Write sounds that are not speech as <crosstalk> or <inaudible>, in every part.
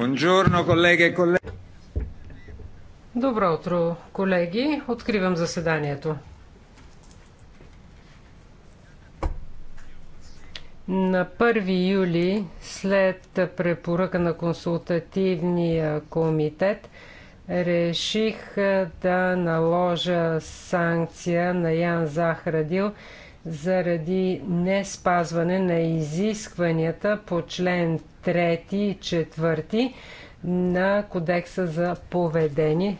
E Добро утро, колеги. Откривам заседанието. На 1 юли, след препоръка на консултативния комитет, реших да наложа санкция на Ян Захрадил – заради не спазване на изискванията по член 3 и 4 на Кодекса за поведение,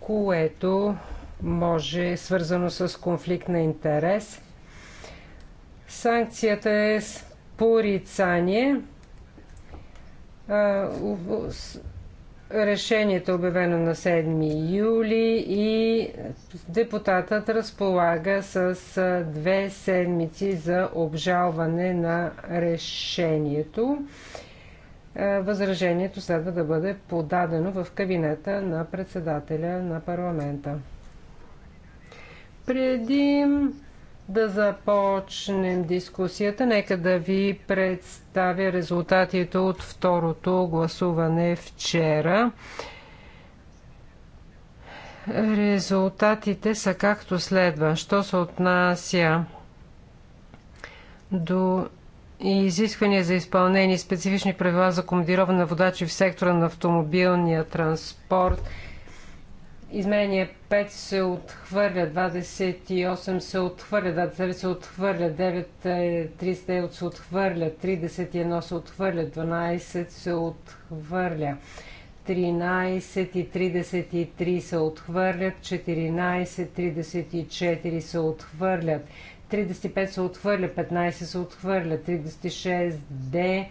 което може е свързано с конфликт на интерес. Санкцията е порицание Решението е обявено на 7 юли и депутатът разполага с две седмици за обжалване на решението. Възражението следва да бъде подадено в кабинета на председателя на парламента. Преди да започнем дискусията. Нека да ви представя резултатите от второто гласуване вчера. Резултатите са както следва. Що се отнася до изисквания за изпълнение специфични правила за командироване на водачи в сектора на автомобилния транспорт – Изменение 5 се отхвърля, 28 се отхвърля, 29 се отхвърля, 9 39 е, се отхвърля, 31 се отхвърля, 12 се отхвърля, 13 и 33 се отхвърлят, 14, 34 се отхвърлят, 35 се отхвърля, 15 се отхвърля, 36 Д,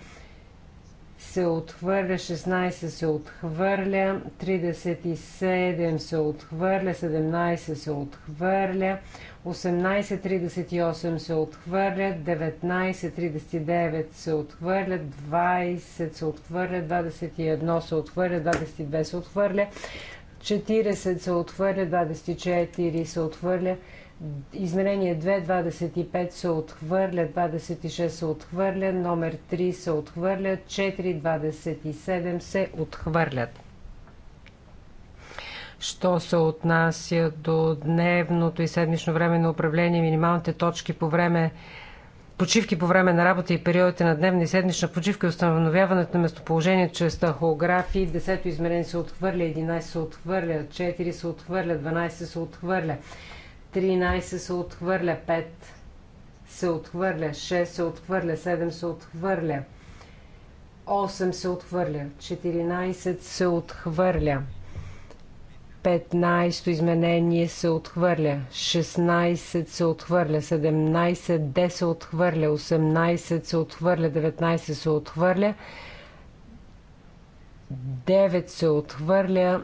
се отхвърля, 16 се отхвърля, 37 се отхвърля, 17 се отхвърля, 18, 38 се отхвърля, 19, 39 се отхвърля, 20 се отхвърля, 21 се отхвърля, 22 се отхвърля, 40 се отхвърля, 24 се отхвърля, Изменение 2, 25 се отхвърля, 26 се отхвърля, номер 3 се отхвърля, 4, 27 се отхвърлят. Що се отнася до дневното и седмично време на управление, минималните точки по време почивки по време на работа и периодите на дневна и седмична почивка и установяването на местоположение чрез тахографии. Десето измерение се отхвърля, 11 се отхвърля, 4 се отхвърля, 12 се отхвърля. 13 се отхвърля, 5 се отхвърля, 6 се отхвърля, 7 се отхвърля, 8 се отхвърля, 14 се отхвърля, 15 изменение се отхвърля, 16 се отхвърля, 17 10 се отхвърля, 18 се отхвърля, 19 се отхвърля, 9 се отхвърля,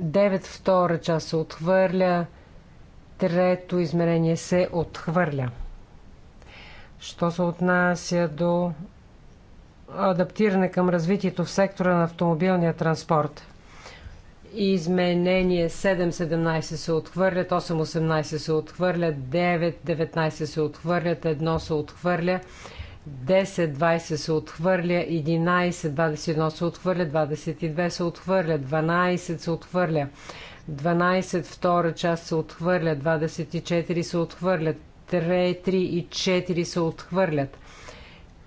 9 втора част се отхвърля, Трето измерение се отхвърля. Що се отнася до адаптиране към развитието в сектора на автомобилния транспорт. Изменение 7.17 се отхвърлят, 8.18 се отхвърлят, 9.19 се отхвърлят, 1 се отхвърля, 10.20 се отхвърля, 11.21 се отхвърля, 22 се отхвърля, 12 се отхвърля, 12 втора част се отхвърля, 24 се отхвърлят, 3, 3 и 4 се отхвърлят.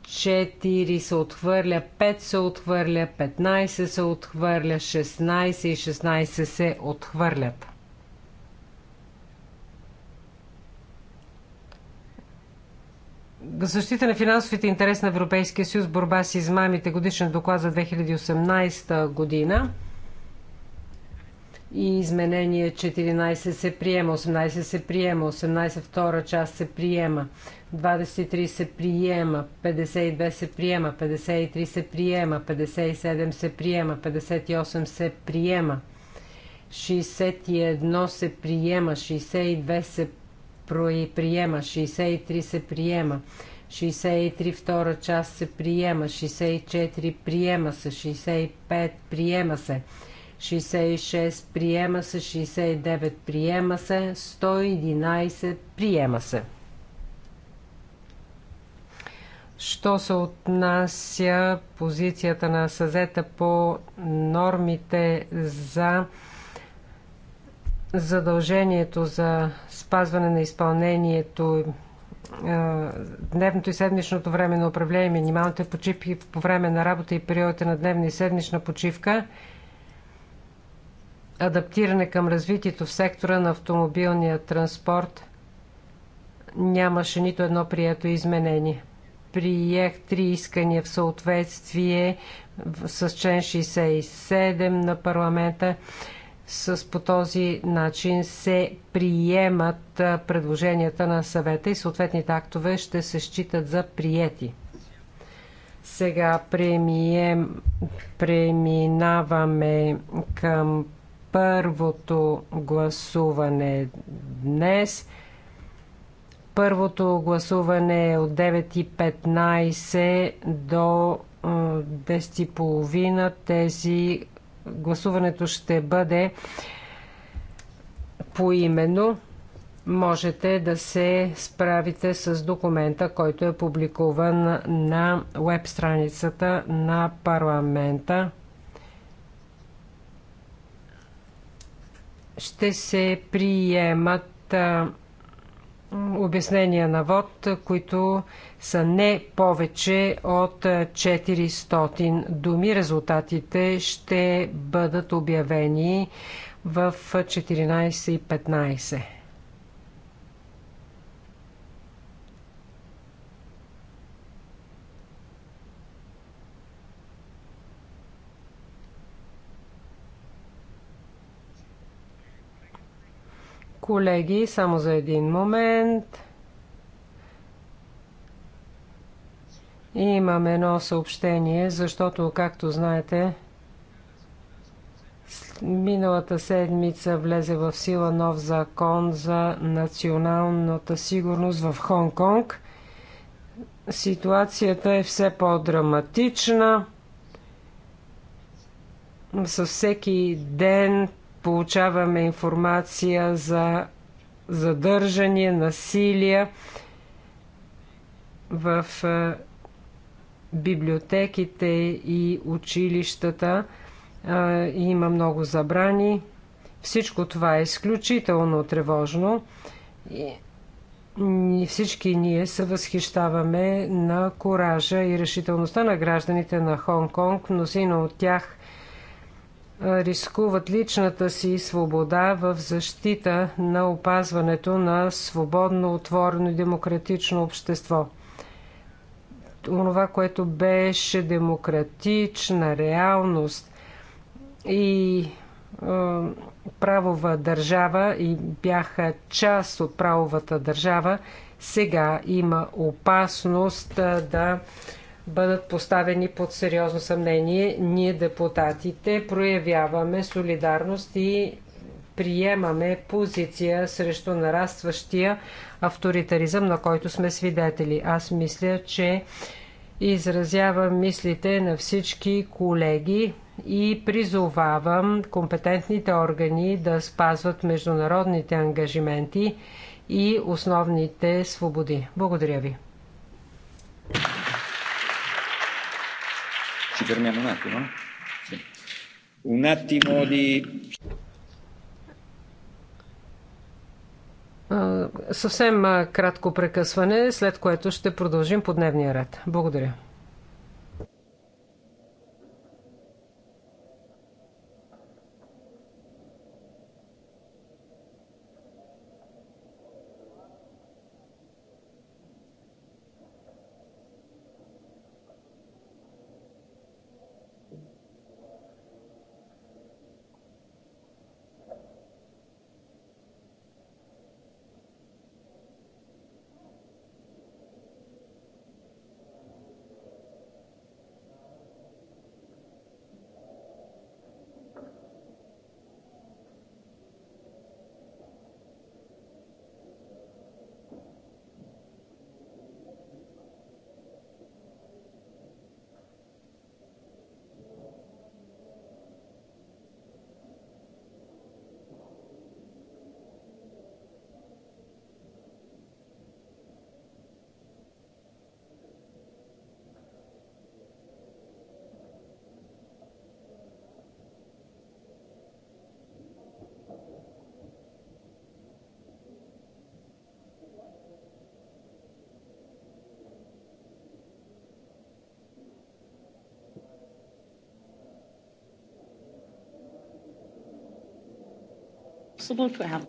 4 се отхвърля, 5 се отхвърля, 15 се отхвърля, 16 и 16 се отхвърлят. Защита на финансовите интереси на Европейския съюз, борба с измамите, годишен доклад за 2018 година и изменение 14 се приема, 18 се приема, 18 втора част се приема, 23 се приема, 52 се приема, 53 се приема, 57 се приема, 58 се приема, 61 се приема, 62 се приема, 63 се приема, 63 втора част се приема, 64 приема се, 65 приема се, 66 приема се, 69 приема се, 111 приема се. Що се отнася позицията на съзета по нормите за задължението за спазване на изпълнението е, дневното и седмичното време на управление, минималните почивки по време на работа и периодите на дневна и седмична почивка – адаптиране към развитието в сектора на автомобилния транспорт нямаше нито едно прието изменение. Приех три искания в съответствие с член 67 на парламента. С по този начин се приемат предложенията на съвета и съответните актове ще се считат за приети. Сега премием, преминаваме към първото гласуване днес. Първото гласуване е от 9.15 до 10.30. Тези гласуването ще бъде поименно. Можете да се справите с документа, който е публикуван на веб страницата на парламента. ще се приемат обяснения на вод, които са не повече от 400 думи. Резултатите ще бъдат обявени в 14.15. Колеги, само за един момент. имаме едно съобщение, защото, както знаете, миналата седмица влезе в сила нов закон за националната сигурност в Хонг-Конг. Ситуацията е все по-драматична. Със всеки ден получаваме информация за задържане, насилие в библиотеките и училищата. Има много забрани. Всичко това е изключително тревожно. И всички ние се възхищаваме на коража и решителността на гражданите на Хонг Конг. сина от тях рискуват личната си свобода в защита на опазването на свободно, отворено и демократично общество. Онова, което беше демократична реалност и е, правова държава и бяха част от правовата държава, сега има опасност да бъдат поставени под сериозно съмнение. Ние, депутатите, проявяваме солидарност и приемаме позиция срещу нарастващия авторитаризъм, на който сме свидетели. Аз мисля, че изразявам мислите на всички колеги и призовавам компетентните органи да спазват международните ангажименти и основните свободи. Благодаря ви. Ci fermiamo un attimo? Sì. Un attimo di... Съвсем кратко прекъсване, след което ще продължим по дневния ред. Благодаря. possible to have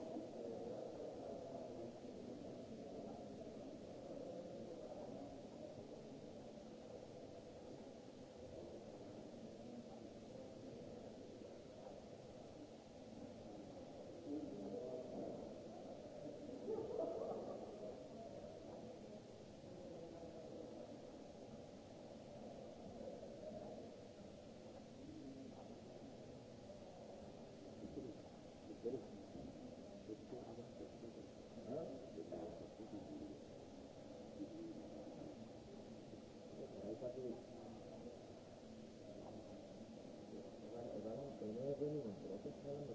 Gracias.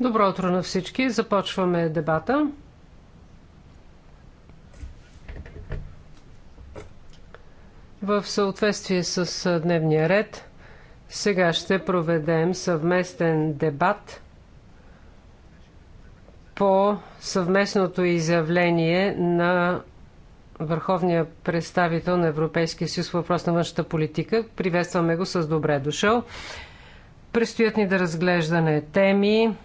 Добро утро на всички. Започваме дебата. В съответствие с дневния ред, сега ще проведем съвместен дебат по съвместното изявление на върховния представител на Европейския съюз въпрос на външната политика. Приветстваме го с добре дошъл. Предстоят ни да разглеждане теми,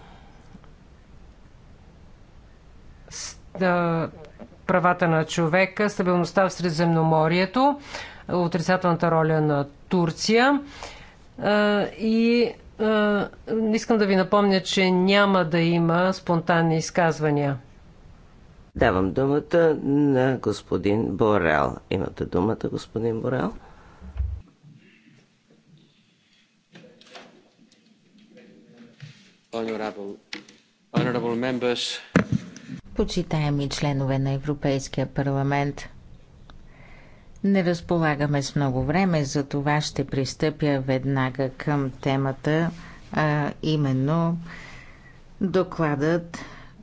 правата на човека, стабилността в Средземноморието, отрицателната роля на Турция и искам да ви напомня, че няма да има спонтанни изказвания. Давам думата на господин Борел. Имате думата, господин Борел. Почитаеми членове на Европейския парламент, не разполагаме с много време, за това ще пристъпя веднага към темата, а именно докладът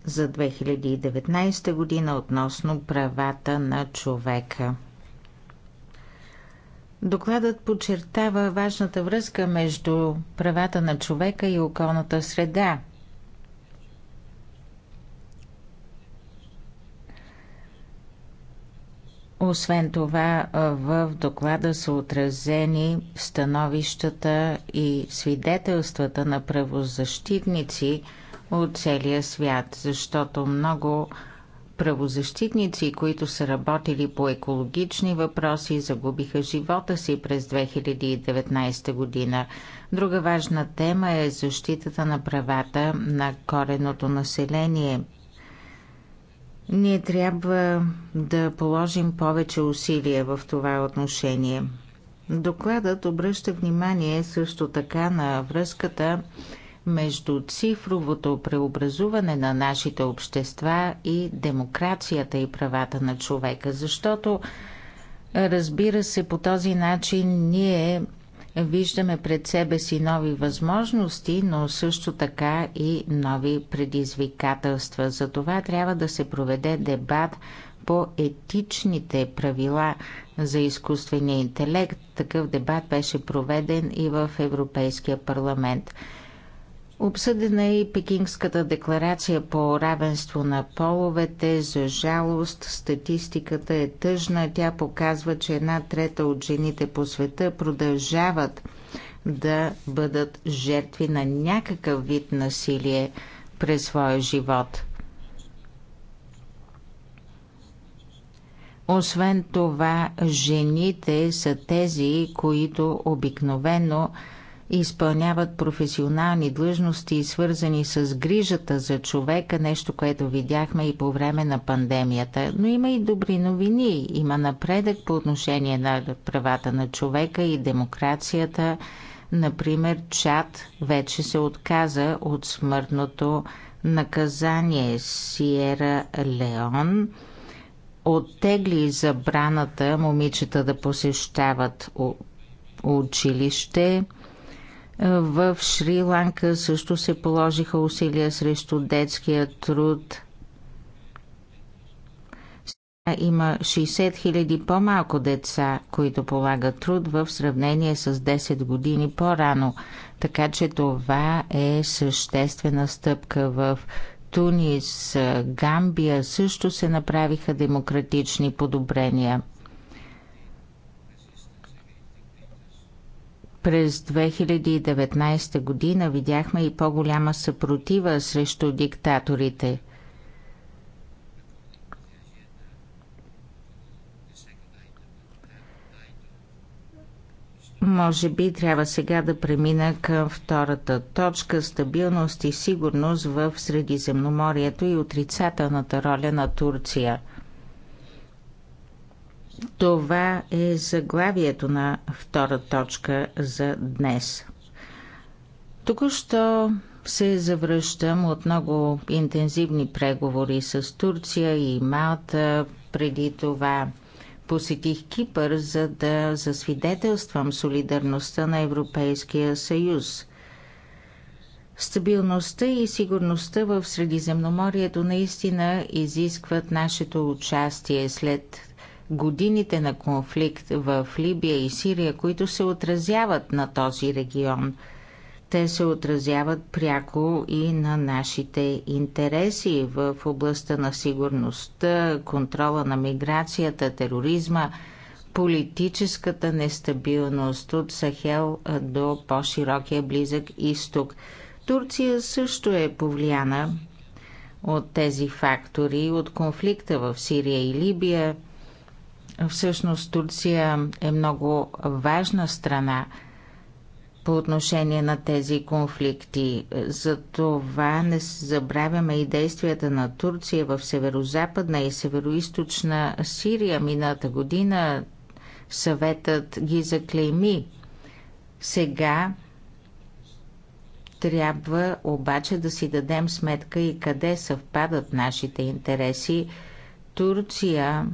за 2019 година относно правата на човека. Докладът подчертава важната връзка между правата на човека и околната среда. Освен това, в доклада са отразени становищата и свидетелствата на правозащитници – от целия свят, защото много правозащитници, които са работили по екологични въпроси, загубиха живота си през 2019 година. Друга важна тема е защитата на правата на кореното население. Ние трябва да положим повече усилия в това отношение. Докладът обръща внимание също така на връзката между цифровото преобразуване на нашите общества и демокрацията и правата на човека, защото разбира се по този начин ние виждаме пред себе си нови възможности, но също така и нови предизвикателства. За това трябва да се проведе дебат по етичните правила за изкуствения интелект. Такъв дебат беше проведен и в Европейския парламент. Обсъдена е и Пекингската декларация по равенство на половете. За жалост, статистиката е тъжна. Тя показва, че една трета от жените по света продължават да бъдат жертви на някакъв вид насилие през своя живот. Освен това, жените са тези, които обикновено изпълняват професионални длъжности, свързани с грижата за човека, нещо, което видяхме и по време на пандемията. Но има и добри новини. Има напредък по отношение на правата на човека и демокрацията. Например, Чад вече се отказа от смъртното наказание. Сиера Леон оттегли забраната момичета да посещават училище. В Шри-Ланка също се положиха усилия срещу детския труд. Сега има 60 000 по-малко деца, които полагат труд в сравнение с 10 години по-рано. Така че това е съществена стъпка в Тунис, Гамбия също се направиха демократични подобрения – През 2019 година видяхме и по-голяма съпротива срещу диктаторите. Може би трябва сега да премина към втората точка – стабилност и сигурност в Средиземноморието и отрицателната роля на Турция – това е заглавието на втора точка за днес. Току-що се завръщам от много интензивни преговори с Турция и Малта. Преди това посетих Кипър, за да засвидетелствам солидарността на Европейския съюз. Стабилността и сигурността в Средиземноморието наистина изискват нашето участие след годините на конфликт в Либия и Сирия, които се отразяват на този регион. Те се отразяват пряко и на нашите интереси в областта на сигурността, контрола на миграцията, тероризма, политическата нестабилност от Сахел до по-широкия близък изток. Турция също е повлияна от тези фактори, от конфликта в Сирия и Либия – Всъщност Турция е много важна страна по отношение на тези конфликти. Затова не забравяме и действията на Турция в северо-западна и северо-источна Сирия. Мината година съветът ги заклейми. Сега трябва обаче да си дадем сметка и къде съвпадат нашите интереси. Турция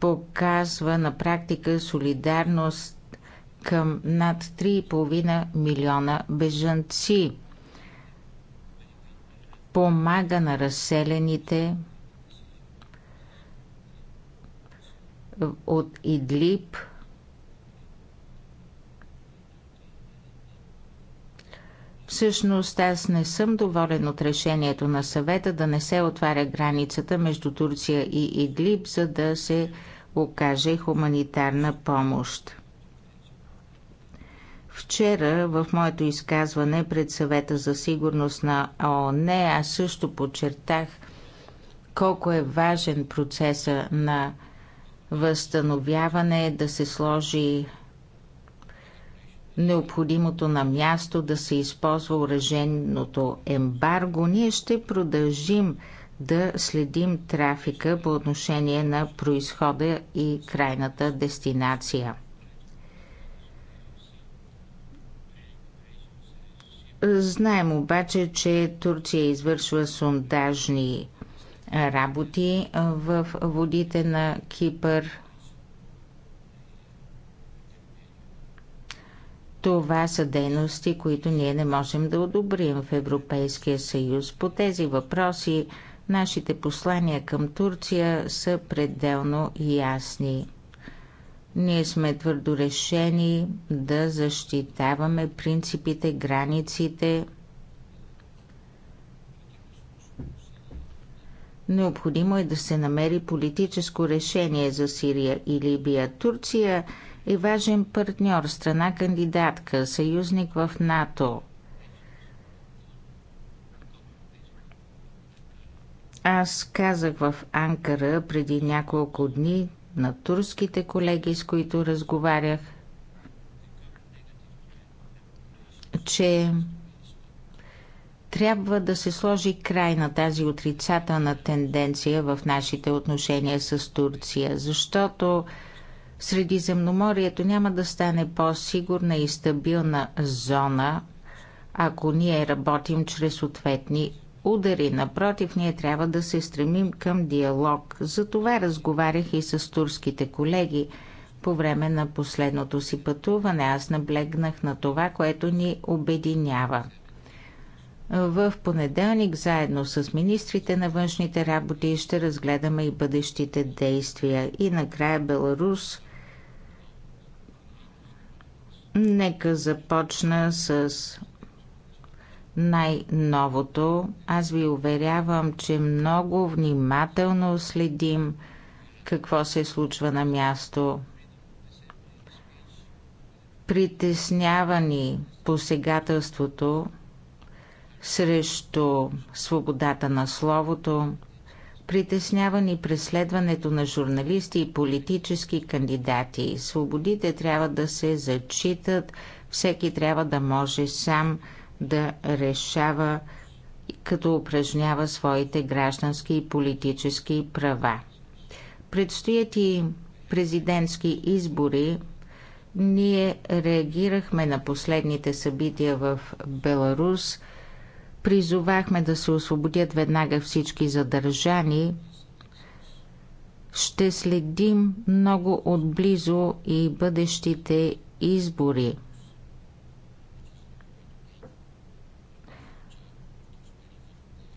показва на практика солидарност към над 3,5 милиона бежанци. Помага на разселените от Идлиб – Всъщност аз не съм доволен от решението на съвета да не се отваря границата между Турция и Идлиб, за да се окаже хуманитарна помощ. Вчера в моето изказване пред съвета за сигурност на ООН аз също подчертах колко е важен процеса на възстановяване, да се сложи необходимото на място, да се използва ураженото ембарго. Ние ще продължим да следим трафика по отношение на происхода и крайната дестинация. Знаем обаче, че Турция извършва сондажни работи в водите на Кипър. Това са дейности, които ние не можем да одобрим в Европейския съюз. По тези въпроси нашите послания към Турция са пределно ясни. Ние сме твърдо решени да защитаваме принципите, границите. Необходимо е да се намери политическо решение за Сирия и Либия. Турция – е важен партньор, страна кандидатка, съюзник в НАТО. Аз казах в Анкара преди няколко дни на турските колеги, с които разговарях, че трябва да се сложи край на тази отрицателна тенденция в нашите отношения с Турция, защото Средиземноморието няма да стане по-сигурна и стабилна зона, ако ние работим чрез ответни удари. Напротив, ние трябва да се стремим към диалог. За това разговарях и с турските колеги по време на последното си пътуване. Аз наблегнах на това, което ни обединява. В понеделник, заедно с министрите на външните работи, ще разгледаме и бъдещите действия. И накрая Беларус Нека започна с най-новото. Аз ви уверявам, че много внимателно следим какво се случва на място. Притеснявани посегателството срещу свободата на словото, Притеснява ни преследването на журналисти и политически кандидати. Свободите трябва да се зачитат, всеки трябва да може сам да решава като упражнява своите граждански и политически права. Предстоят и президентски избори. Ние реагирахме на последните събития в Беларус – Призовахме да се освободят веднага всички задържани. Ще следим много отблизо и бъдещите избори.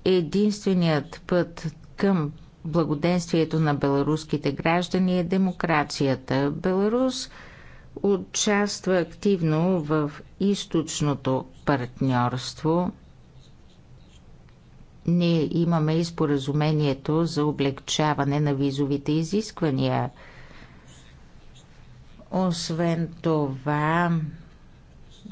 Единственият път към благоденствието на беларуските граждани е демокрацията. Беларус участва активно в източното партньорство. Ние имаме и споразумението за облегчаване на визовите изисквания. Освен това,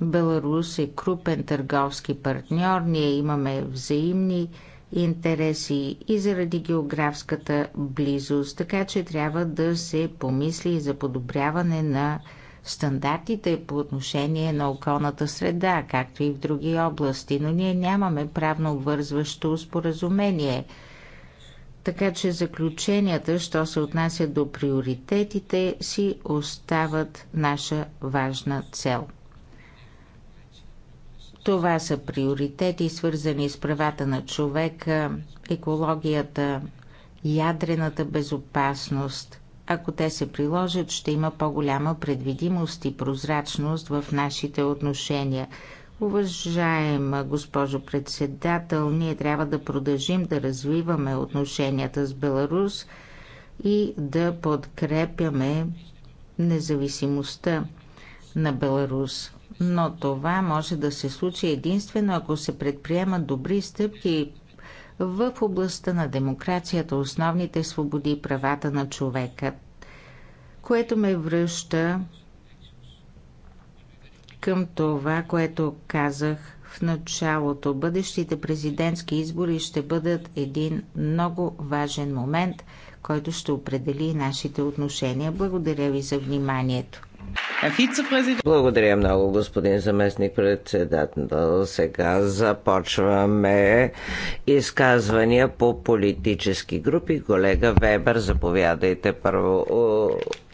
Беларус е крупен търговски партньор, ние имаме взаимни интереси и заради географската близост, така че трябва да се помисли за подобряване на стандартите по отношение на околната среда, както и в други области, но ние нямаме правно обвързващо споразумение. Така че заключенията, що се отнася до приоритетите, си остават наша важна цел. Това са приоритети, свързани с правата на човека, екологията, ядрената безопасност, ако те се приложат, ще има по-голяма предвидимост и прозрачност в нашите отношения. Уважаема госпожо председател, ние трябва да продължим да развиваме отношенията с Беларус и да подкрепяме независимостта на Беларус. Но това може да се случи единствено ако се предприемат добри стъпки в областта на демокрацията, основните свободи и правата на човека, което ме връща към това, което казах в началото. Бъдещите президентски избори ще бъдат един много важен момент, който ще определи нашите отношения. Благодаря ви за вниманието. Благодаря много, господин заместник председател. Сега започваме изказвания по политически групи. Колега Вебер, заповядайте първо.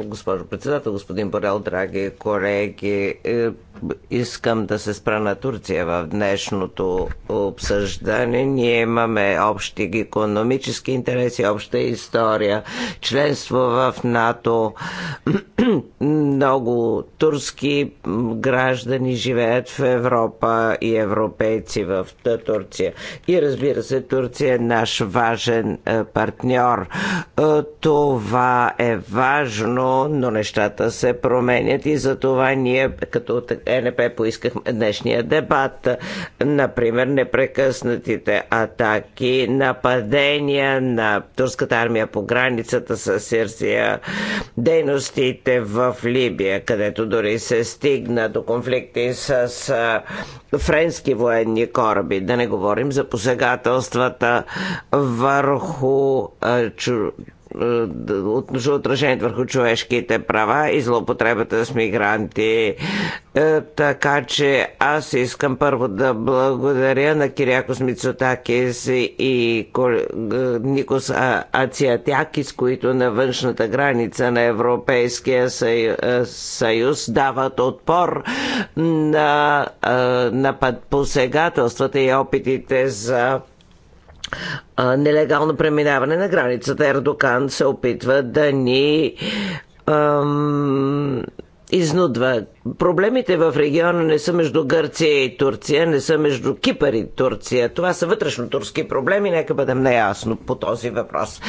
Госпожо председател, господин Борел, драги колеги, е, искам да се спра на Турция в днешното обсъждане. Ние имаме общи економически интереси, обща история, членство в НАТО, <clears throat> Но много турски граждани живеят в Европа и европейци в Турция. И разбира се, Турция е наш важен е, партньор. Е, това е важно, но нещата се променят и за това ние като НП поискахме днешния дебат. Например, непрекъснатите атаки, нападения на турската армия по границата с Сирсия, дейностите в Либия Либия, където дори се стигна до конфликти с френски военни кораби. Да не говорим за посегателствата върху е, отражението върху човешките права и злоупотребата с мигранти. Е, така че аз искам първо да благодаря на Кирякос Мицотакис и Никос Ациатякис, които на външната граница на Европейския е, съюз дават отпор на, на посегателствата и опитите за а, нелегално преминаване на границата. Ердокан се опитва да ни ам, изнудва Проблемите в региона не са между Гърция и Турция, не са между Кипър и Турция. Това са вътрешно-турски проблеми, нека бъдем наясно по този въпрос.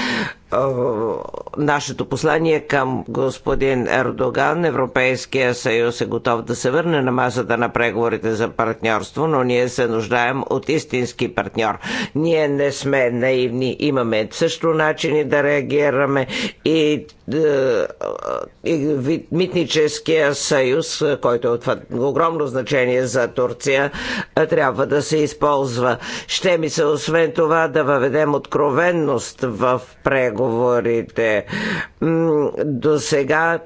Нашето послание към господин Ердоган, Европейския съюз е готов да се върне на масата на преговорите за партньорство, но ние се нуждаем от истински партньор. Ние не сме наивни, имаме също начини да реагираме и, е, и, и Митническия съюз който е от огромно значение за Турция, трябва да се използва. Ще ми се освен това да въведем откровенност в преговорите. До сега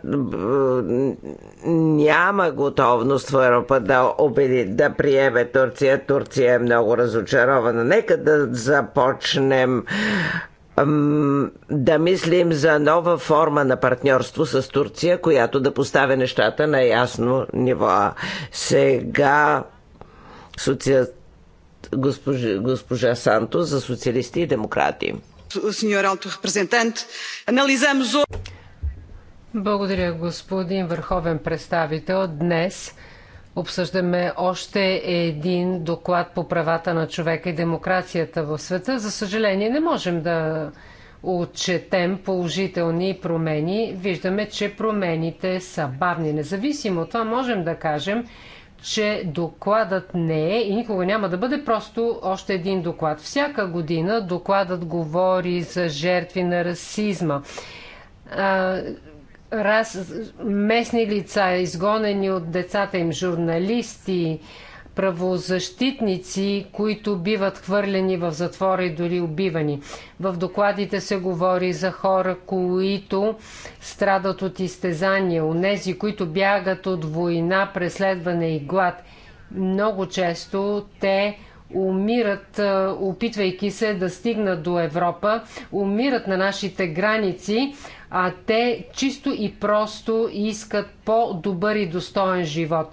няма готовност в Европа да обеди, да приеме Турция. Турция е много разочарована. Нека да започнем да мислим за нова форма на партньорство с Турция, която да поставя нещата на ясно ниво. Сега соци... госпожа, госпожа Санто за социалисти и демократи. Благодаря, господин върховен представител. Днес Обсъждаме още един доклад по правата на човека и демокрацията в света. За съжаление, не можем да отчетем положителни промени. Виждаме, че промените са бавни. Независимо от това, можем да кажем, че докладът не е и никога няма да бъде просто още един доклад. Всяка година докладът говори за жертви на расизма раз, местни лица, изгонени от децата им, журналисти, правозащитници, които биват хвърлени в затвора и дори убивани. В докладите се говори за хора, които страдат от изтезания, онези, които бягат от война, преследване и глад. Много често те умират, опитвайки се да стигнат до Европа, умират на нашите граници, а те чисто и просто искат по-добър и достоен живот.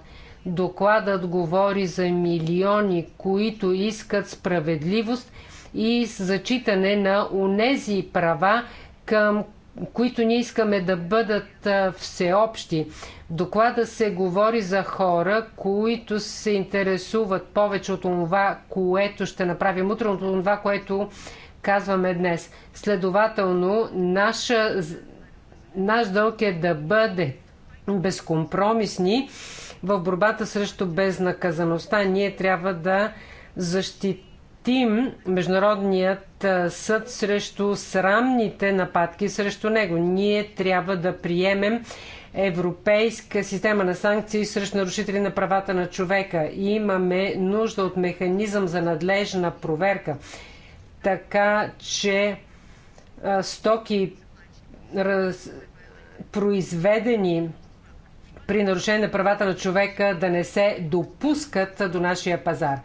Докладът говори за милиони, които искат справедливост и зачитане на унези права, към които ние искаме да бъдат всеобщи. В доклада се говори за хора, които се интересуват повече от това, което ще направим утре, от това, което казваме днес. Следователно, наша, наш дълг е да бъде безкомпромисни в борбата срещу безнаказаността. Ние трябва да защитим защитим Международният съд срещу срамните нападки срещу него. Ние трябва да приемем европейска система на санкции срещу нарушители на правата на човека. И имаме нужда от механизъм за надлежна проверка, така че стоки произведени при нарушение на правата на човека да не се допускат до нашия пазар.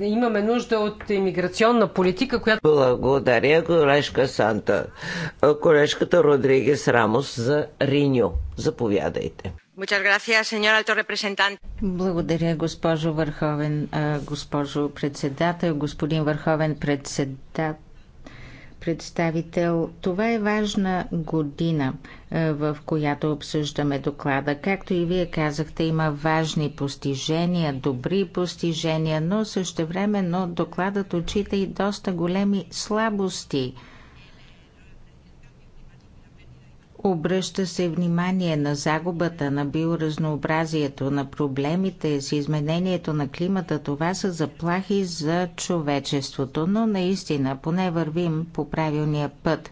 Имаме нужда от иммиграционна политика, която... Благодаря, колежка Санта. Колежката Родригес Рамос за Риньо. Заповядайте. Благодаря, госпожо Върховен, госпожо председател, господин Върховен председател представител. Това е важна година, в която обсъждаме доклада. Както и вие казахте, има важни постижения, добри постижения, но също същевременно докладът отчита и доста големи слабости – Обръща се внимание на загубата на биоразнообразието, на проблемите с изменението на климата. Това са заплахи за човечеството, но наистина поне вървим по правилния път.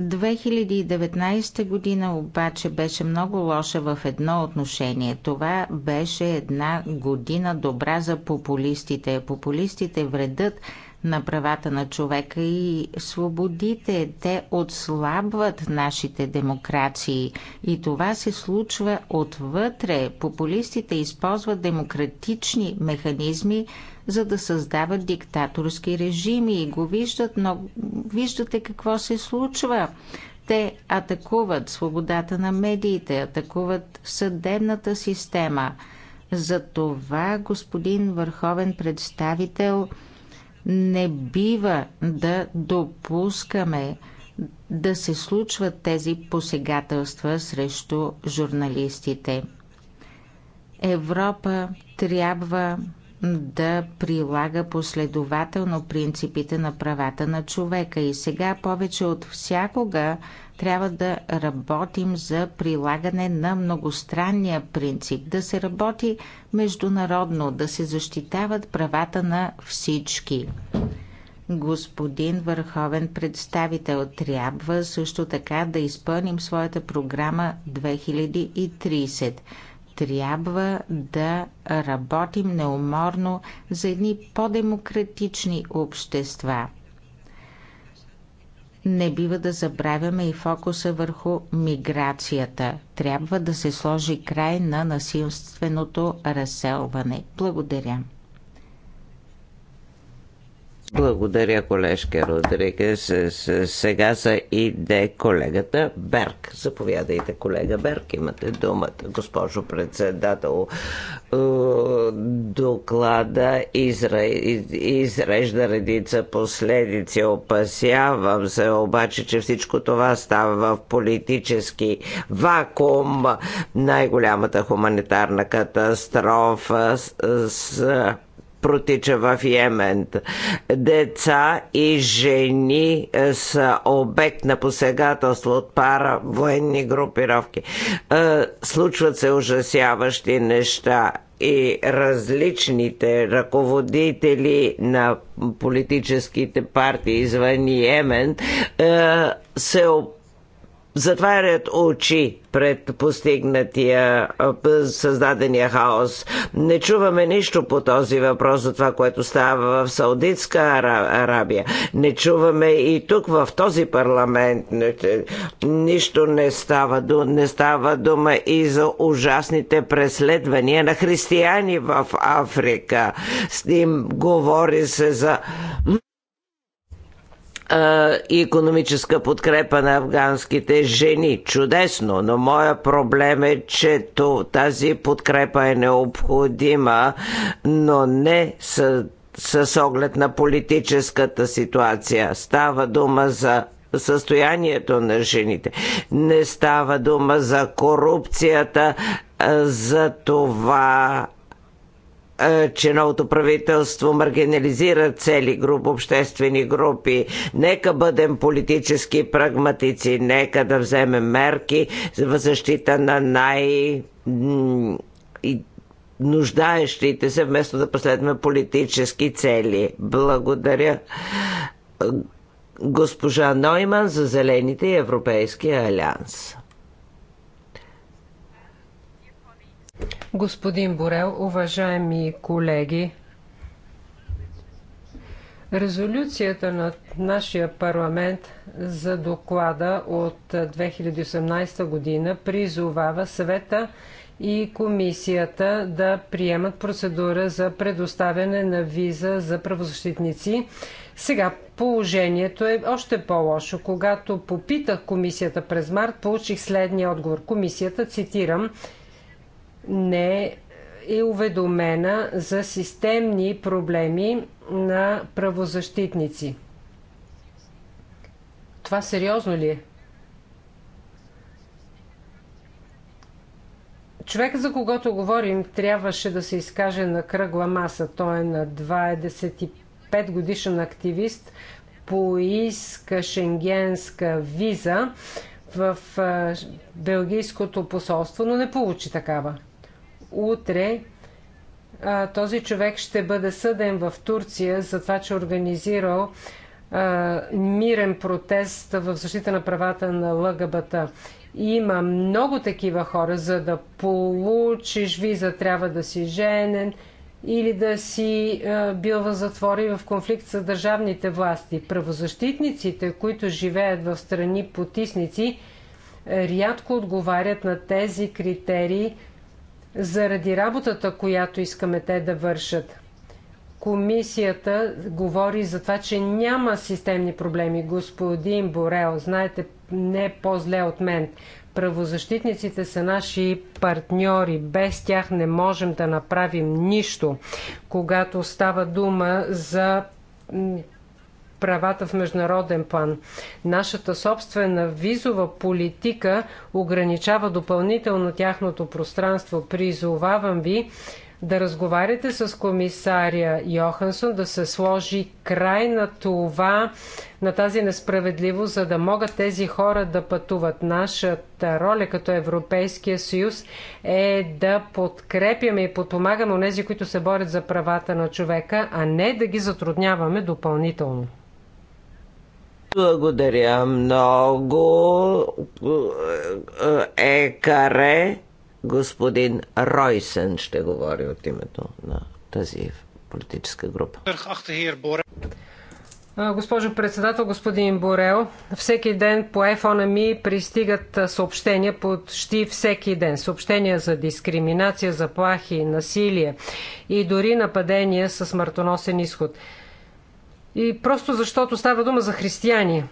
2019 година обаче беше много лоша в едно отношение. Това беше една година добра за популистите. Популистите вредят на правата на човека и свободите. Те отслабват нашите демокрации и това се случва отвътре. Популистите използват демократични механизми, за да създават диктаторски режими и го виждат, но виждате какво се случва. Те атакуват свободата на медиите, атакуват съдебната система. За това, господин върховен представител, не бива да допускаме да се случват тези посегателства срещу журналистите. Европа трябва да прилага последователно принципите на правата на човека и сега повече от всякога трябва да работим за прилагане на многостранния принцип, да се работи международно, да се защитават правата на всички. Господин върховен представител, трябва също така да изпълним своята програма 2030 трябва да работим неуморно за едни по-демократични общества – не бива да забравяме и фокуса върху миграцията. Трябва да се сложи край на насилственото разселване. Благодаря. Благодаря, колежке Родригес. Сега са иде колегата Берг. Заповядайте, колега Берг. Имате думата, госпожо председател. Е, доклада изра... изрежда редица последици. Опасявам се обаче, че всичко това става в политически вакуум. Най-голямата хуманитарна катастрофа с протича в Йемен. Деца и жени е, са обект на посегателство от пара военни групировки. Е, случват се ужасяващи неща и различните ръководители на политическите партии извън Йемен е, се опитват затварят очи пред постигнатия, създадения хаос. Не чуваме нищо по този въпрос за това, което става в Саудитска Арабия. Не чуваме и тук в този парламент. Нищо не става, не става дума и за ужасните преследвания на християни в Африка. С ним говори се за и економическа подкрепа на афганските жени. Чудесно, но моя проблем е, че тази подкрепа е необходима, но не с, с оглед на политическата ситуация. Става дума за състоянието на жените. Не става дума за корупцията, за това че новото правителство маргинализира цели групи, обществени групи. Нека бъдем политически прагматици, нека да вземем мерки за защита на най- нуждаещите се, вместо да последваме политически цели. Благодаря госпожа Нойман за Зелените и Европейския алианс. Господин Борел, уважаеми колеги, резолюцията на нашия парламент за доклада от 2018 година призовава съвета и комисията да приемат процедура за предоставяне на виза за правозащитници. Сега положението е още по-лошо. Когато попитах комисията през март, получих следния отговор. Комисията, цитирам, не е уведомена за системни проблеми на правозащитници. Това сериозно ли е? Човек, за когото говорим, трябваше да се изкаже на кръгла маса. Той е на 25 годишен активист, поиска шенгенска виза в белгийското посолство, но не получи такава утре а, този човек ще бъде съден в Турция за това, че е организирал а, мирен протест в защита на правата на ЛГБТ. Има много такива хора, за да получиш виза, трябва да си женен или да си а, бил в затвор и в конфликт с държавните власти. Правозащитниците, които живеят в страни потисници, рядко отговарят на тези критерии, заради работата, която искаме те да вършат. Комисията говори за това, че няма системни проблеми. Господин Борел, знаете не по-зле от мен. Правозащитниците са наши партньори. Без тях не можем да направим нищо, когато става дума за правата в международен план. Нашата собствена визова политика ограничава допълнително тяхното пространство. Призовавам ви да разговаряте с комисаря Йохансон, да се сложи край на това, на тази несправедливост, за да могат тези хора да пътуват. Нашата роля като Европейския съюз е да подкрепяме и подпомагаме тези, които се борят за правата на човека, а не да ги затрудняваме допълнително. Благодаря много. Екаре, господин Ройсен ще говори от името на тази политическа група. Госпожо председател, господин Борел, всеки ден по ефона ми пристигат съобщения почти всеки ден. Съобщения за дискриминация, заплахи, насилие и дори нападения със смъртоносен изход. И просто защото става дума за християни.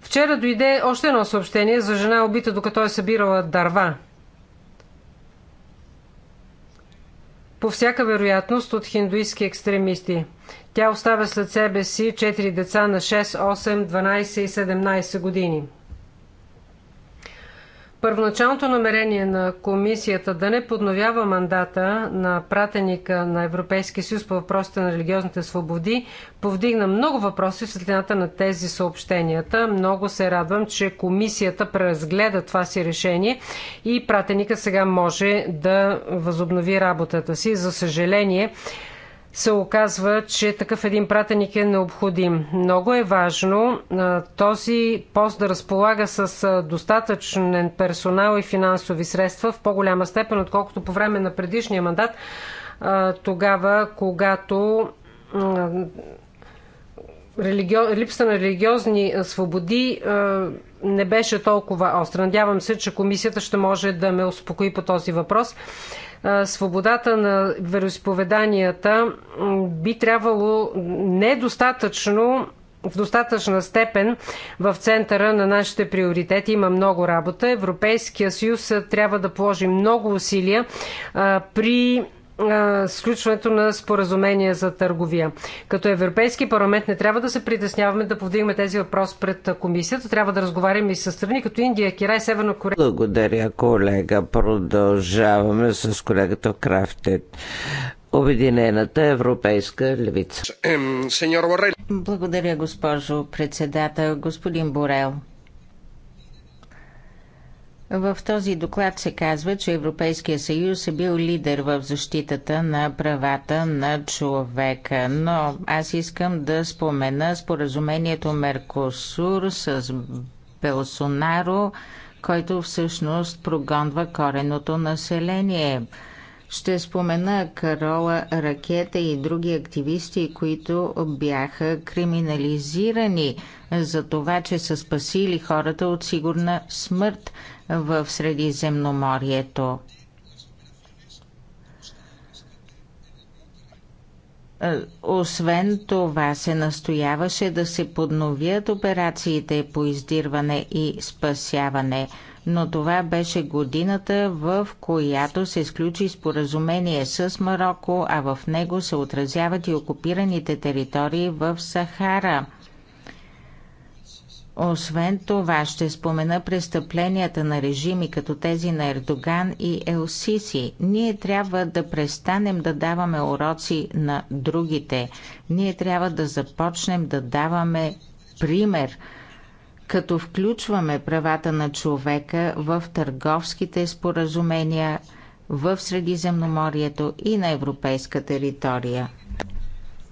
Вчера дойде още едно съобщение за жена убита, докато е събирала дърва. По всяка вероятност от хиндуистски екстремисти. Тя оставя след себе си 4 деца на 6, 8, 12 и 17 години. Първоначалното намерение на комисията да не подновява мандата на пратеника на Европейския съюз по въпросите на религиозните свободи повдигна много въпроси в светлината на тези съобщенията. Много се радвам, че комисията преразгледа това си решение и пратеника сега може да възобнови работата си. За съжаление, се оказва, че такъв един пратеник е необходим. Много е важно този пост да разполага с достатъчен персонал и финансови средства в по-голяма степен, отколкото по време на предишния мандат, тогава, когато липса на религиозни свободи не беше толкова остра. Надявам се, че комисията ще може да ме успокои по този въпрос свободата на вероисповеданията би трябвало недостатъчно в достатъчна степен в центъра на нашите приоритети. Има много работа. Европейския съюз трябва да положи много усилия при сключването на споразумение за търговия. Като Европейски парламент не трябва да се притесняваме да повдигаме тези въпрос пред комисията. Трябва да разговаряме и с страни като Индия, Кирай, Северна Корея. Благодаря, колега. Продължаваме с колегата Крафтет. Обединената европейска левица. Благодаря, госпожо председател, господин Борел. В този доклад се казва, че Европейския съюз е бил лидер в защитата на правата на човека, но аз искам да спомена споразумението Меркосур с Белсонаро, който всъщност прогонва кореното население. Ще спомена Карола Ракета и други активисти, които бяха криминализирани за това, че са спасили хората от сигурна смърт в Средиземноморието. Е, освен това се настояваше да се подновят операциите по издирване и спасяване, но това беше годината, в която се сключи споразумение с Марокко, а в него се отразяват и окупираните територии в Сахара – освен това ще спомена престъпленията на режими като тези на Ердоган и Елсиси. Ние трябва да престанем да даваме уроци на другите. Ние трябва да започнем да даваме пример, като включваме правата на човека в търговските споразумения в Средиземноморието и на европейска територия.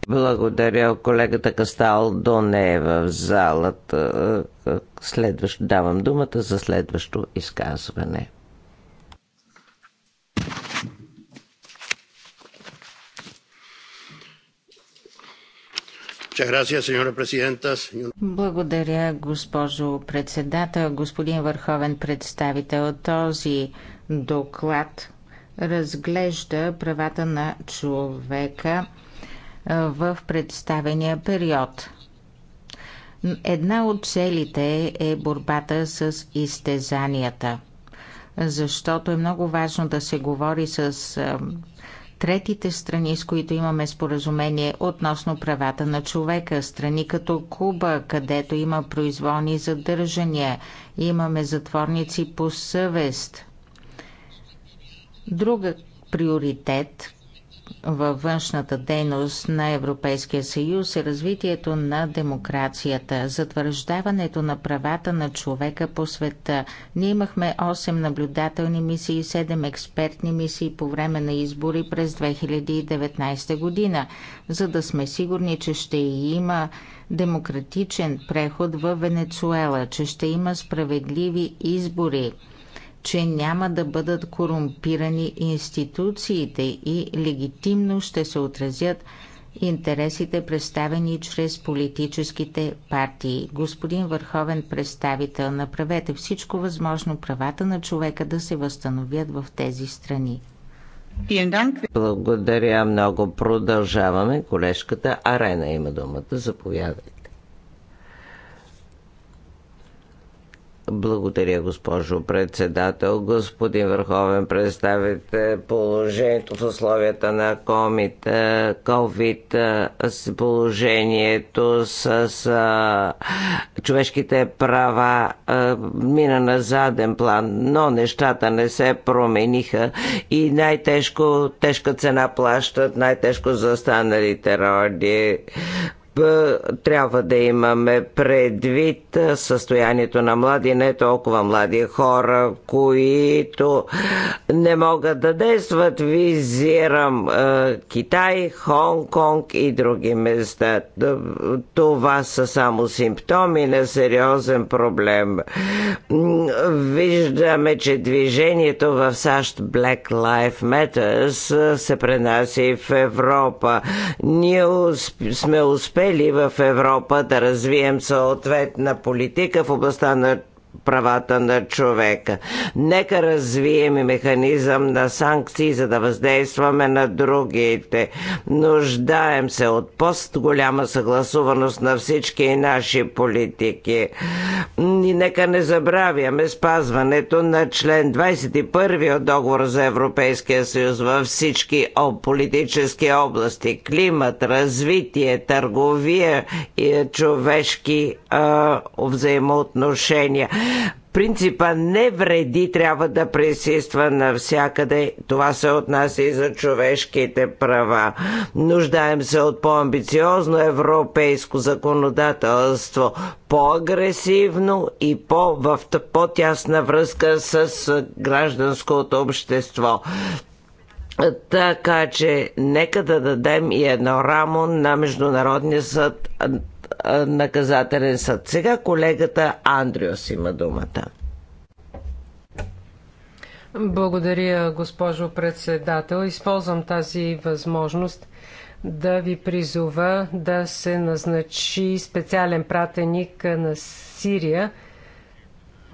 Благодаря. Колегата кастал до не е в залата. Следващо, давам думата за следващо изказване. Благодаря, госпожо председател, господин върховен представител. Този доклад разглежда правата на човека в представения период. Една от целите е борбата с изтезанията, защото е много важно да се говори с третите страни, с които имаме споразумение относно правата на човека, страни като Куба, където има произволни задържания, имаме затворници по съвест. Друга приоритет, във външната дейност на Европейския съюз е развитието на демокрацията, затвърждаването на правата на човека по света. Ние имахме 8 наблюдателни мисии, 7 експертни мисии по време на избори през 2019 година, за да сме сигурни, че ще има демократичен преход в Венецуела, че ще има справедливи избори – че няма да бъдат корумпирани институциите и легитимно ще се отразят интересите, представени чрез политическите партии. Господин Върховен представител, направете всичко възможно правата на човека да се възстановят в тези страни. Благодаря много. Продължаваме. Колежката Арена има думата. Заповядайте. Благодаря, госпожо председател. Господин Върховен представите положението в условията на комит, COVID, е, е, положението с а, е, човешките права а, мина на заден план, но нещата не се промениха и най-тежко, тежка цена плащат най-тежко застаналите роди. Е, трябва да имаме предвид е, състоянието на млади, не толкова млади хора, които не могат да действат. Визирам е, Китай, Хонг-Конг и други места. Това са само симптоми на сериозен проблем. Виждаме, че движението в САЩ Black Life Matters се пренася и в Европа. Ние сме успели успели в Европа да развием съответна политика в областта на правата на човека. Нека развием и механизъм на санкции, за да въздействаме на другите. Нуждаем се от пост-голяма съгласуваност на всички наши политики. И нека не забравяме спазването на член 21 от договор за Европейския съюз във всички политически области. Климат, развитие, търговия и човешки а, взаимоотношения принципа не вреди трябва да присъства навсякъде. Това се отнася и за човешките права. Нуждаем се от по-амбициозно европейско законодателство, по-агресивно и по, в по-тясна връзка с гражданското общество. Така че нека да дадем и едно рамо на Международния съд наказателен съд. Сега колегата Андриос има думата. Благодаря, госпожо председател. Използвам тази възможност да ви призова да се назначи специален пратеник на Сирия.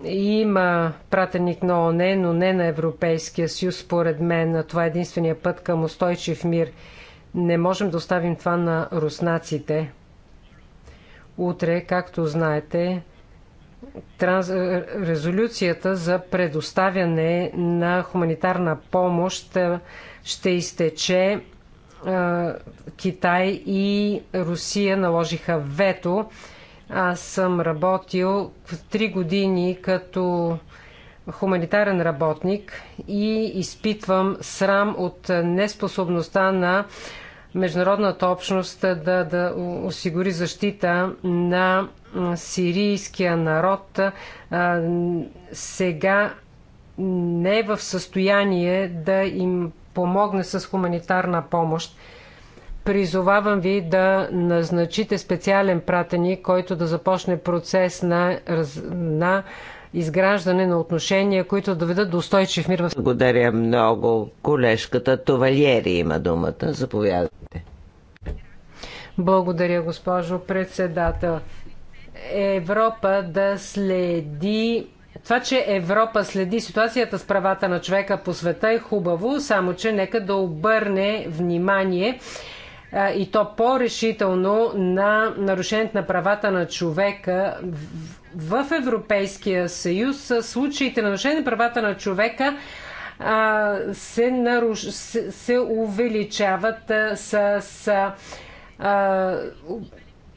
Има пратеник на ОНЕ, но не на Европейския съюз. Според мен това е единствения път към устойчив мир. Не можем да оставим това на руснаците. Утре, както знаете, транз... резолюцията за предоставяне на хуманитарна помощ ще изтече. Китай и Русия наложиха вето. Аз съм работил три години като хуманитарен работник и изпитвам срам от неспособността на международната общност да, да осигури защита на сирийския народ, сега не е в състояние да им помогне с хуманитарна помощ. Призовавам ви да назначите специален пратеник, който да започне процес на, на изграждане на отношения, които доведат до устойчив мир. Благодаря много. Колежката Товалиери има думата. Заповядайте. Благодаря, госпожо председател. Европа да следи това, че Европа следи ситуацията с правата на човека по света е хубаво, само че нека да обърне внимание и то по-решително на нарушението на правата на човека в Европейския съюз. Случаите на нарушение на правата на човека се, наруш... се, се увеличават с, с, а,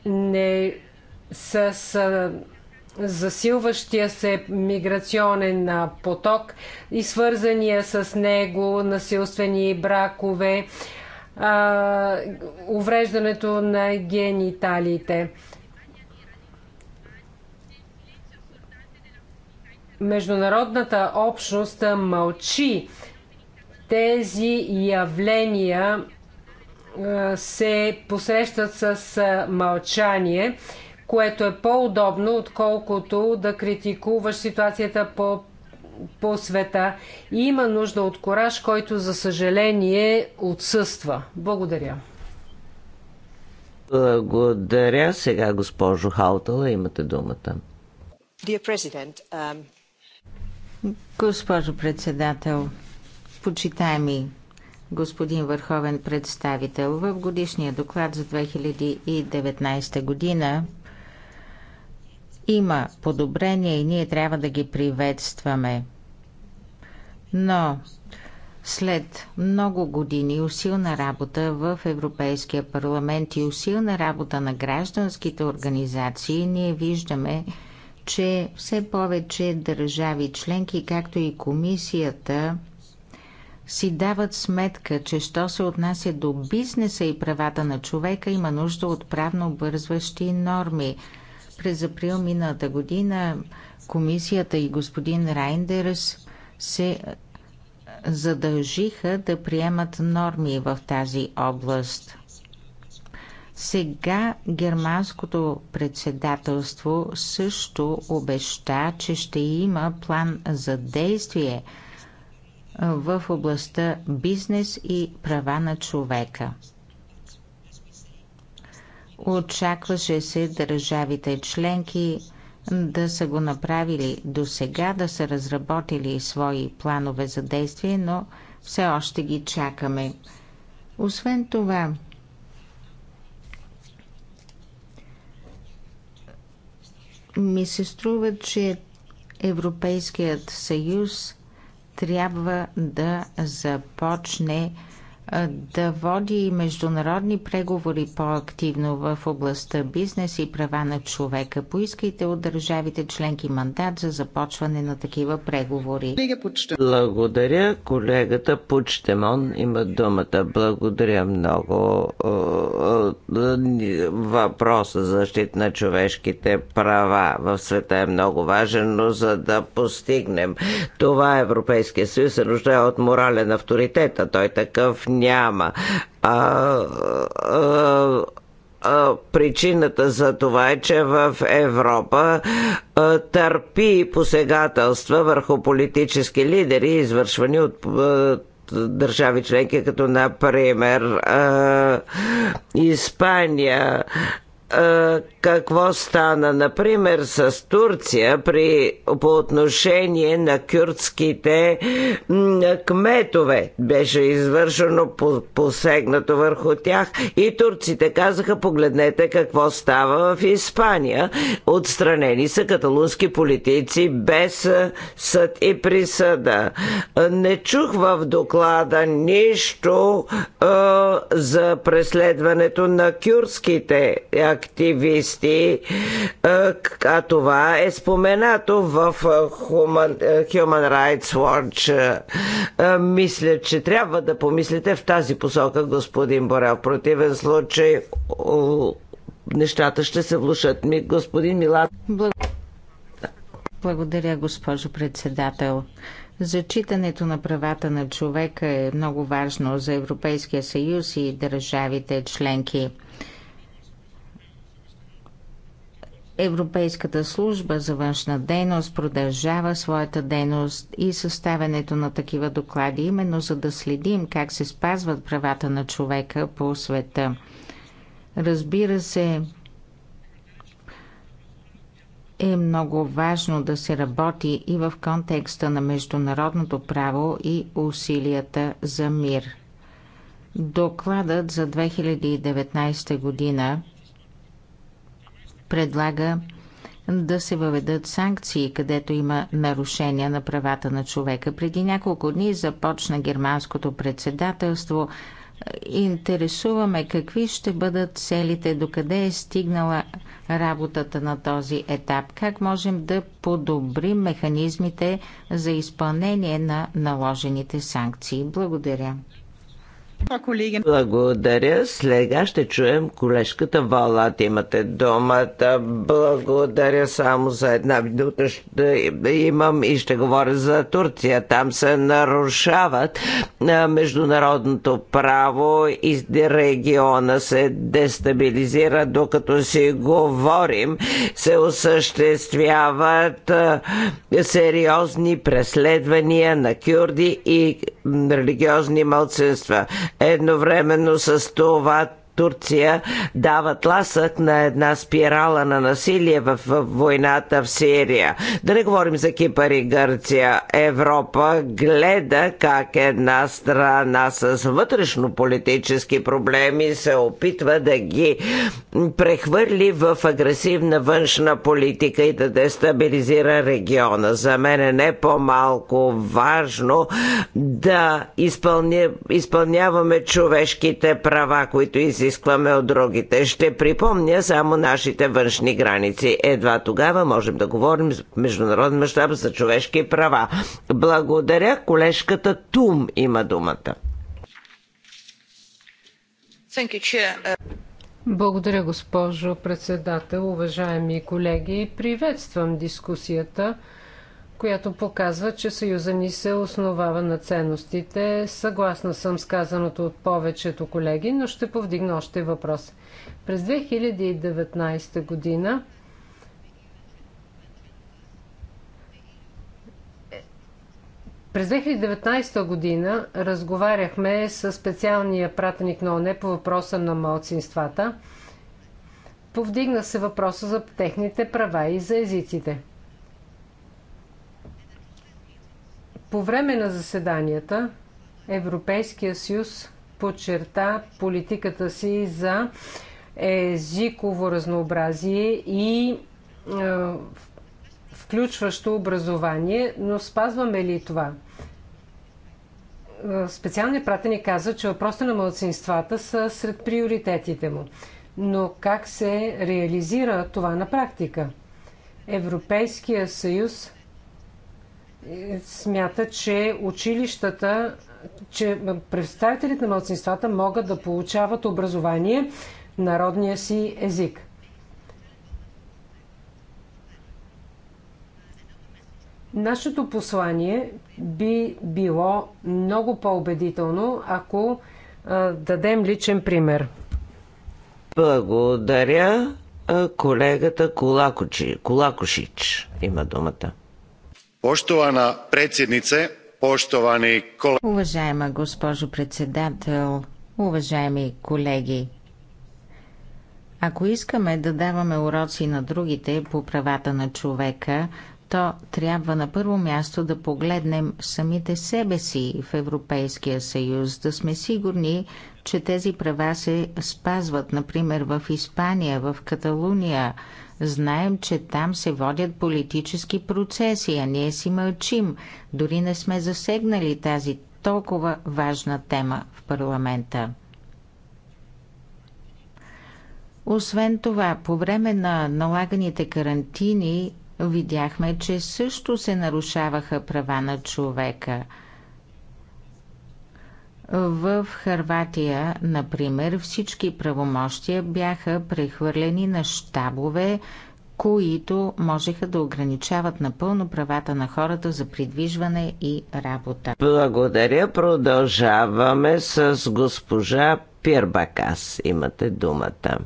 не, с, с засилващия се миграционен поток и свързания с него насилствени бракове а, увреждането на гениталиите. Международната общност мълчи. Тези явления се посрещат с мълчание, което е по-удобно, отколкото да критикуваш ситуацията по по света и има нужда от кораж, който за съжаление отсъства. Благодаря. Благодаря. Сега, госпожо Хаутала, имате думата. Um, госпожо председател, почитаеми господин върховен представител, в годишния доклад за 2019 година има подобрения и ние трябва да ги приветстваме. Но след много години усилна работа в Европейския парламент и усилна работа на гражданските организации, ние виждаме, че все повече държави членки, както и комисията, си дават сметка, че що се отнася до бизнеса и правата на човека, има нужда от правно обвързващи норми – през април миналата година комисията и господин Райндерс се задължиха да приемат норми в тази област. Сега германското председателство също обеща, че ще има план за действие в областта бизнес и права на човека. Очакваше се държавите членки да са го направили до сега, да са разработили свои планове за действие, но все още ги чакаме. Освен това, ми се струва, че Европейският съюз трябва да започне да води международни преговори по-активно в областта бизнес и права на човека. Поискайте от държавите членки мандат за започване на такива преговори. Благодаря. Колегата Пучтемон има думата. Благодаря много. Въпросът за защита на човешките права в света е много важен, но за да постигнем това Европейския съюз се нуждае от морален авторитет, а той такъв няма. А, а, причината за това е, че в Европа търпи посегателства върху политически лидери, извършвани от държави членки, като например Испания какво стана, например, с Турция при, по отношение на кюртските кметове. Беше извършено посегнато върху тях и турците казаха, погледнете какво става в Испания. Отстранени са каталунски политици без съд и присъда. Не чух в доклада нищо за преследването на кюртските активисти, а това е споменато в Human, Human Rights Watch. Мисля, че трябва да помислите в тази посока, господин Боря. В противен случай нещата ще се влушат. Ми, господин Милан. Благодаря, госпожо председател. Зачитането на правата на човека е много важно за Европейския съюз и държавите членки. Европейската служба за външна дейност продължава своята дейност и съставянето на такива доклади, именно за да следим как се спазват правата на човека по света. Разбира се, е много важно да се работи и в контекста на международното право и усилията за мир. Докладът за 2019 година – предлага да се въведат санкции, където има нарушения на правата на човека. Преди няколко дни започна германското председателство. Интересуваме какви ще бъдат целите, докъде е стигнала работата на този етап, как можем да подобрим механизмите за изпълнение на наложените санкции. Благодаря. Благодаря. Слега ще чуем колежката Валат. Имате думата. Благодаря само за една минута. Ще имам и ще говоря за Турция. Там се нарушават международното право и региона се дестабилизира. Докато си говорим, се осъществяват сериозни преследвания на кюрди и религиозни мълцинства. Едновременно с това Турция дават ласък на една спирала на насилие в войната в Сирия. Да не говорим за Кипър и Гърция. Европа гледа как една страна с вътрешно-политически проблеми се опитва да ги прехвърли в агресивна външна политика и да дестабилизира региона. За мен е не по-малко важно да изпълня, изпълняваме човешките права, които изискват изискваме от другите. Ще припомня само нашите външни граници. Едва тогава можем да говорим в международен мащаб за човешки права. Благодаря. Колежката Тум има думата. Благодаря, госпожо председател. Уважаеми колеги, приветствам дискусията която показва, че Съюза ни се основава на ценностите. Съгласна съм с казаното от повечето колеги, но ще повдигна още въпрос. През 2019 година През 2019 година разговаряхме с специалния пратеник на ОНЕ по въпроса на малцинствата. Повдигна се въпроса за техните права и за езиците – По време на заседанията Европейския съюз подчерта политиката си за езиково разнообразие и е, включващо образование, но спазваме ли това? Е, специалният пратеник каза, че въпросите на младсинствата са сред приоритетите му. Но как се реализира това на практика? Европейския съюз смята, че училищата, че представителите на младсинствата могат да получават образование народния си език. Нашето послание би било много по-убедително, ако а, дадем личен пример. Благодаря колегата Колакочи, Колакошич има думата. Poštovana predsjednice, poštovani kolege. Уважаема госпожо председател, уважаеми колеги, ако искаме да даваме уроци на другите по правата на човека, то трябва на първо място да погледнем самите себе си в Европейския съюз, да сме сигурни, че тези права се спазват, например в Испания, в Каталуния, Знаем, че там се водят политически процеси, а ние си мълчим. Дори не сме засегнали тази толкова важна тема в парламента. Освен това, по време на налаганите карантини видяхме, че също се нарушаваха права на човека – в Харватия, например, всички правомощия бяха прехвърлени на щабове, които можеха да ограничават напълно правата на хората за придвижване и работа. Благодаря. Продължаваме с госпожа Пирбакас. Имате думата.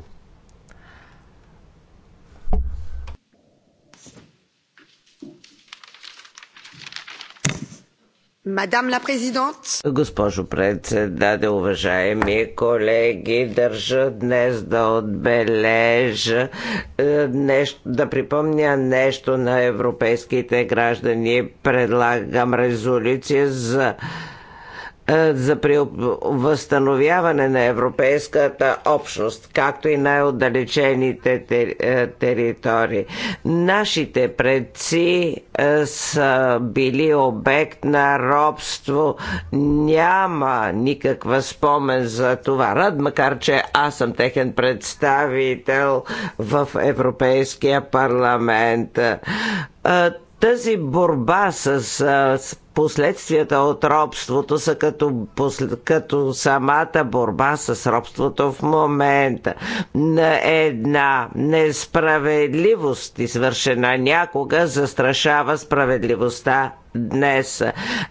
Мадам президент. Госпожо председател, уважаеми колеги, държа днес да отбележа е, нещо, да припомня нещо на европейските граждани. Предлагам резолюция за е, за при възстановяване на европейската общност, както и най-отдалечените е, територии. Нашите предци е, са били обект на робство. Няма никаква спомен за това. Рад, макар че аз съм техен представител в Европейския парламент тази борба с последствията от робството са като, като самата борба с робството в момента. На Една несправедливост, извършена някога, застрашава справедливостта днес.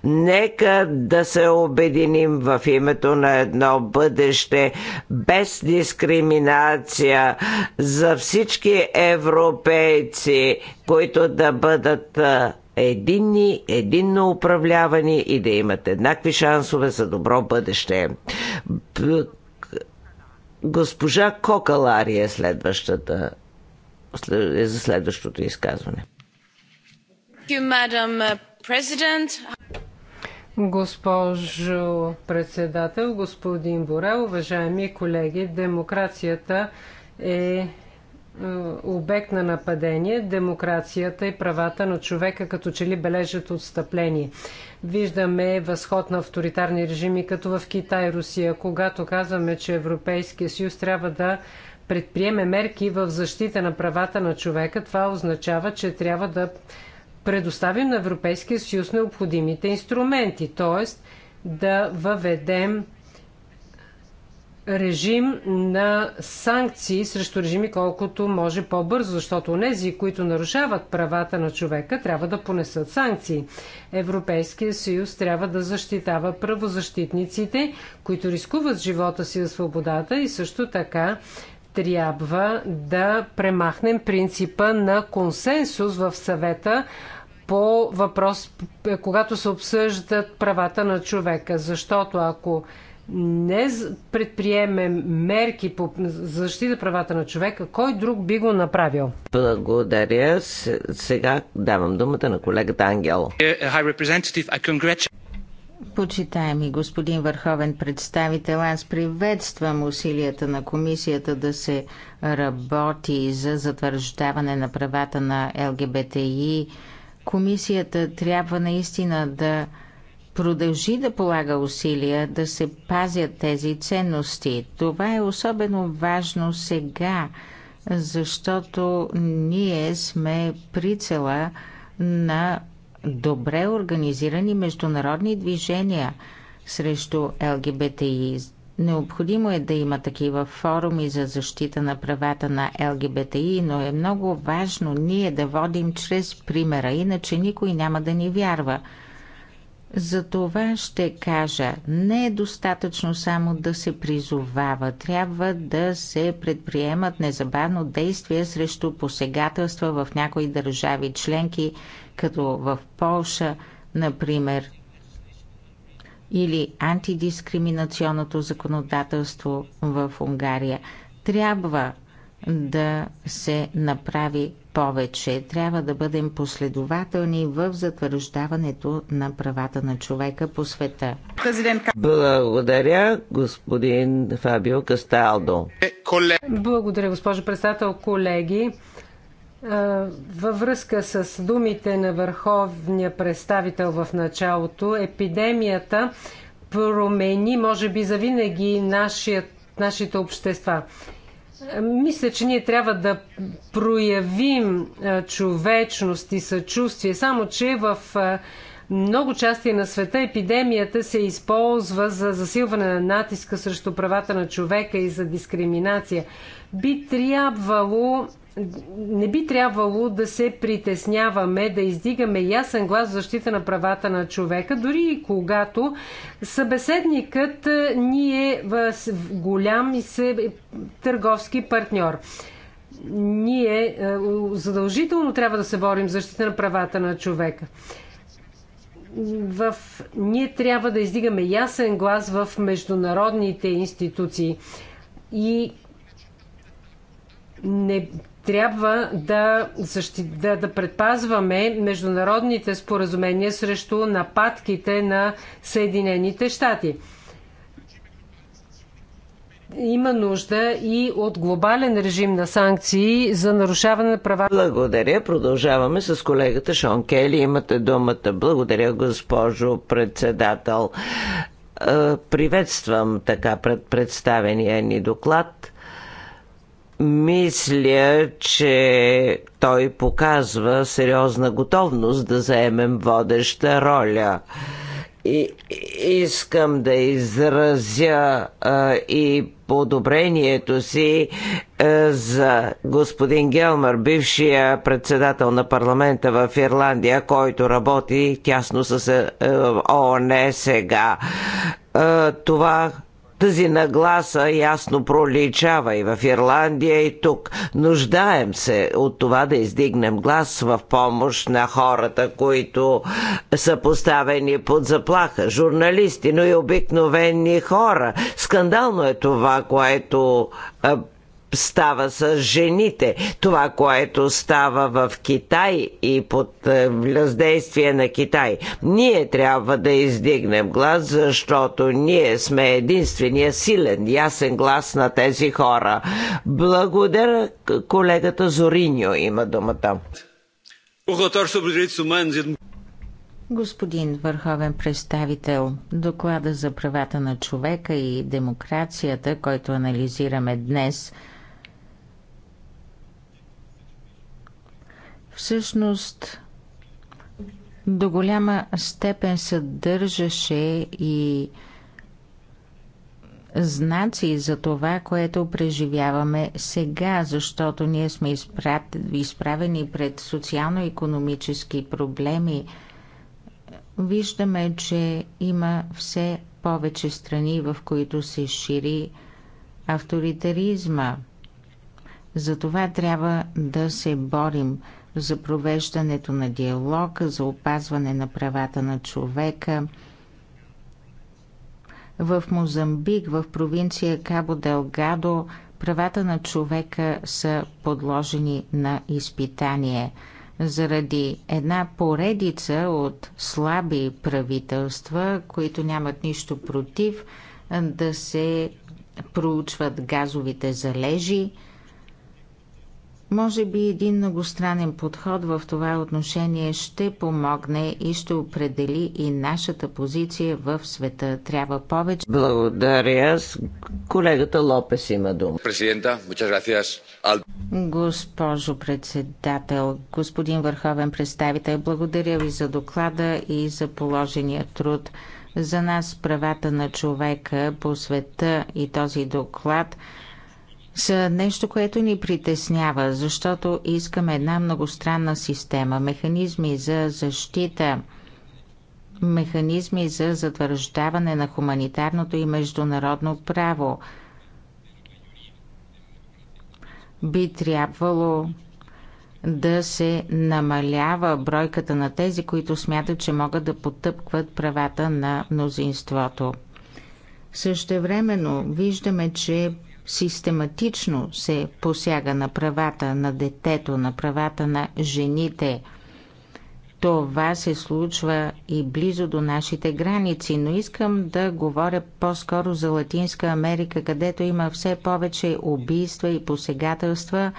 Нека да се обединим в името на едно бъдеще без дискриминация за всички европейци, които да бъдат единни, единно управлявани и да имат еднакви шансове за добро бъдеще. Госпожа Кокалари е следващата е за следващото изказване. Uh, Госпожо председател, господин Борел, уважаеми колеги, демокрацията е е, обект на нападение, демокрацията и правата на човека като че ли бележат отстъпление. Виждаме възход на авторитарни режими, като в Китай и Русия, когато казваме, че Европейския съюз трябва да предприеме мерки в защита на правата на човека, това означава, че трябва да предоставим на Европейския съюз необходимите инструменти, т.е. да въведем режим на санкции срещу режими колкото може по-бързо, защото тези, които нарушават правата на човека, трябва да понесат санкции. Европейския съюз трябва да защитава правозащитниците, които рискуват живота си за свободата и също така трябва да премахнем принципа на консенсус в съвета по въпрос, когато се обсъждат правата на човека. Защото ако не предприемем мерки по защита правата на човека, кой друг би го направил? Благодаря. Сега давам думата на колегата Ангел. Е, Почитаеми господин Върховен представител, аз приветствам усилията на комисията да се работи за затвърждаване на правата на ЛГБТИ. Комисията трябва наистина да продължи да полага усилия да се пазят тези ценности. Това е особено важно сега, защото ние сме прицела на добре организирани международни движения срещу ЛГБТИ. Необходимо е да има такива форуми за защита на правата на ЛГБТИ, но е много важно ние да водим чрез примера, иначе никой няма да ни вярва. За това ще кажа, не е достатъчно само да се призовава, трябва да се предприемат незабавно действия срещу посегателства в някои държави членки, като в Полша, например, или антидискриминационното законодателство в Унгария. Трябва да се направи повече. Трябва да бъдем последователни в затвърждаването на правата на човека по света. Благодаря, господин Фабио Касталдо. Благодаря, госпожо председател, колеги. Във връзка с думите на върховния представител в началото, епидемията промени, може би завинаги, нашите общества. Мисля, че ние трябва да проявим човечност и съчувствие, само че в много части на света епидемията се използва за засилване на натиска срещу правата на човека и за дискриминация. Би трябвало не би трябвало да се притесняваме, да издигаме ясен глас в защита на правата на човека, дори и когато събеседникът ни е голям и се търговски партньор. Ние е, задължително трябва да се борим в защита на правата на човека в... ние трябва да издигаме ясен глас в международните институции и не трябва да, защи... да, да предпазваме международните споразумения срещу нападките на Съединените щати има нужда и от глобален режим на санкции за нарушаване на права. Благодаря. Продължаваме с колегата Шон Кели. Имате думата. Благодаря, госпожо председател. Е, приветствам така пред представения ни доклад. Мисля, че той показва сериозна готовност да заемем водеща роля. И, искам да изразя а, и подобрението си а, за господин Гелмър, бившия председател на парламента в Ирландия, който работи тясно с а, сега. А, това тази нагласа ясно проличава и в Ирландия и тук. Нуждаем се от това да издигнем глас в помощ на хората, които са поставени под заплаха. Журналисти, но и обикновени хора. Скандално е това, което става с жените. Това, което става в Китай и под е, въздействие на Китай. Ние трябва да издигнем глас, защото ние сме единствения силен, ясен глас на тези хора. Благодаря колегата Зориньо има думата. Господин върховен представител, доклада за правата на човека и демокрацията, който анализираме днес – всъщност до голяма степен съдържаше и знаци за това, което преживяваме сега, защото ние сме изправени пред социално-економически проблеми. Виждаме, че има все повече страни, в които се шири авторитаризма. За това трябва да се борим – за провеждането на диалога, за опазване на правата на човека. В Мозамбик, в провинция Кабо Делгадо, правата на човека са подложени на изпитание заради една поредица от слаби правителства, които нямат нищо против да се проучват газовите залежи може би един многостранен подход в това отношение ще помогне и ще определи и нашата позиция в света. Трябва повече. Благодаря. Колегата Лопес има дума. Президента, Госпожо председател, господин върховен представител, благодаря ви за доклада и за положения труд. За нас правата на човека по света и този доклад – са нещо, което ни притеснява, защото искаме една многостранна система, механизми за защита, механизми за затвърждаване на хуманитарното и международно право. Би трябвало да се намалява бройката на тези, които смятат, че могат да потъпкват правата на мнозинството. Същевременно виждаме, че систематично се посяга на правата на детето, на правата на жените. Това се случва и близо до нашите граници, но искам да говоря по-скоро за Латинска Америка, където има все повече убийства и посегателства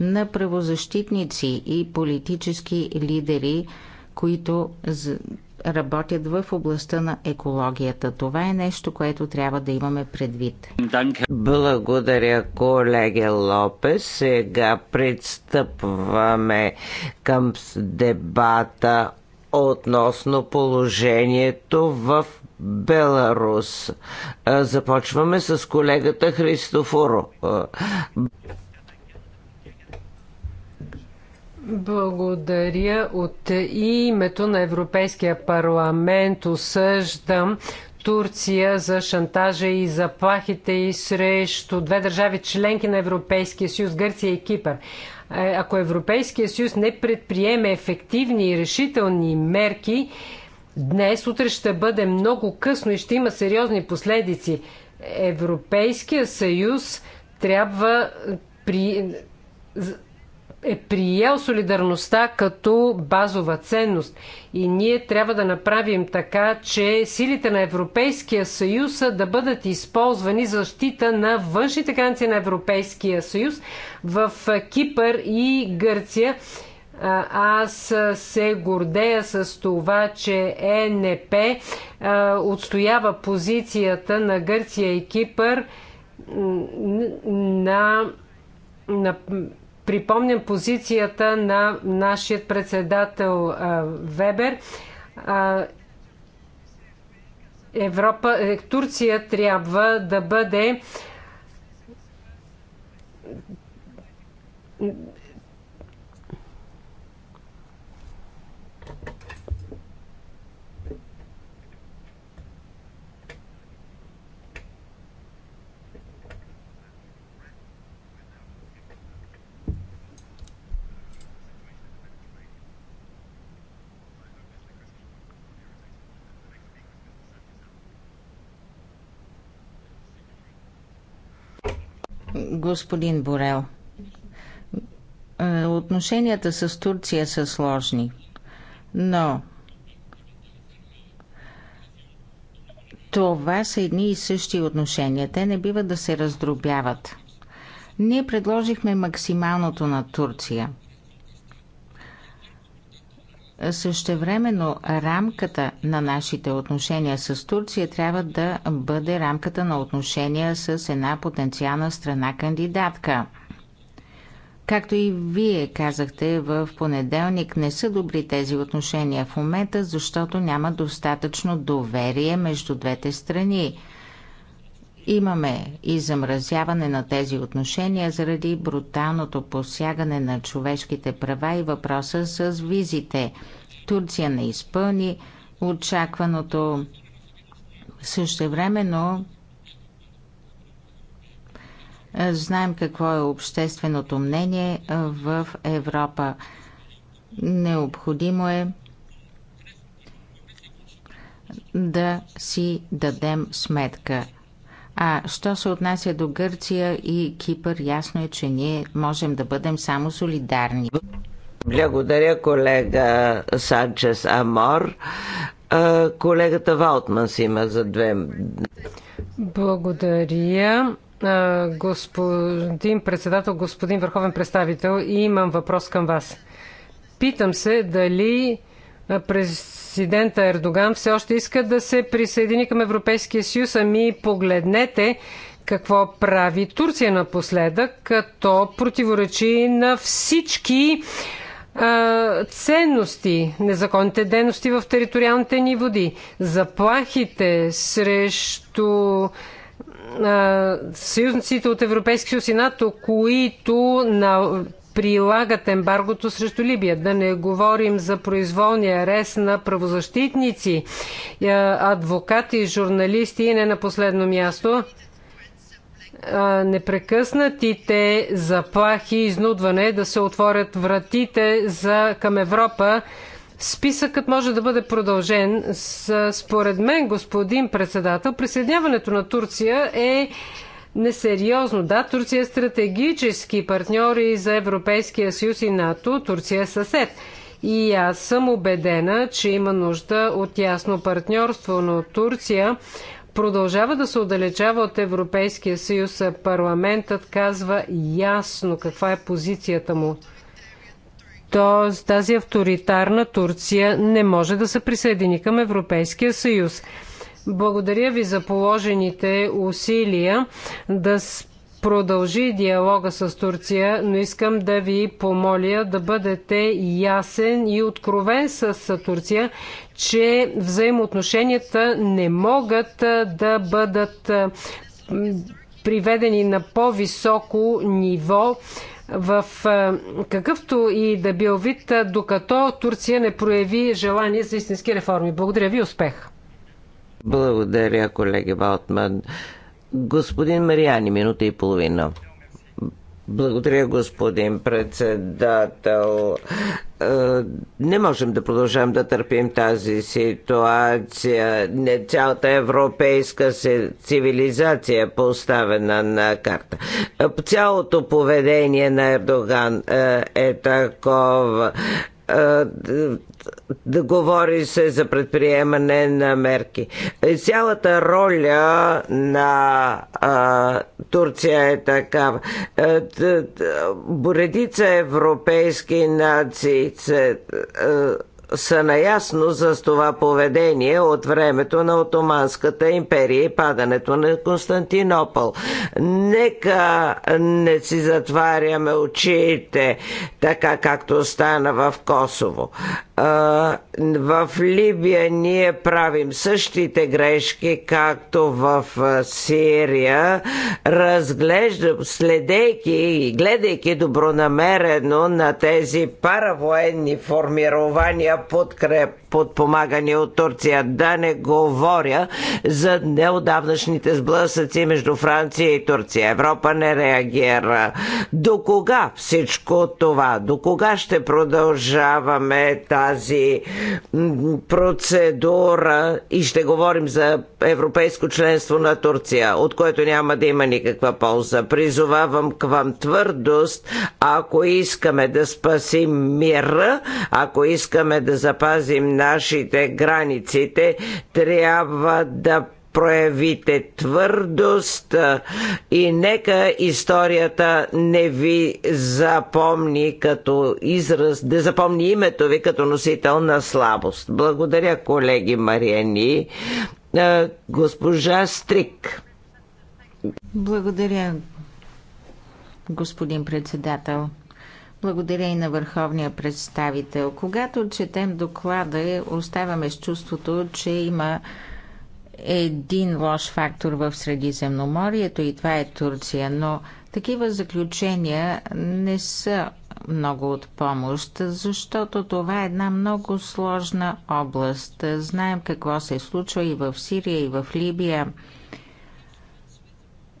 на правозащитници и политически лидери, които работят в областта на екологията. Това е нещо, което трябва да имаме предвид. Благодаря, колеги Лопес. Сега пристъпваме към дебата относно положението в Беларус. Започваме с колегата Христофоро. Благодаря. От името на Европейския парламент осъждам Турция за шантажа и заплахите и срещу две държави членки на Европейския съюз Гърция и Кипър. Е, ако Европейския съюз не предприеме ефективни и решителни мерки, днес утре ще бъде много късно и ще има сериозни последици. Европейския съюз трябва при е приел солидарността като базова ценност. И ние трябва да направим така, че силите на Европейския съюз да бъдат използвани за защита на външните граници на Европейския съюз в Кипър и Гърция. Аз се гордея с това, че ЕНП отстоява позицията на Гърция и Кипър на, на припомням позицията на нашия председател Вебер. Европа, е, Турция трябва да бъде Господин Борел, е, отношенията с Турция са сложни, но това са едни и същи отношения. Те не бива да се раздробяват. Ние предложихме максималното на Турция – Същевременно рамката на нашите отношения с Турция трябва да бъде рамката на отношения с една потенциална страна кандидатка. Както и вие казахте в понеделник, не са добри тези отношения в момента, защото няма достатъчно доверие между двете страни. Имаме и замразяване на тези отношения заради бруталното посягане на човешките права и въпроса с визите. Турция не изпълни очакваното. Същевременно знаем какво е общественото мнение в Европа. Необходимо е да си дадем сметка. А що се отнася до Гърция и Кипър, ясно е, че ние можем да бъдем само солидарни. Благодаря, колега Санчес Амор. Колегата Валтманс има за две. Благодаря. Господин председател, господин върховен представител, имам въпрос към вас. Питам се дали през президента Ердоган все още иска да се присъедини към Европейския съюз. Ами погледнете какво прави Турция напоследък, като противоречи на всички а, ценности, незаконните дейности в териториалните ни води, заплахите срещу съюзниците от Европейския съюз и НАТО, които на, прилагат ембаргото срещу Либия. Да не говорим за произволния арест на правозащитници, е, адвокати, журналисти и не на последно място е, непрекъснатите заплахи и изнудване да се отворят вратите за, към Европа. Списъкът може да бъде продължен. С, според мен, господин председател, присъединяването на Турция е несериозно. Да, Турция е стратегически партньор и за Европейския съюз и НАТО. Турция е съсед. И аз съм убедена, че има нужда от ясно партньорство, но Турция продължава да се отдалечава от Европейския съюз. Парламентът казва ясно каква е позицията му. То, тази авторитарна Турция не може да се присъедини към Европейския съюз. Благодаря ви за положените усилия да продължи диалога с Турция, но искам да ви помоля да бъдете ясен и откровен с Турция, че взаимоотношенията не могат да бъдат приведени на по-високо ниво в какъвто и да бил вид, докато Турция не прояви желание за истински реформи. Благодаря ви, успех! Благодаря, колеги Балтман. Господин Мариани, минута и половина. Благодаря, господин председател. Е, не можем да продължаваме да търпим тази ситуация. Не цялата европейска цивилизация е поставена на карта. Е, цялото поведение на Ердоган е, е такова да говори се за предприемане на мерки. Е, цялата роля на а, Турция е такава. Е, Боредица европейски нации се, а, е, са наясно за това поведение от времето на Отоманската империя и падането на Константинопол. Нека не си затваряме очите, така както стана в Косово. В Либия ние правим същите грешки, както в Сирия, разглеждам, следейки и гледайки добронамерено на тези паравоенни формирования подкреп, подпомагани от Турция. Да не говоря за неодавнашните сблъсъци между Франция и Турция. Европа не реагира. До кога всичко това? До кога ще продължаваме тази процедура и ще говорим за европейско членство на Турция, от което няма да има никаква полза. Призовавам к вам твърдост, ако искаме да спасим мира, ако искаме да запазим нашите границите, трябва да проявите твърдост и нека историята не ви запомни като израз, не запомни името ви като носител на слабост. Благодаря, колеги Мариани госпожа Стрик. Благодаря, господин председател. Благодаря и на върховния представител. Когато четем доклада, оставаме с чувството, че има един лош фактор в Средиземноморието и това е Турция, но такива заключения не са много от помощ, защото това е една много сложна област. Знаем какво се случва и в Сирия, и в Либия.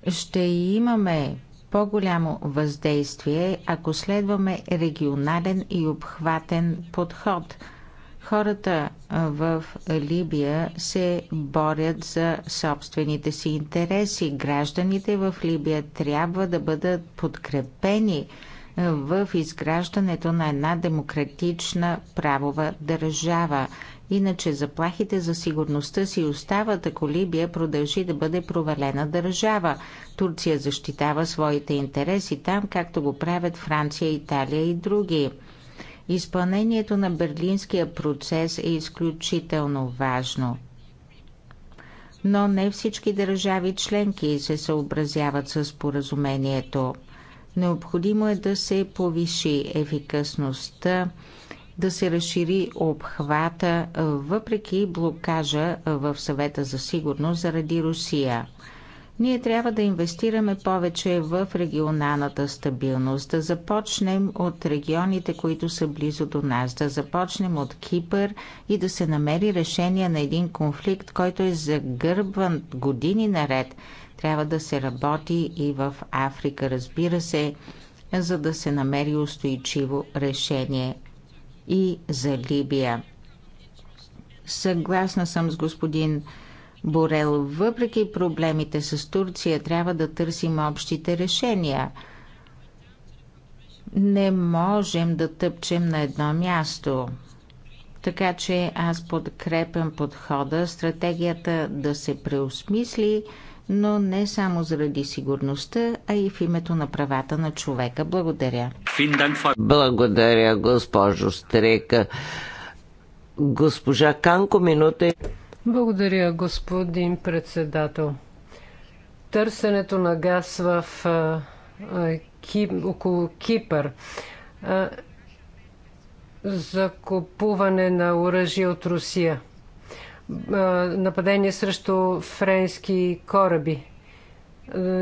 Ще имаме по-голямо въздействие, ако следваме регионален и обхватен подход. Хората в Либия се борят за собствените си интереси. Гражданите в Либия трябва да бъдат подкрепени в изграждането на една демократична правова държава. Иначе заплахите за сигурността си остават, ако Либия продължи да бъде провалена държава. Турция защитава своите интереси там, както го правят Франция, Италия и други. Изпълнението на берлинския процес е изключително важно. Но не всички държави членки се съобразяват с споразумението. Необходимо е да се повиши ефикасността, да се разшири обхвата, въпреки блокажа в съвета за сигурност заради Русия. Ние трябва да инвестираме повече в регионалната стабилност, да започнем от регионите, които са близо до нас, да започнем от Кипър и да се намери решение на един конфликт, който е загърбван години наред трябва да се работи и в Африка, разбира се, за да се намери устойчиво решение и за Либия. Съгласна съм с господин Борел. Въпреки проблемите с Турция, трябва да търсим общите решения. Не можем да тъпчем на едно място. Така че аз подкрепям подхода, стратегията да се преосмисли но не само заради сигурността, а и в името на правата на човека. Благодаря. Благодаря, госпожо Стрека. Госпожа Канко, минута. Благодаря, господин председател. Търсенето на газ в а, ки, около Кипър, а, закупуване на оръжие от Русия – нападение срещу френски кораби,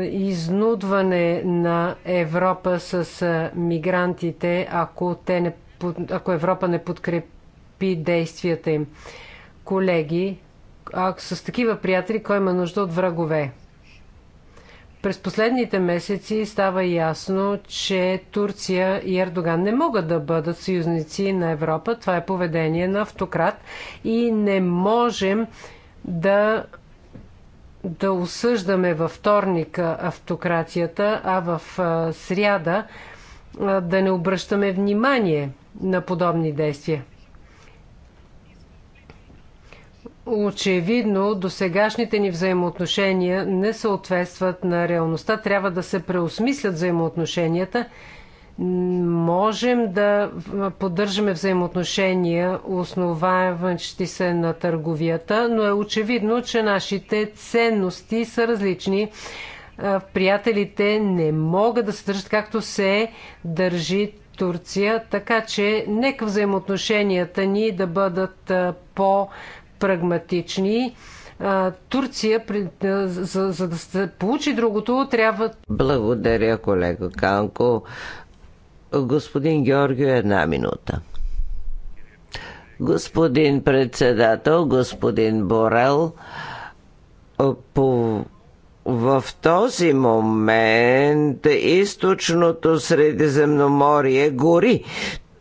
изнудване на Европа с мигрантите, ако, те не, ако Европа не подкрепи действията им. Колеги, ако с такива приятели, кой има нужда от врагове? През последните месеци става ясно, че Турция и Ердоган не могат да бъдат съюзници на Европа. Това е поведение на автократ и не можем да да осъждаме във вторник автокрацията, а в сряда да не обръщаме внимание на подобни действия. Очевидно, досегашните ни взаимоотношения не съответстват на реалността. Трябва да се преосмислят взаимоотношенията. Можем да поддържаме взаимоотношения, основаващи се на търговията, но е очевидно, че нашите ценности са различни. Приятелите не могат да се държат както се държи Турция, така че нека взаимоотношенията ни да бъдат по прагматични. Турция, за, за да се получи другото, трябва. Благодаря, колега Канко. Господин Георгио, една минута. Господин председател, господин Борел, по в този момент източното Средиземноморие гори.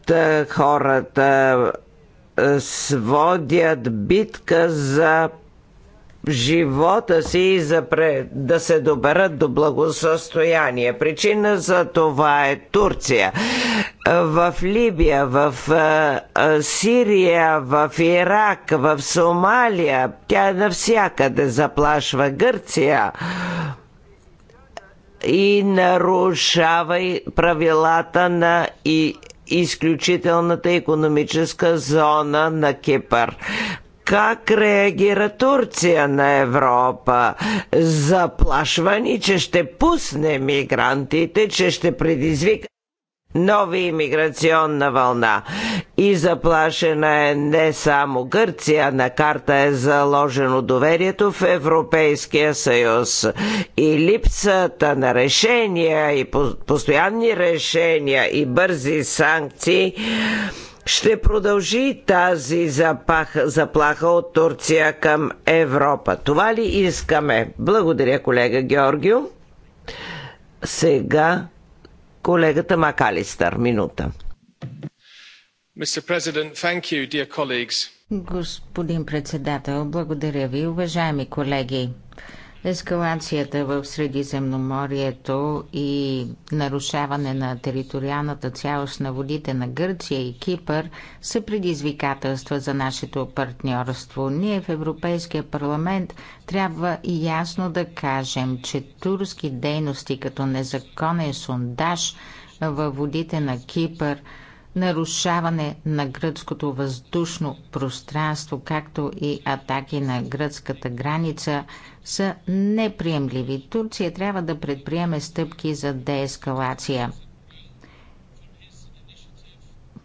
Та хората сводят битка за живота си и за пре... да се доберат до благосъстояние. Причина за това е Турция. В Либия, в Сирия, в Ирак, в Сомалия, тя навсякъде заплашва Гърция и нарушава правилата на и изключителната економическа зона на Кипър как реагира Турция на Европа? Заплашвани, че ще пусне мигрантите, че ще предизвика нови имиграционна вълна. И заплашена е не само Гърция, на карта е заложено доверието в Европейския съюз. И липсата на решения, и постоянни решения, и бързи санкции ще продължи тази заплаха от Турция към Европа. Това ли искаме? Благодаря, колега Георгио. Сега Колегата Макалистър, минута. Господин председател, благодаря ви, уважаеми колеги. Ескалацията в Средиземноморието и нарушаване на териториалната цялост на водите на Гърция и Кипър са предизвикателства за нашето партньорство. Ние в Европейския парламент трябва ясно да кажем, че турски дейности като незаконен сондаж във водите на Кипър – нарушаване на гръцкото въздушно пространство, както и атаки на гръцката граница са неприемливи. Турция трябва да предприеме стъпки за деескалация.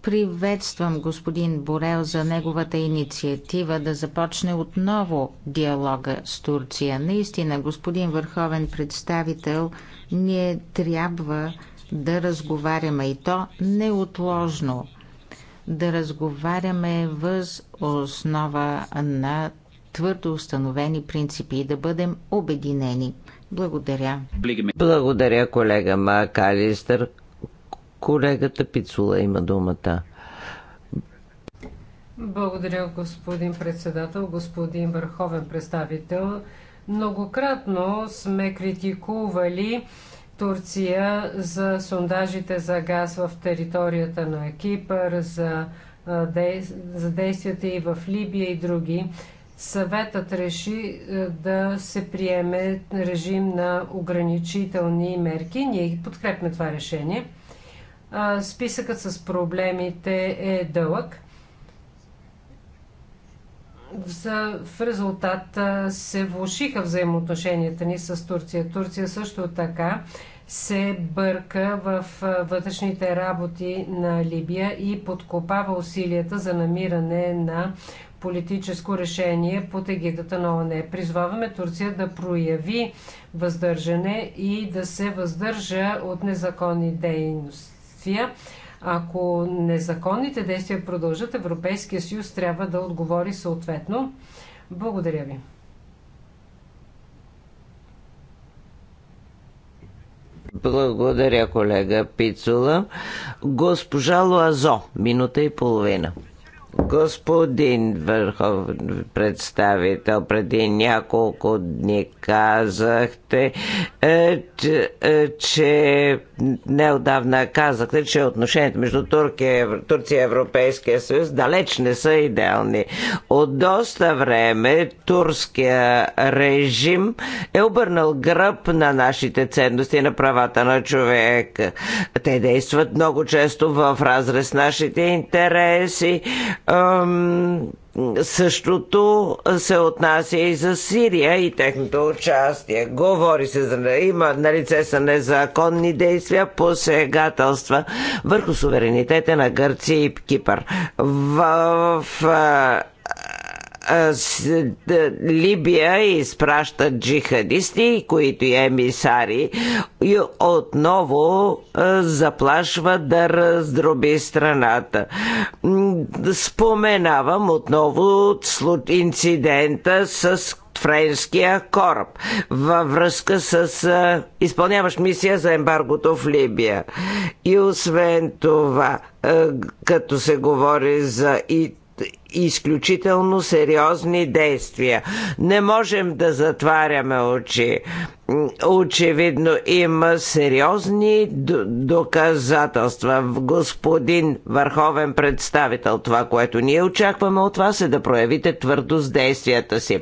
Приветствам господин Борел за неговата инициатива да започне отново диалога с Турция. Наистина, господин върховен представител, ние трябва да разговаряме и то неотложно. Да разговаряме въз основа на твърдо установени принципи и да бъдем обединени. Благодаря. Благодаря, колега Макалистър. Колегата Пицула има думата. Благодаря, господин председател, господин върховен представител. Многократно сме критикували Турция за сондажите за газ в територията на Кипър, за, за действията и в Либия и други. Съветът реши да се приеме режим на ограничителни мерки. Ние подкрепяме това решение. Списъкът с проблемите е дълъг за, в резултат се влушиха взаимоотношенията ни с Турция. Турция също така се бърка в вътрешните работи на Либия и подкопава усилията за намиране на политическо решение под егидата на ОНЕ. Призваваме Турция да прояви въздържане и да се въздържа от незаконни дейности действия, ако незаконните действия продължат, Европейския съюз трябва да отговори съответно. Благодаря ви. Благодаря, колега Пицула. Госпожа Луазо, минута и половина. Господин върховен представител, преди няколко дни казахте, е, че, е, че неодавна казахте, че отношенията между Турция, Турция и Европейския съюз далеч не са идеални. От доста време турския режим е обърнал гръб на нашите ценности и на правата на човека. Те действат много често в разрез с нашите интереси, Същото се отнася и за Сирия и техното участие. Говори се за има на лице са незаконни действия, посегателства върху суверенитета на Гърция и Кипър. В, в Либия изпращат джихадисти, които и емисари и отново заплашва да раздроби страната. Споменавам отново инцидента с френския кораб във връзка с а, изпълняващ мисия за ембаргото в Либия. И освен това, а, като се говори за и изключително сериозни действия. Не можем да затваряме очи. Очевидно има сериозни доказателства. Господин върховен представител, това, което ние очакваме от вас е да проявите твърдо с действията си.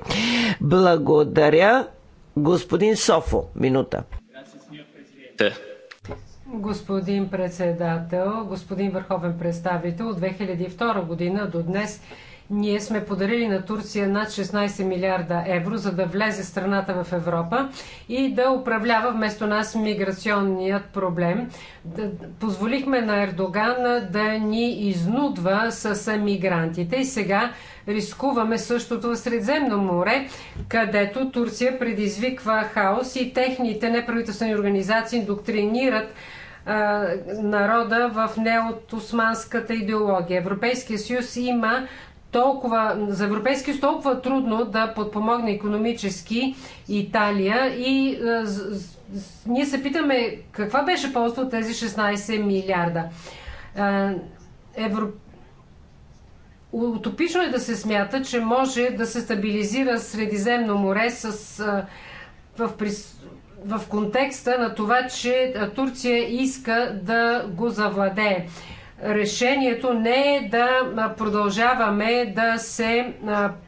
Благодаря. Господин Софо, минута. Gracias, е. Господин председател, господин върховен представител, от 2002 година до днес ние сме подарили на Турция над 16 милиарда евро, за да влезе страната в Европа и да управлява вместо нас миграционният проблем. Позволихме на Ердоган да ни изнудва с мигрантите и сега рискуваме същото в Средземно море, където Турция предизвиква хаос и техните неправителствени организации доктринират народа в неотосманската идеология. Европейския съюз има толкова, за Европейски съюз толкова трудно да подпомогне економически Италия и ние се питаме каква беше полза от тези 16 милиарда. Евро... Утопично е да се смята, че може да се стабилизира Средиземно море с, в, прис в контекста на това, че Турция иска да го завладее. Решението не е да продължаваме да се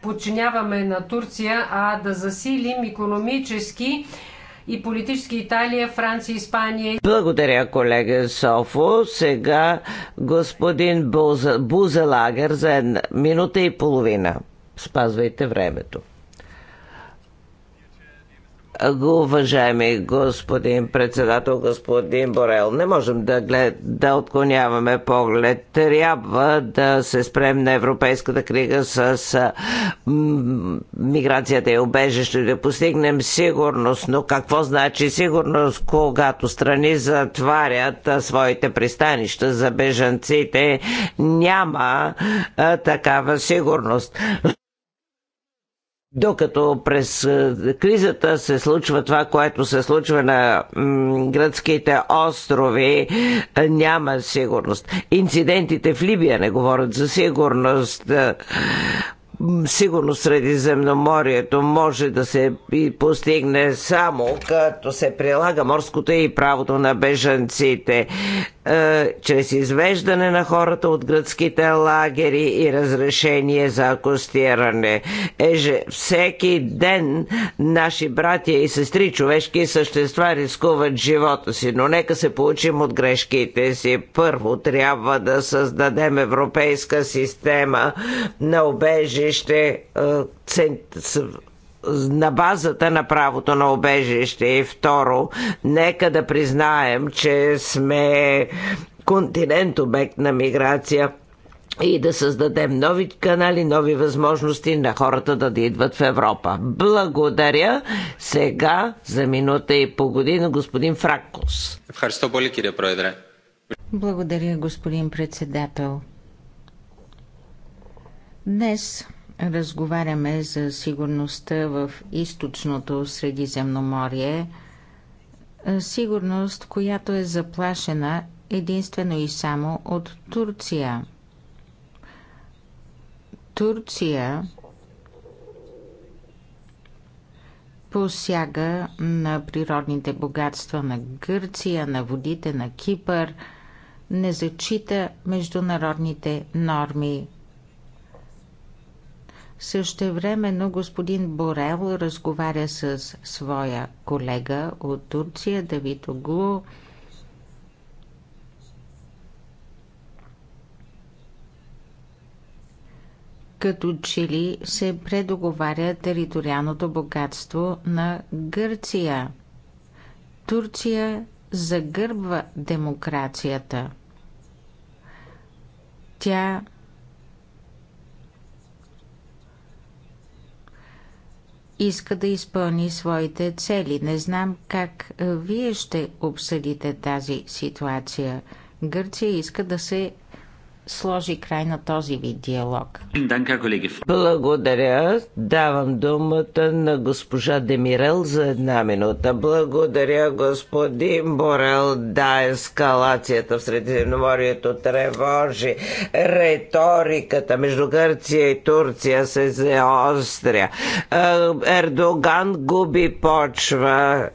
подчиняваме на Турция, а да засилим економически и политически Италия, Франция, Испания. Благодаря, колега Софо. Сега господин Бузелагер за една минута и половина. Спазвайте времето. Уважаеми господин председател, господин Борел, не можем да, глед, да отклоняваме поглед. Трябва да се спрем на европейската крига с миграцията и убежището и да постигнем сигурност. Но какво значи сигурност, когато страни затварят своите пристанища за бежанците? Няма а, такава сигурност. Докато през е, кризата се случва това, което се случва на гръцките острови, е, няма сигурност. Инцидентите в Либия не говорят за сигурност е, сигурно Средиземноморието може да се постигне само като се прилага морското и правото на бежанците. Е, чрез извеждане на хората от гръцките лагери и разрешение за акустиране. Еже всеки ден наши братия и сестри, човешки същества, рискуват живота си, но нека се получим от грешките си. Първо трябва да създадем европейска система на обежище, е, на базата на правото на обежище. И второ, нека да признаем, че сме континент обект на миграция и да създадем нови канали, нови възможности на хората да, да идват в Европа. Благодаря. Сега за минута и по година господин Фракос. Благодаря, господин председател. Днес разговаряме за сигурността в източното Средиземноморие, сигурност, която е заплашена единствено и само от Турция. Турция посяга на природните богатства на Гърция, на водите на Кипър, не зачита международните норми Същевременно господин Борел разговаря с своя колега от Турция, Давид Оглу. като Чили се предоговаря териториалното богатство на Гърция. Турция загърбва демокрацията. Тя иска да изпълни своите цели. Не знам как вие ще обсъдите тази ситуация. Гърция иска да се сложи край на този вид диалог. Благодаря. Давам думата на госпожа Демирел за една минута. Благодаря, господин Борел. Да, ескалацията в Средиземноморието тревожи. Реториката между Гърция и Турция се заостря. Е, Ердоган губи почва.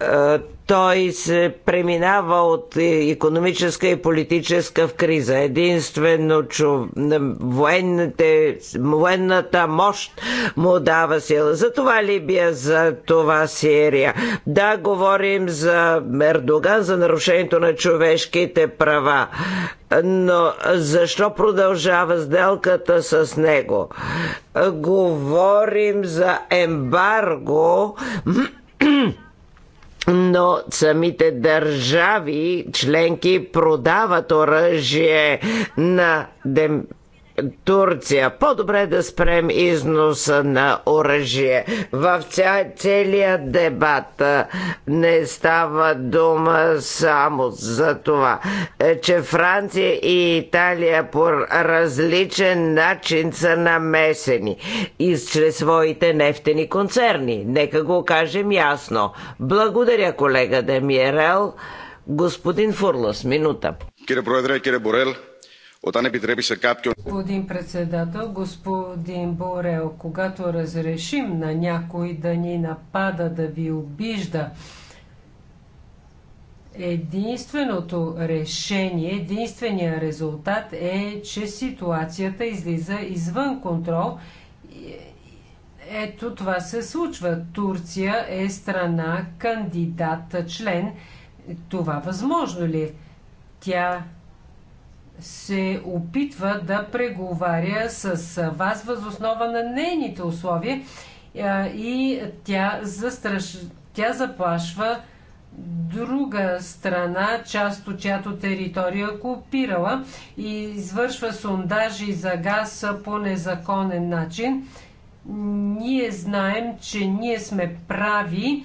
Е, той се преминава от економическа и политическа в криза. Единствено чу, военните, военната мощ му дава сила. За това Либия, за това Сирия. Да, говорим за Ердоган, за нарушението на човешките права. Но защо продължава сделката с него? Говорим за ембарго но самите държави членки продават оръжие на дем Турция. По-добре да спрем износа на оръжие. В ця, целия дебат не става дума само за това, е, че Франция и Италия по различен начин са намесени и чрез своите нефтени концерни. Нека го кажем ясно. Благодаря, колега Демиерел. Господин Фурлас, минута. Кире Проедре, кире Борел, Όταν επιτρέπει σε κάποιον... Господин председател, господин Борел, когато разрешим на някой да ни напада, да ви обижда, единственото решение, единствения резултат е, че ситуацията излиза извън контрол. Ето това се случва. Турция е страна, кандидат, член. Това възможно ли? Е? Тя се опитва да преговаря с вас възоснова на нейните условия и тя, застраш... тя заплашва друга страна, част от чиято територия е купирала и извършва сондажи за газ по незаконен начин. Ние знаем, че ние сме прави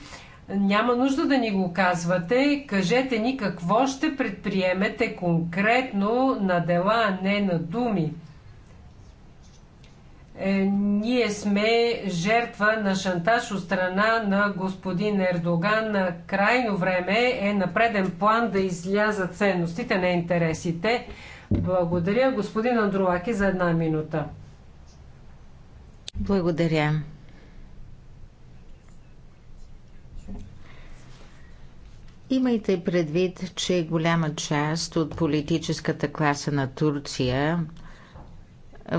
няма нужда да ни го казвате. Кажете ни какво ще предприемете конкретно на дела, а не на думи. Е, ние сме жертва на шантаж от страна на господин Ердоган. на Крайно време е на преден план да излязат ценностите на интересите. Благодаря господин Андролаки за една минута. Благодаря. Имайте предвид, че голяма част от политическата класа на Турция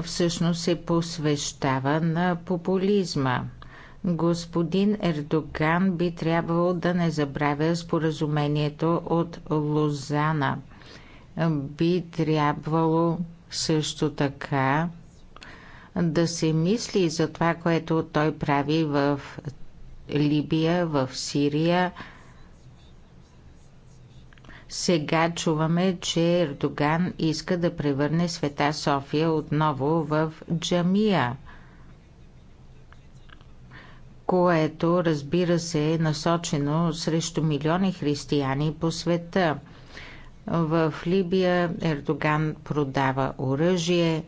всъщност се посвещава на популизма. Господин Ердоган би трябвало да не забравя споразумението от Лозана. Би трябвало също така да се мисли за това, което той прави в Либия, в Сирия – сега чуваме, че Ердоган иска да превърне Света София отново в джамия, което, разбира се, е насочено срещу милиони християни по света. В Либия Ердоган продава оръжие,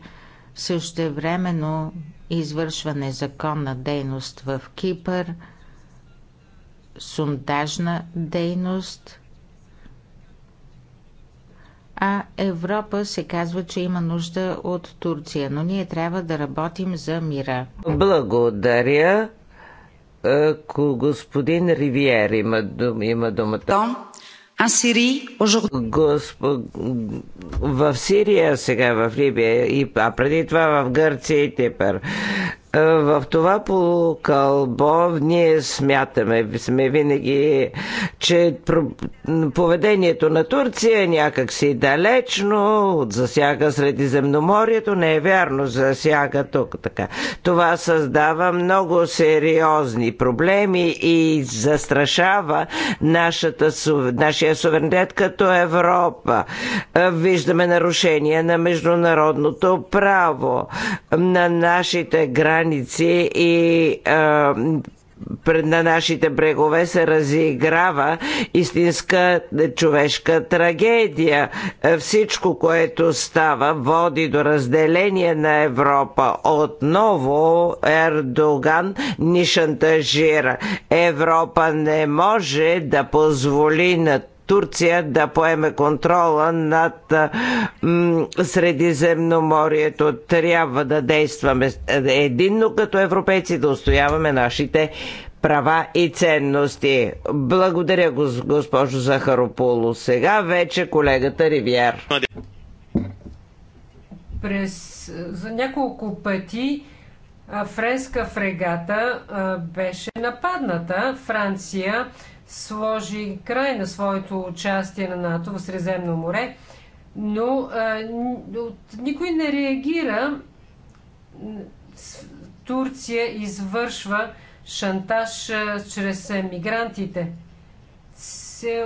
същевременно извършва незаконна дейност в Кипър, сундажна дейност – а Европа се казва, че има нужда от Турция, но ние трябва да работим за мира. Благодаря. Ако е, господин Ривиер има, дум, има думата. Госп... В Сирия, сега в Либия, а преди това в Гърция и Тепър. В това полукълбо ние смятаме, сме винаги, че поведението на Турция е някакси далечно, от засяга Средиземноморието, не е вярно, засяга тук така. Това създава много сериозни проблеми и застрашава нашата, нашия суверенитет като Европа. Виждаме нарушения на международното право, на нашите граници граници и на нашите брегове се разиграва истинска човешка трагедия. Всичко, което става, води до разделение на Европа. Отново Ердоган ни шантажира. Европа не може да позволи на Турция да поеме контрола над Средиземноморието. Трябва да действаме е, единно като европейци, да устояваме нашите права и ценности. Благодаря, госпожо Захарополо. Сега вече колегата Ривиер. През, за няколко пъти френска фрегата беше нападната. Франция сложи край на своето участие на НАТО в Средиземно море, но а, никой не реагира. Турция извършва шантаж а, чрез мигрантите. Се,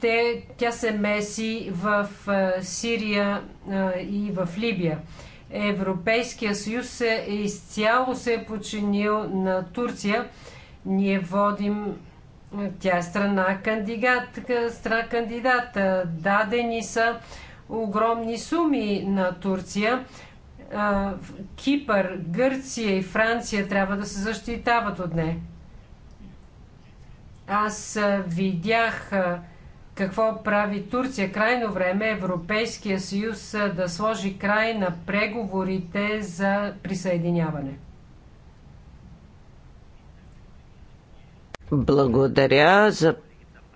те, тя се меси в а, Сирия а, и в Либия. Европейския съюз е изцяло се е подчинил на Турция. Ние водим тя е страна кандидат, страна кандидат. Дадени са огромни суми на Турция. Кипър, Гърция и Франция трябва да се защитават от нея. Аз видях какво прави Турция. Крайно време е Европейския съюз да сложи край на преговорите за присъединяване. Благодаря за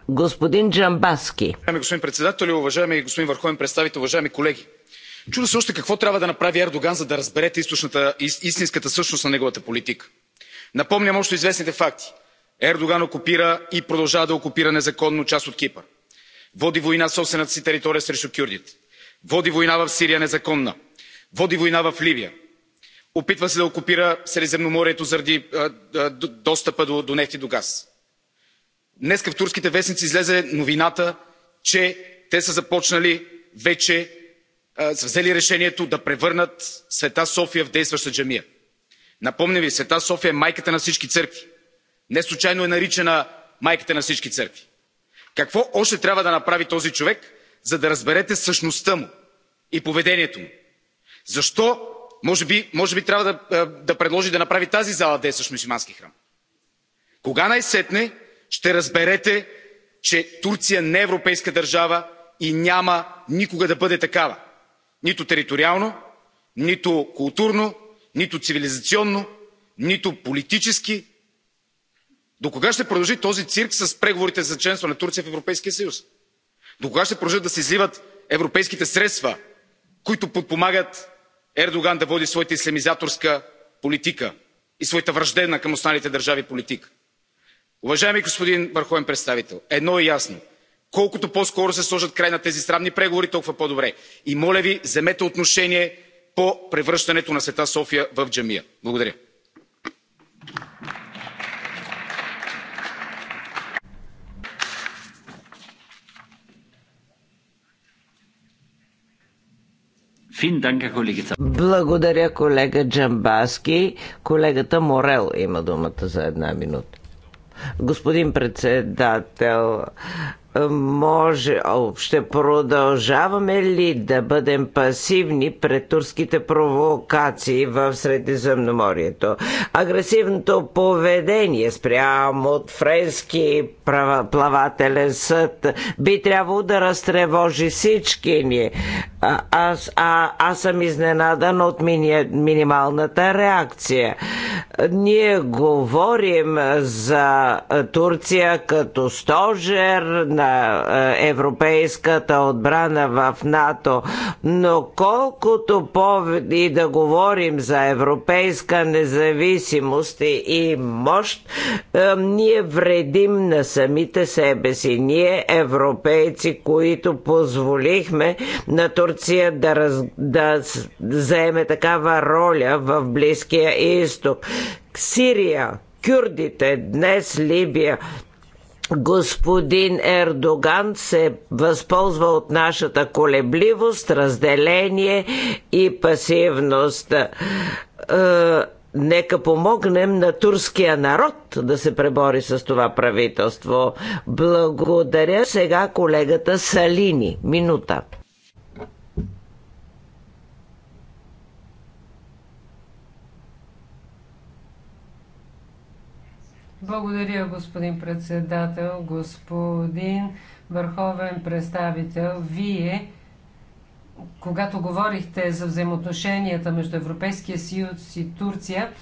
господин Джамбаски. Уважаеми господин председател, уважаеми господин върховен представител, уважаеми колеги. Чудо се още какво трябва да направи Ердоган, за да разберете истинската същност на неговата политика. Напомням още известните факти. Ердоган окупира и продължава да окупира незаконно част от Кипър. Води война в собствената си територия срещу кюрдите. Води война в Сирия незаконна. Води война в Ливия опитва се да окупира средиземноморието заради достъпа до нефт и до газ. днес в турските вестници излезе новината че те са започнали вече са взели решението да превърнат света софия в действаща джамия. напомням ви света софия е майката на всички църкви. неслучайно е наричана майката на всички църкви. какво още трябва да направи този човек за да разберете същността му и поведението му? защо може би, трябва да, предложи да направи тази зала действащ е мюсюлмански храм. Кога най-сетне ще разберете, че Турция не е европейска държава и няма никога да бъде такава? Нито териториално, нито културно, нито цивилизационно, нито политически. До кога ще продължи този цирк с преговорите за членство на Турция в Европейския съюз? До кога ще продължат да се изливат европейските средства, които подпомагат ердоган да води своята ислямизаторска политика и своята враждебна към останалите държави политика. уважаеми господин върховен представител едно е ясно колкото по скоро се сложи край на тези срамни преговори толкова по добре и моля ви вземете отношение по превръщането на света софия в джамия. благодаря. Благодаря, колега Джамбаски. Колегата Морел има думата за една минута. Господин председател, може, ще продължаваме ли да бъдем пасивни пред турските провокации в Средиземноморието? Агресивното поведение спрямо от френски плавателен съд би трябвало да разтревожи всички ни аз, а, аз съм изненадан от мини, минималната реакция. Ние говорим за Турция като стожер на е, европейската отбрана в НАТО, но колкото по и да говорим за европейска независимост и мощ, е, ние вредим на самите себе си. Ние, европейци, които позволихме на Турция Турция да, раз, да заеме такава роля в Близкия изток. Сирия, кюрдите, днес Либия, господин Ердоган се възползва от нашата колебливост, разделение и пасивност. Е, нека помогнем на турския народ да се пребори с това правителство. Благодаря сега колегата Салини. Минута. Благодаря, господин председател, господин върховен представител. Вие, когато говорихте за взаимоотношенията между Европейския съюз и Турция,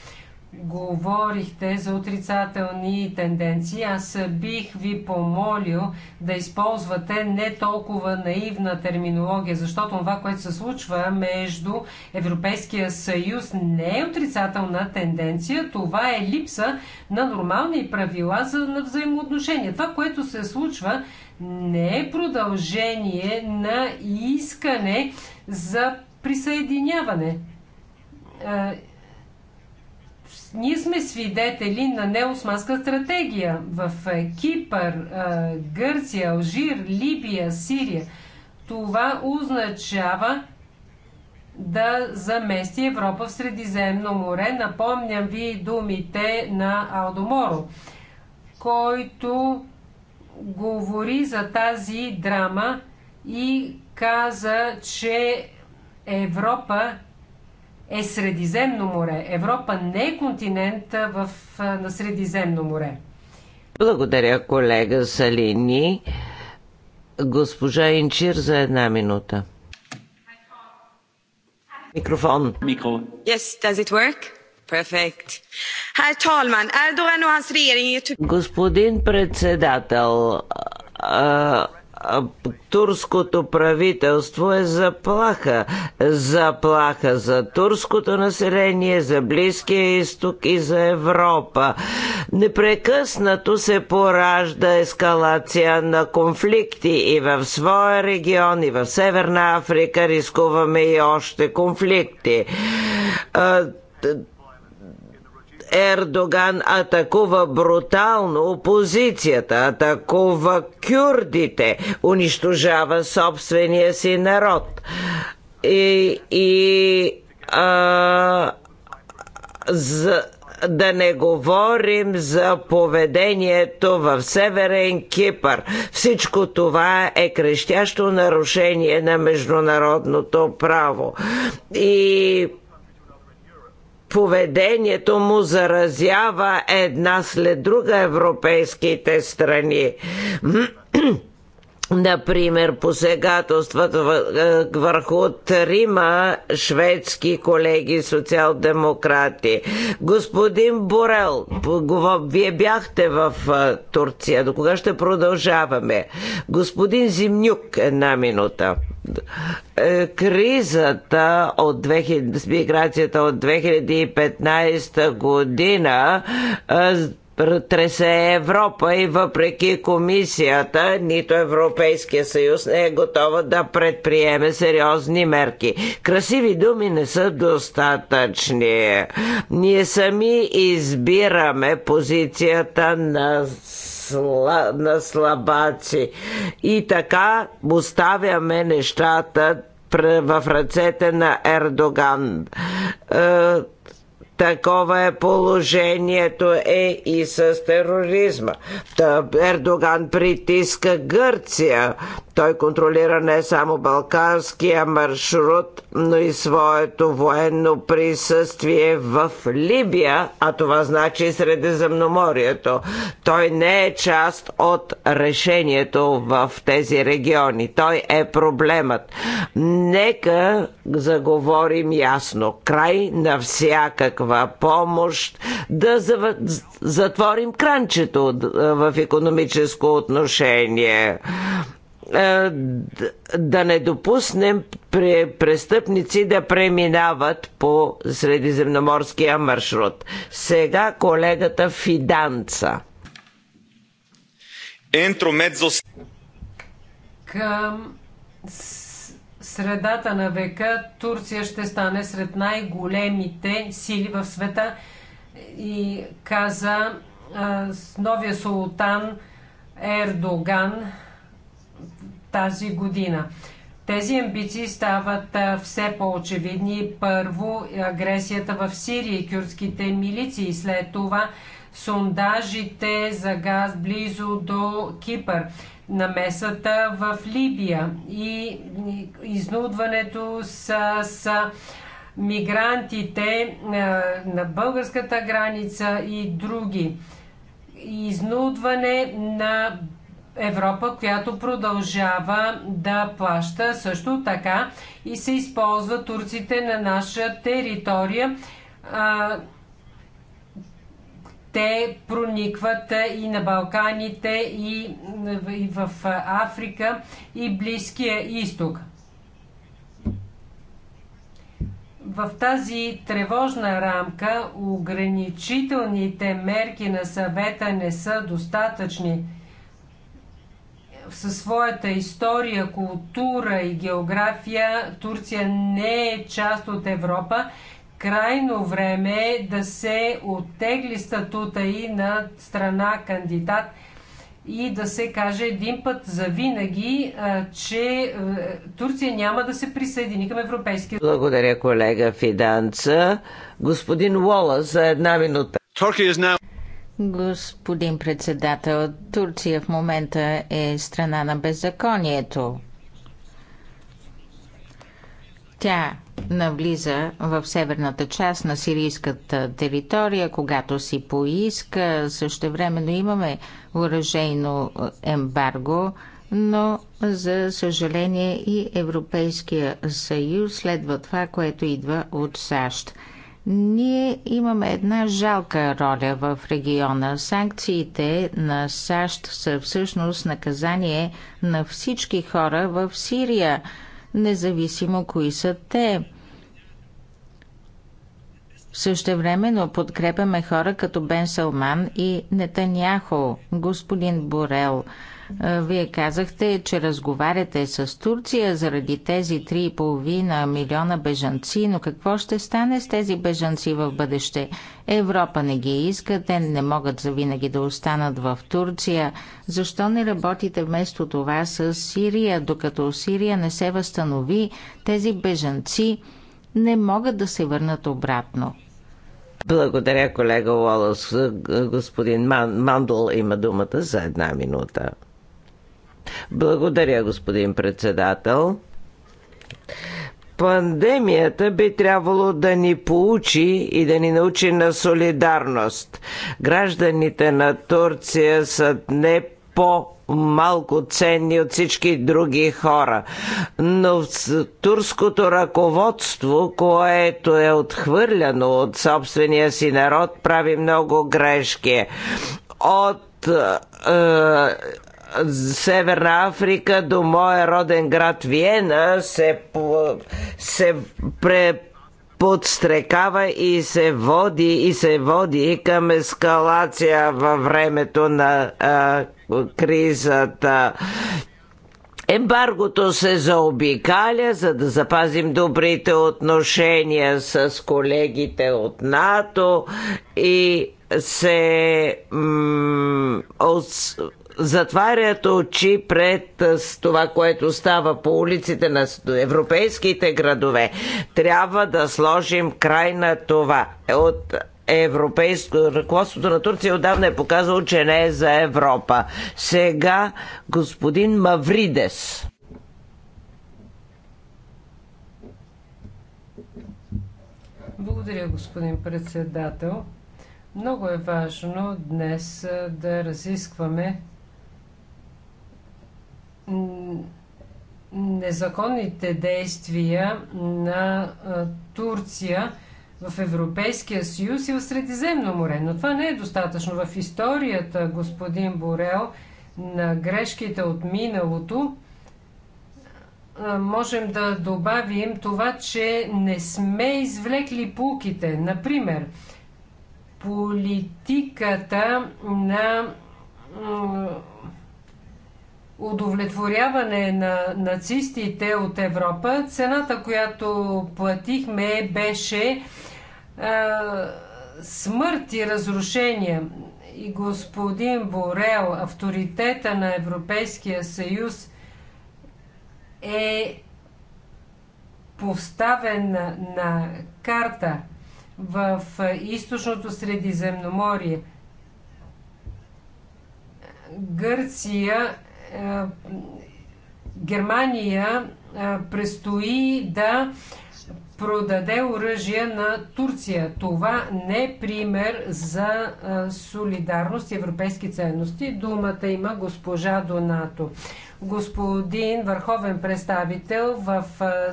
говорихте за отрицателни тенденции, аз бих ви помолил да използвате не толкова наивна терминология, защото това, което се случва между Европейския съюз не е отрицателна тенденция, това е липса на нормални правила за на взаимоотношения. Това, което се случва, не е продължение на искане за присъединяване е, ние сме свидетели на неосманска стратегия в е, Кипър, е, Гърция, Алжир, Либия, Сирия. Това означава да замести Европа в Средиземно море. Напомням ви думите на Алдоморо, който говори за тази драма и каза, че Европа е Средиземно море. Европа не е континент в, на Средиземно море. Благодаря, колега Салини. Госпожа Инчир за една минута. Микрофон. Микро. Yes, does it work? Perfect. talman, Erdogan regering... Господин председател, турското правителство е заплаха. Заплаха за турското население, за Близкия изток и за Европа. Непрекъснато се поражда ескалация на конфликти и в своя регион, и в Северна Африка рискуваме и още конфликти Ердоган атакува брутално опозицията, атакува кюрдите, унищожава собствения си народ. И, и а, за, да не говорим за поведението в Северен Кипър. Всичко това е крещящо нарушение на международното право. И поведението му заразява една след друга европейските страни <clears throat> Например, посегателствата е, върху трима шведски колеги социал-демократи. Господин Борел, вие бяхте в е, Турция. До кога ще продължаваме? Господин Зимнюк, една минута. Е, кризата от 2000, с миграцията от 2015 година тресе Европа и въпреки комисията, нито Европейския съюз не е готова да предприеме сериозни мерки. Красиви думи не са достатъчни. Ние сами избираме позицията на на слабаци. И така оставяме нещата в ръцете на Ердоган е, Такова е положението е и с тероризма. Ердоган притиска Гърция. Той контролира не само балканския маршрут, но и своето военно присъствие в Либия, а това значи Средиземноморието. Той не е част от решението в тези региони. Той е проблемът. Нека заговорим ясно. Край на всякаква помощ да затворим кранчето в економическо отношение. Е, да не допуснем престъпници да преминават по средиземноморския маршрут. Сега колегата Фиданца. Към средата на века Турция ще стане сред най-големите сили в света и каза новия султан Ердоган тази година. Тези амбиции стават все по-очевидни. Първо агресията в Сирия и кюрдските милиции, след това сондажите за газ близо до Кипър, намесата в Либия и изнудването с, с мигрантите на българската граница и други. Изнудване на Европа, която продължава да плаща също така и се използва турците на наша територия. А, те проникват и на Балканите, и, и в Африка, и Близкия изток. в тази тревожна рамка ограничителните мерки на съвета не са достатъчни – със своята история, култура и география Турция не е част от Европа. Крайно време е да се оттегли статута и на страна кандидат и да се каже един път за винаги, че Турция няма да се присъедини към Европейския Благодаря, колега Фиданца. Господин Уола за една минута. Господин председател, Турция в момента е страна на беззаконието. Тя навлиза в северната част на сирийската територия, когато си поиска. Също времено имаме уражейно ембарго, но за съжаление и Европейския съюз следва това, което идва от САЩ. Ние имаме една жалка роля в региона. Санкциите на САЩ са всъщност наказание на всички хора в Сирия, независимо кои са те. Същевременно подкрепяме хора като Бен Салман и Нетаняхо, господин Борел – е, вие казахте, че разговаряте с Турция заради тези 3,5 милиона бежанци, но какво ще стане с тези бежанци в бъдеще? Европа не ги иска, те не могат завинаги да останат в Турция. Защо не работите вместо това с Сирия? Докато Сирия не се възстанови, тези бежанци не могат да се върнат обратно. Благодаря, колега Уолос, Господин Мандол, Мандул има думата за една минута. Благодаря, господин председател. Пандемията би трябвало да ни поучи и да ни научи на солидарност. Гражданите на Турция са не по малко ценни от всички други хора. Но турското ръководство, което е отхвърляно от собствения си народ, прави много грешки. От е, Северна Африка до моя роден град Виена се, се пре, подстрекава и се води и се води към ескалация във времето на а, кризата. Ембаргото се заобикаля, за да запазим добрите отношения с колегите от НАТО и се затварят очи пред това, което става по улиците на европейските градове. Трябва да сложим край на това. Е, от европейско, ръководството на Турция отдавна е показало, че не е за Европа. Сега господин Мавридес. Благодаря, господин председател. Много е важно днес да разискваме незаконните действия на Турция в Европейския съюз и в Средиземно море. Но това не е достатъчно. В историята, господин Борел, на грешките от миналото, можем да добавим това, че не сме извлекли пулките. Например, политиката на удовлетворяване на нацистите от Европа, цената, която платихме, беше а, е, смърт и разрушение. И господин Борел, авторитета на Европейския съюз е поставен на, на карта в източното Средиземноморие. Гърция е, Германия е, престои да продаде оръжие на Турция. Това не е пример за е, солидарност и европейски ценности. Думата има госпожа Донато господин върховен представител, в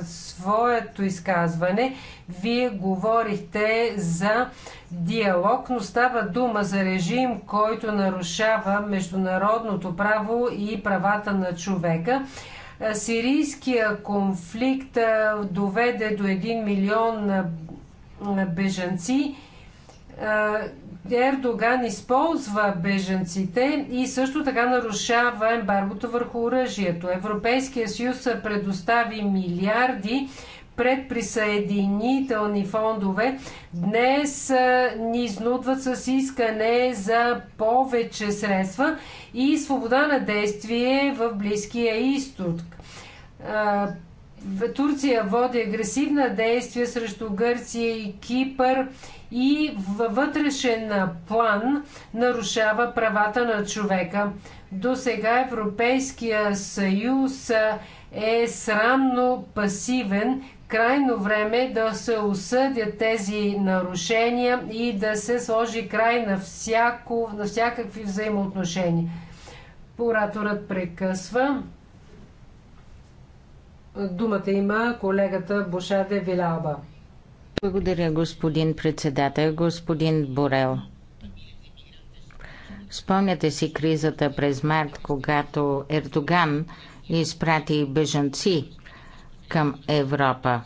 своето изказване вие говорихте за диалог, но става дума за режим, който нарушава международното право и правата на човека. Сирийския конфликт доведе до 1 милион бежанци Ердоган използва беженците и също така нарушава ембаргото върху оръжието. Европейския съюз предостави милиарди присъединителни фондове днес ни изнудват с искане за повече средства и свобода на действие в Близкия изток. Турция води агресивна действия срещу Гърция и Кипър и във вътрешен план нарушава правата на човека. До сега Европейския съюз е срамно пасивен. Крайно време е да се осъдят тези нарушения и да се сложи край на, всяко, на всякакви взаимоотношения. Ораторът прекъсва. Думата има колегата Бошаде Вилаба. Благодаря, господин председател, господин Борел. Спомняте си кризата през март, когато Ердоган изпрати бежанци към Европа. Е,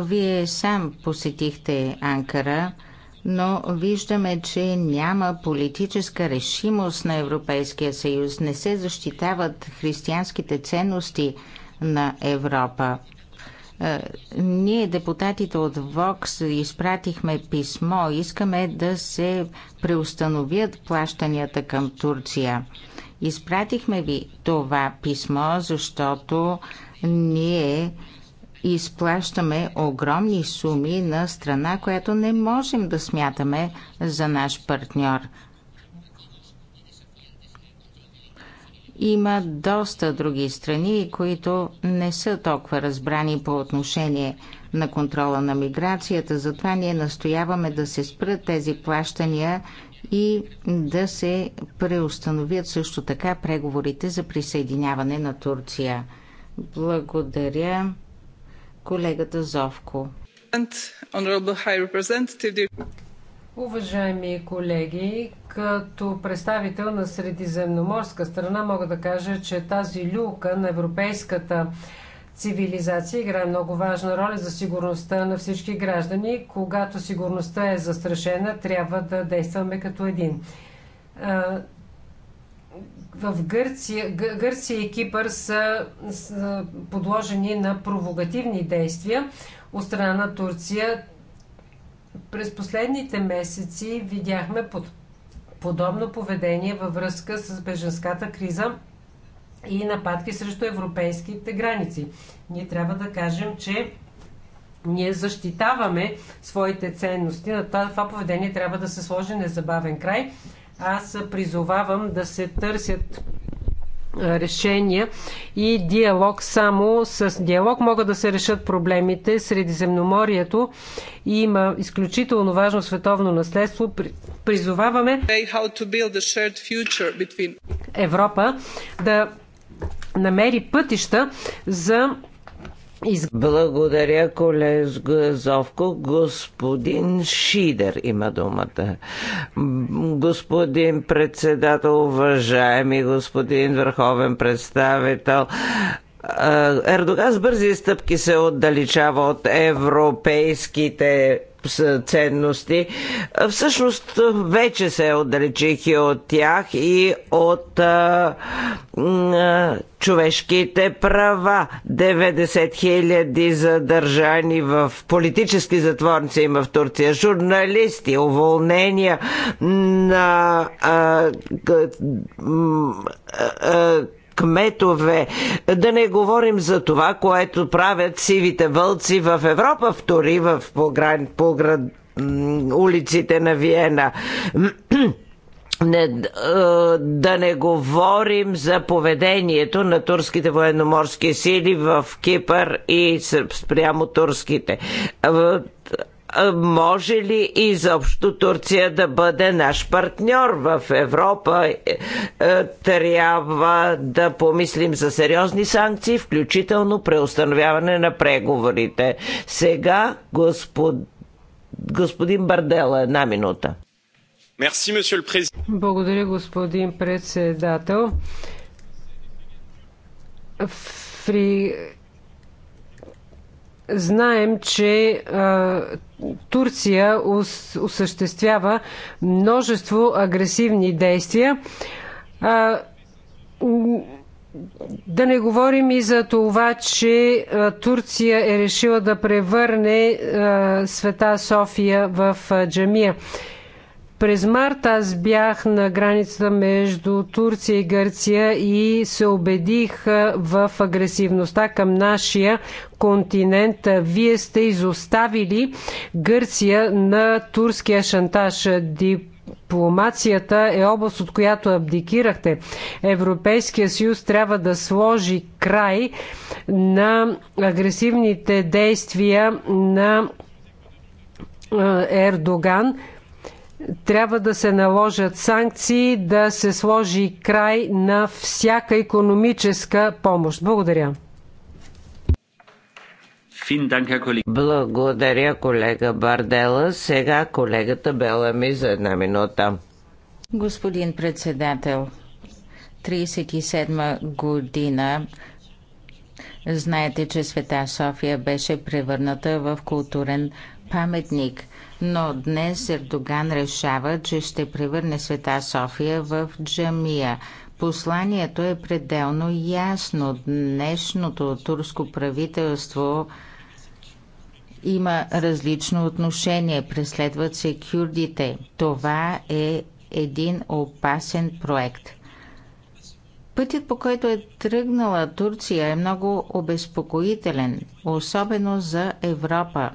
вие сам посетихте Анкара, но виждаме, че няма политическа решимост на Европейския съюз. Не се защитават християнските ценности на Европа. Е, ние, депутатите от ВОКС, изпратихме писмо. Искаме да се преустановят плащанията към Турция. Изпратихме ви това писмо, защото ние изплащаме огромни суми на страна, която не можем да смятаме за наш партньор. Има доста други страни, които не са толкова разбрани по отношение на контрола на миграцията. Затова ние настояваме да се спрат тези плащания и да се преустановят също така преговорите за присъединяване на Турция. Благодаря колегата Зовко. Уважаеми колеги, като представител на средиземноморска страна мога да кажа, че тази люка на европейската цивилизация играе много важна роля за сигурността на всички граждани. Когато сигурността е застрашена, трябва да действаме като един. В Гърция, Гърция и Кипър са подложени на провокативни действия от страна на Турция. През последните месеци видяхме под, подобно поведение във връзка с беженската криза и нападки срещу европейските граници. Ние трябва да кажем, че ние защитаваме своите ценности. На това поведение трябва да се сложи незабавен край. Аз призовавам да се търсят решения и диалог. Само с диалог могат да се решат проблемите. Средиземноморието има изключително важно световно наследство. Призоваваме Европа да намери пътища за благодаря, колега Зовко. Господин Шидер има думата. Господин председател, уважаеми господин върховен представител, Ердоган с бързи стъпки се отдалечава от европейските ценности, всъщност вече се отдалечих и от тях и от а, човешките права. 90 хиляди задържани в политически затворници има в Турция, журналисти, уволнения на а, а, а, кметове. Да не говорим за това, което правят сивите вълци в Европа, втори в погран, поград, улиците на Виена. <clears throat> Не, да не говорим за поведението на турските военноморски сили в Кипър и спрямо турските може ли изобщо Турция да бъде наш партньор в Европа? Е, е, трябва да помислим за сериозни санкции, включително преустановяване на преговорите. Сега господ... господин Бардела, една минута. Благодаря, господин председател. Фри... Знаем, че а, Турция ос, осъществява множество агресивни действия. А, да не говорим и за това, че а, Турция е решила да превърне а, света София в а, джамия. През март аз бях на границата между Турция и Гърция и се убедих в агресивността към нашия континент. Вие сте изоставили Гърция на турския шантаж. Дипломацията е област, от която абдикирахте. Европейския съюз трябва да сложи край на агресивните действия на Ердоган – трябва да се наложат санкции, да се сложи край на всяка економическа помощ. Благодаря. Благодаря, колега Бардела. Сега колегата Бела ми за една минута. Господин председател, 37 година знаете, че Света София беше превърната в културен паметник но днес Ердоган решава, че ще превърне света София в джамия. Посланието е пределно ясно. Днешното турско правителство има различно отношение. Преследват се кюрдите. Това е един опасен проект. Пътят, по който е тръгнала Турция, е много обезпокоителен, особено за Европа.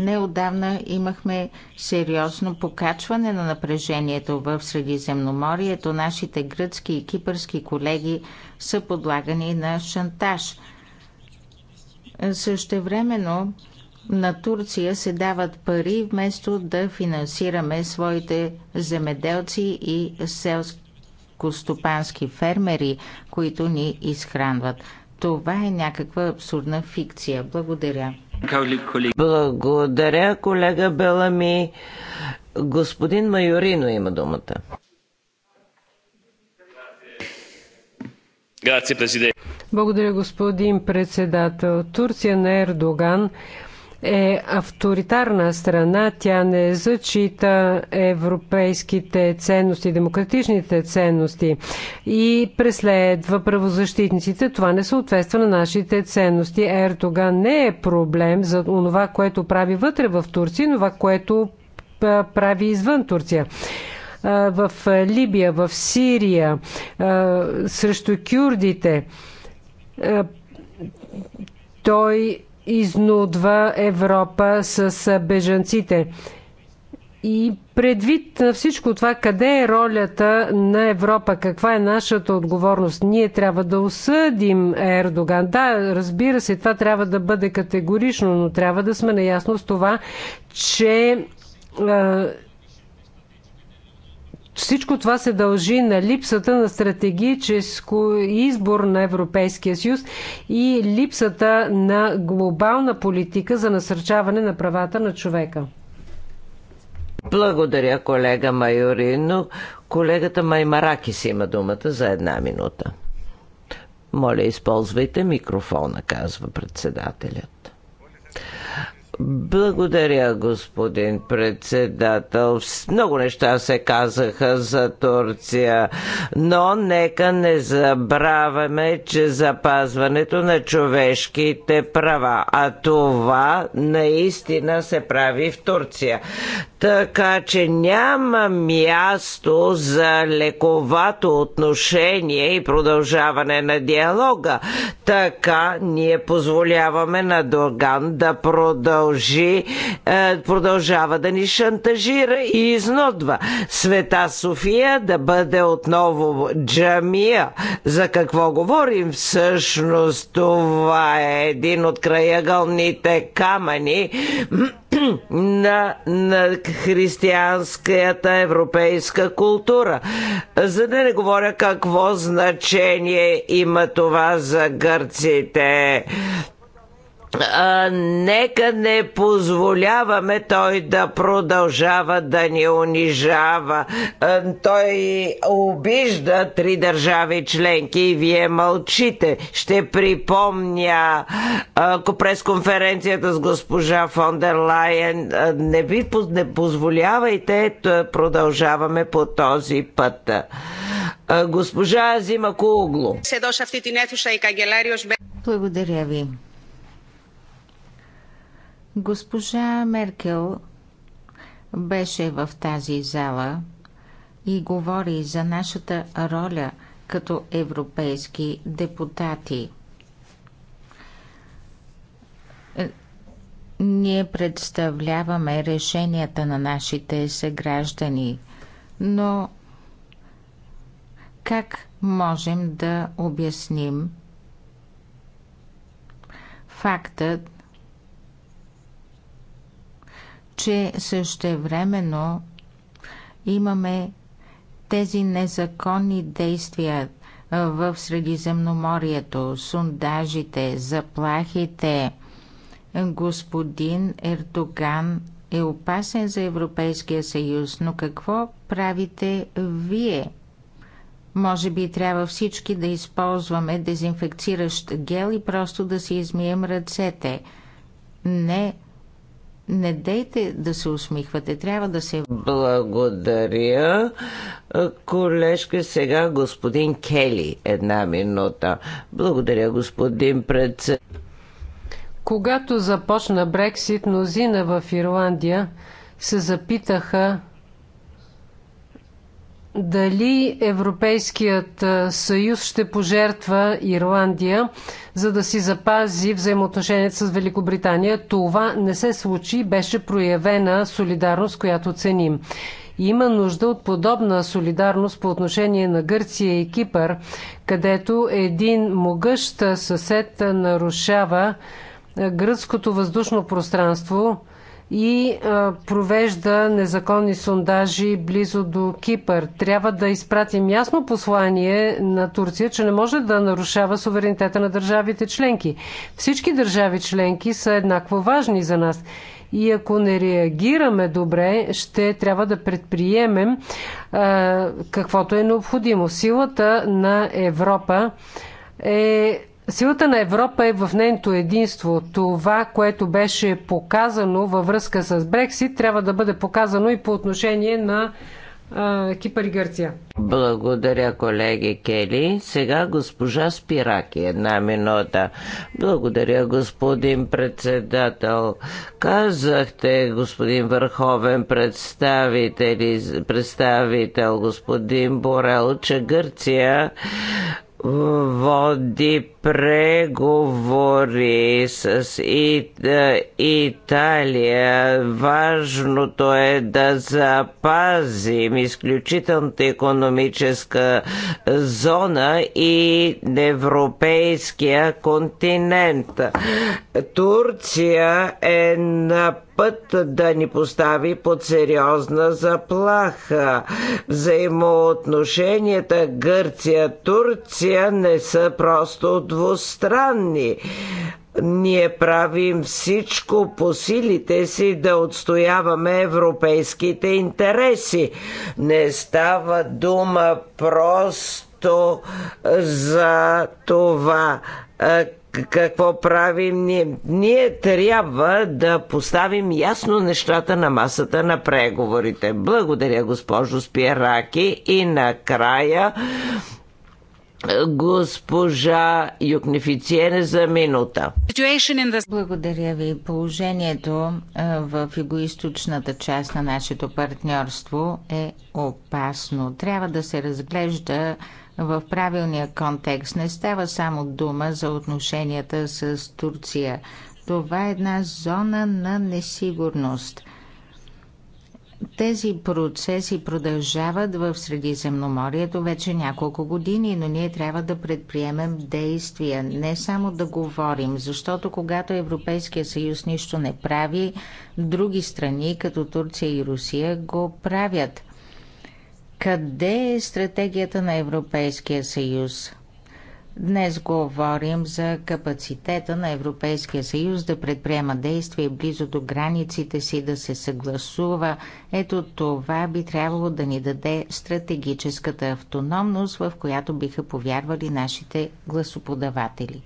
Неодавна имахме сериозно покачване на напрежението в Средиземноморието. Нашите гръцки и кипърски колеги са подлагани на шантаж. Същевременно на Турция се дават пари, вместо да финансираме своите земеделци и селско-стопански фермери, които ни изхранват. Това е някаква абсурдна фикция. Благодаря. Благодаря, колега Белами. Господин Майорино има думата. Благодаря, господин председател. Турция на Ердоган е авторитарна страна. Тя не зачита европейските ценности, демократичните ценности и преследва правозащитниците. Това не съответства на нашите ценности. Ердоган не е проблем за това, което прави вътре в Турция, но това, което прави извън Турция в Либия, в Сирия, срещу кюрдите. Той изнудва Европа с бежанците. И предвид на всичко това, къде е ролята на Европа, каква е нашата отговорност? Ние трябва да осъдим Ердоган. Да, разбира се, това трябва да бъде категорично, но трябва да сме наясно с това, че всичко това се дължи на липсата на стратегическо избор на Европейския съюз и липсата на глобална политика за насърчаване на правата на човека. Благодаря, колега Майорино. Колегата Маймаракис има думата за една минута. Моля, използвайте микрофона, казва председателят. Благодаря, господин председател. Много неща се казаха за Турция, но нека не забравяме, че запазването на човешките права, а това наистина се прави в Турция. Така че няма място за лековато отношение и продължаване на диалога. Така ние позволяваме на Доган да продължи, е, продължава да ни шантажира и изнодва. Света София да бъде отново джамия. За какво говорим всъщност? Това е един от краягълните камъни <clears throat> на, на християнската европейска култура. За да не говоря какво значение има това за гърците а, нека не позволяваме той да продължава да ни унижава. А, той обижда три държави членки и вие мълчите. Ще припомня а, през конференцията с госпожа фон дер Лайен. А, не ви не позволявайте, продължаваме по този път. А, госпожа Зима Кугло. Благодаря ви. Госпожа Меркел беше в тази зала и говори за нашата роля като европейски депутати. Е, ние представляваме решенията на нашите съграждани, но как можем да обясним фактът, че същевременно имаме тези незаконни действия в Средиземноморието, сундажите, заплахите. Господин Ердоган е опасен за Европейския съюз, но какво правите вие? Може би трябва всички да използваме дезинфекциращ гел и просто да си измием ръцете. Не не дейте да се усмихвате, трябва да се... Благодаря. Колежка, сега господин Кели, една минута. Благодаря, господин председател. Когато започна Брексит, мнозина в Ирландия се запитаха дали Европейският съюз ще пожертва Ирландия, за да си запази взаимоотношенията с Великобритания. Това не се случи, беше проявена солидарност, която ценим. има нужда от подобна солидарност по отношение на Гърция и Кипър, където един могъщ съсед нарушава гръцкото въздушно пространство и провежда незаконни сондажи близо до Кипър. Трябва да изпратим ясно послание на Турция, че не може да нарушава суверенитета на държавите членки. Всички държави членки са еднакво важни за нас. И ако не реагираме добре, ще трябва да предприемем а, каквото е необходимо. Силата на Европа е Силата на Европа е в нейното единство. Това, което беше показано във връзка с Брексит, трябва да бъде показано и по отношение на а, Кипър и Гърция. Благодаря, колеги Кели. Сега госпожа Спираки, една минута. Благодаря, господин председател. Казахте, господин върховен представител, представител господин Борел, че Гърция води преговори с е, Италия. Важното е да запазим изключителната економическа зона и европейския континент. Турция е на път да ни постави под сериозна заплаха. Взаимоотношенията Гърция-Турция не са просто двустранни. Ние правим всичко по силите си да отстояваме европейските интереси. Не става дума просто за това какво правим ние? Ние трябва да поставим ясно нещата на масата на преговорите. Благодаря, госпожо Спираки. И накрая госпожа Юкнифициене за минута. Благодаря ви. Положението в егоисточната част на нашето партньорство е опасно. Трябва да се разглежда в правилния контекст. Не става само дума за отношенията с Турция. Това е една зона на несигурност. Тези процеси продължават в Средиземноморието вече няколко години, но ние трябва да предприемем действия, не само да говорим, защото когато Европейския съюз нищо не прави, други страни, като Турция и Русия, го правят – къде е стратегията на Европейския съюз? Днес говорим за капацитета на Европейския съюз да предприема действия близо до границите си, да се съгласува. Ето това би трябвало да ни даде стратегическата автономност, в която биха повярвали нашите гласоподаватели.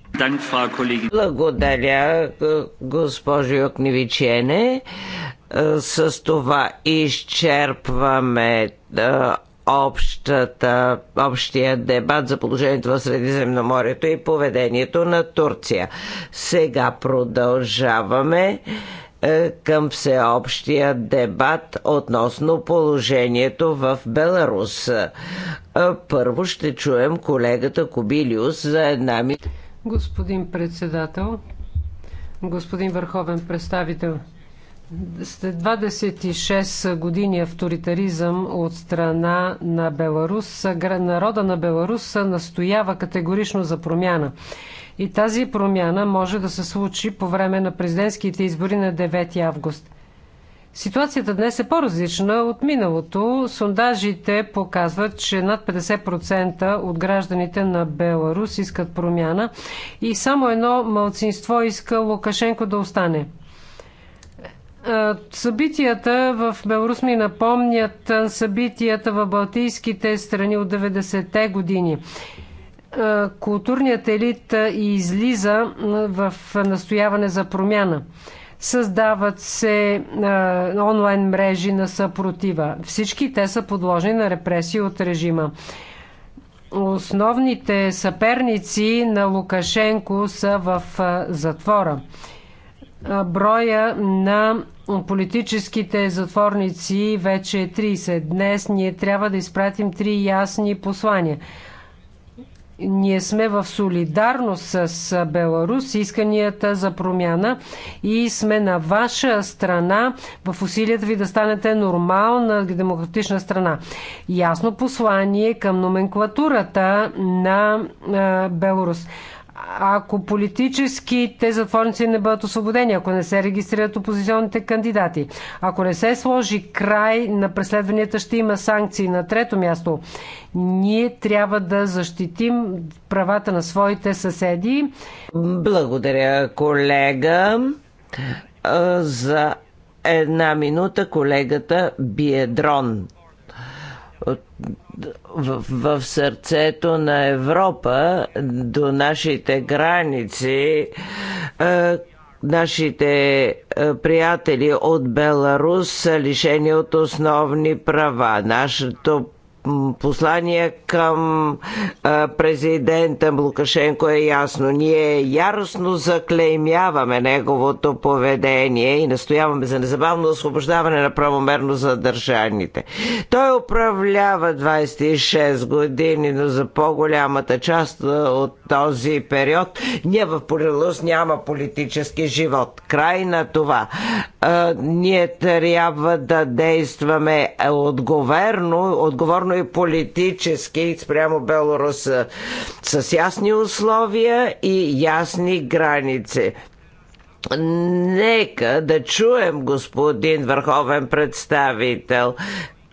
Благодаря, госпожо Йокневичене. С това изчерпваме общата, общия дебат за положението в Средиземноморието и поведението на Турция. Сега продължаваме е, към всеобщия дебат относно положението в Беларус. Е, първо ще чуем колегата Кобилиус за една ми... Господин председател, господин върховен представител, след 26 години авторитаризъм от страна на Беларус, народа на Беларус настоява категорично за промяна. И тази промяна може да се случи по време на президентските избори на 9 август. Ситуацията днес е по-различна от миналото. Сондажите показват, че над 50% от гражданите на Беларус искат промяна и само едно малцинство иска Лукашенко да остане – е, събитията в Беларус ми напомнят е, събитията в Балтийските страни от 90-те години. Е, културният елит излиза в настояване за промяна. Създават се онлайн мрежи на съпротива. Всички те са подложени на репресии от режима основните съперници на Лукашенко са в затвора. Броя на политическите затворници вече е 30. Днес ние трябва да изпратим три ясни послания. Ние сме в солидарност с Беларус, исканията за промяна и сме на ваша страна в усилията ви да станете нормална демократична страна. Ясно послание към номенклатурата на Беларус ако политическите затворници не бъдат освободени, ако не се регистрират опозиционните кандидати, ако не се сложи край на преследванията, ще има санкции. На трето място, ние трябва да защитим правата на своите съседи. Благодаря, колега. За една минута колегата Биедрон в, в сърцето на Европа, до нашите граници, е, нашите е, приятели от Беларус са лишени от основни права. Нашето послание към президента Лукашенко е ясно. Ние яростно заклеймяваме неговото поведение и настояваме за незабавно освобождаване на правомерно задържаните. Той управлява 26 години, но за по-голямата част от този период ние в Полилус няма политически живот. Край на това. Ние трябва да действаме е, отговорно, отговорно включително и политически спрямо Белорус с ясни условия и ясни граници. Нека да чуем господин върховен представител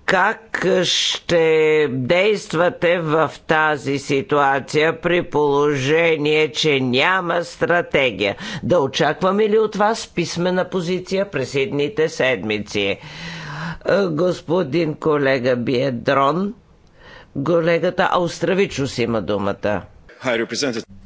как ще действате в тази ситуация при положение, че няма стратегия? Да очакваме ли от вас писмена позиция през едните седмици? Е, господин колега Биедрон. Колегата Аустравичус има думата.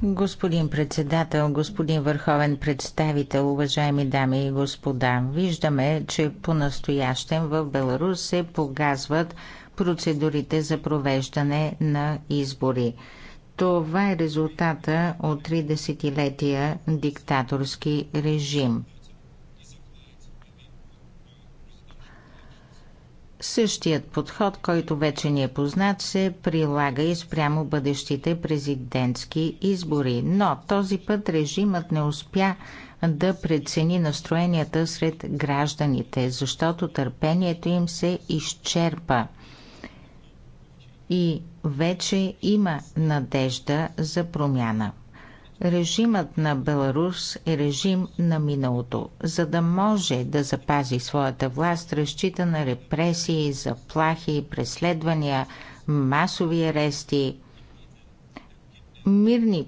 Господин председател, господин върховен представител, уважаеми дами и господа, виждаме, че по-настоящем в Беларус се погазват процедурите за провеждане на избори. Това е резултата от 30-летия диктаторски режим. Същият подход, който вече ни е познат, се прилага и спрямо бъдещите президентски избори. Но този път режимът не успя да прецени настроенията сред гражданите, защото търпението им се изчерпа. И вече има надежда за промяна. Режимът на Беларус е режим на миналото. За да може да запази своята власт, разчита на репресии, заплахи, преследвания, масови арести. Мирни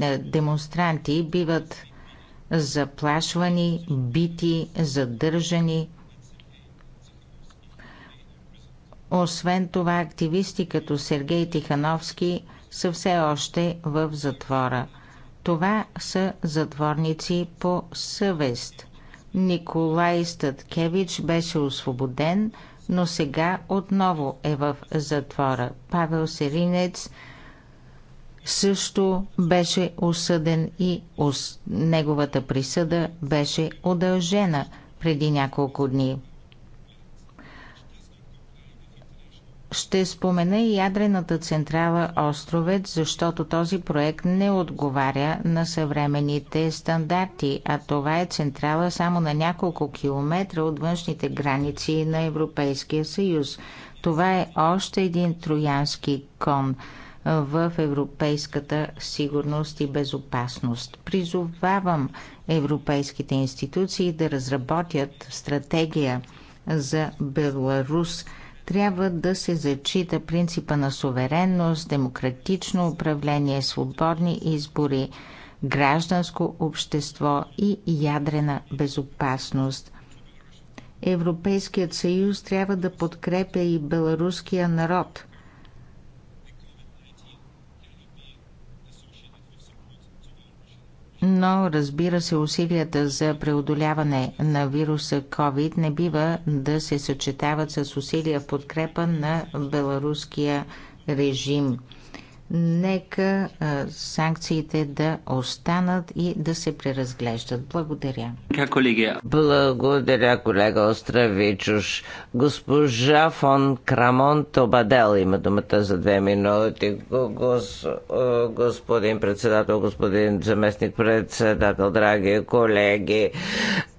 е, демонстранти биват заплашвани, бити, задържани. Освен това, активисти като Сергей Тихановски – са все още в затвора. Това са затворници по съвест. Николай Статкевич беше освободен, но сега отново е в затвора. Павел Серинец също беше осъден и неговата присъда беше удължена преди няколко дни. Ще спомена и ядрената централа Островец, защото този проект не отговаря на съвременните стандарти, а това е централа само на няколко километра от външните граници на Европейския съюз. Това е още един троянски кон в европейската сигурност и безопасност. Призовавам европейските институции да разработят стратегия за Беларус – трябва да се зачита принципа на суверенност, демократично управление, свободни избори, гражданско общество и ядрена безопасност. Европейският съюз трябва да подкрепя и беларуския народ. Но, разбира се, усилията за преодоляване на вируса COVID не бива да се съчетават с усилия в подкрепа на беларуския режим. Нека а, санкциите да останат и да се преразглеждат. Благодаря. Благодаря, колега Остравичуш. Госпожа фон Крамон Тобадел има думата за две минути. Гос, господин председател, господин заместник председател, драги колеги,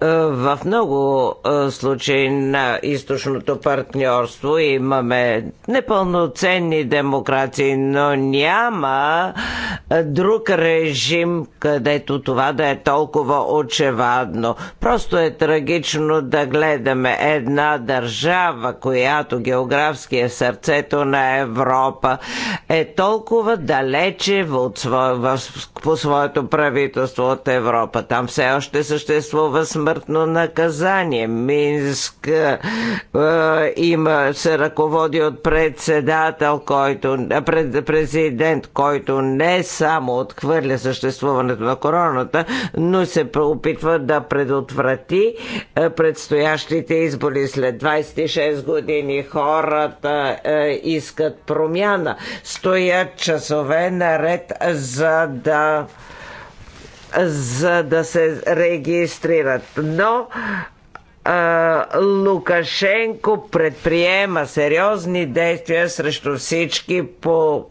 е, в много е, случаи на източното партньорство имаме непълноценни демокрации, но няма е, друг режим, където това да е толкова очевадно. Просто е трагично да гледаме една държава, която географски е в сърцето на Европа, е толкова далече от свое, в, по своето правителство от Европа. Там все още съществува смърт смъртно наказание. Минск е, е, има, се ръководи от председател, който, е, пред, президент, който не само отхвърля съществуването на короната, но се опитва да предотврати е, предстоящите избори. След 26 години хората е, искат промяна. Стоят часове наред за да за да се регистрират. Но Лукашенко предприема сериозни действия срещу всички по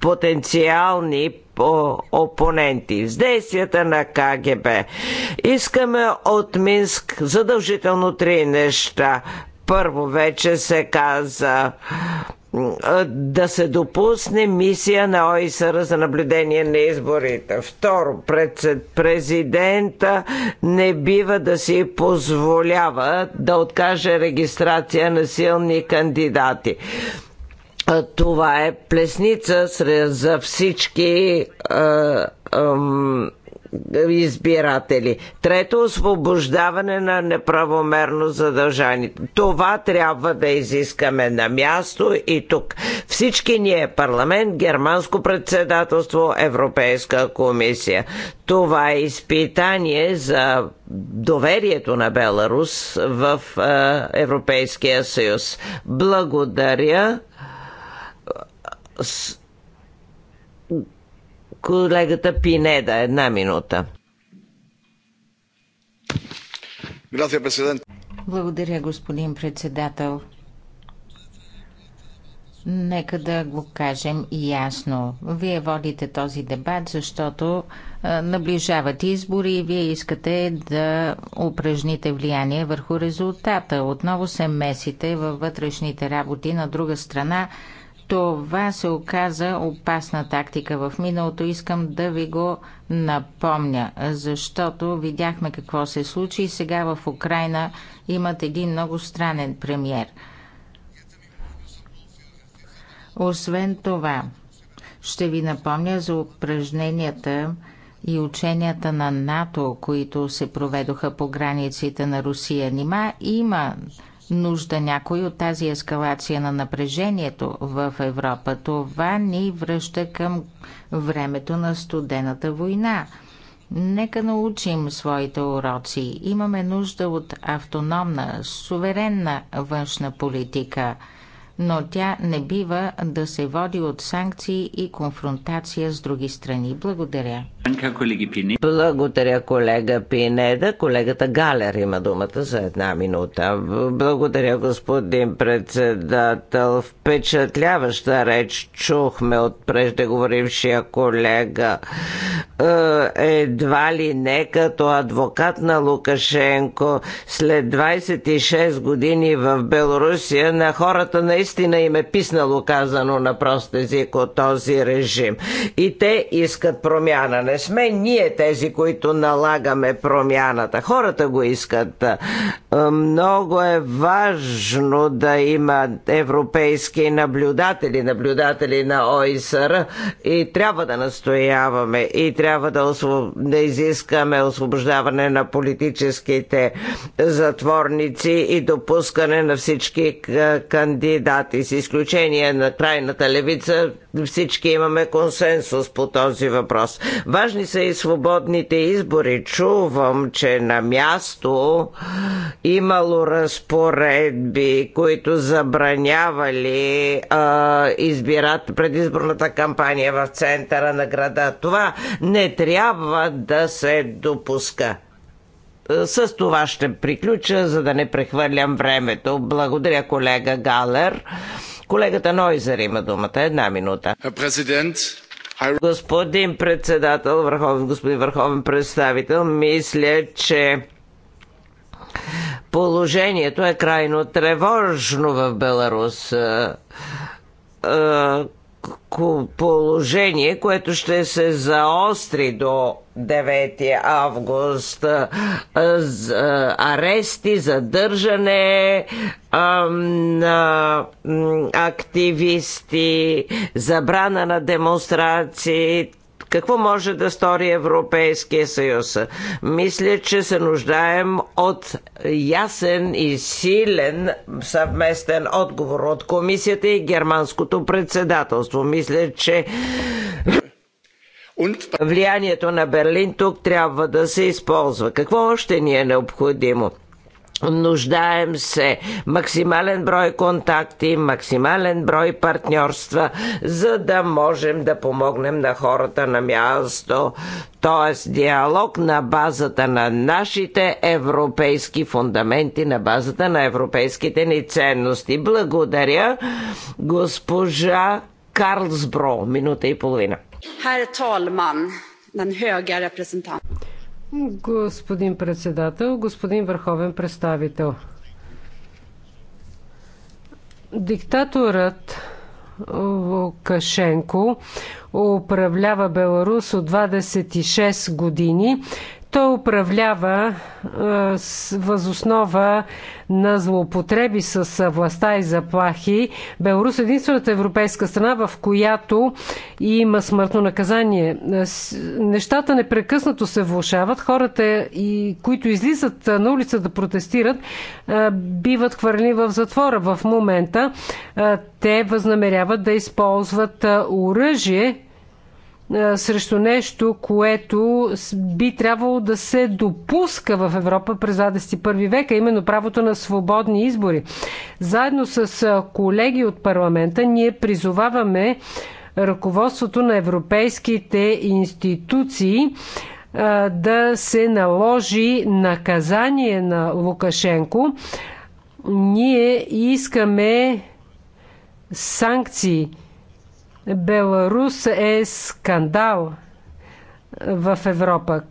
потенциални опоненти, с действията на КГБ. Искаме от Минск задължително три неща. Първо вече се каза да се допусне мисия на ОИСР за наблюдение на изборите. Второ, президента не бива да си позволява да откаже регистрация на силни кандидати. Това е плесница за всички избиратели. Трето, освобождаване на неправомерно задължани. Това трябва да изискаме на място и тук. Всички ние, парламент, германско председателство, Европейска комисия. Това е изпитание за доверието на Беларус в е, Европейския съюз. Благодаря. Колегата Пинеда, една минута. Благодаря, господин председател. Нека да го кажем ясно. Вие водите този дебат, защото наближават избори и вие искате да упражните влияние върху резултата. Отново се месите във вътрешните работи на друга страна, това се оказа опасна тактика в миналото. Искам да ви го напомня, защото видяхме какво се случи и сега в Украина имат един много странен премьер. Освен това, ще ви напомня за упражненията и ученията на НАТО, които се проведоха по границите на Русия. Нима има нужда някой от тази ескалация на напрежението в Европа. Това ни връща към времето на студената война. Нека научим своите уроци. Имаме нужда от автономна, суверенна външна политика, но тя не бива да се води от санкции и конфронтация с други страни. Благодаря. Благодаря, колега Пинеда. Колегата Галер има думата за една минута. Благодаря, господин председател. Впечатляваща реч чухме от преждеговорившия колега. Е, едва ли не като адвокат на Лукашенко след 26 години в Белорусия на хората наистина им е писнало казано на прост език от този режим. И те искат промяна не сме ние тези, които налагаме промяната. Хората го искат. Е, много е важно да има европейски наблюдатели, наблюдатели на ОИСР и трябва да настояваме и трябва да, освоб... да изискаме освобождаване на политическите затворници и допускане на всички кандидати, с изключение на крайната левица, всички имаме консенсус по този въпрос. Важни са и свободните избори. Чувам, че на място имало разпоредби, които забранявали а, избират предизборната кампания в центъра на града. Това не трябва да се допуска. С това ще приключа, за да не прехвърлям времето. Благодаря, колега Галер. Колегата Нойзер има думата. Една минута. Президент, Господин председател, върховен, господин върховен представител, мисля, че положението е крайно тревожно в Беларус е, е, положение, което ще се заостри до 9 август. Арести, задържане на активисти, забрана на демонстрации, какво може да стори Европейския съюз? Мисля, че се нуждаем от ясен и силен съвместен отговор от комисията и германското председателство. Мисля, че влиянието на Берлин тук трябва да се използва. Какво още ни е необходимо? Нуждаем се максимален брой контакти, максимален брой партньорства, за да можем да помогнем на хората на място. Тоест диалог на базата на нашите европейски фундаменти, на базата на европейските ни ценности. Благодаря, госпожа Карлсбро. Минута и половина. Хайде, Толман, на höga репрезентант. Господин председател, господин върховен представител. Диктаторът Лукашенко управлява Беларус от 26 години. Той управлява възоснова на злоупотреби с властта и заплахи. Беларус е единствената европейска страна, в която има смъртно наказание. Нещата непрекъснато се влушават. Хората, които излизат на улица да протестират, биват хвърлени в затвора. В момента те възнамеряват да използват оръжие е, срещу нещо, което би трябвало да се допуска в Европа през 21 век, а именно правото на свободни избори. Заедно с е, колеги от парламента ние призоваваме ръководството на европейските институции е, да се наложи наказание на Лукашенко. Ние искаме санкции Беларус е скандал в Европа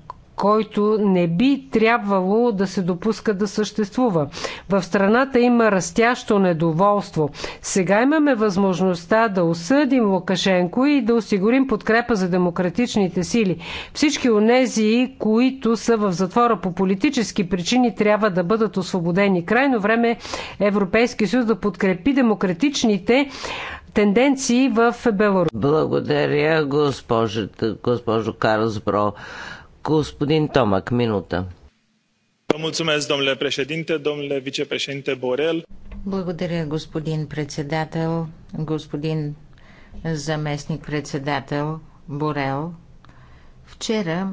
който не би трябвало да се допуска да съществува. В страната има растящо недоволство. Сега имаме възможността да осъдим Лукашенко и да осигурим подкрепа за демократичните сили. Всички онези, които са в затвора по политически причини, трябва да бъдат освободени. Крайно време е Европейския съюз да подкрепи демократичните тенденции в Беларус. Благодаря, госпожо Карлсбро. Господин Томак, минута. Domnule președinte, domnule vicepreședinte Borel. Благодаря, господин председател, господин заместник-председател Борел. Вчера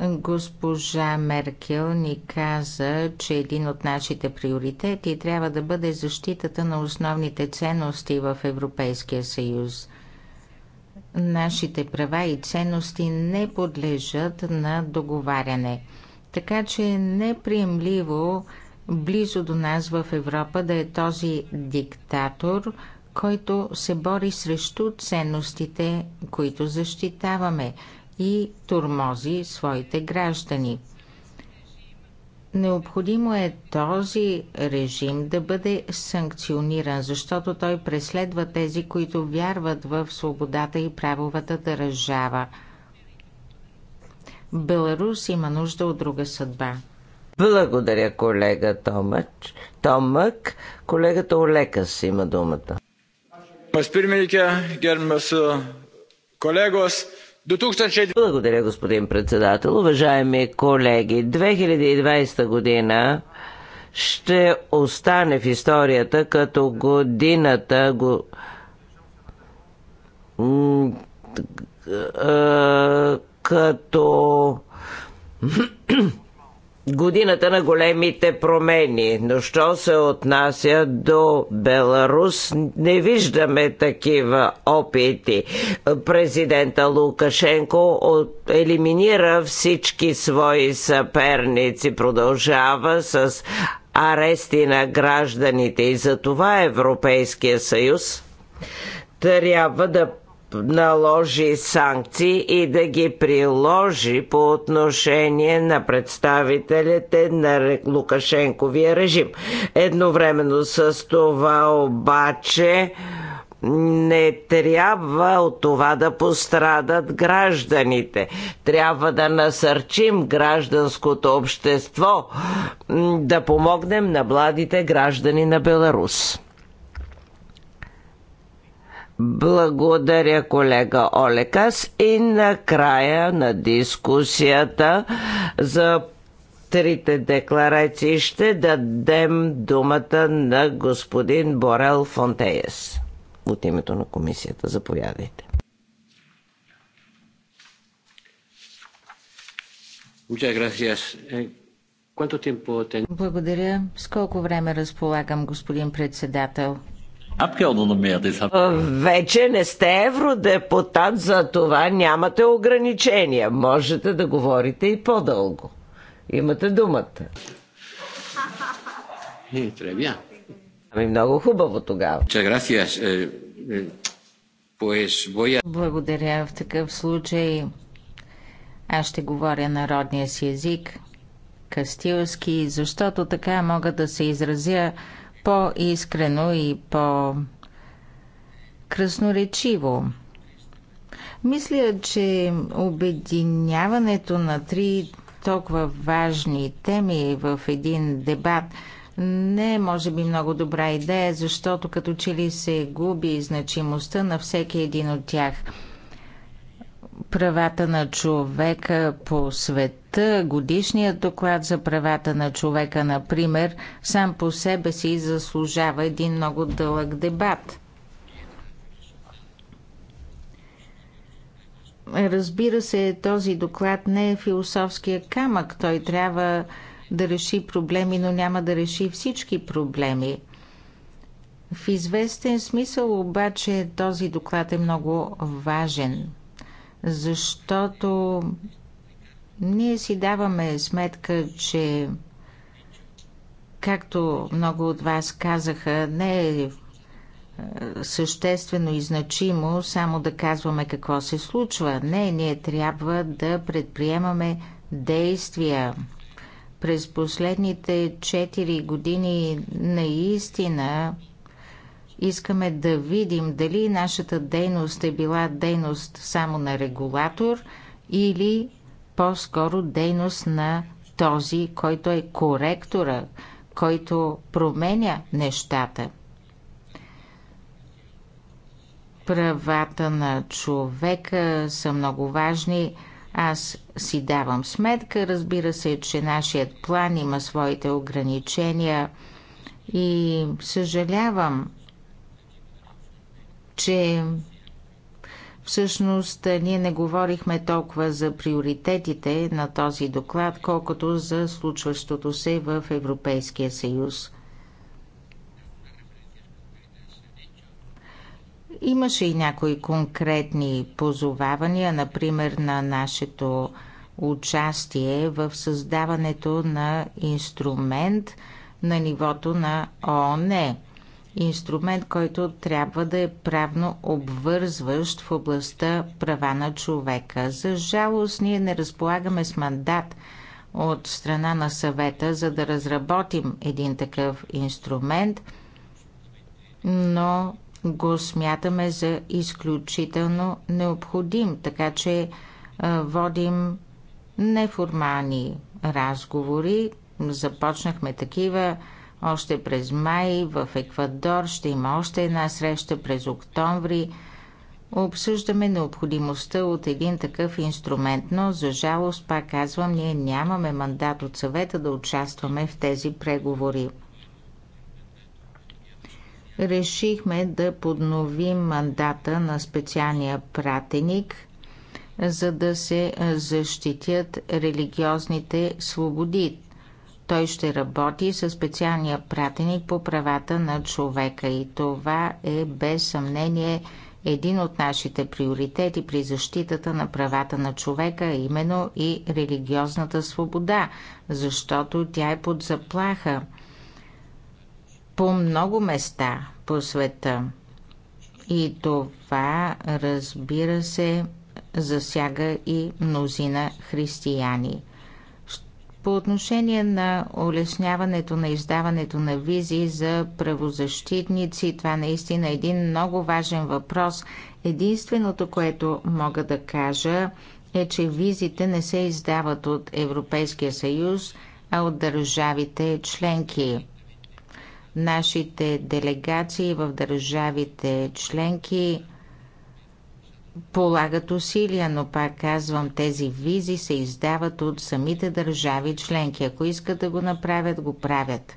госпожа Меркел ни каза, че един от нашите приоритети трябва да бъде защитата на основните ценности в Европейския съюз. Нашите права и ценности не подлежат на договаряне. Така че е неприемливо близо до нас в Европа да е този диктатор, който се бори срещу ценностите, които защитаваме и турмози своите граждани – Необходимо е този режим да бъде санкциониран, защото той преследва тези, които вярват в свободата и правовата държава. Беларус има нужда от друга съдба. Благодаря, колега Томач. Томък, колегата Олекас има думата. Пас благодаря, господин председател. Уважаеми колеги, 2020 година ще остане в историята като годината го... като годината на големите промени. Но що се отнася до Беларус, не виждаме такива опити. Президента Лукашенко елиминира всички свои съперници, продължава с арести на гражданите и за това Европейския съюз трябва да наложи санкции и да ги приложи по отношение на представителите на Лукашенковия режим. Едновременно с това обаче не трябва от това да пострадат гражданите. Трябва да насърчим гражданското общество, да помогнем на младите граждани на Беларус. Благодаря, колега Олекас. И накрая на дискусията за трите декларации ще дадем думата на господин Борел Фонтеес от името на комисията. Заповядайте. Eh, Благодаря. С колко време разполагам, господин председател? Вече не сте евродепутат, за това нямате ограничения. Можете да говорите и по-дълго. Имате думата. Не, трябва. Ами много хубаво тогава. Eh, eh, Благодаря. В такъв случай аз ще говоря народния си език, кастилски, защото така мога да се изразя по-искрено и по-красноречиво. Мисля, че обединяването на три толкова важни теми в един дебат не е, може би, много добра идея, защото като че ли се губи значимостта на всеки един от тях. Правата на човека по света Та годишният доклад за правата на човека, например, сам по себе си заслужава един много дълъг дебат. Разбира се, този доклад не е философския камък. Той трябва да реши проблеми, но няма да реши всички проблеми. В известен смисъл обаче този доклад е много важен, защото ние си даваме сметка, че както много от вас казаха, не е, е съществено и значимо само да казваме какво се случва. Не, ние трябва да предприемаме действия. През последните 4 години наистина искаме да видим дали нашата дейност е била дейност само на регулатор или по-скоро дейност на този, който е коректора, който променя нещата. Правата на човека са много важни. Аз си давам сметка, разбира се, че нашият план има своите ограничения и съжалявам, че Всъщност, е, ние не говорихме толкова за приоритетите на този доклад, колкото за случващото се в Европейския съюз. Имаше и някои конкретни позовавания, например на нашето участие в създаването на инструмент на нивото на ООН инструмент, който трябва да е правно обвързващ в областта права на човека. За жалост, ние не разполагаме с мандат от страна на съвета, за да разработим един такъв инструмент, но го смятаме за изключително необходим, така че водим неформални разговори. Започнахме такива още през май в Еквадор ще има още една среща през октомври. Обсъждаме необходимостта от един такъв инструмент, но за жалост, пак казвам, ние нямаме мандат от съвета да участваме в тези преговори. Решихме да подновим мандата на специалния пратеник – за да се защитят религиозните свободи. Той ще работи със специалния пратеник по правата на човека и това е без съмнение един от нашите приоритети при защитата на правата на човека, именно и религиозната свобода, защото тя е под заплаха по много места по света. И това, разбира се, засяга и мнозина християни. По отношение на улесняването на издаването на визи за правозащитници, това наистина е един много важен въпрос. Единственото, което мога да кажа е, че визите не се издават от Европейския съюз, а от държавите членки. Нашите делегации в държавите членки – полагат усилия, но пак казвам, тези визи се издават от самите държави членки. Ако искат да го направят, го правят.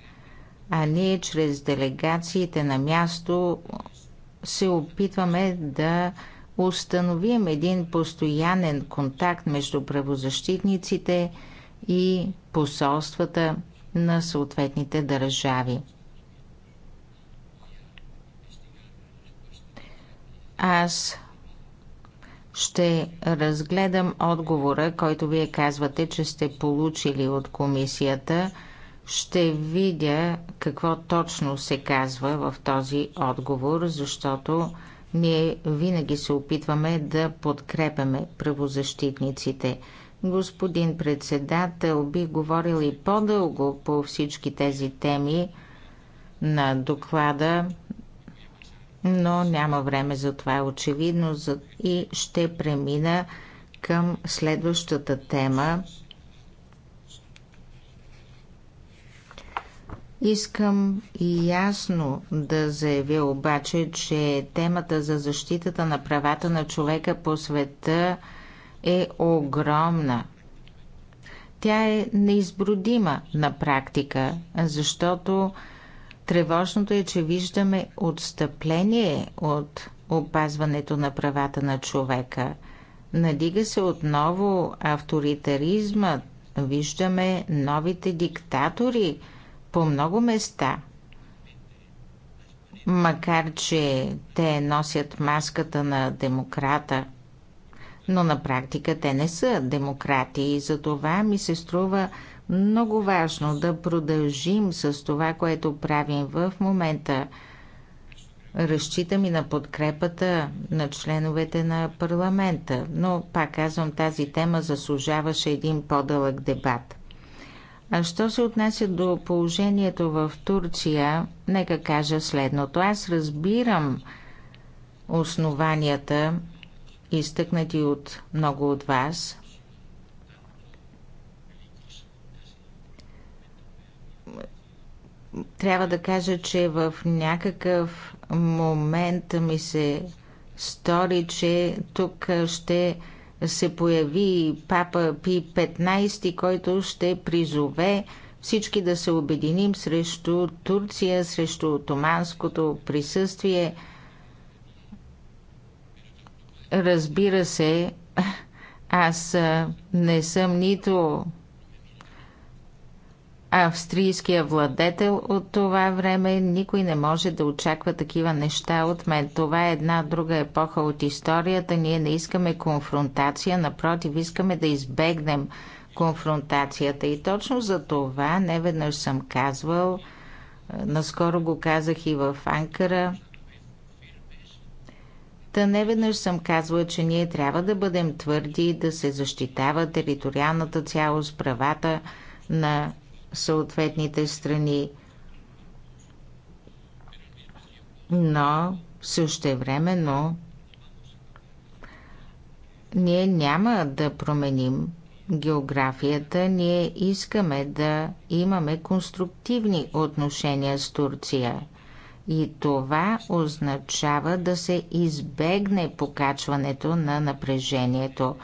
А ние чрез делегациите на място се опитваме да установим един постоянен контакт между правозащитниците и посолствата на съответните държави. Аз ще разгледам отговора, който вие казвате, че сте получили от комисията. Ще видя какво точно се казва в този отговор, защото ние винаги се опитваме да подкрепяме правозащитниците. Господин председател, би говорил и по-дълго по всички тези теми на доклада но няма време за това е очевидно и ще премина към следващата тема. Искам и ясно да заявя обаче, че темата за защитата на правата на човека по света е огромна. Тя е неизбродима на практика, защото Тревожното е, че виждаме отстъпление от опазването на правата на човека. Надига се отново авторитаризма. Виждаме новите диктатори по много места. Макар, че те носят маската на демократа, но на практика те не са демократи и за това ми се струва много важно да продължим с това, което правим в момента. Разчитам и на подкрепата на членовете на парламента, но пак казвам, тази тема заслужаваше един по-дълъг дебат. А що се отнася до положението в Турция, нека кажа следното. Аз разбирам основанията, изтъкнати от много от вас, Трябва да кажа, че в някакъв момент ми се стори, че тук ще се появи папа Пи 15, който ще призове всички да се обединим срещу Турция, срещу отоманското присъствие. Разбира се, аз не съм нито австрийския владетел от това време. Никой не може да очаква такива неща от мен. Това е една друга епоха от историята. Ние не искаме конфронтация, напротив, искаме да избегнем конфронтацията. И точно за това неведнъж съм казвал, наскоро го казах и в Анкара, Та неведнъж съм казвала, че ние трябва да бъдем твърди, да се защитава териториалната цялост, правата на съответните страни. Но времено. ние няма да променим географията, ние искаме да имаме конструктивни отношения с Турция. И това означава да се избегне покачването на напрежението.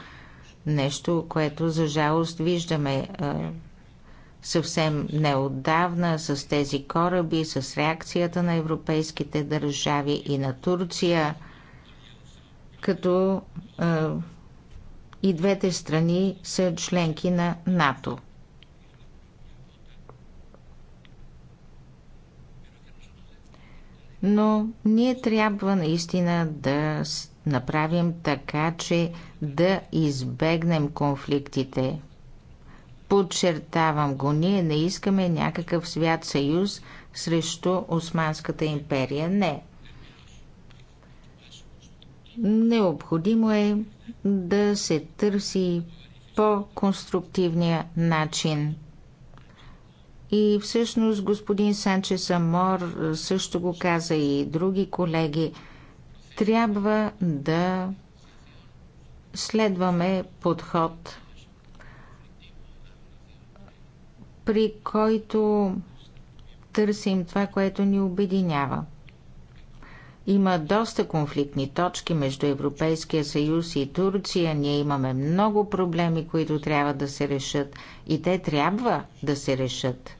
Нещо, което за жалост виждаме съвсем неотдавна с тези кораби, с реакцията на европейските държави и на Турция, като е, и двете страни са членки на НАТО. Но ние трябва наистина да направим така, че да избегнем конфликтите Подчертавам го, ние не искаме някакъв свят съюз срещу Османската империя. Не. Необходимо е да се търси по-конструктивния начин. И всъщност господин Санче Самор също го каза и други колеги. Трябва да следваме подход – при който търсим това, което ни обединява. Има доста конфликтни точки между Европейския съюз и Турция. Ние имаме много проблеми, които трябва да се решат и те трябва да се решат.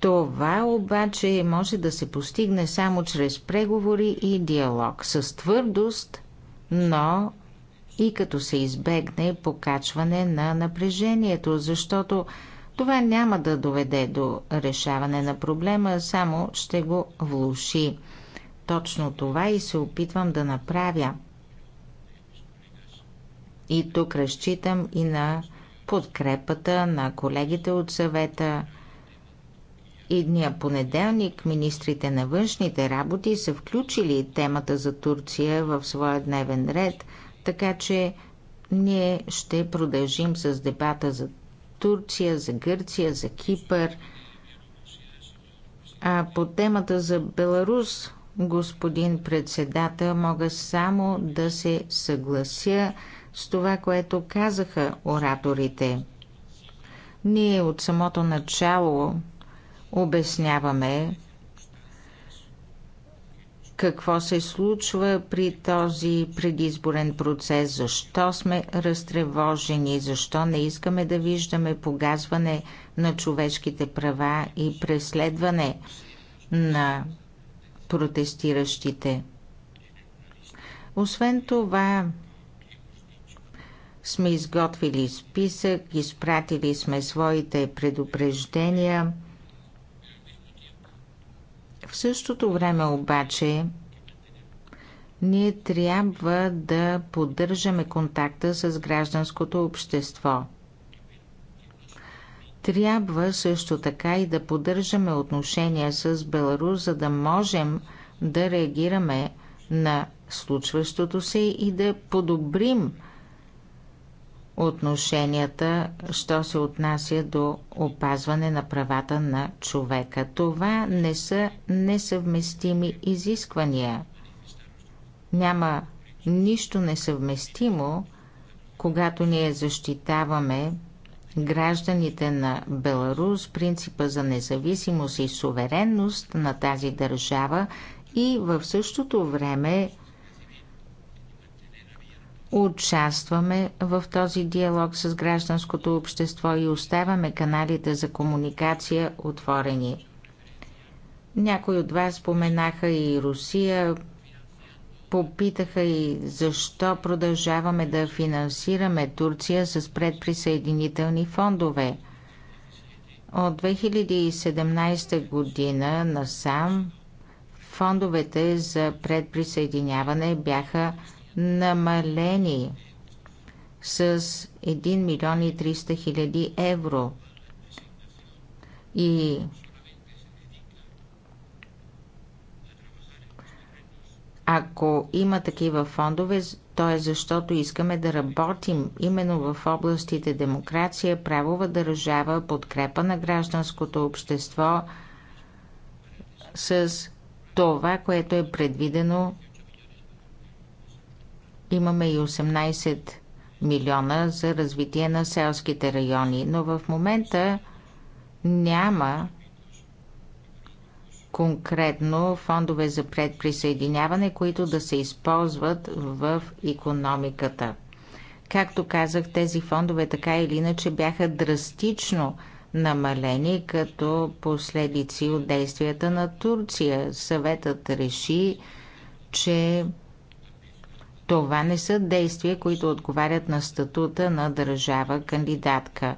Това обаче може да се постигне само чрез преговори и диалог с твърдост, но и като се избегне покачване на напрежението, защото това няма да доведе до решаване на проблема, само ще го влуши. Точно това и се опитвам да направя. И тук разчитам и на подкрепата на колегите от съвета. Идния понеделник министрите на външните работи са включили темата за Турция в своя дневен ред – така че ние ще продължим с дебата за Турция, за Гърция, за Кипър. А по темата за Беларус, господин председател, мога само да се съглася с това, което казаха ораторите. Ние от самото начало обясняваме, какво се случва при този предизборен процес, защо сме разтревожени, защо не искаме да виждаме погазване на човешките права и преследване на протестиращите. Освен това, сме изготвили списък, изпратили сме своите предупреждения – същото време обаче ние трябва да поддържаме контакта с гражданското общество. Трябва също така и да поддържаме отношения с Беларус, за да можем да реагираме на случващото се и да подобрим отношенията, що се отнася до опазване на правата на човека. Това не са несъвместими изисквания. Няма нищо несъвместимо, когато ние защитаваме гражданите на Беларус, принципа за независимост и суверенност на тази държава и в същото време участваме в този диалог с гражданското общество и оставаме каналите за комуникация отворени. Някои от вас споменаха и Русия, попитаха и защо продължаваме да финансираме Турция с предприсъединителни фондове. От 2017 година насам фондовете за предприсъединяване бяха намалени с 1 милион и 300 хиляди евро. И ако има такива фондове, то е защото искаме да работим именно в областите демокрация, правова държава, подкрепа на гражданското общество с това, което е предвидено Имаме и 18 милиона за развитие на селските райони, но в момента няма конкретно фондове за предприсъединяване, които да се използват в економиката. Както казах, тези фондове така или иначе бяха драстично намалени като последици от действията на Турция. Съветът реши, че това не са действия, които отговарят на статута на държава кандидатка.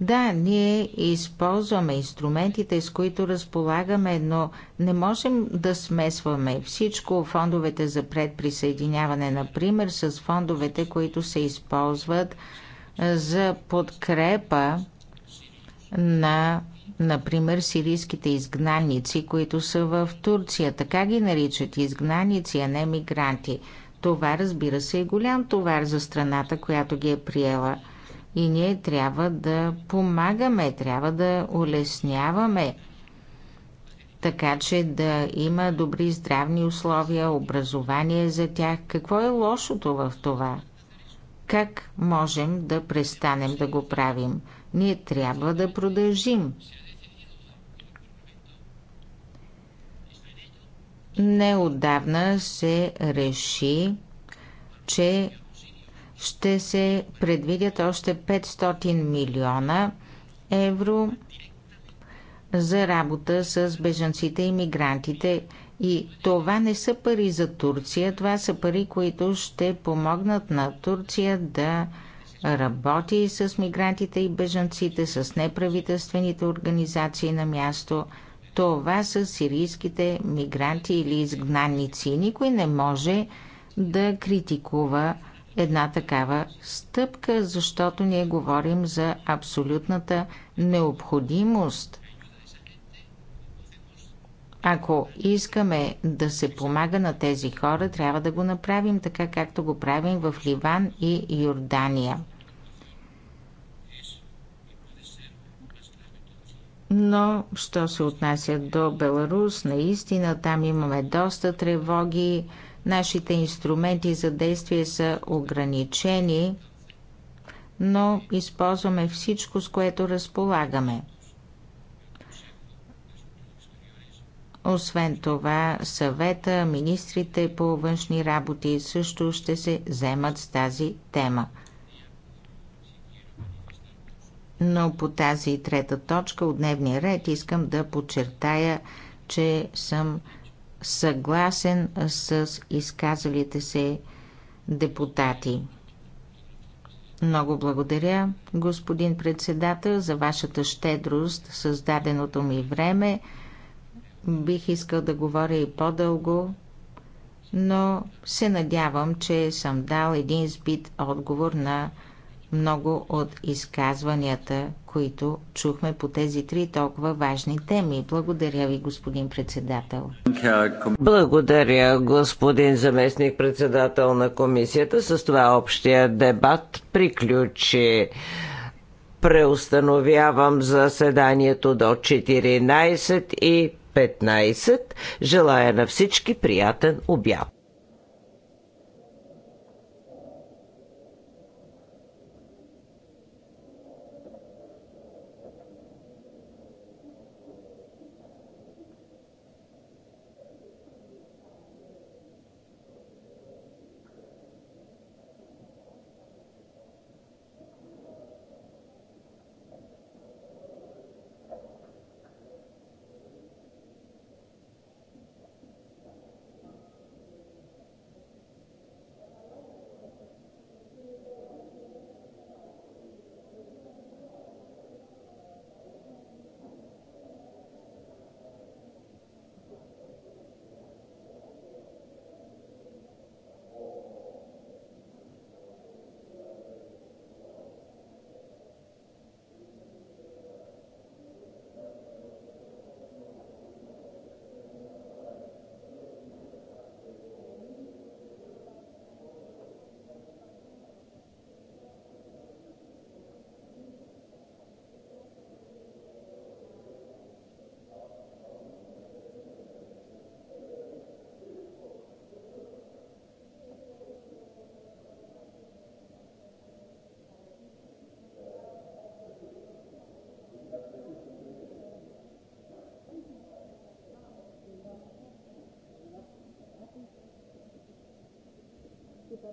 Да, ние използваме инструментите, с които разполагаме, но не можем да смесваме всичко фондовете за предприсъединяване, например, с фондовете, които се използват за подкрепа на, например, сирийските изгнаници, които са в Турция. Така ги наричат изгнаници, а не мигранти – това, разбира се, е голям товар за страната, която ги е приела. И ние трябва да помагаме, трябва да улесняваме, така че да има добри здравни условия, образование за тях. Какво е лошото в това? Как можем да престанем да го правим? Ние трябва да продължим. Неодавна се реши, че ще се предвидят още 500 милиона евро за работа с бежанците и мигрантите. И това не са пари за Турция, това са пари, които ще помогнат на Турция да работи с мигрантите и бежанците, с неправителствените организации на място – това са сирийските мигранти или изгнанници. Никой не може да критикува една такава стъпка, защото ние говорим за абсолютната необходимост. Ако искаме да се помага на тези хора, трябва да го направим така, както го правим в Ливан и Йордания. Но, що се отнася до Беларус, наистина там имаме доста тревоги. Нашите инструменти за действие са ограничени, но използваме всичко, с което разполагаме. Освен това, съвета, министрите по външни работи също ще се вземат с тази тема – но по тази трета точка от дневния ред искам да подчертая, че съм съгласен с изказалите се депутати. Много благодаря, господин председател, за вашата щедрост създаденото ми време. Бих искал да говоря и по-дълго, но се надявам, че съм дал един сбит отговор на много от изказванията, които чухме по тези три толкова важни теми. Благодаря ви, господин председател. Благодаря, господин заместник председател на комисията. С това общия дебат приключи. Преустановявам заседанието до 14 и 15. Желая на всички приятен обяд.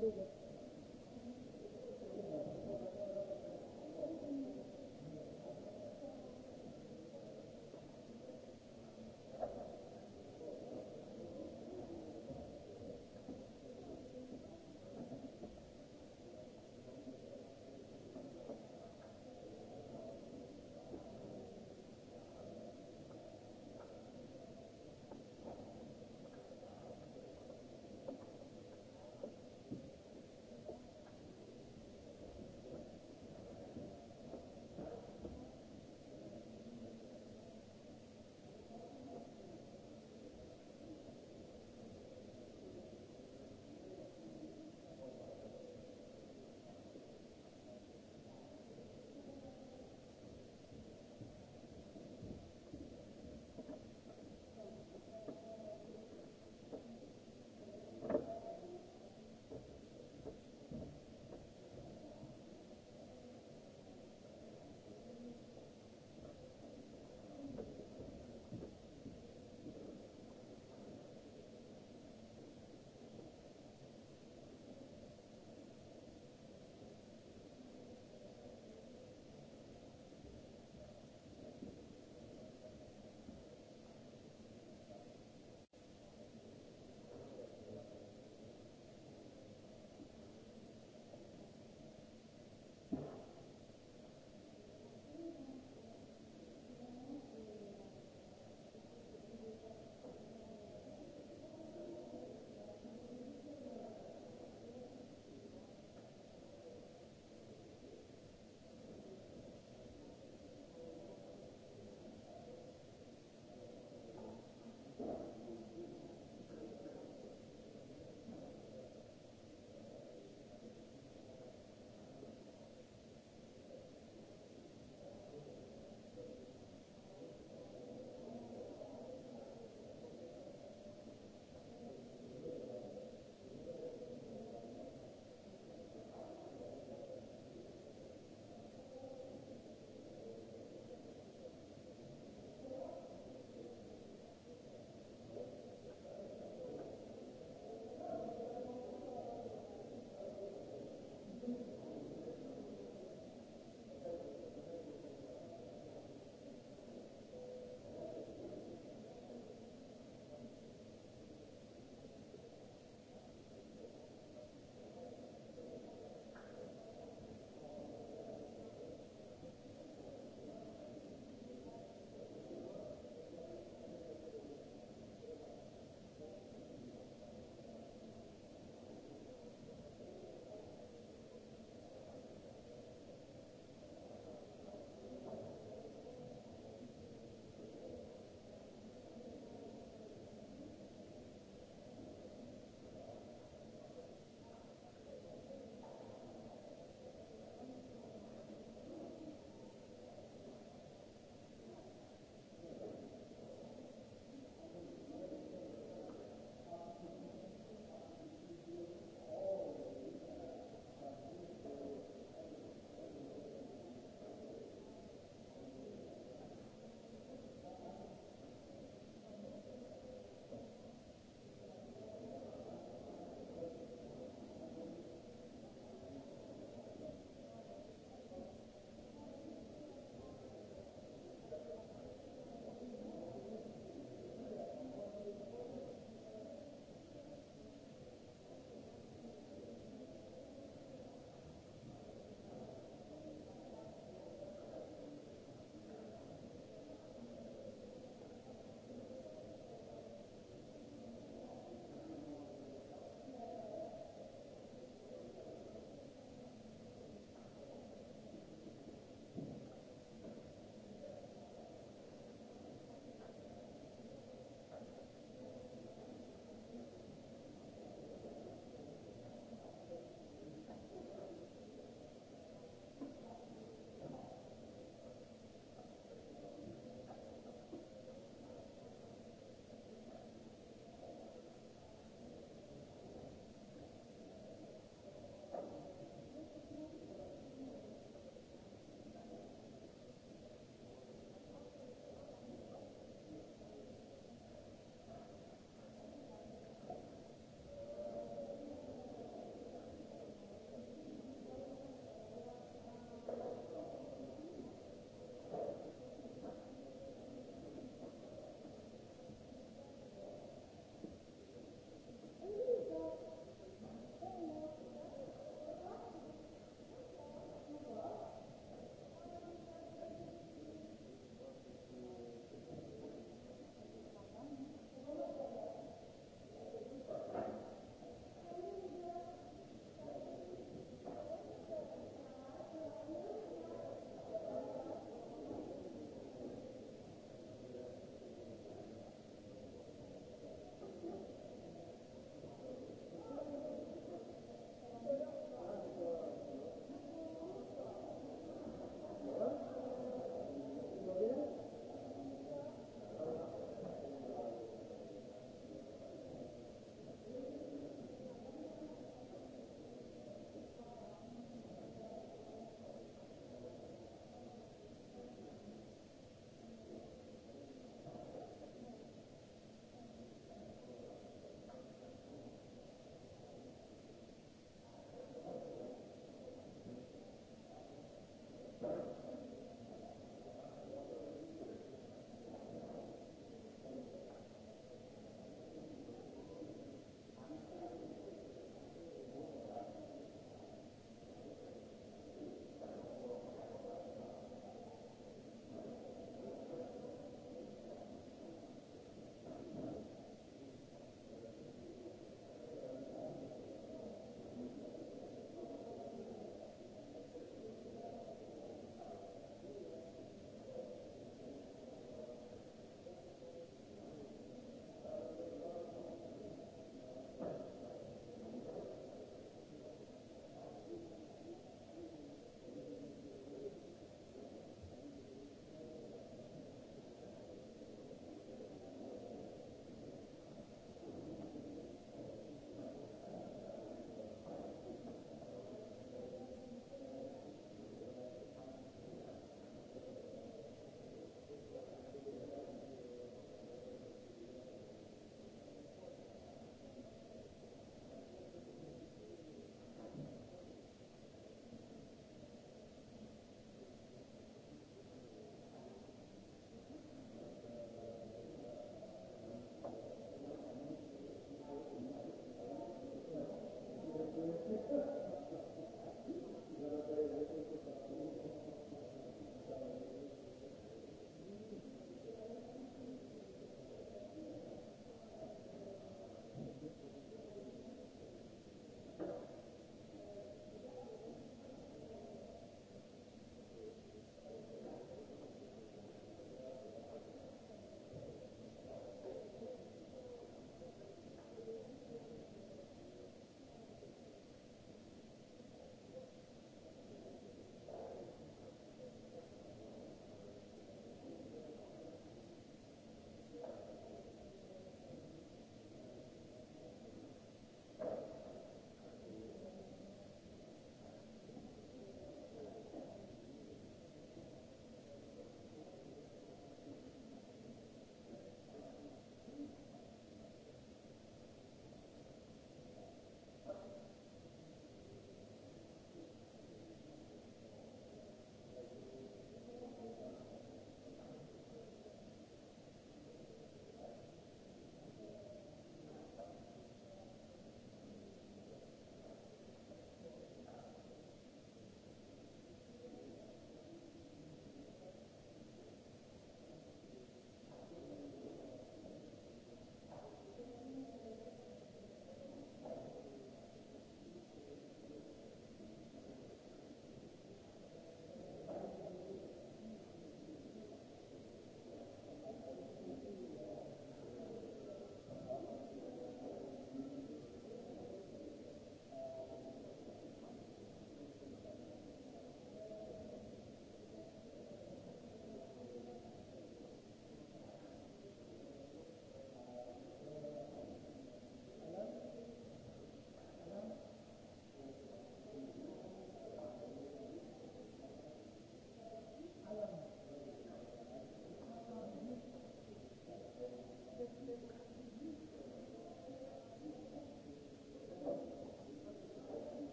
det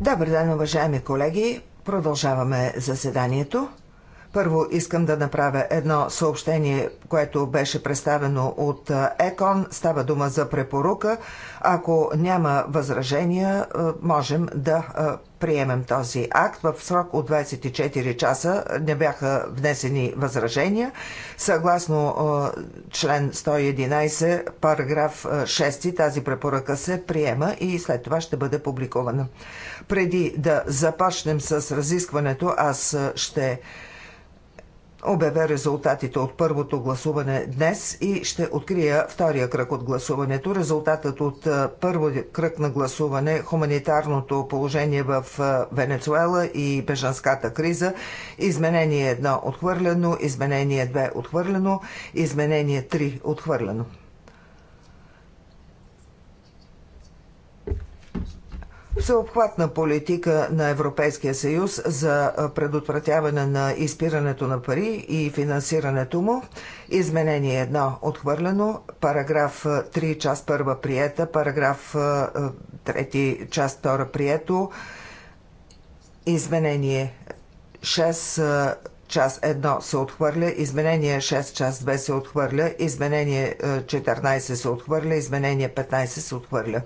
Добър ден, уважаеми колеги! Продължаваме заседанието. Първо искам да направя едно съобщение, което беше представено от ЕКОН. Става дума за препорука. Ако няма възражения, можем да приемем този акт. В срок от 24 часа не бяха внесени възражения. Съгласно член 111, параграф 6, тази препоръка се приема и след това ще бъде публикувана. Преди да започнем с разискването, аз ще обявя резултатите от първото гласуване днес и ще открия втория кръг от гласуването. Резултатът от е, първо кръг на гласуване хуманитарното положение в е, Венецуела и бежанската криза. Изменение 1 отхвърлено, изменение 2 отхвърлено, изменение 3 отхвърлено. Всеобхватна политика на Европейския съюз за предотвратяване на изпирането на пари и финансирането му. Изменение 1 отхвърлено, параграф 3 част 1 приета, параграф 3 част 2 прието, изменение 6 част 1 се отхвърля, изменение 6 част 2 се отхвърля, изменение 14 се отхвърля, изменение 15 се отхвърля.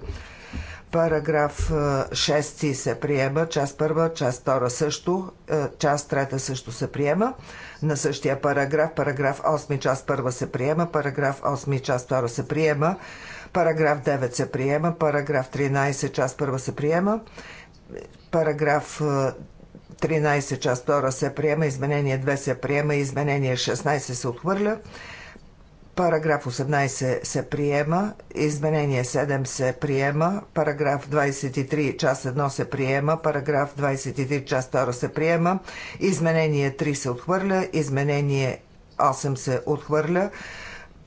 Параграф 6 се приема, част първа, част втора също, част трета също се приема. На същия параграф, параграф 8, част първа се приема, параграф 8, част втора се приема, параграф 9 се приема, параграф 13, част първа се приема, параграф 13, част 2 се приема, изменение 2 се приема, изменение 16 се отхвърля, Параграф 18 се приема. Изменение 7 се приема. Параграф 23 част 1 се приема. Параграф 23 част 2 се приема. Изменение 3 се отхвърля. Изменение 8 се отхвърля.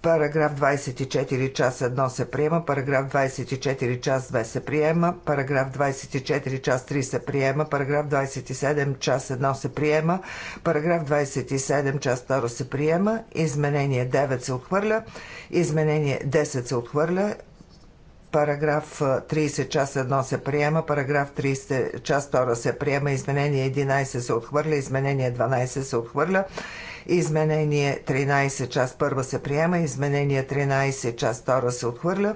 Параграф 24 час 1 се приема, параграф 24 час 2 се приема, параграф 24 час 3 се приема, параграф 27 час 1 се приема, параграф 27 час 2 се приема, изменение 9 се отхвърля, изменение 10 се отхвърля, Параграф 30 част 1 се приема, параграф 30 част 2 се приема, изменение 11 се отхвърля, изменение 12 се отхвърля, изменение 13 част 1 се приема, изменение 13 част 2 се отхвърля,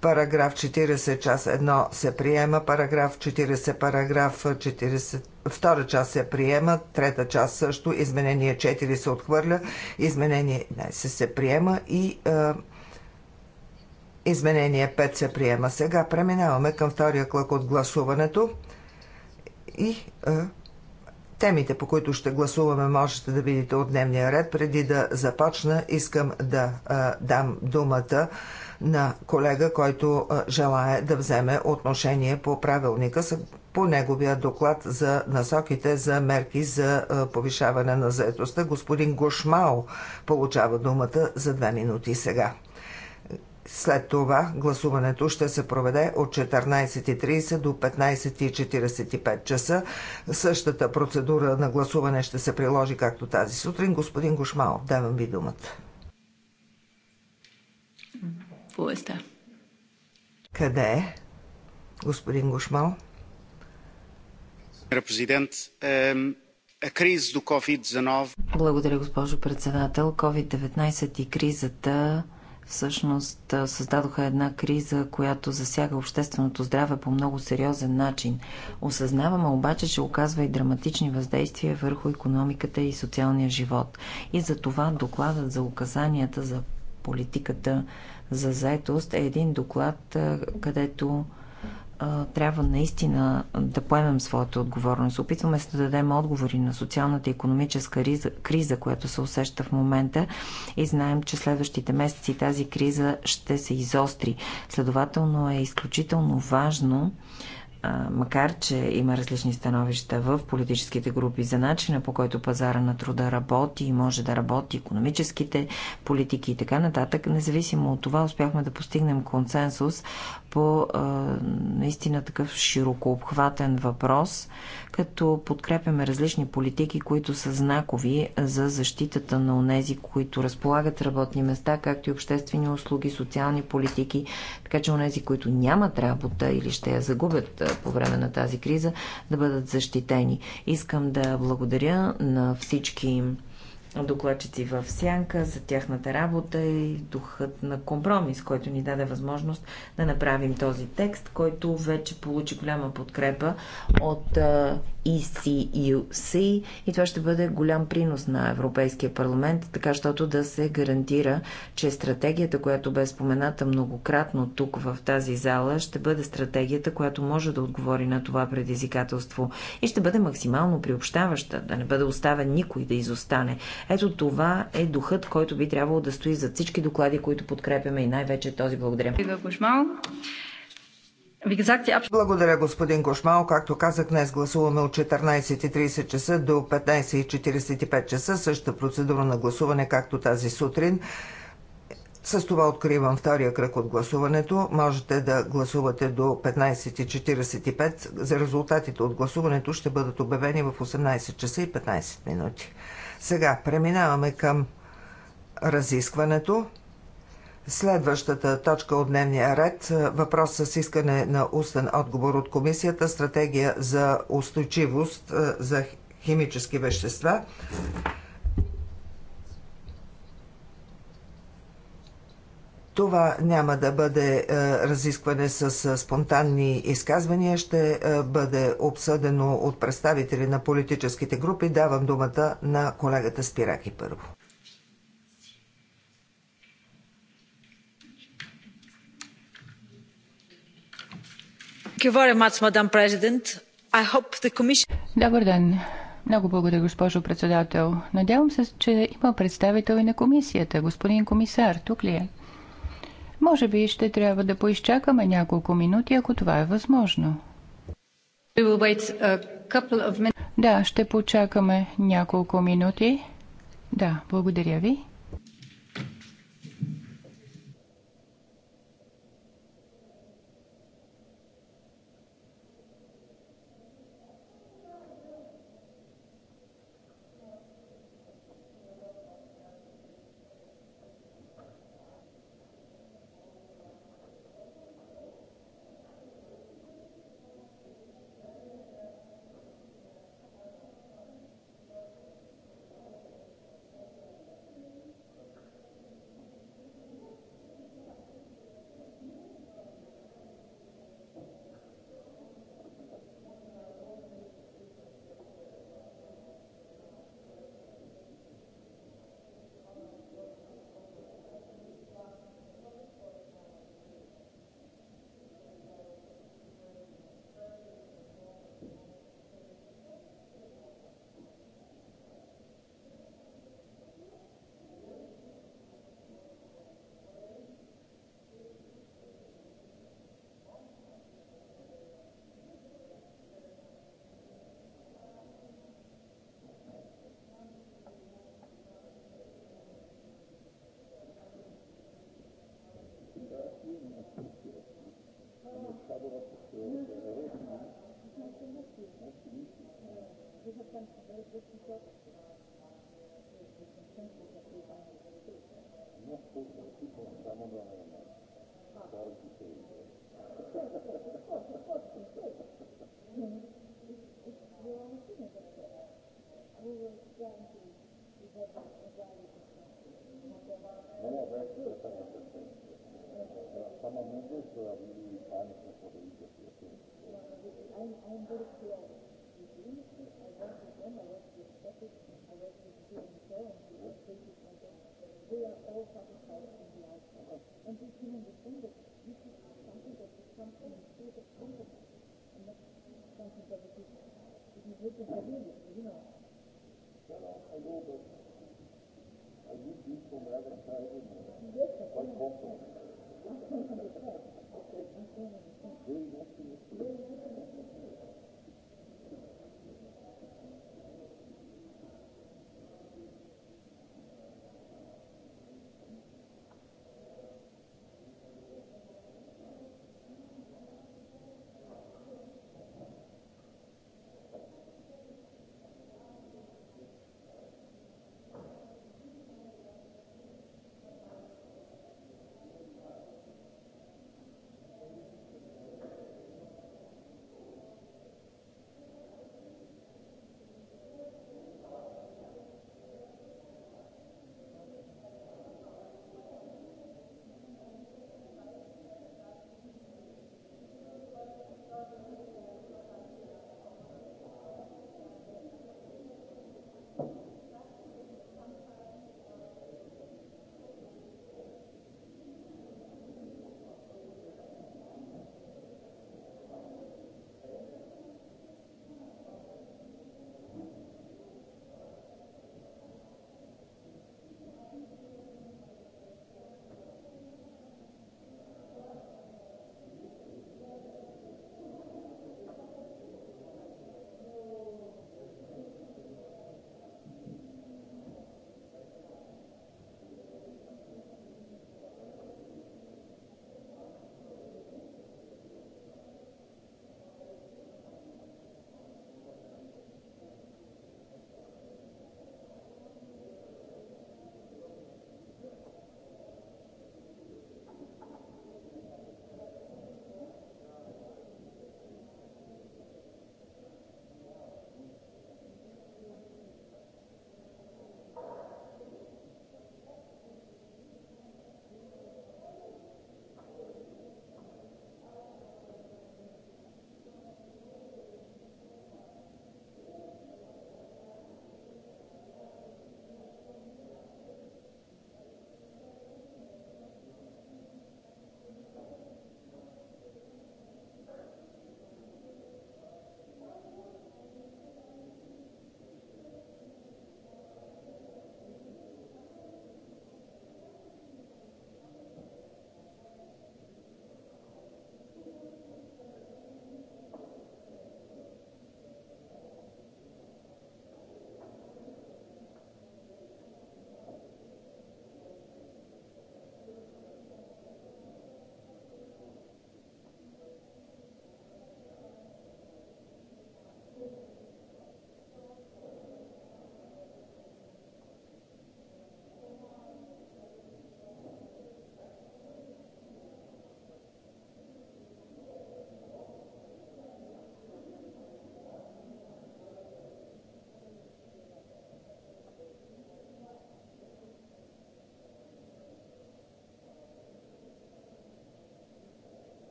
Параграф 40, част 1 се приема. Параграф 40, параграф 40, втора част се приема. Трета част също. Изменение 4 се отхвърля. Изменение 11 се приема. И А, Изменение 5 се приема. Сега преминаваме към втория клък от гласуването и е, темите, по които ще гласуваме, можете да видите от дневния ред. Преди да започна, искам да е, дам думата на колега, който е, желая да вземе отношение по правилника по неговия доклад за насоките за мерки за е, повишаване на заетостта. Господин Гошмао получава думата за две минути сега. След това гласуването ще се проведе от 14.30 до 15.45 часа. Същата процедура на гласуване ще се приложи както тази сутрин. Господин Гошмал, давам ви думата. Поезда. Къде е? Господин Гошмал. Президент, е Благодаря, госпожо председател. COVID-19 и кризата всъщност създадоха една криза, която засяга общественото здраве по много сериозен начин. Осъзнаваме обаче, че оказва и драматични въздействия върху економиката и социалния живот. И за това докладът за указанията за политиката за заетост е един доклад, където трябва наистина да поемем своята отговорност. Опитваме се да дадем отговори на социалната и економическа криза, която се усеща в момента и знаем, че следващите месеци тази криза ще се изостри. Следователно е изключително важно макар че има различни становища в политическите групи за начина по който пазара на труда работи и може да работи, економическите политики и така нататък, независимо от това успяхме да постигнем консенсус по а, наистина такъв широко обхватен въпрос, като подкрепяме различни политики, които са знакови за защитата на онези, които разполагат работни места, както и обществени услуги, социални политики, така че онези, които нямат работа или ще я загубят по време на тази криза, да бъдат защитени. Искам да благодаря на всички докладчици в Сянка за тяхната работа и духът на компромис, който ни даде възможност да направим този текст, който вече получи голяма подкрепа от ECUC е и това ще бъде голям принос на Европейския парламент, така щото да се гарантира, че стратегията, която бе спомената многократно тук в тази зала, ще бъде стратегията, която може да отговори на това предизвикателство и ще бъде максимално приобщаваща, да не бъде оставен никой да изостане. Ето това е духът, който би трябвало да стои за всички доклади, които подкрепяме и най-вече този. Благодаря. E Благодаря, господин Кошмал. Както казах, днес гласуваме от 14.30 часа до 15.45 часа. Същата процедура на гласуване, както тази сутрин. С това откривам втория кръг от гласуването. Можете да гласувате до 15.45. За резултатите от гласуването ще бъдат обявени в 18 часа и 15 минути. Сега преминаваме към разискването. Следващата точка от дневния ред е въпрос с искане на устен отговор от комисията стратегия за устойчивост е, за химически вещества. Това няма да бъде е, разискване с спонтанни изказвания, ще бъде обсъдено от представители на политическите групи. Давам думата на колегата Спираки първо. Добър ден. Много благодаря, госпожо председател. Надявам се, че има представител и на комисията. Господин комисар, тук ли е? Може би ще трябва да поизчакаме няколко минути, ако това е възможно. Да, ще почакаме няколко минути. Да, благодаря ви. الحديدة هنا كانوا I need these from the other side. Quite comfortable.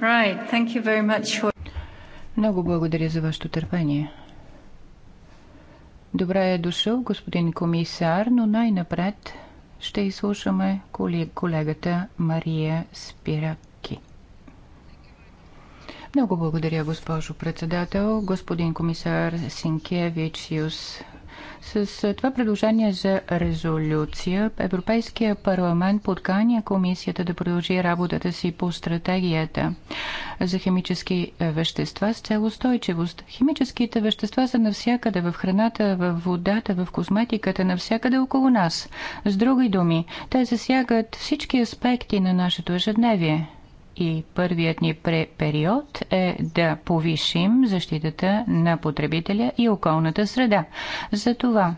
Right. Thank you very much for... Много благодаря за вашето търпение. Добре е дошъл, господин комисар, но най-напред ще изслушаме колегата Мария Спираки. Много благодаря, госпожо председател, господин комисар Юс. С това предложение за резолюция Европейския парламент подканя комисията да продължи работата си по стратегията за химически вещества с цел устойчивост. Химическите вещества са навсякъде в храната, в водата, в козметиката, навсякъде около нас. С други думи, те засягат всички аспекти на нашето ежедневие и първият ни период е да повишим защитата на потребителя и околната среда. Затова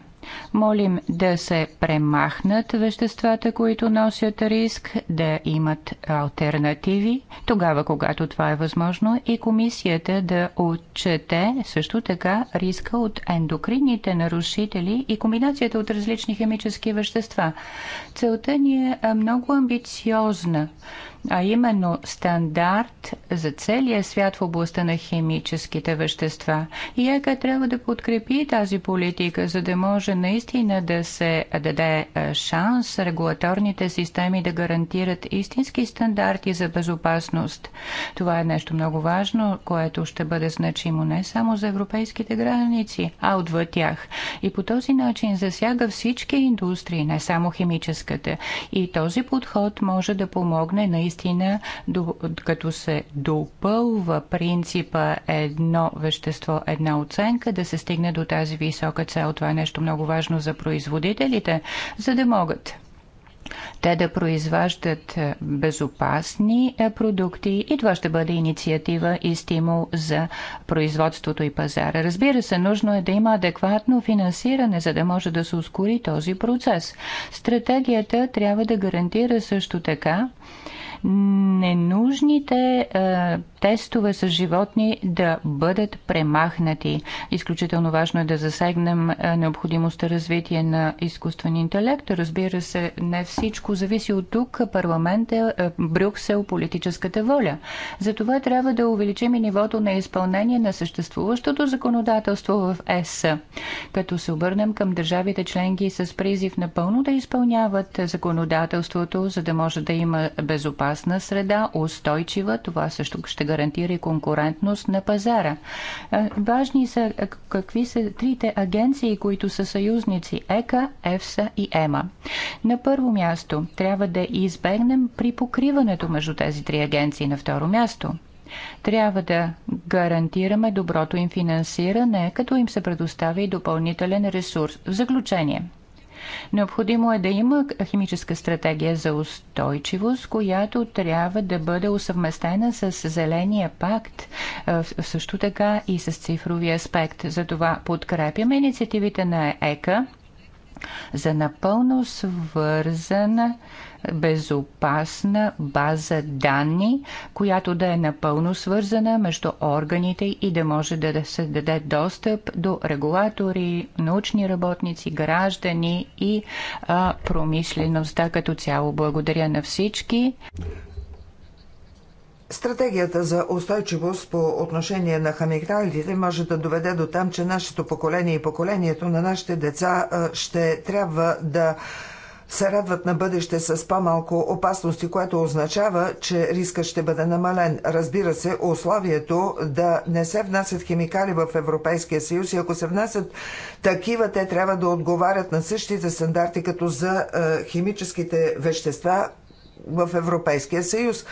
молим да се премахнат веществата, които носят риск, да имат альтернативи, тогава когато това е възможно и комисията да отчете също така риска от ендокринните нарушители и комбинацията от различни химически вещества. Целта ни е много амбициозна а именно стандарт за целия свят в областта на химическите вещества. И ЕКА трябва да подкрепи тази политика, за да може наистина да се даде шанс регулаторните системи да гарантират истински стандарти за безопасност. Това е нещо много важно, което ще бъде значимо не само за европейските граници, а отвъд тях. И по този начин засяга всички индустрии, не само химическата. И този подход може да помогне наистина наистина, като се допълва принципа едно вещество, една оценка, да се стигне до тази висока цел. Това е нещо много важно за производителите, за да могат те да произваждат е, безопасни е, продукти и това ще бъде инициатива и стимул за производството и пазара. Разбира се, нужно е да има адекватно финансиране, за да може да се ускори този процес. Стратегията трябва да гарантира също така ненужните е, тестове с животни да бъдат премахнати. Изключително важно е да засегнем е, необходимостта развитие на изкуствен интелект. Разбира се, не всичко зависи от тук, парламента, е, Брюксел, политическата воля. Затова трябва да увеличим и нивото на изпълнение на съществуващото законодателство в ЕС, като се обърнем към държавите членки с призив напълно да изпълняват законодателството, за да може да има безопасна среда, устойчива. Това също ще гарантира и конкурентност на пазара. Важни са какви са трите агенции, които са съюзници ЕКА, ЕФСА и ЕМА. На първо място трябва да избегнем при покриването между тези три агенции. На второ място трябва да гарантираме доброто им финансиране, като им се предоставя и допълнителен ресурс. В заключение – Необходимо е да има химическа стратегия за устойчивост, която трябва да бъде усъвместена с Зеления пакт, също така и с цифровия аспект. Затова подкрепяме инициативите на ЕКА за напълно свързана безопасна база данни, която да е напълно свързана между органите и да може да се даде достъп до регулатори, научни работници, граждани и а, промишлеността като цяло. Благодаря на всички. Стратегията за устойчивост по отношение на хамикталите може да доведе до там, че нашето поколение и поколението на нашите деца ще трябва да се радват на бъдеще с по-малко опасности, което означава, че рискът ще бъде намален. Разбира се, условието да не се внасят химикали в Европейския съюз и ако се внасят такива, те трябва да отговарят на същите стандарти като за е, химическите вещества, в Европейския съюз.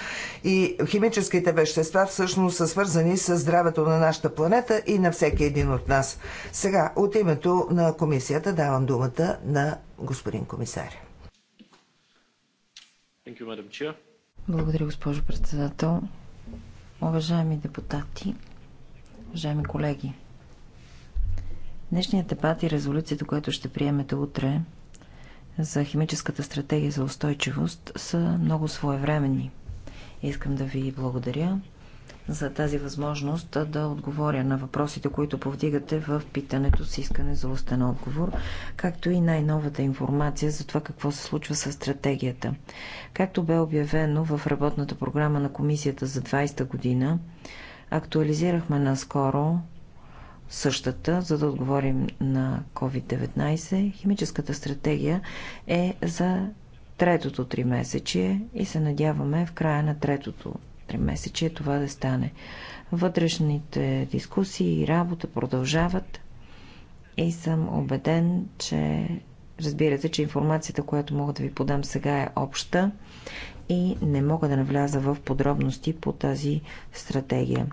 И химическите вещества всъщност са свързани с здравето на нашата планета и на всеки един от нас. Сега от името на комисията давам думата на господин комисаря. Благодаря, госпожо председател. Уважаеми депутати, уважаеми колеги, днешният дебат и резолюцията, която ще приемете утре за химическата стратегия за устойчивост, са много своевременни. Искам да ви благодаря за тази възможност да отговоря на въпросите, които повдигате в питането с искане за устен отговор, както и най-новата информация за това какво се случва с стратегията. Както бе обявено в работната програма на комисията за 20-та година, актуализирахме наскоро същата, за да отговорим на COVID-19. Химическата стратегия е за третото три месече и се надяваме в края на третото три е това да стане. Вътрешните дискусии и работа продължават и съм убеден, че разбирате, че информацията, която мога да ви подам сега е обща и не мога да навляза в подробности по тази стратегия.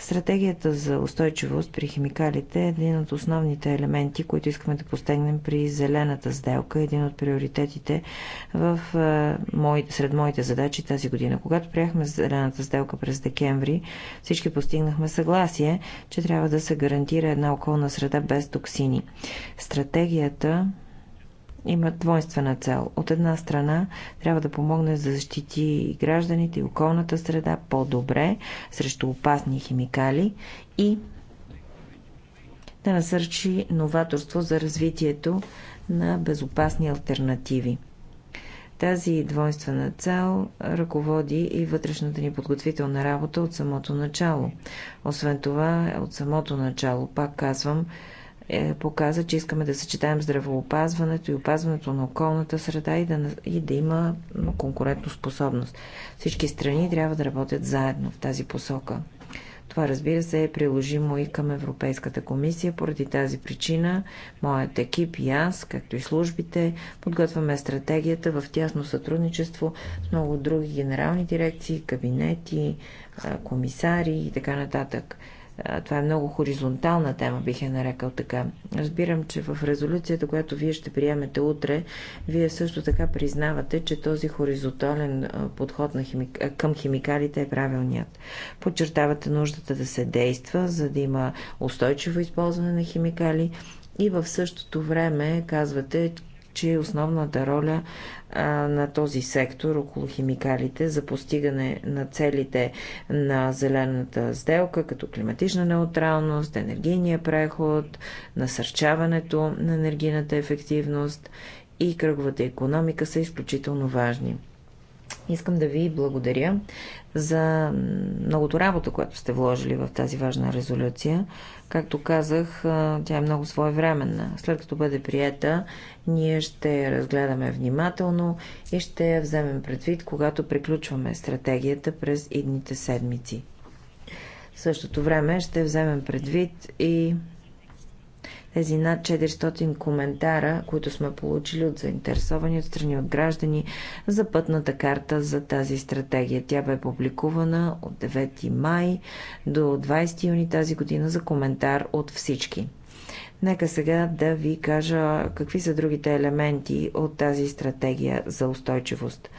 Стратегията за устойчивост при химикалите е един от основните елементи, които искаме да постигнем при зелената сделка, един от приоритетите в, мой, сред моите задачи тази година. Когато приехме зелената сделка през декември, всички постигнахме съгласие, че трябва да се гарантира една околна среда без токсини. Стратегията има двойствена цел. От една страна трябва да помогне да защити гражданите и околната среда по-добре срещу опасни химикали и да насърчи новаторство за развитието на безопасни альтернативи. Тази двойствена цел ръководи и вътрешната ни подготвителна работа от самото начало. Освен това, от самото начало, пак казвам, е, показа, че искаме да съчетаем здравоопазването и опазването на околната среда и да, и да има конкурентоспособност. Всички страни трябва да работят заедно в тази посока. Това, разбира се, е приложимо и към Европейската комисия. Поради тази причина, моят екип и аз, както и службите, подготвяме стратегията в тясно сътрудничество с много други генерални дирекции, кабинети, комисари и така нататък. Това е много хоризонтална тема, бих я нарекал така. Разбирам, че в резолюцията, която вие ще приемете утре, вие също така признавате, че този хоризонтален подход на хими... към химикалите е правилният. Подчертавате нуждата да се действа, за да има устойчиво използване на химикали и в същото време казвате, че основната роля на този сектор около химикалите за постигане на целите на зелената сделка, като климатична неутралност, енергийния преход, насърчаването на енергийната ефективност и кръговата економика са изключително важни. Искам да ви благодаря за многото работа, която сте вложили в тази важна резолюция. Както казах, тя е много своевременна. След като бъде приета, ние ще разгледаме внимателно и ще я вземем предвид, когато приключваме стратегията през идните седмици. В същото време ще вземем предвид и тези над 400 коментара, които сме получили от заинтересовани от страни от граждани за пътната карта за тази стратегия. Тя бе публикувана от 9 май до 20 юни тази година за коментар от всички. Нека сега да ви кажа какви са другите елементи от тази стратегия за устойчивост.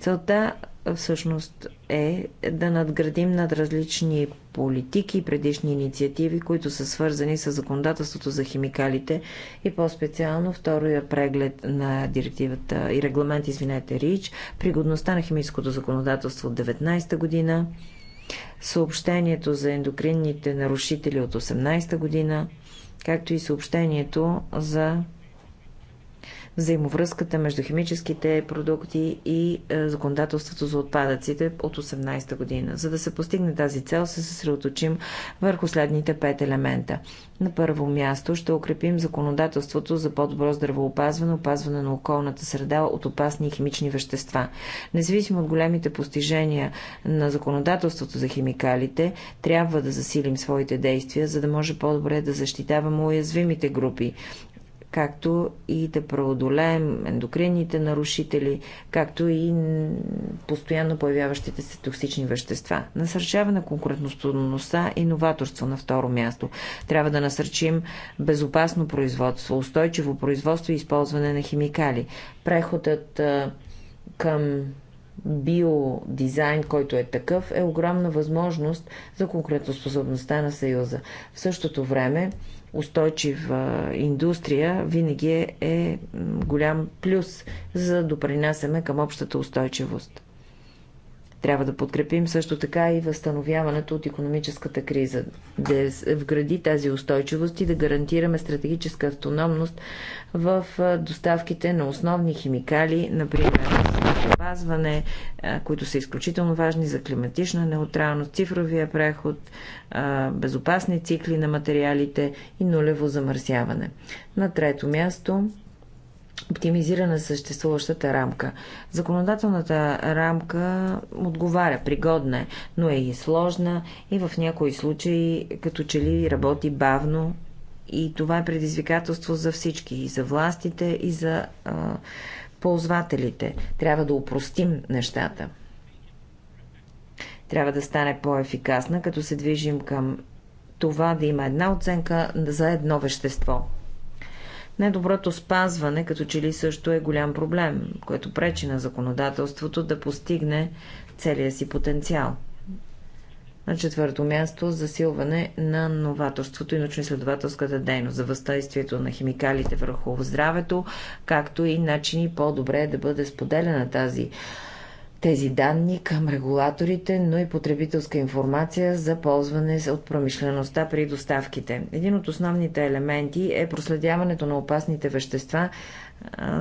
Целта всъщност е да надградим над различни политики и предишни инициативи, които са свързани с законодателството за химикалите и по-специално втория преглед на директивата и регламент, извинете, РИЧ, пригодността на химическото законодателство от 19-та година, съобщението за ендокринните нарушители от 18-та година, както и съобщението за взаимовръзката между химическите продукти и е, законодателството за отпадъците от 18-та година. За да се постигне тази цел, се съсредоточим върху следните пет елемента. На първо място ще укрепим законодателството за по-добро здравоопазване, опазване на околната среда от опасни химични вещества. Независимо от големите постижения на законодателството за химикалите, трябва да засилим своите действия, за да може по-добре да защитаваме уязвимите групи както и да преодолеем ендокринните нарушители, както и постоянно появяващите се токсични вещества. Насърчаване на конкурентоспособността и новаторство на второ място. Трябва да насърчим безопасно производство, устойчиво производство и използване на химикали. Преходът към биодизайн, който е такъв, е огромна възможност за конкурентоспособността на Съюза. В същото време устойчива индустрия винаги е, е голям плюс, за да допринасяме към общата устойчивост. Трябва да подкрепим също така и възстановяването от економическата криза, да е вгради тази устойчивост и да гарантираме стратегическа автономност в доставките на основни химикали, например здравеопазване, които са изключително важни за климатична неутралност, цифровия преход, безопасни цикли на материалите и нулево замърсяване. На трето място оптимизирана съществуващата рамка. Законодателната рамка отговаря, пригодна е, но е и сложна и в някои случаи като че ли работи бавно и това е предизвикателство за всички, и за властите, и за а, ползвателите. Трябва да упростим нещата. Трябва да стане по-ефикасна, като се движим към това да има една оценка за едно вещество – Недоброто спазване като че ли също е голям проблем, което пречи на законодателството да постигне целия си потенциал. На четвърто място засилване на новаторството и научно-изследователската дейност за въздействието на химикалите върху здравето, както и начини по-добре да бъде споделена тази тези данни към регулаторите, но и потребителска информация за ползване от промишлеността при доставките. Един от основните елементи е проследяването на опасните вещества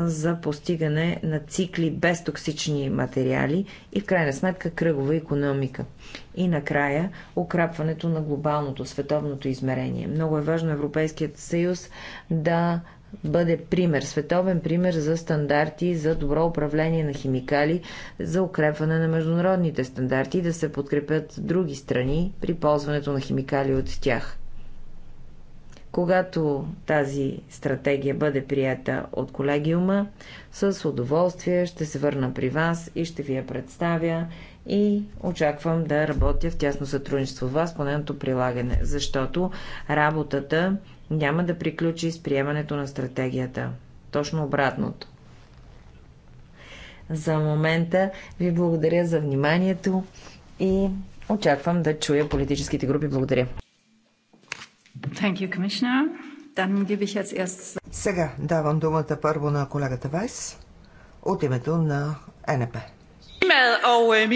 за постигане на цикли без токсични материали и в крайна сметка кръгова економика. И накрая украпването на глобалното, световното измерение. Много е важно Европейският съюз да бъде пример, световен пример за стандарти за добро управление на химикали, за укрепване на международните стандарти и да се подкрепят други страни при ползването на химикали от тях. Когато тази стратегия бъде прията от колегиума, с удоволствие ще се върна при вас и ще ви я представя и очаквам да работя в тясно сътрудничество с вас по нейното прилагане, защото работата няма да приключи с приемането на стратегията. Точно обратното. За момента ви благодаря за вниманието и очаквам да чуя политическите групи. Благодаря. Сега давам думата първо на колегата Вайс от името на НП. Е.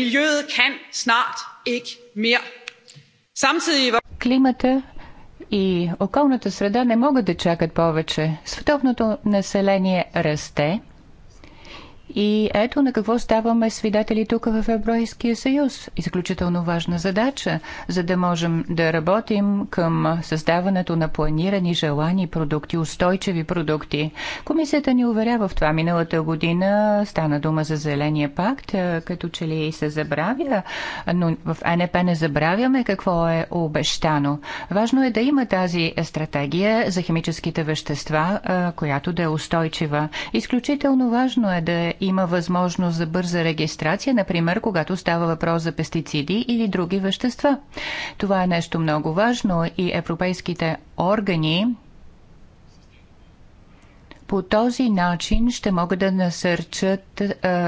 Øh, Климата и околната среда не могат да чакат повече. Световното население расте – и ето на какво ставаме свидетели тук в Еврейския съюз. Изключително важна задача, за да можем да работим към създаването на планирани, желани продукти, устойчиви продукти. Комисията ни уверява в това. Миналата година стана дума за Зеления пакт, като че ли се забравя, но в НП не забравяме какво е обещано. Важно е да има тази стратегия за химическите вещества, която да е устойчива. Изключително важно е да има възможност за бърза регистрация, например, когато става въпрос за пестициди или други вещества. Това е нещо много важно и европейските органи по този начин ще могат да насърчат а,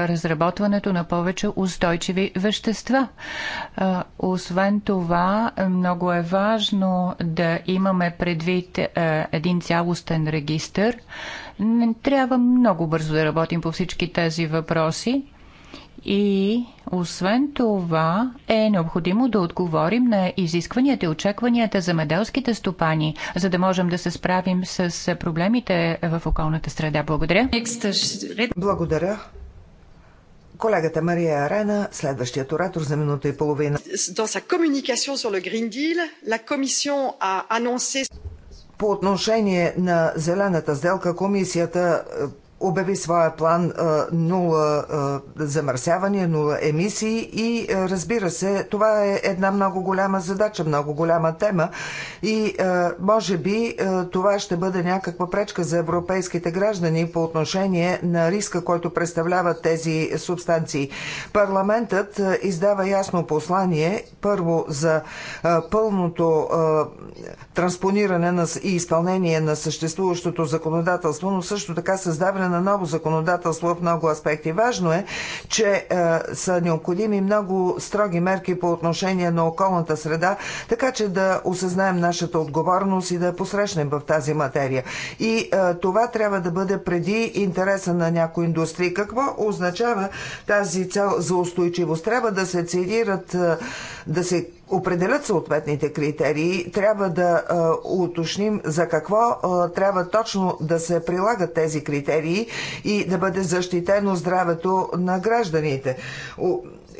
разработването на повече устойчиви вещества. А, освен това, много е важно да имаме предвид а, един цялостен регистр, не Трябва много бързо да работим по всички тези въпроси. И освен това е необходимо да отговорим на изискванията и очакванията за меделските стопани, за да можем да се справим с проблемите в околната среда. Благодаря. Благодаря. Колегата Мария Арена, следващият оратор за минута и половина. По отношение на зелената сделка, комисията е, обяви своя план нула замърсявания, нула емисии и разбира се, това е една много голяма задача, много голяма тема и може би това ще бъде някаква пречка за европейските граждани по отношение на риска, който представляват тези субстанции. Парламентът издава ясно послание първо за пълното транспониране и изпълнение на съществуващото законодателство, но също така създаване на ново законодателство в много аспекти. Важно е, че е, са необходими много строги мерки по отношение на околната среда, така че да осъзнаем нашата отговорност и да я посрещнем в тази материя. И е, това трябва да бъде преди интереса на някои индустрии. Какво означава тази цел за устойчивост? Трябва да се цедират, е, да се определят съответните критерии, трябва да а, уточним за какво а, трябва точно да се прилагат тези критерии и да бъде защитено здравето на гражданите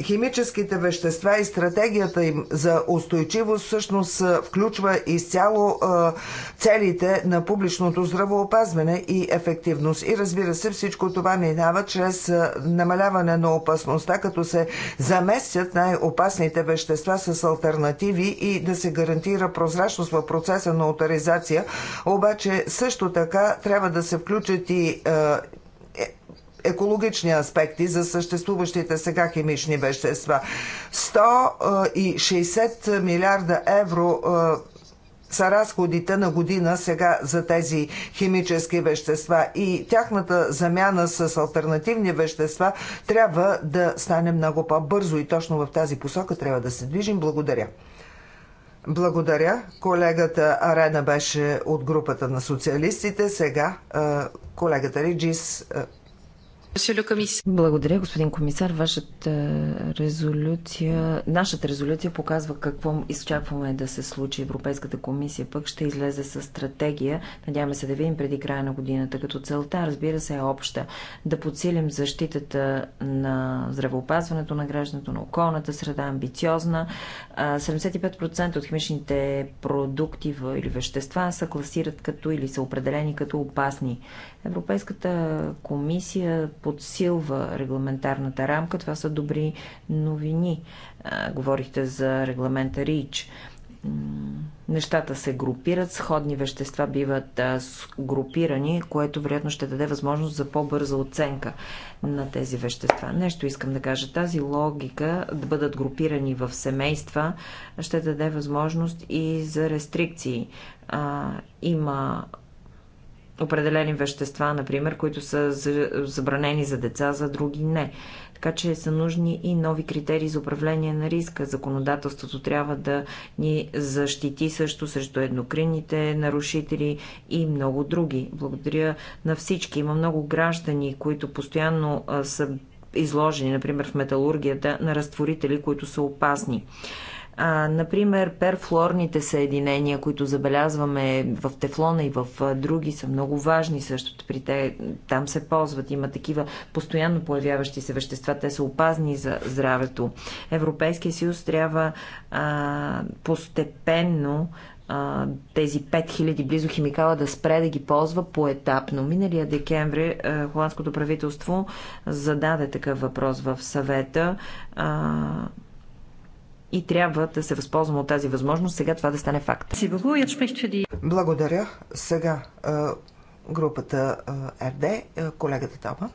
химическите вещества и стратегията им за устойчивост всъщност включва изцяло целите на публичното здравоопазване и ефективност. И разбира се, всичко това минава чрез намаляване на опасността, като се заместят най-опасните вещества с альтернативи и да се гарантира прозрачност в процеса на авторизация. Обаче също така трябва да се включат и екологични аспекти за съществуващите сега химични вещества. 160 милиарда евро е, са разходите на година сега за тези химически вещества и тяхната замяна с альтернативни вещества трябва да стане много по-бързо и точно в тази посока трябва да се движим. Благодаря. Благодаря. Колегата Арена беше от групата на социалистите. Сега е, колегата Риджис е, благодаря, господин комисар. Вашата резолюция, нашата резолюция показва какво изчакваме да се случи. Европейската комисия пък ще излезе с стратегия. Надяваме се да видим преди края на годината. Като целта, разбира се, е обща. Да подсилим защитата на здравеопазването на гражданите, на околната среда, амбициозна. 75% от химичните продукти или вещества са класират като или са определени като опасни. Европейската комисия подсилва регламентарната рамка. Това са добри новини. Говорихте за регламента РИЧ нещата се групират, сходни вещества биват групирани, което вероятно ще даде възможност за по-бърза оценка на тези вещества. Нещо искам да кажа. Тази логика да бъдат групирани в семейства ще даде възможност и за рестрикции. има определени вещества, например, които са забранени за деца, за други не. Така че са нужни и нови критерии за управление на риска. Законодателството трябва да ни защити също срещу еднокринните нарушители и много други. Благодаря на всички. Има много граждани, които постоянно са изложени, например в металургията, на разтворители, които са опасни. А, например, перфлорните съединения, които забелязваме в тефлона и в други, са много важни също. При те, там се ползват. Има такива постоянно появяващи се вещества. Те са опазни за здравето. Европейския съюз трябва а, постепенно тези 5000 близо химикала да спре да ги ползва поетапно. Миналия декември холандското правителство зададе такъв въпрос в съвета и трябва да се възползваме от тази възможност сега това да стане факт. Благодаря. Сега групата РД, колегата Тома.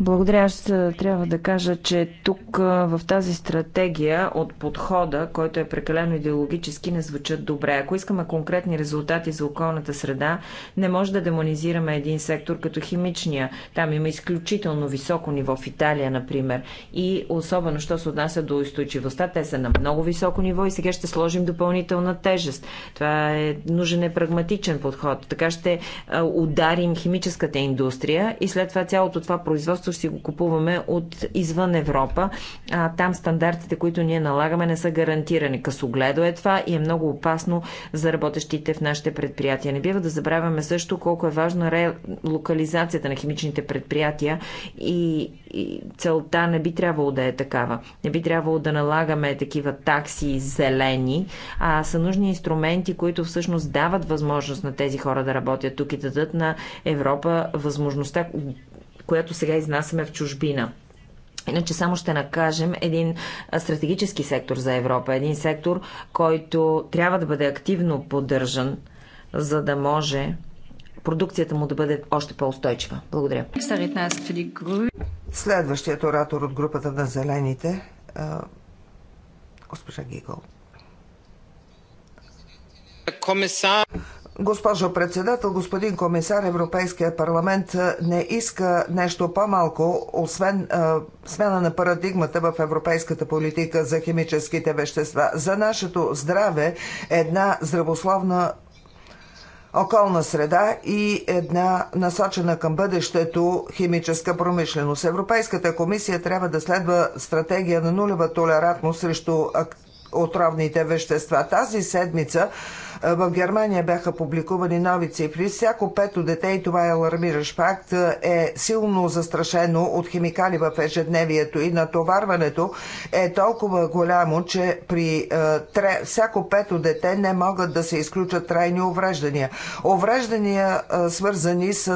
Благодаря. Аз е, трябва да кажа, че тук е, в тази стратегия от подхода, който е прекалено идеологически, не звучат добре. Ако искаме конкретни резултати за околната среда, не може да демонизираме един сектор като химичния. Там има изключително високо ниво в Италия, например. И особено, що се отнася до устойчивостта, те са на много високо ниво и сега ще сложим допълнителна тежест. Това е нужен е прагматичен подход. Така ще е, ударим химическата индустрия индустрия и след това цялото това производство ще си го купуваме от извън Европа. А, там стандартите, които ние налагаме, не са гарантирани. Късогледо е това и е много опасно за работещите в нашите предприятия. Не бива да забравяме също колко е важна локализацията на химичните предприятия и, и целта не би трябвало да е такава. Не би трябвало да налагаме такива такси зелени, а са нужни инструменти, които всъщност дават възможност на тези хора да работят тук и дадат на Европа възможност възможността, която сега изнасяме в чужбина. Иначе само ще накажем един стратегически сектор за Европа, един сектор, който трябва да бъде активно поддържан, за да може продукцията му да бъде още по-устойчива. Благодаря. Следващият оратор от групата на зелените, госпожа Гигол. Комисар... Госпожо председател, господин комисар, Европейския парламент не иска нещо по-малко, освен а, смяна на парадигмата в европейската политика за химическите вещества. За нашето здраве една здравословна околна среда и една насочена към бъдещето химическа промишленост. Европейската комисия трябва да следва стратегия на нулева толерантност срещу отровните вещества. Тази седмица е, в Германия бяха публикувани нови цифри. Всяко пето дете, и това е алармиращ факт, е силно застрашено от химикали в ежедневието и натоварването е толкова голямо, че при е, тре, всяко пето дете не могат да се изключат трайни увреждания. Увреждания е, свързани с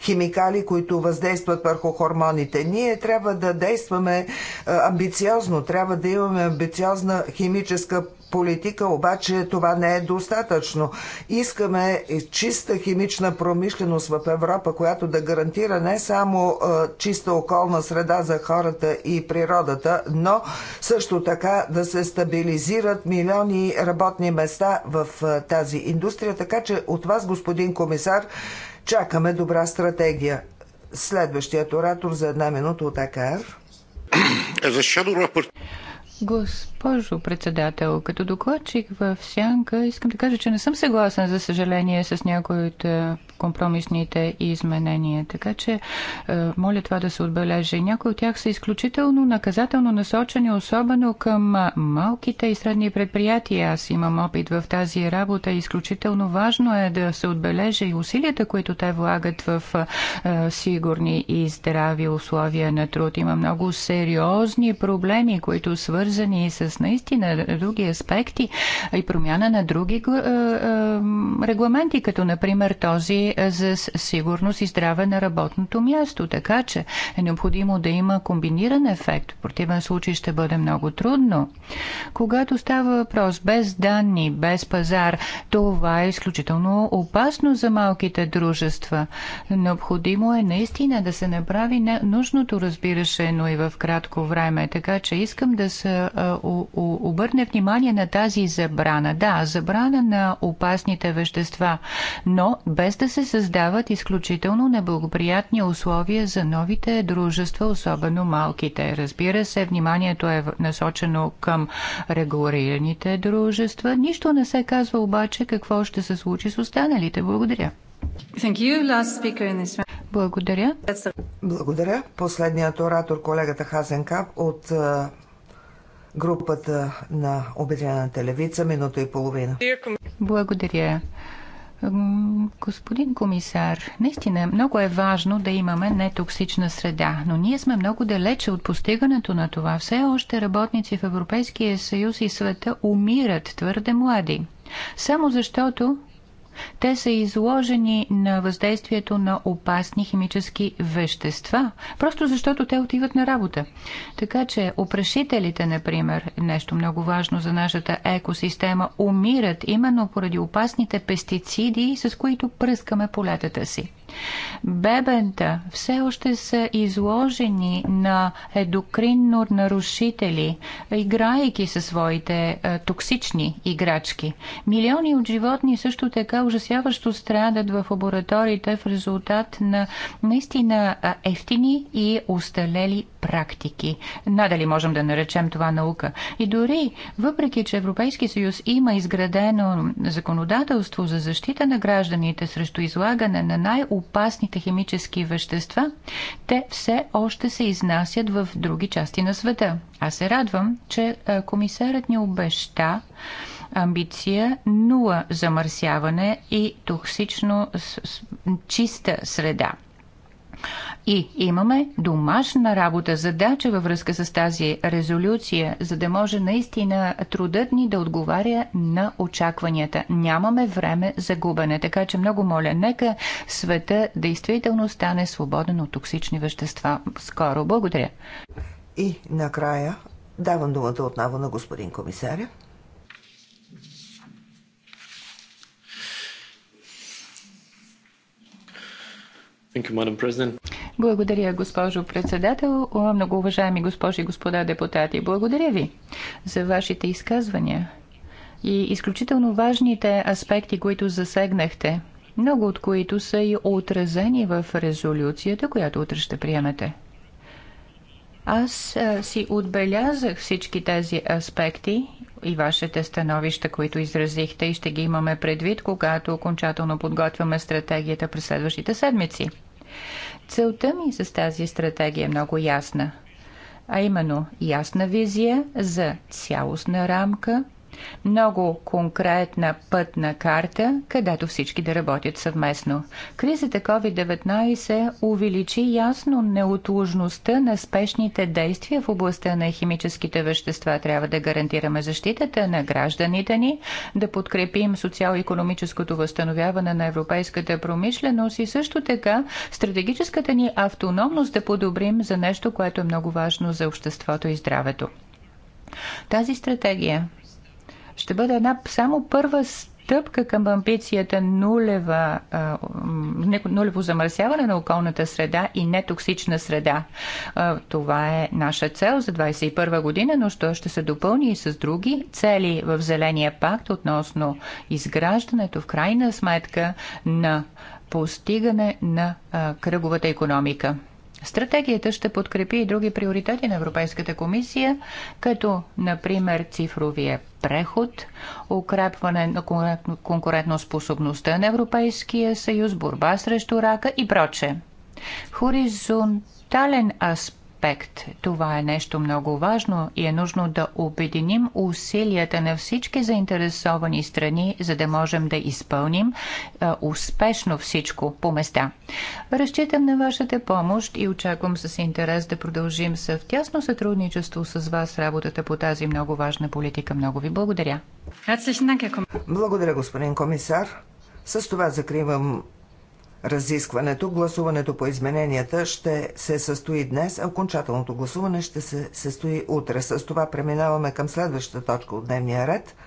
химикали, които въздействат върху хормоните. Ние трябва да действаме амбициозно, трябва да имаме амбициозна химическа политика, обаче това не е достатъчно. Искаме чиста химична промишленост в Европа, която да гарантира не само е, чиста околна среда за хората и природата, но също така да се стабилизират милиони работни места в е, тази индустрия. Така че от вас, господин комисар, чакаме добра стратегия. Следващият оратор за една минута от АКР. Госпожо председател, като докладчик в Сянка, искам да кажа, че не съм съгласен, за съжаление, с някои от е, компромисните изменения. Така че, е, моля това да се отбележи. Някои от тях са изключително наказателно насочени, особено към е, малките и средни предприятия. Аз имам опит в тази работа. Изключително важно е да се отбележи и усилията, които те влагат в сигурни и здрави условия на труд. Има много сериозни проблеми, които свързват свързани с наистина други аспекти и промяна на други е, е, регламенти, като например този за сигурност и здраве на работното място. Така че е необходимо да има комбиниран ефект. В противен случай ще бъде много трудно. Когато става въпрос без данни, без пазар, това е изключително опасно за малките дружества. Необходимо е наистина да се направи нужното, разбирашено но и в кратко време. Така че искам да се да обърне внимание на тази забрана. Да, забрана на опасните вещества, но без да се създават изключително неблагоприятни условия за новите дружества, особено малките. Разбира се, вниманието е насочено към регулираните дружества. Нищо не се казва обаче какво ще се случи с останалите. Благодаря. This... Благодаря. Благодаря. Последният оратор, колегата Хазенкап от групата на Обединената левица, минута и половина. Благодаря. Господин комисар, наистина много е важно да имаме нетоксична среда, но ние сме много далече от постигането на това. Все още работници в Европейския съюз и света умират твърде млади. Само защото те са изложени на въздействието на опасни химически вещества, просто защото те отиват на работа. Така че опрашителите, например, нещо много важно за нашата екосистема, умират именно поради опасните пестициди, с които пръскаме полетата си. Бебента все още са изложени на едокринно нарушители, играйки със своите е, токсични играчки. Милиони от животни също така ужасяващо страдат в лабораториите в резултат на наистина е, ефтини и усталели практики. Надали можем да наречем това наука. И дори, въпреки, че Европейски съюз има изградено законодателство за защита на гражданите срещу излагане на най-опасните химически вещества, те все още се изнасят в други части на света. Аз се радвам, че комисарът ни обеща амбиция, нула замърсяване и токсично чиста среда. И имаме домашна работа, задача във връзка с тази резолюция, за да може наистина трудът ни да отговаря на очакванията. Нямаме време за губене, така че много моля, нека света действително стане свободен от токсични вещества. Скоро. Благодаря. И накрая давам думата отново на господин комисаря. Благодаря, госпожо председател. Много уважаеми госпожи и господа депутати, благодаря ви за вашите изказвания и изключително важните аспекти, които засегнахте, много от които са и отразени в резолюцията, която утре ще приемете. Аз а, си отбелязах всички тези аспекти и вашите становища, които изразихте и ще ги имаме предвид, когато окончателно подготвяме стратегията през следващите седмици. Целта ми с тази стратегия е много ясна, а именно ясна визия за цялостна рамка много конкретна пътна карта, където всички да работят съвместно. Кризата COVID-19 увеличи ясно неотложността на спешните действия в областта на химическите вещества. Трябва да гарантираме защитата на гражданите ни, да подкрепим социал-економическото възстановяване на европейската промишленост и също така стратегическата ни автономност да подобрим за нещо, което е много важно за обществото и здравето. Тази стратегия ще бъде една само първа стъпка към амбицията нулева, нулево замърсяване на околната среда и нетоксична среда. Това е наша цел за 2021 година, но що ще се допълни и с други цели в Зеления пакт относно изграждането в крайна сметка на постигане на кръговата економика. Стратегията ще подкрепи и други приоритети на Европейската комисия, като, например, цифровия преход, укрепване на конкурентоспособността на Европейския съюз, борба срещу рака и проче. Хоризонтален аспект аспект. Това е нещо много важно и е нужно да обединим усилията на всички заинтересовани страни, за да можем да изпълним а, успешно всичко по места. Разчитам на вашата помощ и очаквам с интерес да продължим с тясно сътрудничество с вас работата по тази много важна политика. Много ви благодаря. Благодаря, господин комисар. С това закривам разискването. Гласуването по измененията ще се състои днес, а окончателното гласуване ще се състои утре. С това преминаваме към следващата точка от дневния ред –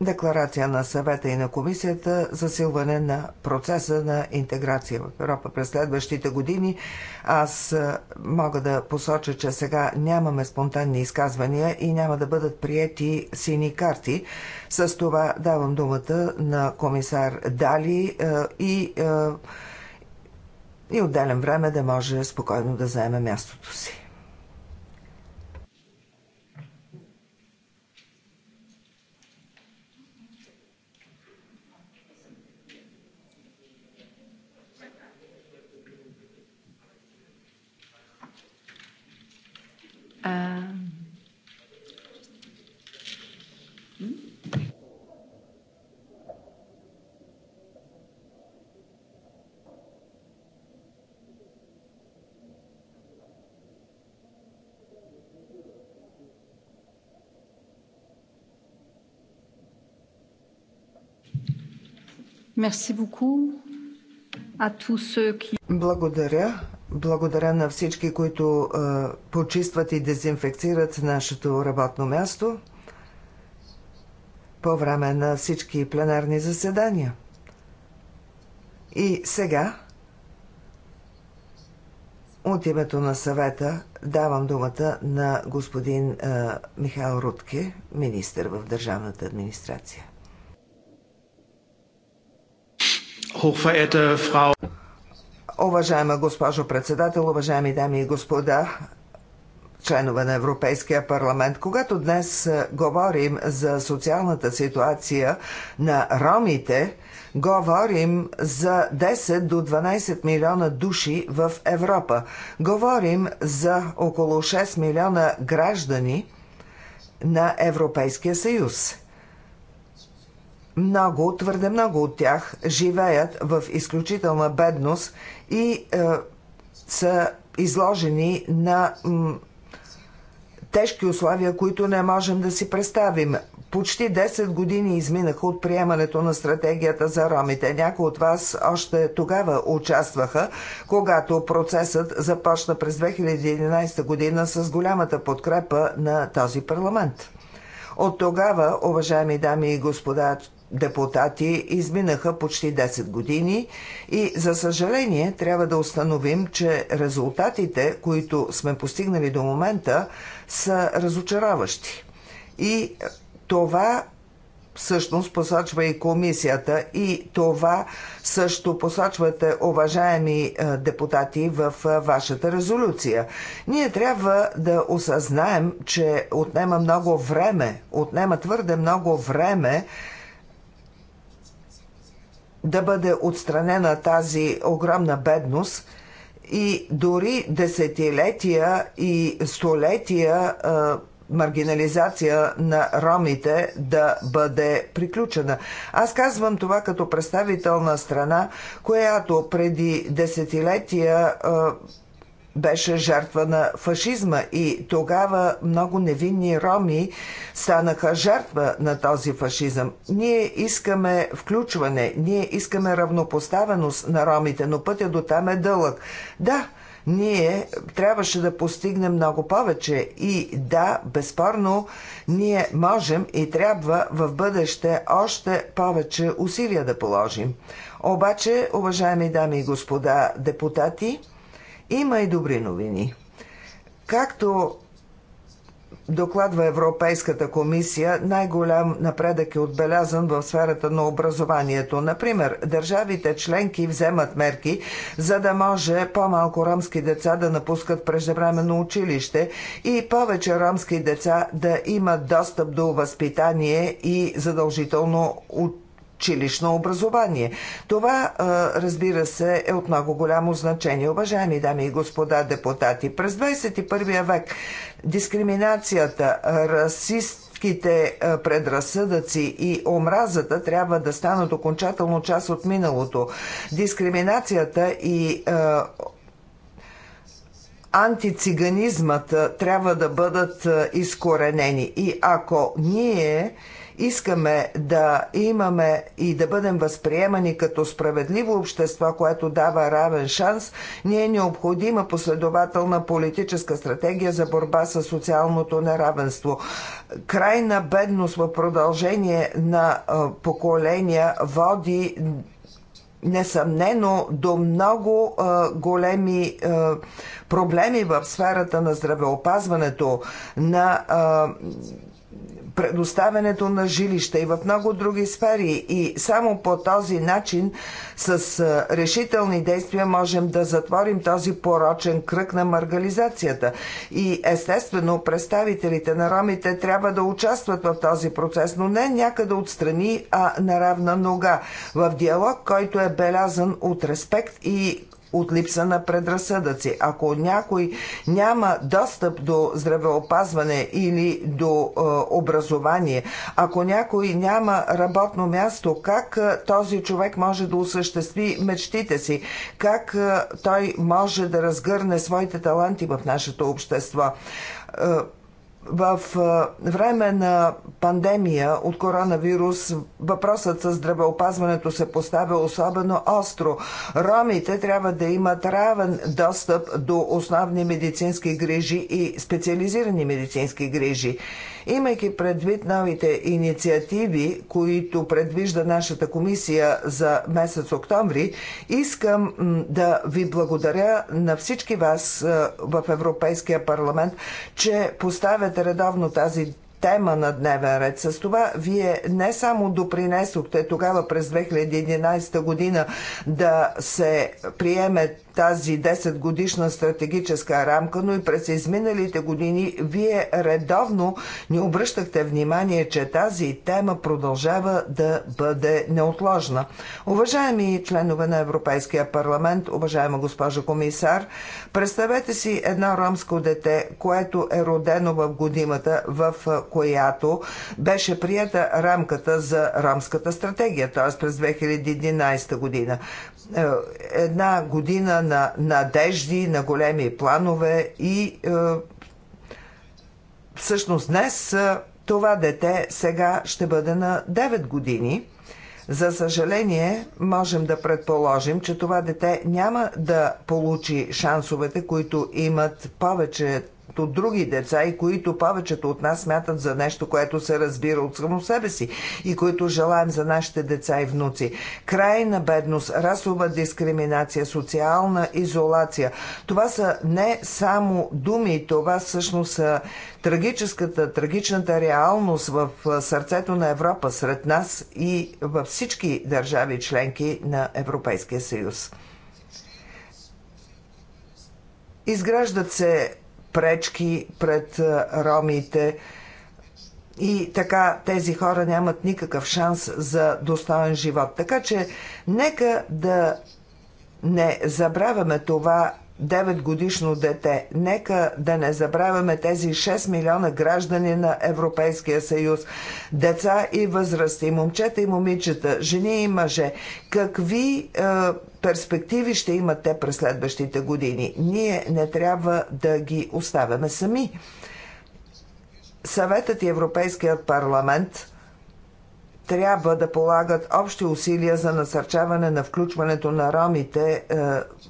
Декларация на съвета и на комисията за силване на процеса на интеграция в Европа през следващите години. Аз мога да посоча, че сега нямаме спонтанни изказвания и няма да бъдат приети сини карти. С това давам думата на комисар Дали и, и отделям време да може спокойно да заеме мястото си. Um, Merci beaucoup à tous ceux qui... Благодаря благодаря на всички, които почистват и дезинфекцират нашето работно място по време на всички пленарни заседания. И сега, от името на съвета, давам думата на господин а, Михаил Рудке, министр в Държавната администрация. Hochverehrte Frau Уважаема госпожо председател, уважаеми дами и господа, членове на Европейския парламент. Когато днес е, говорим за социалната ситуация на ромите, говорим за 10 до 12 милиона души в Европа. Говорим за около 6 милиона граждани на Европейския съюз. Много, твърде много от тях живеят в изключителна бедност – и е, са изложени на тежки условия, които не можем да си представим. Почти 10 години изминаха от приемането на стратегията за ромите. Някои от вас още тогава участваха, когато процесът започна през 2011 година с голямата подкрепа на този парламент. От тогава, уважаеми дами и господа депутати изминаха почти 10 години и за съжаление трябва да установим, че резултатите, които сме постигнали до момента, са разочароващи. И е, това всъщност посочва и комисията и това също посочвате, уважаеми е, депутати, в е, вашата резолюция. Ние трябва да осъзнаем, че отнема много време, отнема твърде много време да бъде отстранена тази огромна бедност и дори десетилетия и столетия маргинализация на ромите да бъде приключена. Аз казвам това като представител на страна, която преди десетилетия беше жертва на фашизма и тогава много невинни роми станаха жертва на този фашизъм. Ние искаме включване, ние искаме равнопоставеност на ромите, но пътя до там е дълъг. Да, ние трябваше да постигнем много повече. И да, безспорно, ние можем и трябва в бъдеще още повече усилия да положим. Обаче, уважаеми дами и господа депутати, има и добри новини. Както докладва Европейската комисия, най-голям напредък е отбелязан в сферата на образованието. Например, държавите членки вземат мерки, за да може по-малко ромски деца да напускат преждевременно училище и повече ромски деца да имат достъп до възпитание и задължително от училищно образование. Това, разбира се, е от много голямо значение. Уважаеми дами и господа депутати, през 21 век дискриминацията, расист, предразсъдъци и омразата трябва да станат окончателно част от миналото. Дискриминацията и е, антициганизмата трябва да бъдат изкоренени. И ако ние искаме да имаме и да бъдем възприемани като справедливо общество, което дава равен шанс, ни е необходима последователна политическа стратегия за борба с социалното неравенство. Крайна бедност в продължение на поколения води несъмнено до много а, големи а, проблеми в сферата на здравеопазването, на а, предоставянето на жилища и в много други сфери. И само по този начин с решителни действия можем да затворим този порочен кръг на маргализацията. И естествено представителите на ромите трябва да участват в този процес, но не някъде отстрани, а на равна нога. В диалог, който е белязан от респект и от липса на предразсъдъци. Ако някой няма достъп до здравеопазване или до е, образование, ако някой няма работно място, как е, този човек може да осъществи мечтите си, как е, той може да разгърне своите таланти в нашето общество. Е, в време на пандемия от коронавирус въпросът с здравеопазването се поставя особено остро. Ромите трябва да имат равен достъп до основни медицински грижи и специализирани медицински грижи. Имайки предвид новите инициативи, които предвижда нашата комисия за месец октомври, искам да ви благодаря на всички вас в Европейския парламент, че поставяте редовно тази тема на дневен ред. С това вие не само допринесохте тогава през 2011 година да се приеме тази 10 годишна стратегическа рамка, но и през изминалите години вие редовно ни обръщахте внимание, че тази тема продължава да бъде неотложна. Уважаеми членове на Европейския парламент, уважаема госпожа комисар, представете си едно ромско дете, което е родено в годината, в която беше прията рамката за ромската стратегия, т.е. през 2011 година. Е, една година на надежди, на големи планове и е, всъщност днес е, това дете сега ще бъде на 9 години. За съжаление, можем да предположим, че това дете няма да получи шансовете, които имат повече от други деца и които повечето от нас смятат за нещо, което се разбира от само себе си и които желаем за нашите деца и внуци. Край на бедност, расова дискриминация, социална изолация. Това са не само думи, това всъщност са трагическата, трагичната реалност в сърцето на Европа, сред нас и във всички държави членки на Европейския съюз. Изграждат се пречки пред ромите. И така тези хора нямат никакъв шанс за достоен живот. Така че нека да не забравяме това 9 годишно дете. Нека да не забравяме тези 6 милиона граждани на Европейския съюз. Деца и възрасти, момчета и момичета, жени и мъже. Какви е, перспективи ще имат те през следващите години. Ние не трябва да ги оставяме сами. Съветът и Европейският парламент трябва да полагат общи усилия за насърчаване на включването на ромите е,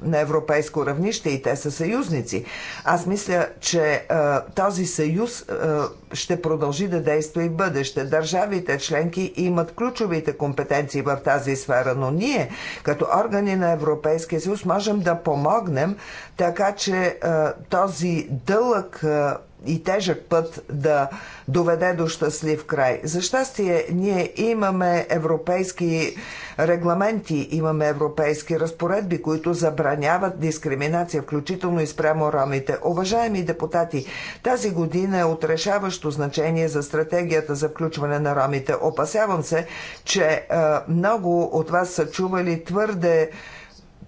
на европейско равнище и те са съюзници. Аз мисля, че е, този съюз е, ще продължи да действа и в бъдеще. Държавите членки имат ключовите компетенции в тази сфера, но ние, като органи на Европейския съюз, можем да помогнем така, че е, този дълъг е, и тежък път да доведе до щастлив край. За щастие, ние имаме европейски регламенти, имаме европейски разпоредби, които забраняват дискриминация, включително и спрямо ромите. Уважаеми депутати, тази година е отрешаващо значение за стратегията за включване на ромите. Опасявам се, че е, много от вас са чували твърде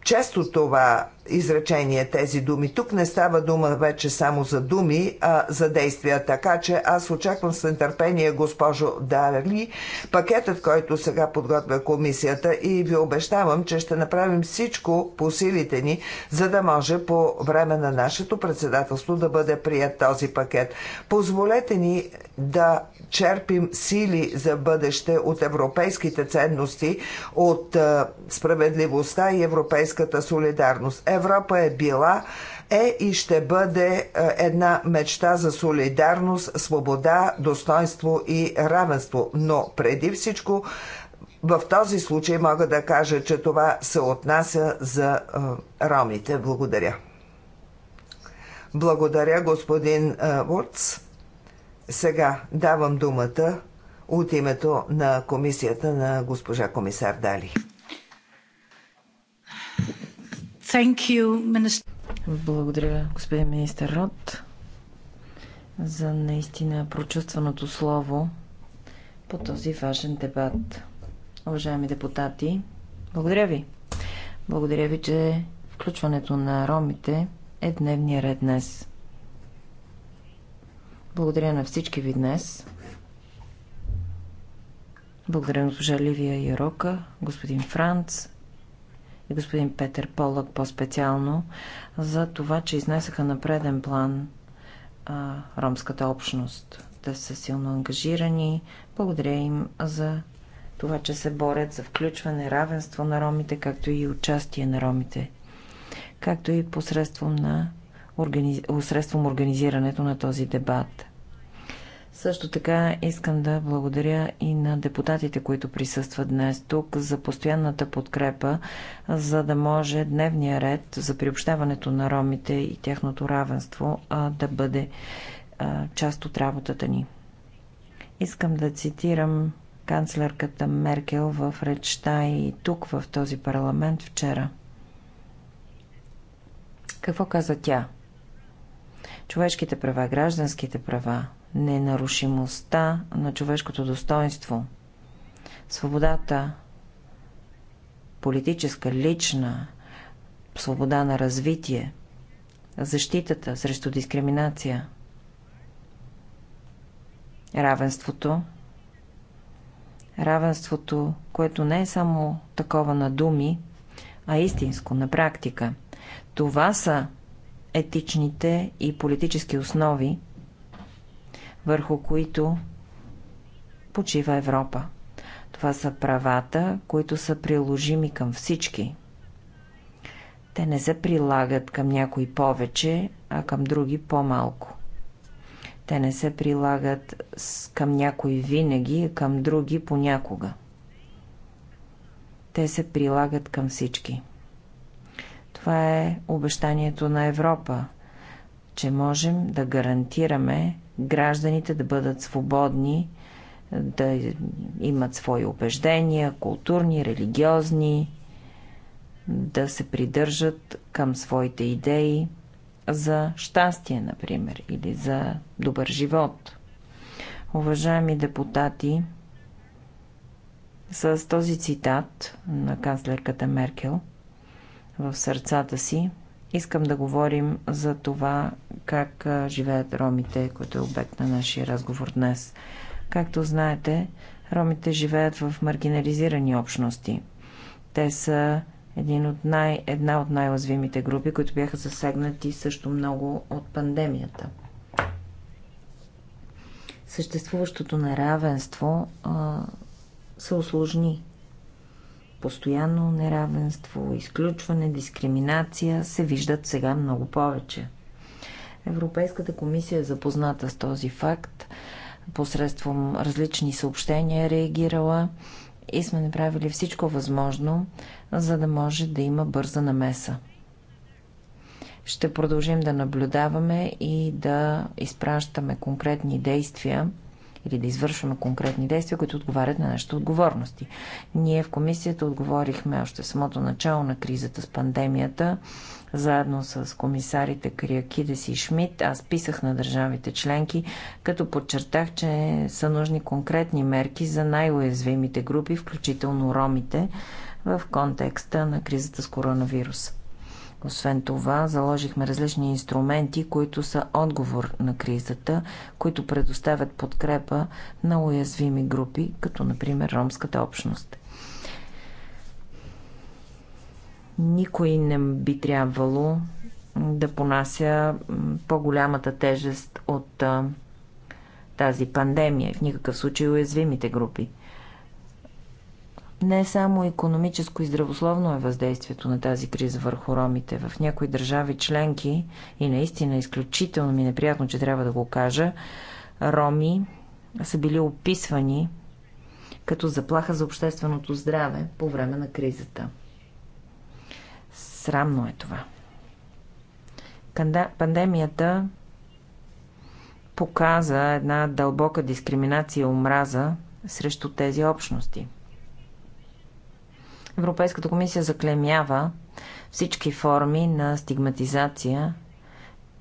често това изречение тези думи. Тук не става дума вече само за думи, а за действия. Така че аз очаквам с нетърпение, госпожо Дарли, пакетът, който сега подготвя комисията и ви обещавам, че ще направим всичко по силите ни, за да може по време на нашето председателство да бъде прият този пакет. Позволете ни да черпим сили за бъдеще от европейските ценности, от справедливостта и европейската солидарност Европа е била, е и ще бъде е, една мечта за солидарност, свобода, достоинство и равенство. Но преди всичко, в този случай мога да кажа, че това се отнася за е, ромите. Благодаря. Благодаря, господин е, Вурц. Сега давам думата от името на комисията на госпожа комисар Дали. You, Благодаря, господин министър Рот, за наистина прочувстваното слово по този важен дебат. Уважаеми депутати, благодаря ви. Благодаря ви, че включването на ромите е дневния ред днес. Благодаря на всички ви днес. Благодаря на госпожа Ливия Ярока, господин Франц, и господин Петър Полък по-специално за това, че изнесаха на преден план а, ромската общност. Те са силно ангажирани. Благодаря им за това, че се борят за включване, равенство на ромите, както и участие на ромите, както и посредством на организ... посредством организирането на този дебат. Също така искам да благодаря и на депутатите, които присъстват днес тук за постоянната подкрепа, за да може дневния ред за приобщаването на ромите и тяхното равенство да бъде част от работата ни. Искам да цитирам канцлерката Меркел в речта и тук в този парламент вчера. Какво каза тя? Човешките права, гражданските права, ненарушимостта на човешкото достоинство. Свободата, политическа, лична, свобода на развитие, защитата срещу дискриминация, равенството, равенството, което не е само такова на думи, а истинско, на практика. Това са етичните и политически основи, върху които почива Европа. Това са правата, които са приложими към всички. Те не се прилагат към някои повече, а към други по-малко. Те не се прилагат към някои винаги, а към други понякога. Те се прилагат към всички. Това е обещанието на Европа, че можем да гарантираме гражданите да бъдат свободни, да имат свои убеждения, културни, религиозни, да се придържат към своите идеи за щастие, например, или за добър живот. Уважаеми депутати, с този цитат на канцлерката Меркел в сърцата си, Искам да говорим за това как живеят ромите, които е обект на нашия разговор днес. Както знаете, ромите живеят в маргинализирани общности. Те са един от най, една от най-уязвимите групи, които бяха засегнати също много от пандемията. Съществуващото неравенство а, се осложни постоянно неравенство, изключване, дискриминация се виждат сега много повече. Европейската комисия е запозната с този факт, посредством различни съобщения е реагирала и сме направили всичко възможно, за да може да има бърза намеса. Ще продължим да наблюдаваме и да изпращаме конкретни действия или да извършваме конкретни действия, които отговарят на нашите отговорности. Ние в комисията отговорихме още в самото начало на кризата с пандемията, заедно с комисарите Криакидес и Шмидт. Аз писах на държавите членки, като подчертах, че са нужни конкретни мерки за най-уязвимите групи, включително ромите, в контекста на кризата с коронавирус. Освен това, заложихме различни инструменти, които са отговор на кризата, които предоставят подкрепа на уязвими групи, като например ромската общност. Никой не би трябвало да понася по-голямата тежест от тази пандемия, в никакъв случай уязвимите групи. Не само економическо и здравословно е въздействието на тази криза върху ромите. В някои държави членки, и наистина е изключително ми неприятно, че трябва да го кажа, роми са били описвани като заплаха за общественото здраве по време на кризата. Срамно е това. Пандемията показа една дълбока дискриминация и омраза срещу тези общности – Европейската комисия заклемява всички форми на стигматизация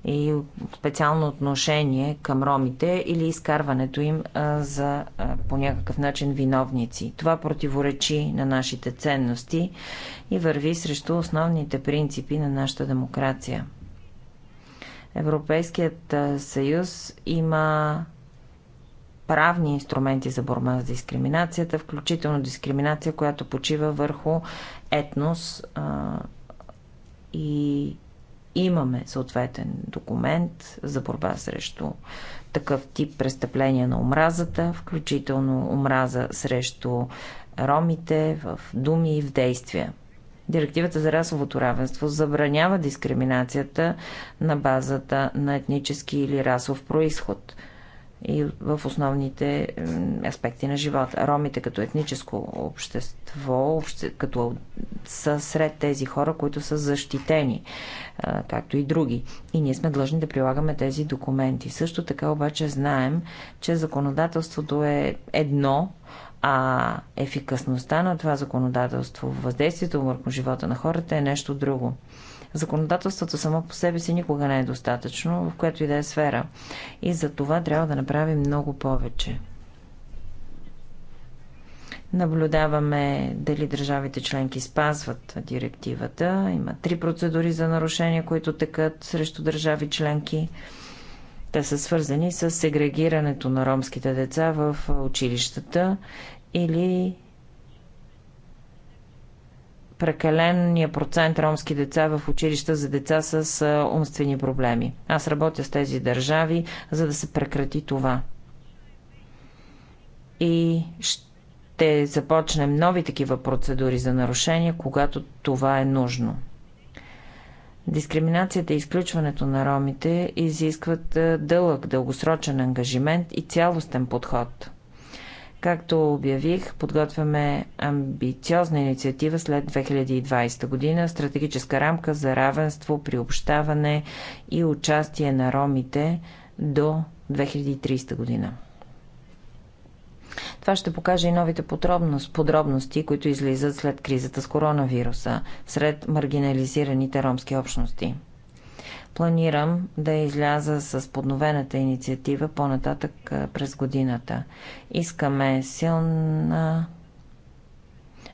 и специално отношение към ромите или изкарването им за по някакъв начин виновници. Това противоречи на нашите ценности и върви срещу основните принципи на нашата демокрация. Европейският съюз има правни инструменти за борба с дискриминацията, включително дискриминация, която почива върху етнос а, и имаме съответен документ за борба срещу такъв тип престъпления на омразата, включително омраза срещу ромите в думи и в действия. Директивата за расовото равенство забранява дискриминацията на базата на етнически или расов происход – и в основните аспекти на живота. Ромите като етническо общество обще, като са сред тези хора, които са защитени, както и други. И ние сме длъжни да прилагаме тези документи. Също така обаче знаем, че законодателството е едно, а ефикасността на това законодателство, въздействието върху живота на хората е нещо друго. Законодателството само по себе си никога не е достатъчно, в което и да е сфера. И за това трябва да направим много повече. Наблюдаваме дали държавите членки спазват директивата. Има три процедури за нарушения, които текат срещу държави членки. Те са свързани с сегрегирането на ромските деца в училищата или прекаления процент ромски деца в училища за деца с умствени проблеми. Аз работя с тези държави, за да се прекрати това. И ще започнем нови такива процедури за нарушения, когато това е нужно. Дискриминацията и изключването на ромите изискват дълъг, дългосрочен ангажимент и цялостен подход – Както обявих, подготвяме амбициозна инициатива след 2020 година, стратегическа рамка за равенство, приобщаване и участие на ромите до 2030 година. Това ще покаже и новите подробности, които излизат след кризата с коронавируса сред маргинализираните ромски общности. Планирам да изляза с подновената инициатива по-нататък през годината. Искаме силна,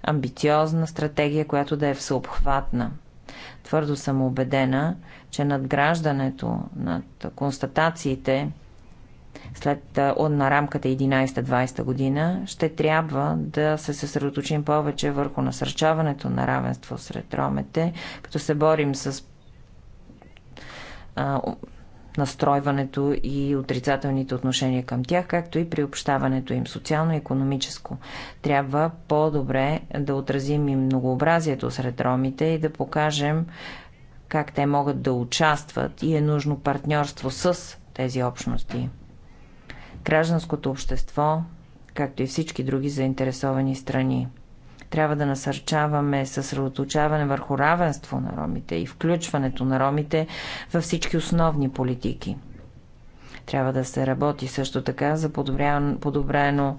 амбициозна стратегия, която да е всеобхватна. Твърдо съм убедена, че надграждането над констатациите след на рамката 11-20 година, ще трябва да се съсредоточим повече върху насърчаването на равенство сред ромете, като се борим с настройването и отрицателните отношения към тях, както и приобщаването им социално-економическо. Трябва по-добре да отразим и многообразието сред ромите и да покажем как те могат да участват и е нужно партньорство с тези общности. Гражданското общество, както и всички други заинтересовани страни. Трябва да насърчаваме съсредоточаване върху равенство на ромите и включването на ромите във всички основни политики. Трябва да се работи също така за подобрено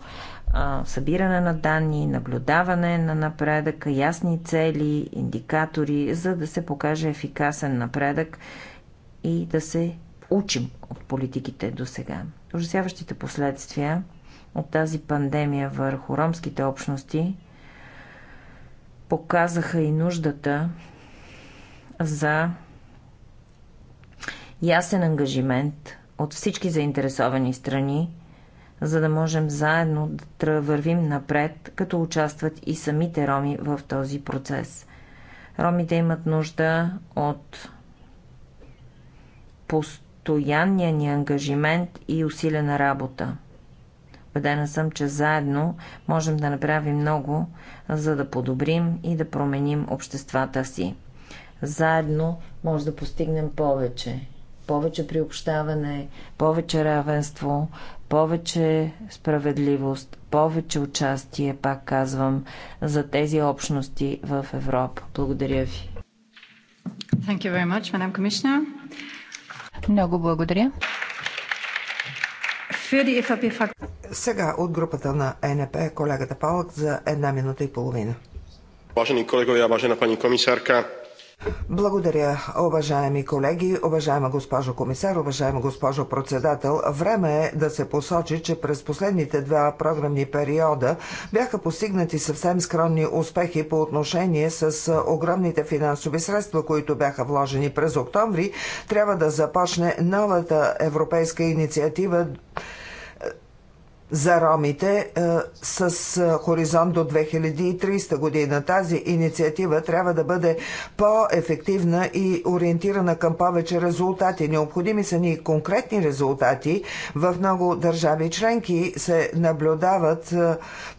събиране на данни, наблюдаване на напредък, ясни цели, индикатори, за да се покаже ефикасен напредък и да се учим от политиките до сега. Ужасяващите последствия от тази пандемия върху ромските общности показаха и нуждата за ясен ангажимент от всички заинтересовани страни, за да можем заедно да вървим напред, като участват и самите роми в този процес. Ромите имат нужда от постоянния ни ангажимент и усилена работа. Убедена съм, че заедно можем да направим много, за да подобрим и да променим обществата си. Заедно може да постигнем повече. Повече приобщаване, повече равенство, повече справедливост, повече участие, пак казвам, за тези общности в Европа. Благодаря ви. Thank you very much, Madam Commissioner. Много благодаря. Сега от групата на НП колегата Палък за една минута и половина. Важени колеги, важена пани комисарка, благодаря, уважаеми колеги, уважаема госпожо комисар, уважаема госпожо председател. Време е да се посочи, че през последните два програмни периода бяха постигнати съвсем скромни успехи по отношение с огромните финансови средства, които бяха вложени през октомври. Трябва да започне новата европейска инициатива за ромите е, с е, хоризонт до 2030 година. Тази инициатива трябва да бъде по-ефективна и ориентирана към повече резултати. Необходими са ни конкретни резултати. В много държави членки се наблюдават е,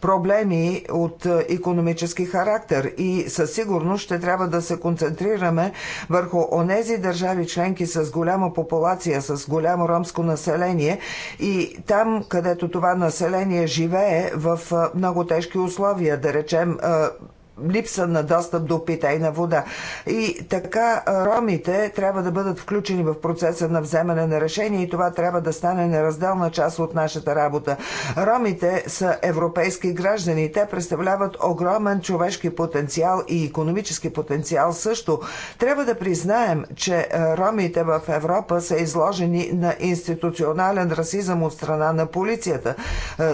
проблеми от економически характер и със сигурност ще трябва да се концентрираме върху онези държави членки с голяма популация, с голямо ромско население и там, където това население живее в много тежки условия, да речем липса на достъп до питейна вода. И така ромите трябва да бъдат включени в процеса на вземане на решение и това трябва да стане неразделна част от нашата работа. Ромите са европейски граждани. Те представляват огромен човешки потенциал и економически потенциал също. Трябва да признаем, че ромите в Европа са изложени на институционален расизъм от страна на полицията.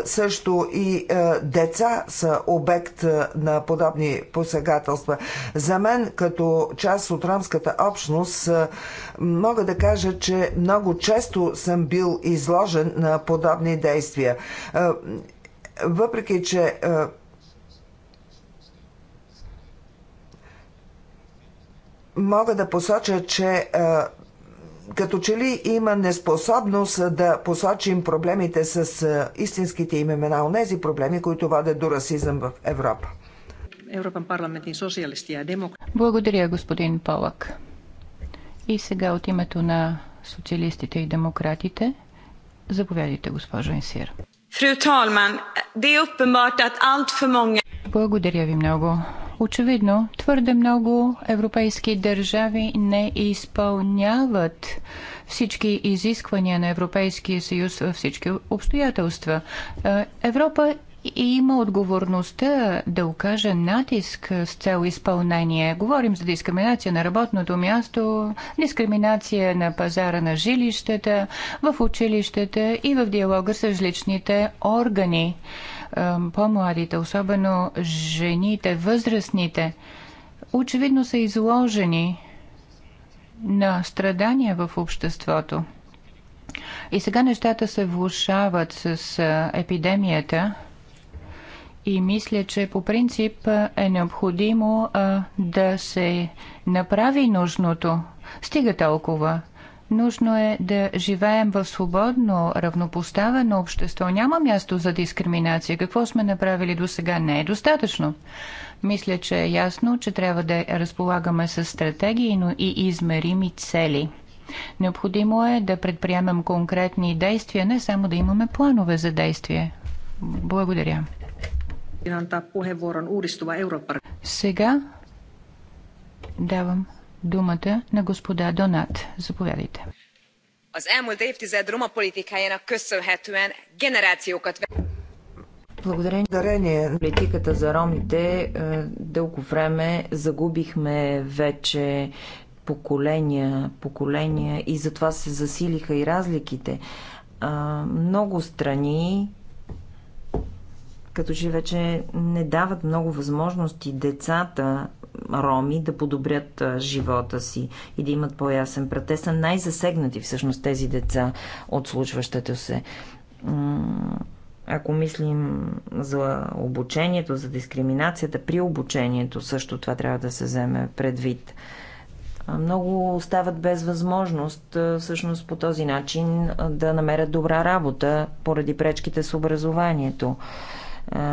Също и деца са обект на подобни посегателства. За мен, като част от рамската общност, мога да кажа, че много често съм бил изложен на подобни действия. Въпреки, че мога да посоча, че като че ли има неспособност да посочим проблемите с истинските им имена, онези проблеми, които водят до расизъм в Европа. Европен и социалисти и демократи. Благодаря, господин Полък. И сега от името на социалистите и демократите, заповядайте, госпожо Инсир. Фру Талман, det är uppenbart att allt för Благодаря ви много. Очевидно, твърде много европейски държави не изпълняват всички изисквания на Европейския съюз във всички обстоятелства. Е, Европа и има отговорността да окаже натиск с цел изпълнение. Говорим за дискриминация на работното място, дискриминация на пазара на жилищата, в училищата и в диалога с различните органи. По-младите, особено жените, възрастните, очевидно са изложени на страдания в обществото. И сега нещата се влушават с епидемията – и мисля, че по принцип е необходимо а, да се направи нужното. Стига толкова. Нужно е да живеем в свободно, равнопоставено общество. Няма място за дискриминация. Какво сме направили до сега не е достатъчно. Мисля, че е ясно, че трябва да разполагаме с стратегии, но и измерими цели. Необходимо е да предприемем конкретни действия, не само да имаме планове за действие. Благодаря. Сега давам думата на господа Донат. Заповядайте. Благодарение, Благодарение на политиката за ромите е, дълго време загубихме вече поколения, поколения и затова се засилиха и разликите. Много страни като че вече не дават много възможности децата роми да подобрят живота си и да имат по-ясен прът. Те са най-засегнати всъщност тези деца от случващото се. Ако мислим за обучението, за дискриминацията при обучението, също това трябва да се вземе предвид. Много остават без възможност всъщност по този начин да намерят добра работа поради пречките с образованието.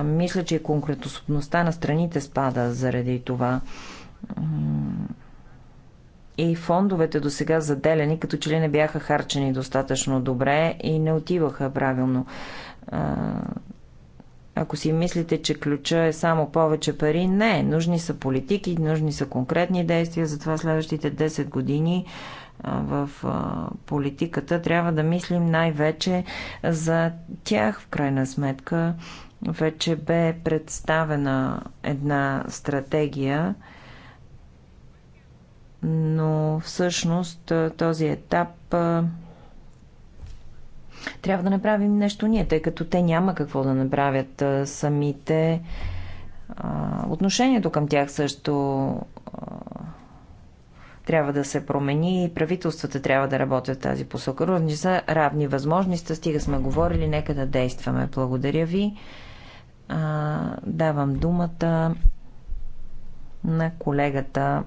Мисля, че конкретоспособността на страните спада заради това и фондовете до сега заделени, като че ли не бяха харчени достатъчно добре и не отиваха правилно. Ако си мислите, че ключа е само повече пари, не. Нужни са политики, нужни са конкретни действия, затова следващите 10 години в политиката трябва да мислим най-вече за тях, в крайна сметка вече бе представена една стратегия, но всъщност този етап трябва да направим нещо ние, тъй като те няма какво да направят самите. Отношението към тях също трябва да се промени и правителствата трябва да работят в тази посока. Равни са равни възможности, стига сме говорили, нека да действаме. Благодаря ви а, давам думата на колегата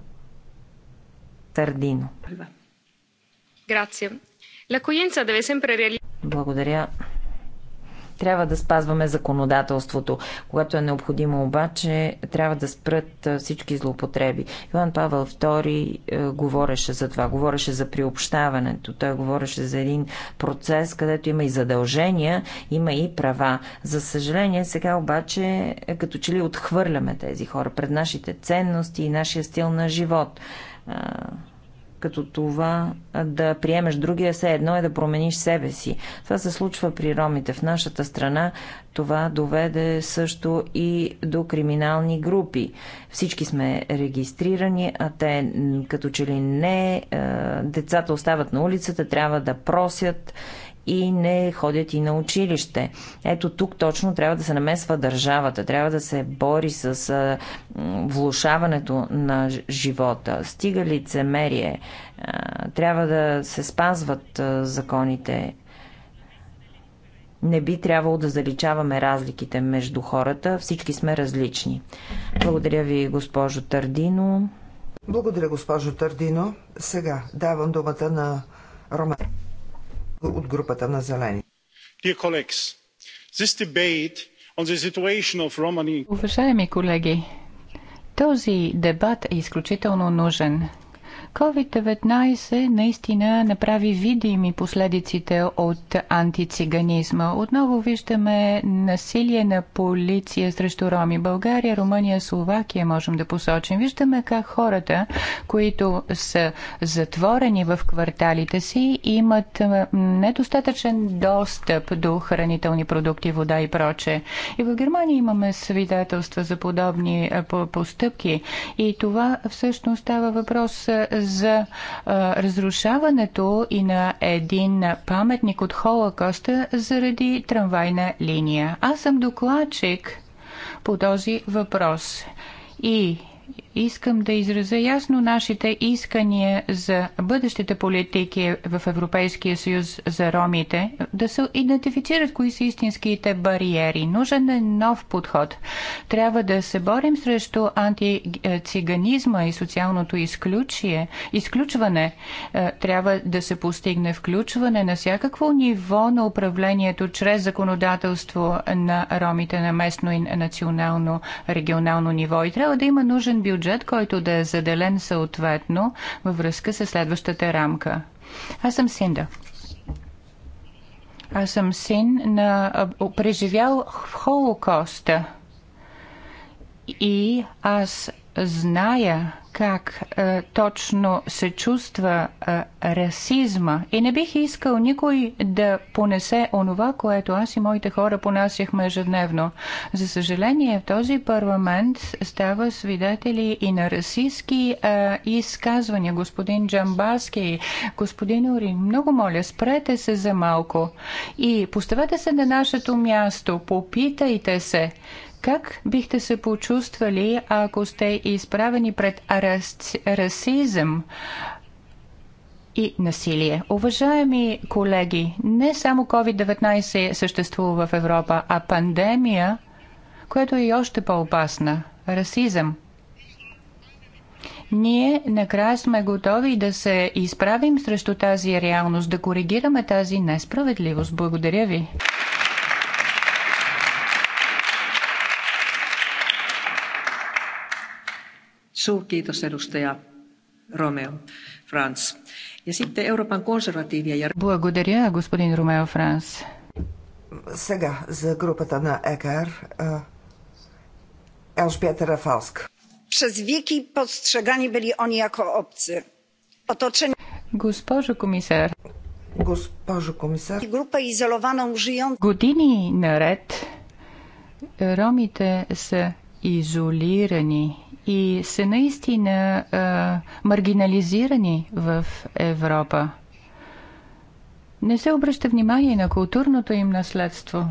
Тардино. Благодаря. Трябва да спазваме законодателството. Когато е необходимо обаче, трябва да спрат всички злоупотреби. Иван Павел II говореше за това, говореше за приобщаването. Той говореше за един процес, където има и задължения, има и права. За съжаление, сега обаче, е, като че ли отхвърляме тези хора пред нашите ценности и нашия стил на живот като това да приемеш другия, все едно е да промениш себе си. Това се случва при ромите в нашата страна. Това доведе също и до криминални групи. Всички сме регистрирани, а те като че ли не, децата остават на улицата, трябва да просят и не ходят и на училище. Ето тук точно трябва да се намесва държавата, трябва да се бори с влушаването на живота. Стига лицемерие, трябва да се спазват законите. Не би трябвало да заличаваме разликите между хората, всички сме различни. Благодаря ви, госпожо Тардино. Благодаря, госпожо Тардино. Сега давам думата на Роман от групата на Зелени. Уважаеми колеги, този дебат е изключително нужен. COVID-19 наистина направи видими последиците от антициганизма. Отново виждаме насилие на полиция срещу роми. България, Румъния, Словакия можем да посочим. Виждаме как хората, които са затворени в кварталите си, имат недостатъчен достъп до хранителни продукти, вода и проче. И в Германия имаме свидетелства за подобни постъпки. И това всъщност става въпрос за а, разрушаването и на един паметник от Холокоста заради трамвайна линия. Аз съм докладчик по този въпрос. И Искам да изразя ясно нашите искания за бъдещите политики в Европейския съюз за ромите, да се идентифицират кои са истинските бариери. Нужен е нов подход. Трябва да се борим срещу антициганизма и социалното изключие, изключване. Е, трябва да се постигне включване на всякакво ниво на управлението чрез законодателство на ромите на местно и национално, регионално ниво. И трябва да има нужен бюджет бюджет, който да е заделен съответно във връзка с следващата рамка. Аз съм Синда. Аз съм син на преживял Холокоста. И аз зная как е, точно се чувства е, расизма и не бих искал никой да понесе онова, което аз и моите хора понасяхме ежедневно. За съжаление, в този парламент става свидетели и на расистски е, изказвания. Господин Джамбаски, господин Орин, много моля, спрете се за малко и поставете се на нашето място, попитайте се как бихте се почувствали, ако сте изправени пред рас... расизъм? и насилие. Уважаеми колеги, не само COVID-19 съществува в Европа, а пандемия, която е и още по-опасна – расизъм. Ние накрая сме готови да се изправим срещу тази реалност, да коригираме тази несправедливост. Благодаря ви. Благодаря, господин Ромео Франс. Сега за групата на ЕКР Elżbieta е, Рафалск. Przez wieki postrzegani byli oni jako obcy. Otoczeni... Госпожо комисар. Госпожо комисар. Група изолованą żyjącą. Години наред ромите са изолирани и са наистина а, маргинализирани в Европа. Не се обръща внимание на културното им наследство.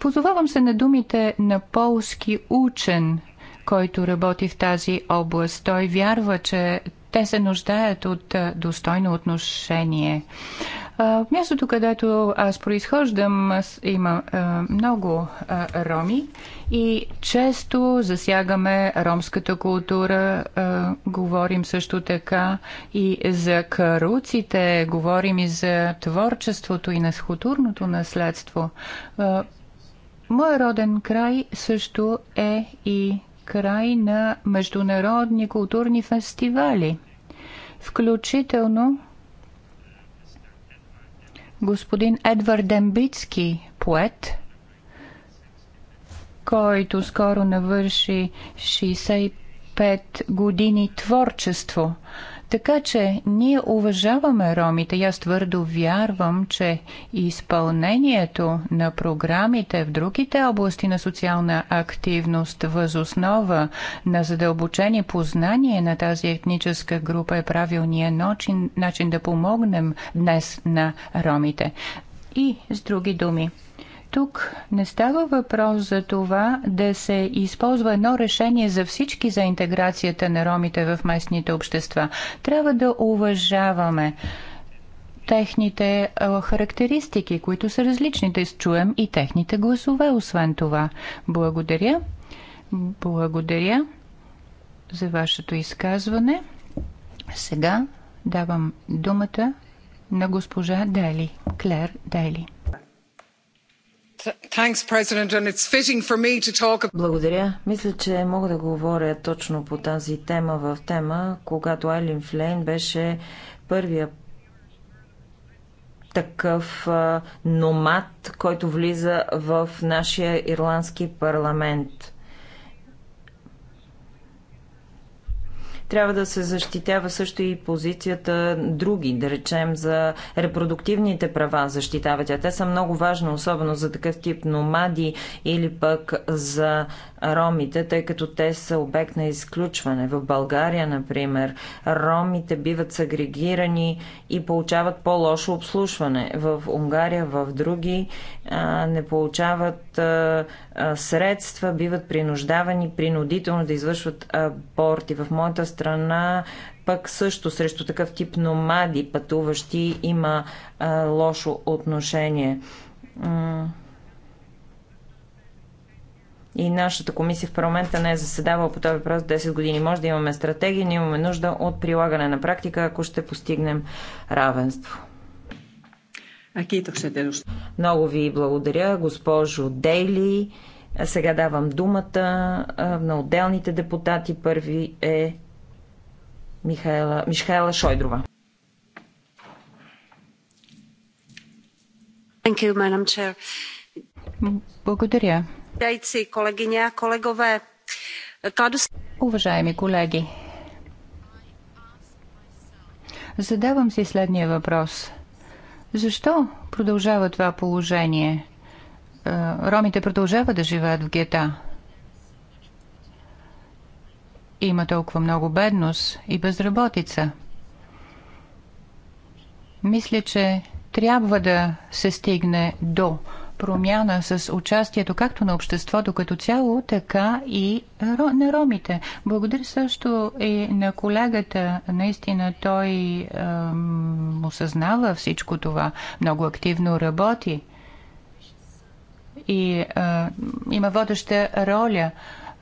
позовавам се на думите на полски учен, който работи в тази област. Той вярва, че те се нуждаят от достойно отношение. Мястото, където аз произхождам, има много роми и често засягаме ромската култура. Говорим също така и за каруците, говорим и за творчеството и на културното наследство. Моя роден край също е и край на международни културни фестивали. Включително господин Едвард Дембицки, поет, който скоро навърши 65 години творчество – така че ние уважаваме ромите и аз твърдо вярвам, че изпълнението на програмите в другите области на социална активност възоснова на задълбочени познание на тази етническа група е правилният начин, начин да помогнем днес на ромите. И с други думи – тук не става въпрос за това да се използва едно решение за всички за интеграцията на ромите в местните общества. Трябва да уважаваме техните характеристики, които са различни, да изчуем и техните гласове, освен това. Благодаря. Благодаря за вашето изказване. Сега давам думата на госпожа Дели, Клер Дели. Благодаря. Мисля, че мога да говоря точно по тази тема в тема, когато Айлин Флейн беше първия такъв номад, който влиза в нашия ирландски парламент. Трябва да се защитява също и позицията други, да речем за репродуктивните права защитава тя. Те са много важни, особено за такъв тип номади или пък за ромите, тъй като те са обект на изключване. В България, например, ромите биват сегрегирани и получават по-лошо обслужване. В Унгария, в други не получават средства, биват принуждавани принудително да извършват аборти. В моята страна пък също срещу такъв тип номади, пътуващи, има лошо отношение. И нашата комисия в парламента не е заседавала по този въпрос 10 години. Може да имаме стратегии, но имаме нужда от прилагане на практика, ако ще постигнем равенство. Много ви благодаря, госпожо Дейли. Сега давам думата на отделните депутати. Първи е Михайла, Мишхайла Шойдрова. You, благодаря. Уважаеми колеги, задавам си следния въпрос – защо продължава това положение? Е, ромите продължават да живеят в гета. Има толкова много бедност и безработица. Мисля, че трябва да се стигне до промяна с участието както на обществото като цяло, така и на ромите. Благодаря също и на колегата. Наистина той ем, осъзнава всичко това. Много активно работи и е, има водеща роля.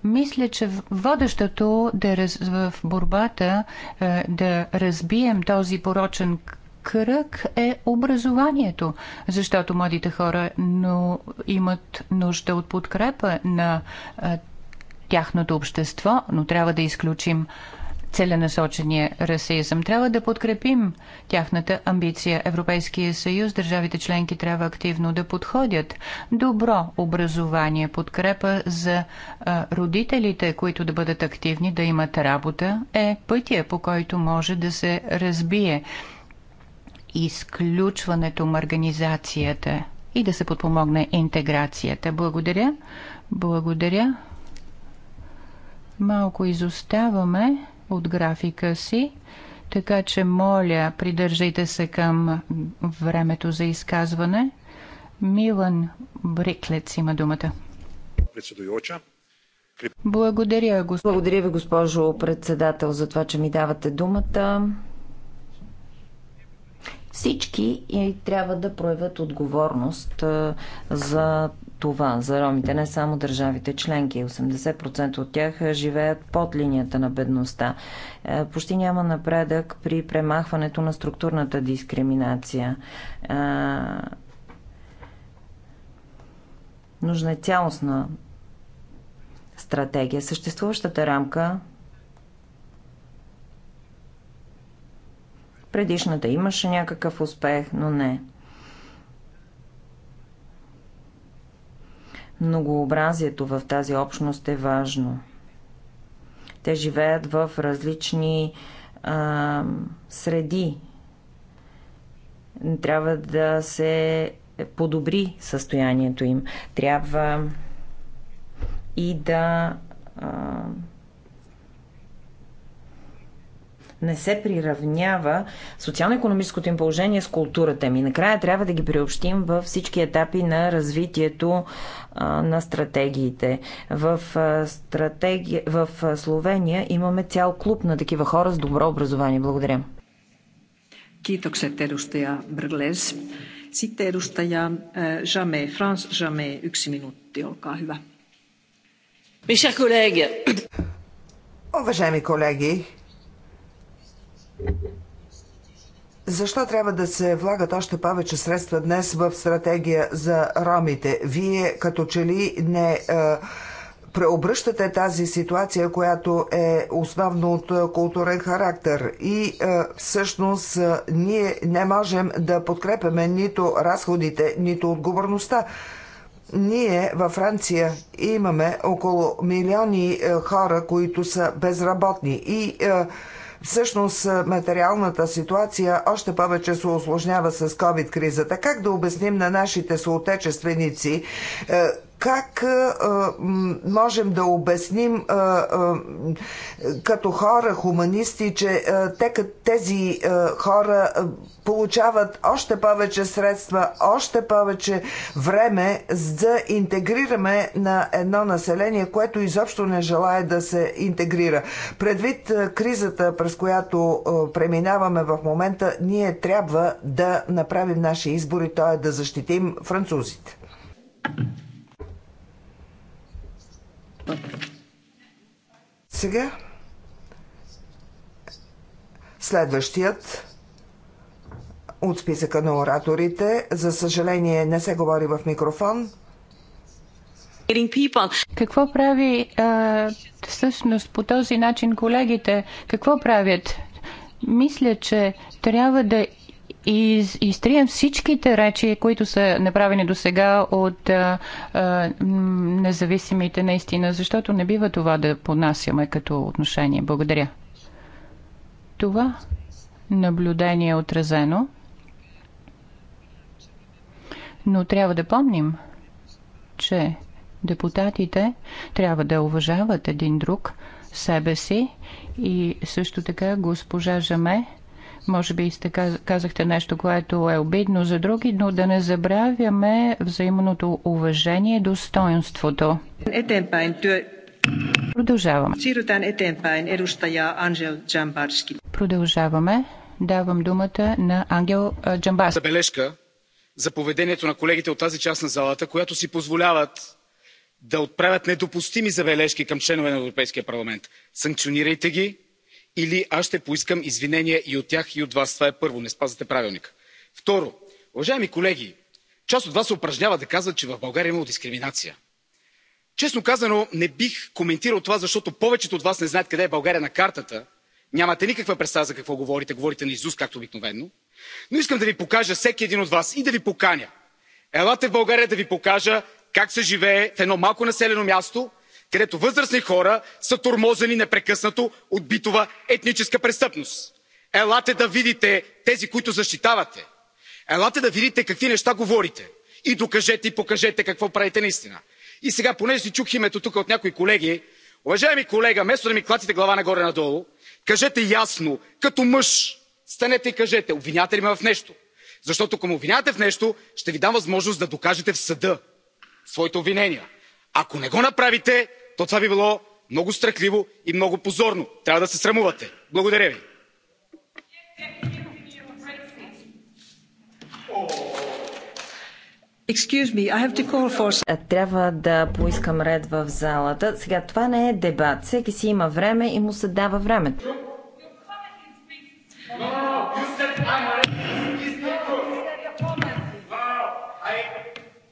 Мисля, че водещото да раз, в борбата е, да разбием този порочен кръг е образованието, защото младите хора но имат нужда от подкрепа на а, тяхното общество, но трябва да изключим целенасочения расизъм. Трябва да подкрепим тяхната амбиция. Европейския съюз, държавите членки трябва активно да подходят. Добро образование, подкрепа за а, родителите, които да бъдат активни, да имат работа, е пътя, по който може да се разбие изключването на организацията и да се подпомогне интеграцията. Благодаря. Благодаря. Малко изоставаме от графика си, така че моля, придържайте се към времето за изказване. Милан Бриклец има думата. Благодаря, госп... Благодаря ви, госпожо председател, за това, че ми давате думата. Всички и трябва да проявят отговорност за това, за ромите, не само държавите членки. 80% от тях живеят под линията на бедността. Почти няма напредък при премахването на структурната дискриминация. Нужна е цялостна стратегия. Съществуващата рамка Предишната имаше някакъв успех, но не. Многообразието в тази общност е важно. Те живеят в различни а, среди. Трябва да се подобри състоянието им. Трябва и да а, не се приравнява социално-економическото им положение с културата ми. Накрая трябва да ги приобщим във всички етапи на развитието на стратегиите. В, стратеги... в Словения имаме цял клуб на такива хора с добро образование. Благодаря. Kiitokset edustaja Brles. Жаме edustaja е, Jamet, France Jamet, yksi minuutti, olkaa hyvä. Уважаеми колеги, защо трябва да се влагат още повече средства днес в стратегия за ромите? Вие като че ли не е, преобръщате тази ситуация, която е основно от културен характер. И е, всъщност е, ние не можем да подкрепяме нито разходите, нито отговорността. Ние във Франция имаме около милиони е, хора, които са безработни. И е, Всъщност е, материалната ситуация още повече се осложнява с COVID-кризата. Как да обясним на нашите съотечественици е, как а, можем да обясним а, а, като хора, хуманисти, че а, те, тези а, хора а, получават още повече средства, още повече време за интегрираме на едно население, което изобщо не желая да се интегрира. Предвид а, кризата, през която а, преминаваме в момента, ние трябва да направим нашия избор и то е да защитим французите. Thank you. Сега следващият от списъка на ораторите. За съжаление не се говори в микрофон. Какво прави а, всъщност по този начин колегите? Какво правят? Мисля, че трябва да и изтрием всичките речи, които са направени до сега от а, а, независимите наистина, защото не бива това да поднасяме като отношение. Благодаря. Това наблюдение е отразено, но трябва да помним, че депутатите трябва да уважават един друг, себе си и също така госпожа Жаме може би сте казахте нещо, което е обидно за други, но да не забравяме взаимното уважение и достоинството. Продължаваме. Продължаваме. Давам думата на Ангел Джамбарски. Забележка за поведението на колегите от тази част на залата, която си позволяват да отправят недопустими забележки към членове на Европейския парламент. Санкционирайте ги, или аз ще поискам извинение и от тях, и от вас. Това е първо, не спазвате правилника. Второ, уважаеми колеги, част от вас се упражнява да казват, че в България имало дискриминация. Честно казано, не бих коментирал това, защото повечето от вас не знаят къде е България на картата. Нямате никаква представа за какво говорите. Говорите на Изус, както обикновено. Но искам да ви покажа всеки един от вас и да ви поканя. Елате в България да ви покажа как се живее в едно малко населено място, където възрастни хора са тормозени непрекъснато от битова етническа престъпност. елате да видите тези които защитавате. елате да видите какви неща говорите и докажете и покажете какво правите наистина. и сега понеже си чух името тук от някои колеги уважаеми колега вместо да ми клатите глава нагоре надолу кажете ясно като мъж станете и кажете обвинявате ли ме в нещо? защото ако ме обвинявате в нещо ще ви дам възможност да докажете в съда своите обвинения ако не го направите то това би било много страхливо и много позорно. трябва да се срамувате. благодаря ви. Е, трябва да поискам ред в залата. Сега това не е дебат. Всеки си има време и му се дава времето.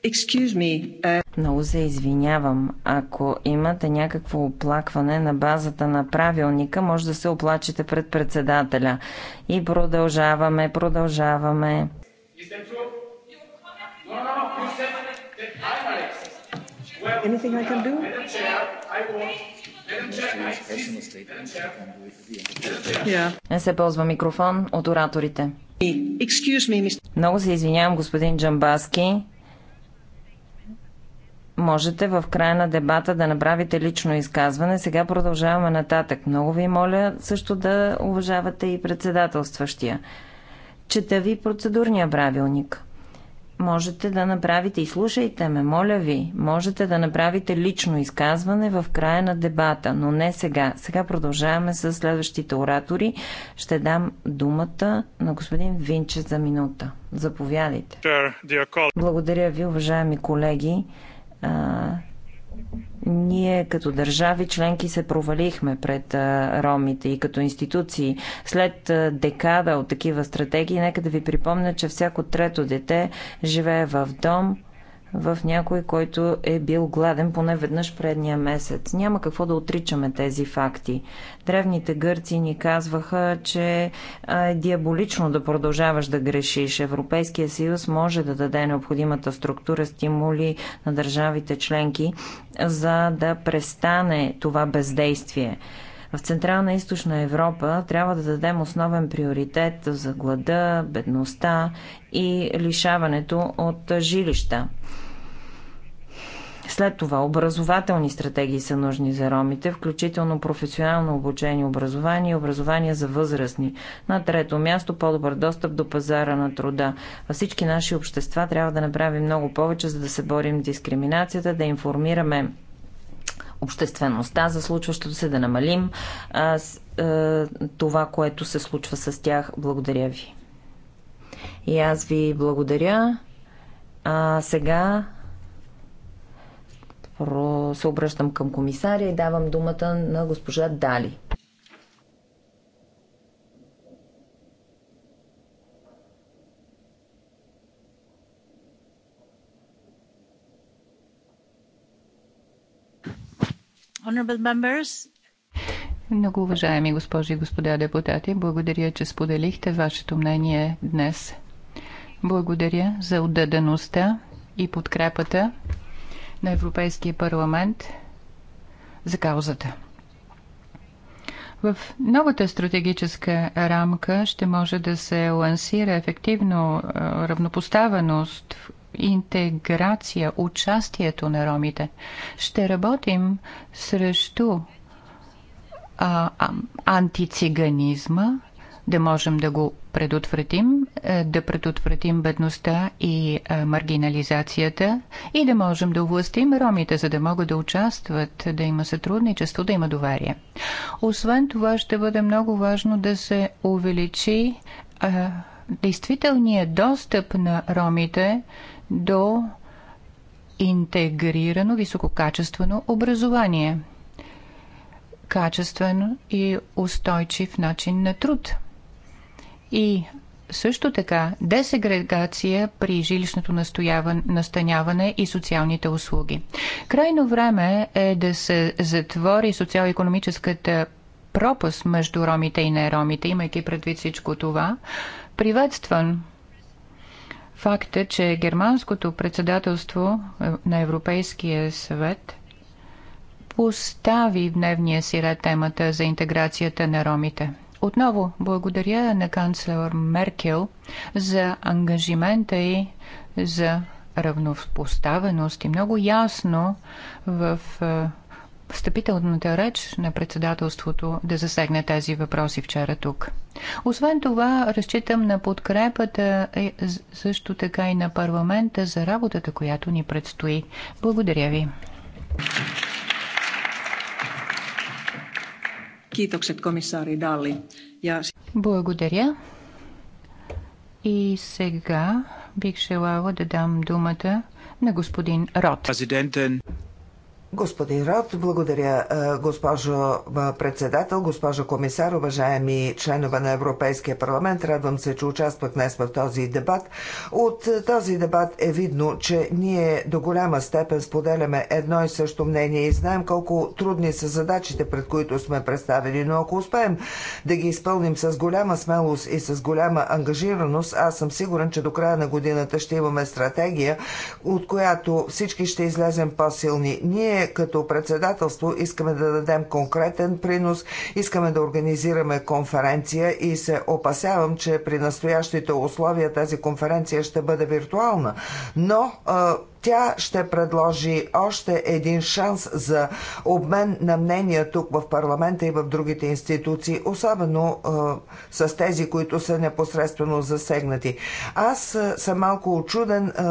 Me, uh, Много се извинявам. Ако имате някакво оплакване на базата на правилника, може да се оплачете пред председателя. И продължаваме, продължаваме. Не се ползва микрофон от ораторите. Много се извинявам, господин Джамбаски можете в края на дебата да направите лично изказване. Сега продължаваме нататък. Много ви моля също да уважавате и председателстващия. Чета ви процедурния правилник. Можете да направите, и слушайте ме, моля ви, можете да направите лично изказване в края на дебата, но не сега. Сега продължаваме с следващите оратори. Ще дам думата на господин Винче за минута. Заповядайте. Благодаря ви, уважаеми колеги а, ние като държави членки се провалихме пред а, ромите и като институции. След а, декада от такива стратегии, нека да ви припомня, че всяко трето дете живее в дом, в някой, който е бил гладен поне веднъж предния месец. Няма какво да отричаме тези факти. Древните гърци ни казваха, че е диаболично да продължаваш да грешиш. Европейския съюз може да даде необходимата структура, стимули на държавите членки, за да престане това бездействие. В Централна и Източна Европа трябва да дадем основен приоритет за глада, бедността и лишаването от жилища. След това образователни стратегии са нужни за ромите, включително професионално обучение, образование и образование за възрастни. На трето място по-добър достъп до пазара на труда. Във всички наши общества трябва да направим много повече, за да се борим дискриминацията, да информираме обществеността за случващото се, да намалим а, с, а, това, което се случва с тях. Благодаря ви. И аз ви благодаря. А сега се обръщам към комисаря и давам думата на госпожа Дали. Много уважаеми госпожи и господа депутати, благодаря, че споделихте вашето мнение днес. Благодаря за отдадеността и подкрепата на Европейския парламент за каузата. В новата стратегическа рамка ще може да се лансира ефективно е, равнопоставеност, интеграция, участието на ромите. Ще работим срещу а, а, антициганизма да можем да го предотвратим, е, да предотвратим бедността и е, маргинализацията и да можем да овластим ромите, за да могат да участват, да има сътрудничество, да има доверие. Освен това ще бъде много важно да се увеличи е, действителният достъп на ромите до интегрирано висококачествено образование, качествен и устойчив начин на труд – и също така десегрегация при жилищното настаняване и социалните услуги. Крайно време е да се затвори социално-економическата пропаст между ромите и неромите, имайки предвид всичко това. Приветствам факта, че германското председателство е, на Европейския съвет постави в дневния си ред темата за интеграцията на ромите – отново благодаря на канцлер Меркел за ангажимента и за равнопоставеност и много ясно в е, встъпителната реч на председателството да засегне тези въпроси вчера тук. Освен това, разчитам на подкрепата също така и на парламента за работата, която ни предстои. Благодаря ви. Kiitokset комисари Дали. Благодаря. И сега бих желала да дам думата на господин Рот. Президентен. Господин Рот, благодаря, госпожо председател, госпожо комисар, уважаеми членове на Европейския парламент. Радвам се, че участвах днес в този дебат. От този дебат е видно, че ние до голяма степен споделяме едно и също мнение и знаем колко трудни са задачите, пред които сме представени. Но ако успеем да ги изпълним с голяма смелост и с голяма ангажираност, аз съм сигурен, че до края на годината ще имаме стратегия, от която всички ще излезем по-силни. Ние като председателство искаме да дадем конкретен принос, искаме да организираме конференция и се опасявам, че при настоящите условия тази конференция ще бъде виртуална. Но тя ще предложи още един шанс за обмен на мнения тук в парламента и в другите институции, особено е, с тези, които са непосредствено засегнати. Аз е, съм малко очуден е,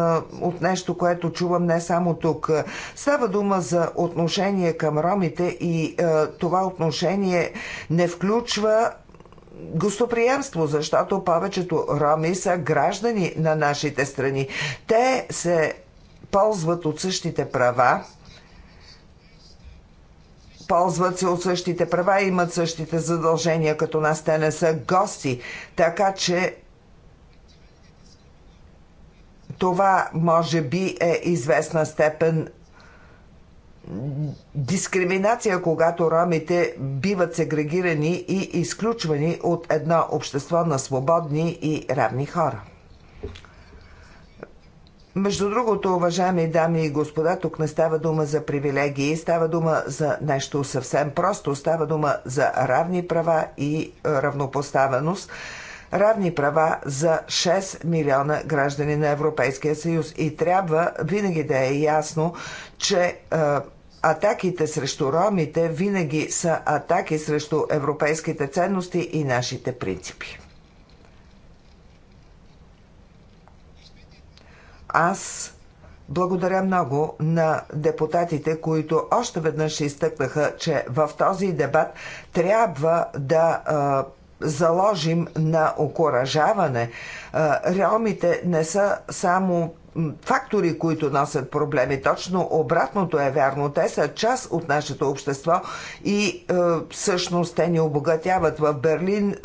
от нещо, което чувам не само тук. Става дума за отношение към ромите и е, това отношение не включва гостоприемство, защото повечето роми са граждани на нашите страни. Те се ползват от същите права, ползват се от същите права, имат същите задължения като нас, те не са гости, така че това може би е известна степен дискриминация, когато ромите биват сегрегирани и изключвани от едно общество на свободни и равни хора. Между другото, уважаеми дами и господа, тук не става дума за привилегии, става дума за нещо съвсем просто. Става дума за равни права и е, равнопоставеност. Равни права за 6 милиона граждани на Европейския съюз. И трябва винаги да е ясно, че е, атаките срещу ромите винаги са атаки срещу европейските ценности и нашите принципи. Аз благодаря много на депутатите, които още веднъж изтъкнаха, че в този дебат трябва да заложим на окоръжаване. Ромите не са само фактори, които носят проблеми. Точно обратното е вярно. Те са част от нашето общество и е, всъщност те ни обогатяват. В Берлин е,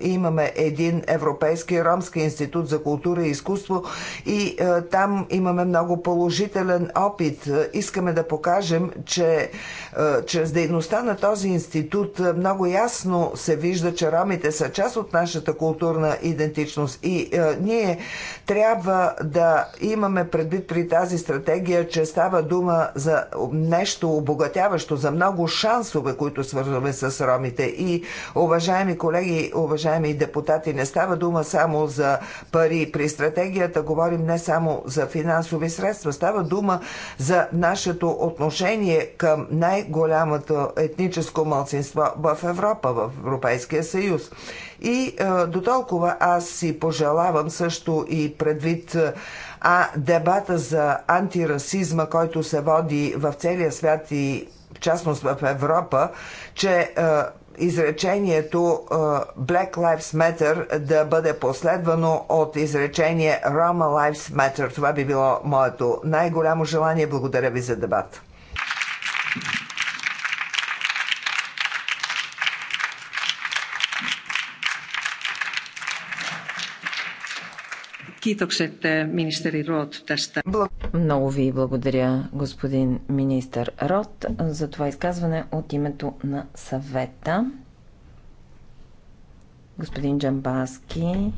имаме един Европейски ромски институт за култура и изкуство и е, там имаме много положителен опит. Искаме да покажем, че е, чрез дейността на този институт е, много ясно се вижда, че ромите са част от нашата културна идентичност и е, ние трябва да имаме предвид при тази стратегия, че става дума за нещо обогатяващо, за много шансове, които свързваме с ромите. И, уважаеми колеги, уважаеми депутати, не става дума само за пари. При стратегията говорим не само за финансови средства, става дума за нашето отношение към най-голямото етническо мълцинство в Европа, в Европейския съюз. И е, до толкова аз си пожелавам също и предвид е, а дебата за антирасизма, който се води в целия свят и в частност в Европа, че е, изречението е, Black Lives Matter да бъде последвано от изречение Roma Lives Matter. Това би било моето най-голямо желание. Благодаря ви за дебата. Eh, Много ви благодаря, господин министър Рот, за това изказване от името на съвета. Господин Джамбаски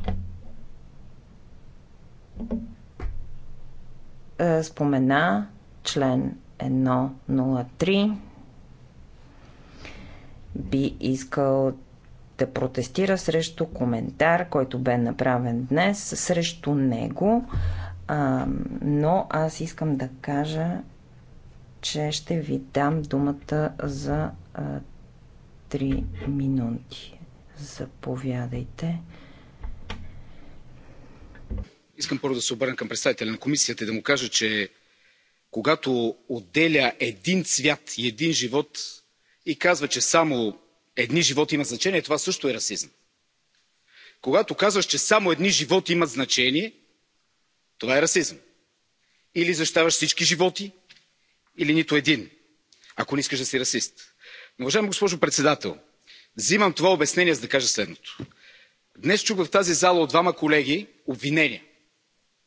е, спомена член 103 би искал ще протестира срещу коментар, който бе направен днес, срещу него. А, но аз искам да кажа, че ще ви дам думата за а, 3 минути. Заповядайте. Искам първо да се обърна към представителя на комисията и да му кажа, че когато отделя един цвят и един живот и казва, че само едни животи имат значение това също е расизъм. Когато казваш, че само едни животи имат значение, това е расизъм. Или защитаваш всички животи, или нито един, ако не искаш да си расист. Но, уважаема госпожо председател, взимам това обяснение, за да кажа следното. Днес чух в тази зала от двама колеги обвинения.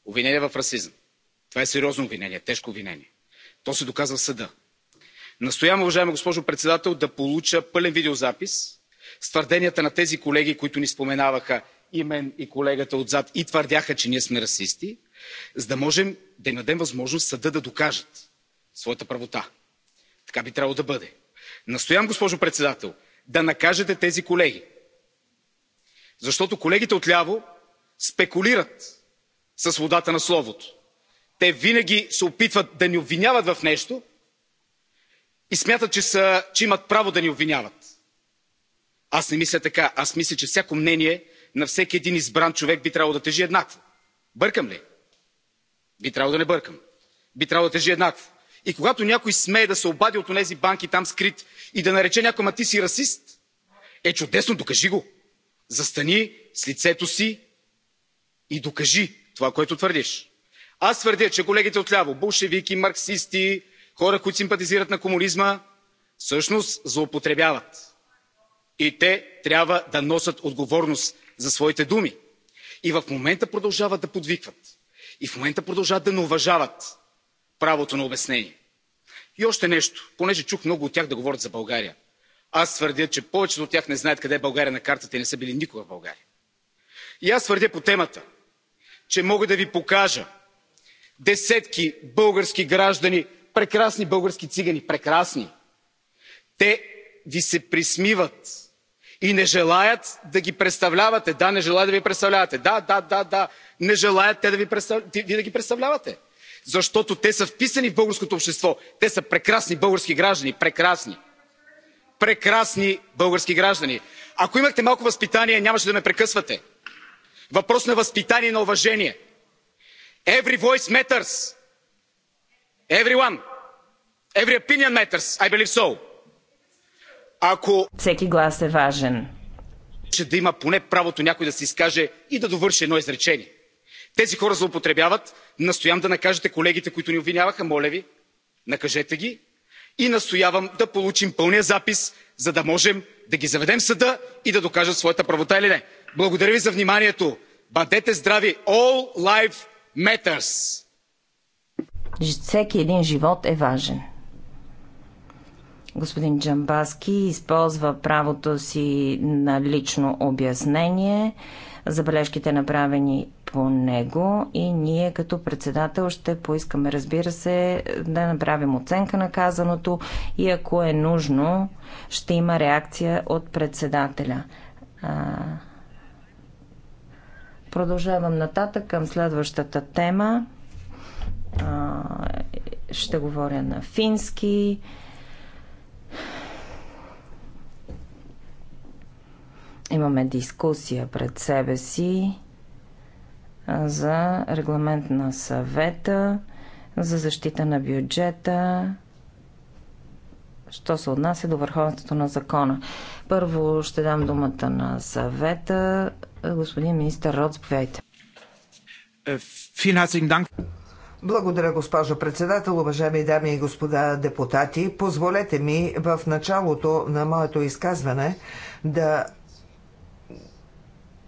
Обвинения в расизъм. Това е сериозно обвинение, тежко обвинение. То се доказва в съда настоявам уважаема госпожо председател да получа пълен видеозапис с твърденията на тези колеги които ни споменаваха и мен и колегата отзад и твърдяха че ние сме расисти за да можем да им дадем възможност съдът да докажат своята правота. така би трябвало да бъде. настоявам госпожо председател да накажете тези колеги защото колегите отляво спекулират със свободата на словото. те винаги се опитват да ни обвиняват в нещо и смятат, че, са, че имат право да ни обвиняват. Аз не мисля така. Аз мисля, че всяко мнение на всеки един избран човек би трябвало да тежи еднакво. Бъркам ли? Би трябвало да не бъркам. Би трябвало да тежи еднакво. И когато някой смее да се обади от тези банки там скрит и да нарече някой, ма ти си расист, е чудесно, докажи го. Застани с лицето си и докажи това, което твърдиш. Аз твърдя, че колегите отляво, болшевики, марксисти, хора които симпатизират на комунизма всъщност злоупотребяват и те трябва да носят отговорност за своите думи. и в момента продължават да подвикват и в момента продължават да не уважават правото на обяснение. и още нещо понеже чух много от тях да говорят за българя аз твърдя че повечето от тях не знаят къде е българя на картата и не са били никога в българя. и аз твърдя по темата че мога да ви покажа десетки български граждани прекрасни български цигани. прекрасни! те ви се присмиват и не желаят да ги представлявате. да не желаят да ви представлявате. да да да да не желаят те вие да ги представлявате защото те са вписани в българското общество. те са прекрасни български граждани. прекрасни! прекрасни български граждани! ако имахте малко възпитание нямаше да ме прекъсвате. въпрос на възпитание и на уважение. every voice matters. Everyone, every opinion matters, I believe so. Ако... Всеки глас е важен. Ще да има поне правото някой да се изкаже и да довърши едно изречение. Тези хора злоупотребяват. Настоявам да накажете колегите, които ни обвиняваха, моля ви. Накажете ги. И настоявам да получим пълния запис, за да можем да ги заведем в съда и да докажат своята правота или не. Благодаря ви за вниманието. Бъдете здрави. All life matters. Всеки един живот е важен. Господин Джамбаски използва правото си на лично обяснение, забележките направени по него и ние като председател ще поискаме, разбира се, да направим оценка на казаното и ако е нужно, ще има реакция от председателя. Продължавам нататък към следващата тема ще говоря на фински. Имаме дискусия пред себе си за регламент на съвета, за защита на бюджета, що се отнася до върховенството на закона. Първо ще дам думата на съвета. Господин министър Род, заповядайте. Vielen е, herzlichen благодаря, госпожо председател, уважаеми дами и господа депутати. Позволете ми в началото на моето изказване да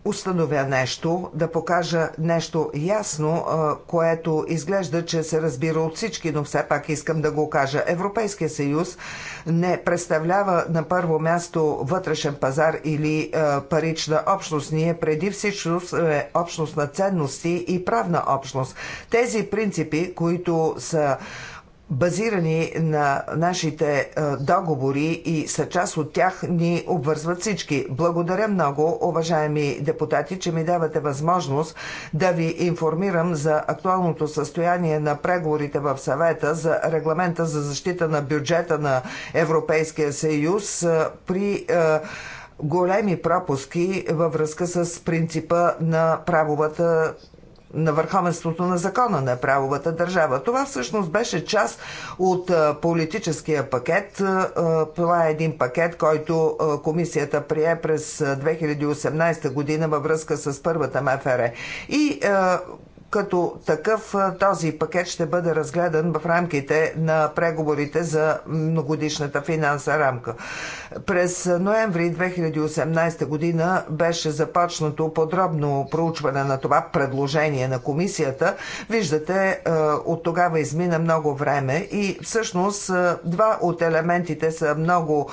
установя нещо, да покажа нещо ясно, което изглежда, че се разбира от всички, но все пак искам да го кажа. Европейския съюз не представлява на първо място вътрешен пазар или парична общност. Ние преди всичко сме общност на ценности и правна общност. Тези принципи, които са базирани на нашите е, договори и са част от тях, ни обвързват всички. Благодаря много, уважаеми депутати, че ми давате възможност да ви информирам за актуалното състояние на преговорите в съвета за регламента за защита на бюджета на Европейския съюз е, при е, големи пропуски във връзка с принципа на правовата на върховенството на закона на правовата държава. Това всъщност беше част от политическия пакет. Това е един пакет, който комисията прие през 2018 година във връзка с първата МФР. И като такъв този пакет ще бъде разгледан в рамките на преговорите за многодишната финанса рамка. През ноември 2018 година беше започнато подробно проучване на това предложение на комисията. Виждате, от тогава измина много време и всъщност два от елементите са много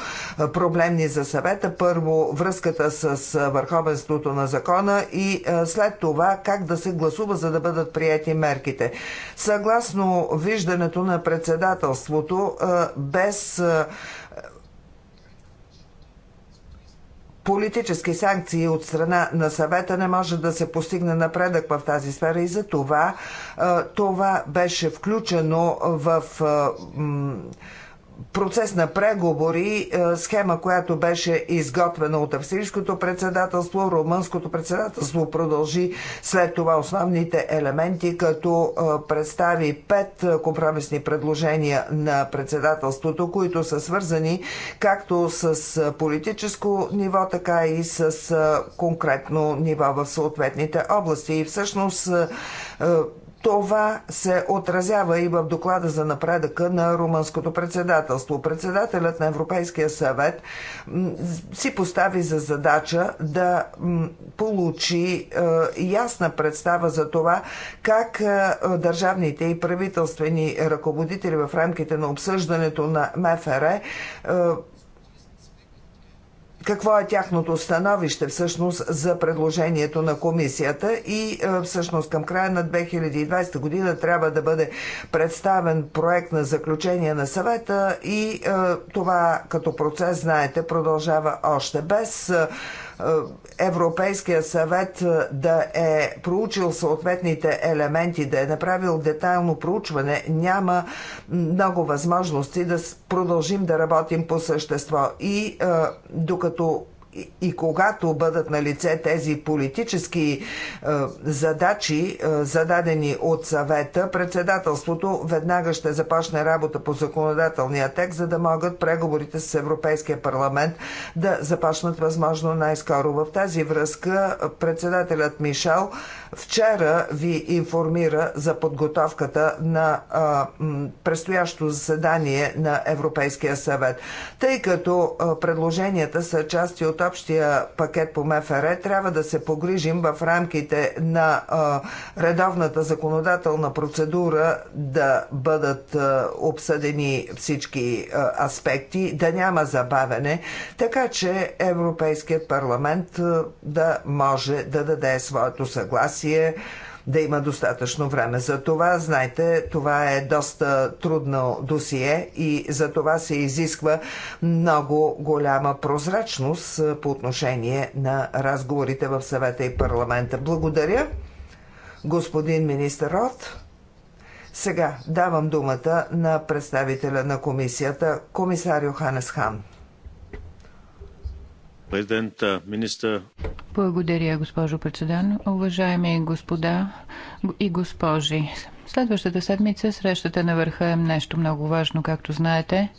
проблемни за съвета. Първо, връзката с върховенството на закона и след това как да се гласува, за да бъде бъдат приети мерките. Съгласно виждането на председателството, без политически санкции от страна на съвета не може да се постигне напредък в тази сфера и за това това беше включено в процес на преговори, е, схема, която беше изготвена от австрийското председателство, румънското председателство продължи след това основните елементи, като е, представи пет е, компромисни предложения на председателството, които са свързани както с политическо ниво, така и с конкретно ниво в съответните области. И всъщност това се отразява и в доклада за напредъка на румънското председателство. Председателят на Европейския съвет си постави за задача да получи е, ясна представа за това как е, държавните и правителствени ръководители в рамките на обсъждането на МФР е, какво е тяхното становище всъщност за предложението на комисията и е, всъщност към края на 2020 година трябва да бъде представен проект на заключение на съвета и е, това като процес, знаете, продължава още без е, Европейския съвет е, да е проучил съответните елементи, да е направил детайлно проучване, няма много възможности да продължим да работим по същество. И е, докато и когато бъдат на лице тези политически е, задачи, е, зададени от съвета, председателството веднага ще започне работа по законодателния текст, за да могат преговорите с Европейския парламент да започнат възможно най-скоро. В тази връзка председателят Мишел вчера ви информира за подготовката на е, предстоящо заседание на Европейския съвет. Тъй като е, предложенията са части от общия пакет по МФР, трябва да се погрижим в рамките на редовната законодателна процедура да бъдат обсъдени всички аспекти, да няма забавене, така че Европейският парламент да може да даде своето съгласие да има достатъчно време. За това, знаете, това е доста трудно досие и за това се изисква много голяма прозрачност по отношение на разговорите в съвета и парламента. Благодаря, господин министър Рот. Сега давам думата на представителя на комисията, комисар Йоханес Хан. Благодаря, госпожо председател. Уважаеми господа и госпожи, следващата седмица срещата на върха е нещо много важно, както знаете,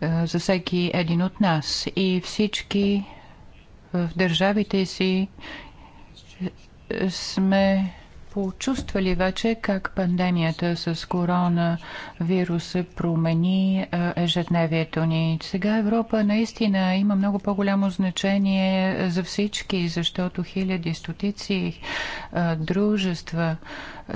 е, за всеки един от нас и всички в държавите си е, сме почувствали вече как пандемията с коронавируса промени ежедневието ни. Сега Европа наистина има много по-голямо значение за всички, защото хиляди, стотици дружества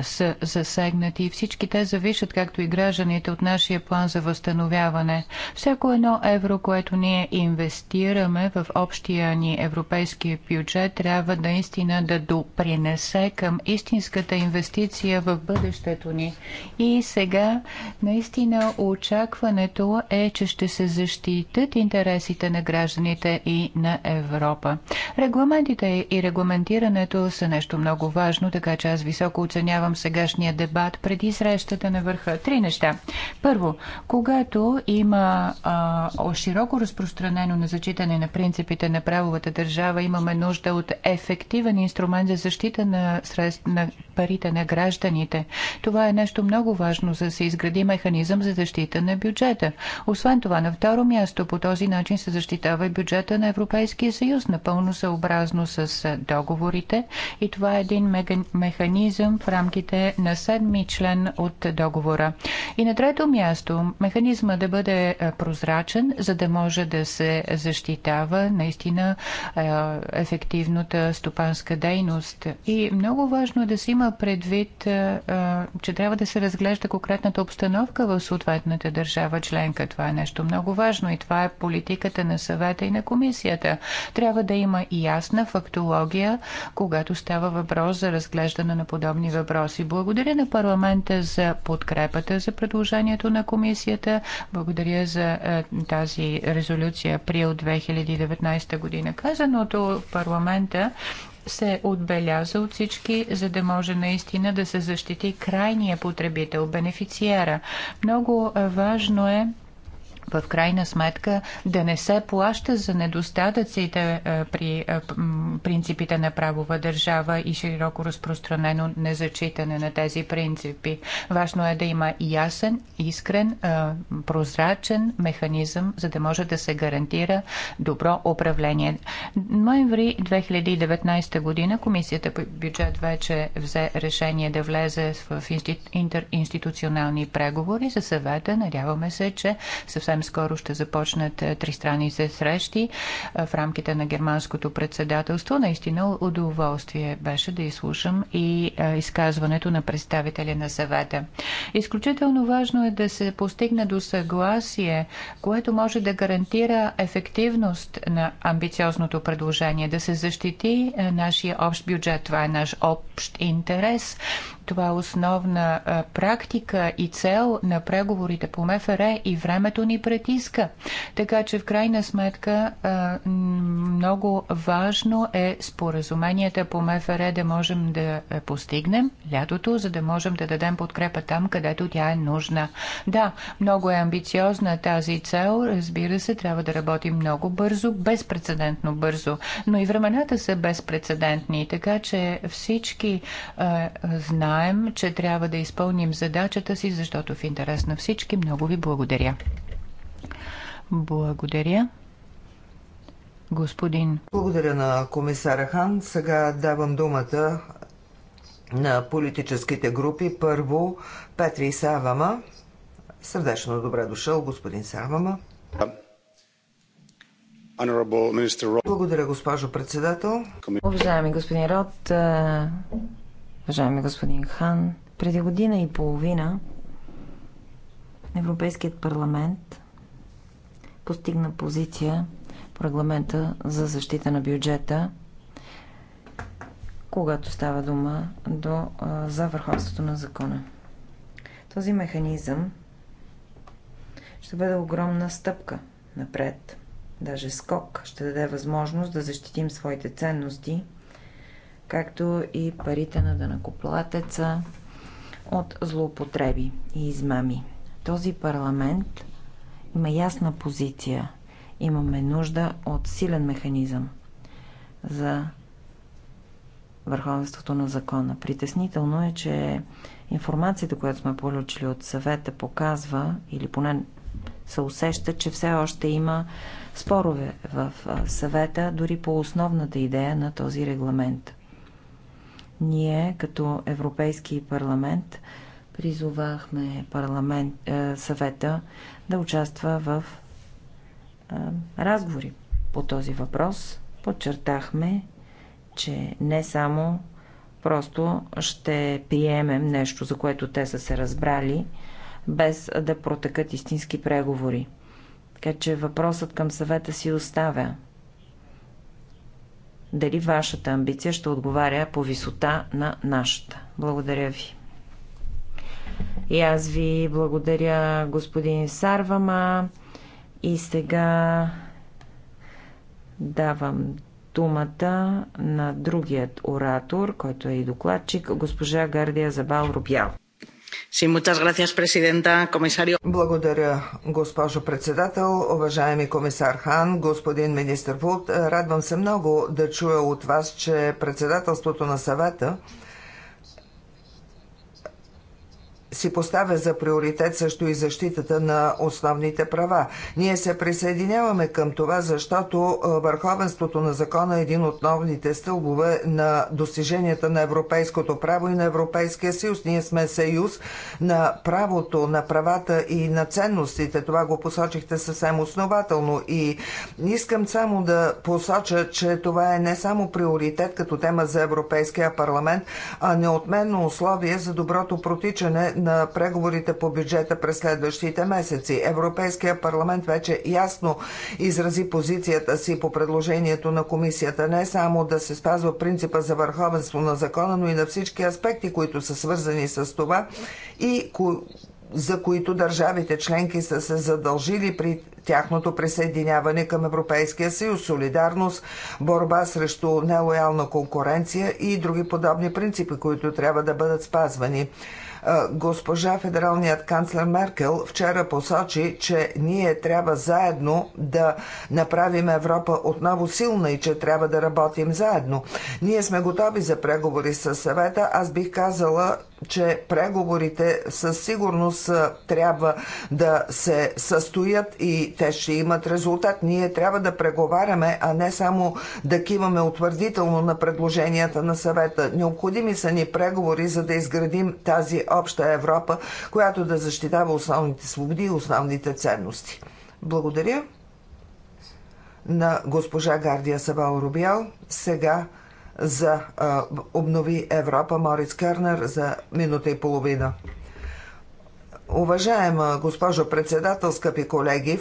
са засегнати и всички те завишат, както и гражданите, от нашия план за възстановяване. Всяко едно евро, което ние инвестираме в общия ни европейски бюджет, трябва наистина да допринесе към истинската инвестиция в бъдещето ни. И сега наистина очакването е, че ще се защитят интересите на гражданите и на Европа. Регламентите и регламентирането са нещо много важно, така че аз високо оценявам оценявам сегашния дебат преди срещата на върха? Три неща. Първо, когато има а, широко разпространено на зачитане на принципите на правовата държава, имаме нужда от ефективен инструмент за защита на, средств, на парите на гражданите. Това е нещо много важно, за да се изгради механизъм за защита на бюджета. Освен това, на второ място по този начин се защитава и бюджета на Европейския съюз, напълно съобразно с договорите и това е един механизъм в рамките рамките на седми член от договора. И на трето място, механизма да бъде е, прозрачен, за да може да се защитава наистина е, ефективната стопанска дейност. И много важно е да се има предвид, е, че трябва да се разглежда конкретната обстановка в съответната държава членка. Това е нещо много важно и това е политиката на съвета и на комисията. Трябва да има и ясна фактология, когато става въпрос за разглеждане на подобни въпроси въпроси. Благодаря на парламента за подкрепата за предложението на комисията. Благодаря за е, тази резолюция април 2019 година. Казаното парламента се отбеляза от всички, за да може наистина да се защити крайния потребител, бенефициера. Много важно е в крайна сметка да не се плаща за недостатъците е, при е, принципите на правова държава и широко разпространено незачитане на тези принципи. Важно е да има ясен, искрен, е, прозрачен механизъм, за да може да се гарантира добро управление. Ноември 2019 година Комисията по бюджет вече взе решение да влезе в интеринституционални преговори за съвета. Надяваме се, че съвсем съвсем скоро ще започнат е, тристранни се срещи е, в рамките на германското председателство. Наистина удоволствие беше да изслушам и е, изказването на представители на съвета. Изключително важно е да се постигне до съгласие, което може да гарантира ефективност на амбициозното предложение, да се защити нашия общ бюджет. Това е наш общ интерес това е основна практика и цел на преговорите по МФР и времето ни притиска. Така че в крайна сметка много важно е споразуменията по МФР да можем да постигнем лятото, за да можем да дадем подкрепа там, където тя е нужна. Да, много е амбициозна тази цел. Разбира се, трябва да работим много бързо, безпредседентно бързо. Но и времената са безпредседентни, така че всички знаят, знаем, че трябва да изпълним задачата си, защото в интерес на всички много ви благодаря. Благодаря. Господин. Благодаря на комисара Хан. Сега давам думата на политическите групи. Първо Петри Савама. Сърдечно добре дошъл, господин Савама. Благодаря, госпожо председател. Уважаеми господин Род, Уважаеми господин Хан, преди година и половина Европейският парламент постигна позиция по регламента за защита на бюджета, когато става дума до, за върховството на закона. Този механизъм ще бъде огромна стъпка напред. Даже скок ще даде възможност да защитим своите ценности – както и парите на дънакоплатеца от злоупотреби и измами. Този парламент има ясна позиция. Имаме нужда от силен механизъм за върховенството на закона. Притеснително е, че информацията, която сме получили от съвета, показва или поне се усеща, че все още има спорове в съвета, дори по основната идея на този регламент. Ние, като Европейски парламент, призовахме парламент, е, съвета да участва в е, разговори по този въпрос. Подчертахме, че не само просто ще приемем нещо, за което те са се разбрали, без да протекат истински преговори. Така че въпросът към съвета си оставя дали вашата амбиция ще отговаря по висота на нашата. Благодаря ви. И аз ви благодаря, господин Сарвама. И сега давам думата на другият оратор, който е и докладчик, госпожа Гардия Забал Рубял. Благодаря, госпожо председател, уважаеми комисар Хан, господин министър Вулт. Радвам се много да чуя от вас, че председателството на съвета си поставя за приоритет също и защитата на основните права. Ние се присъединяваме към това, защото върховенството на закона е един от новните стълбове на достиженията на европейското право и на Европейския съюз. Ние сме съюз на правото, на правата и на ценностите. Това го посочихте съвсем основателно и искам само да посоча, че това е не само приоритет като тема за Европейския парламент, а неотменно условие за доброто протичане на преговорите по бюджета през следващите месеци. Европейския парламент вече ясно изрази позицията си по предложението на комисията не само да се спазва принципа за върховенство на закона, но и на всички аспекти, които са свързани с това и за които държавите членки са се задължили при тяхното присъединяване към Европейския съюз, солидарност, борба срещу нелоялна конкуренция и други подобни принципи, които трябва да бъдат спазвани. Госпожа федералният канцлер Меркел вчера посочи, че ние трябва заедно да направим Европа отново силна и че трябва да работим заедно. Ние сме готови за преговори с съвета. Аз бих казала, че преговорите със сигурност трябва да се състоят и те ще имат резултат. Ние трябва да преговаряме, а не само да киваме утвърдително на предложенията на съвета. Необходими са ни преговори, за да изградим тази обща Европа, която да защитава основните свободи и основните ценности. Благодаря на госпожа Гардия Савал Рубял. Сега за а, Обнови Европа Мориц Кернер за минута и половина. Уважаема госпожо председател, скъпи колеги,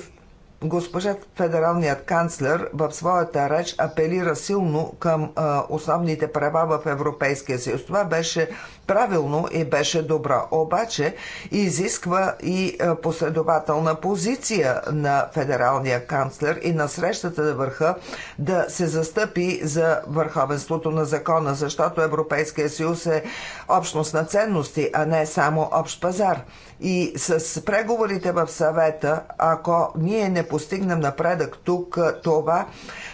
Госпожа федералният канцлер в своята реч апелира силно към а, основните права в Европейския съюз. Това беше правилно и беше добро. Обаче изисква и а, последователна позиция на федералния канцлер и на срещата на върха да се застъпи за върховенството на закона, защото Европейския съюз е общност на ценности, а не само общ пазар. И с преговорите в съвета, ако ние не не постигнем напредък тук, това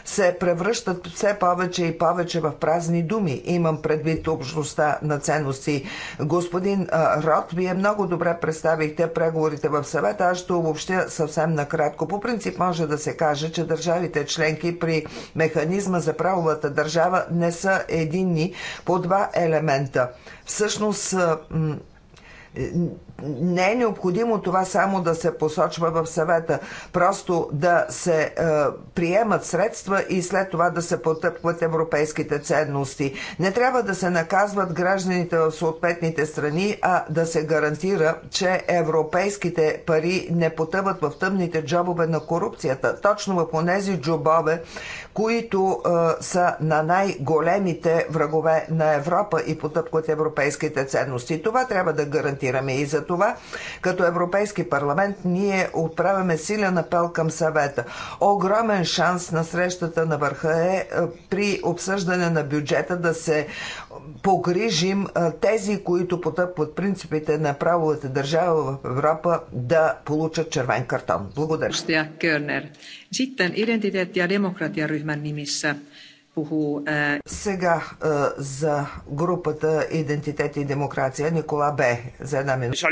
се превръщат все повече и повече в празни думи. Имам предвид общността на ценности. Господин Рот, вие много добре представихте преговорите в съвета. Аз ще обобщя съвсем накратко. По принцип може да се каже, че държавите членки при механизма за правовата държава не са единни по два елемента. Всъщност, не е необходимо това само да се посочва в съвета, просто да се е, приемат средства и след това да се потъпкват европейските ценности. Не трябва да се наказват гражданите в съответните страни, а да се гарантира, че европейските пари не потъват в тъмните джобове на корупцията, точно в тези джобове, които е, са на най-големите врагове на Европа и потъпкват европейските ценности. Това трябва да гарантираме и за това като Европейски парламент, ние отправяме силен апел към съвета. Огромен шанс на срещата на върха е, е при обсъждане на бюджета да се погрижим е, тези, които потъпват принципите на правовата държава в Европа, да получат червен картон. Благодаря. Sitten identiteetti- ja demokratiaryhmän nimissä е, сега е, за групата Идентитет и демокрация Никола Б. За една минута.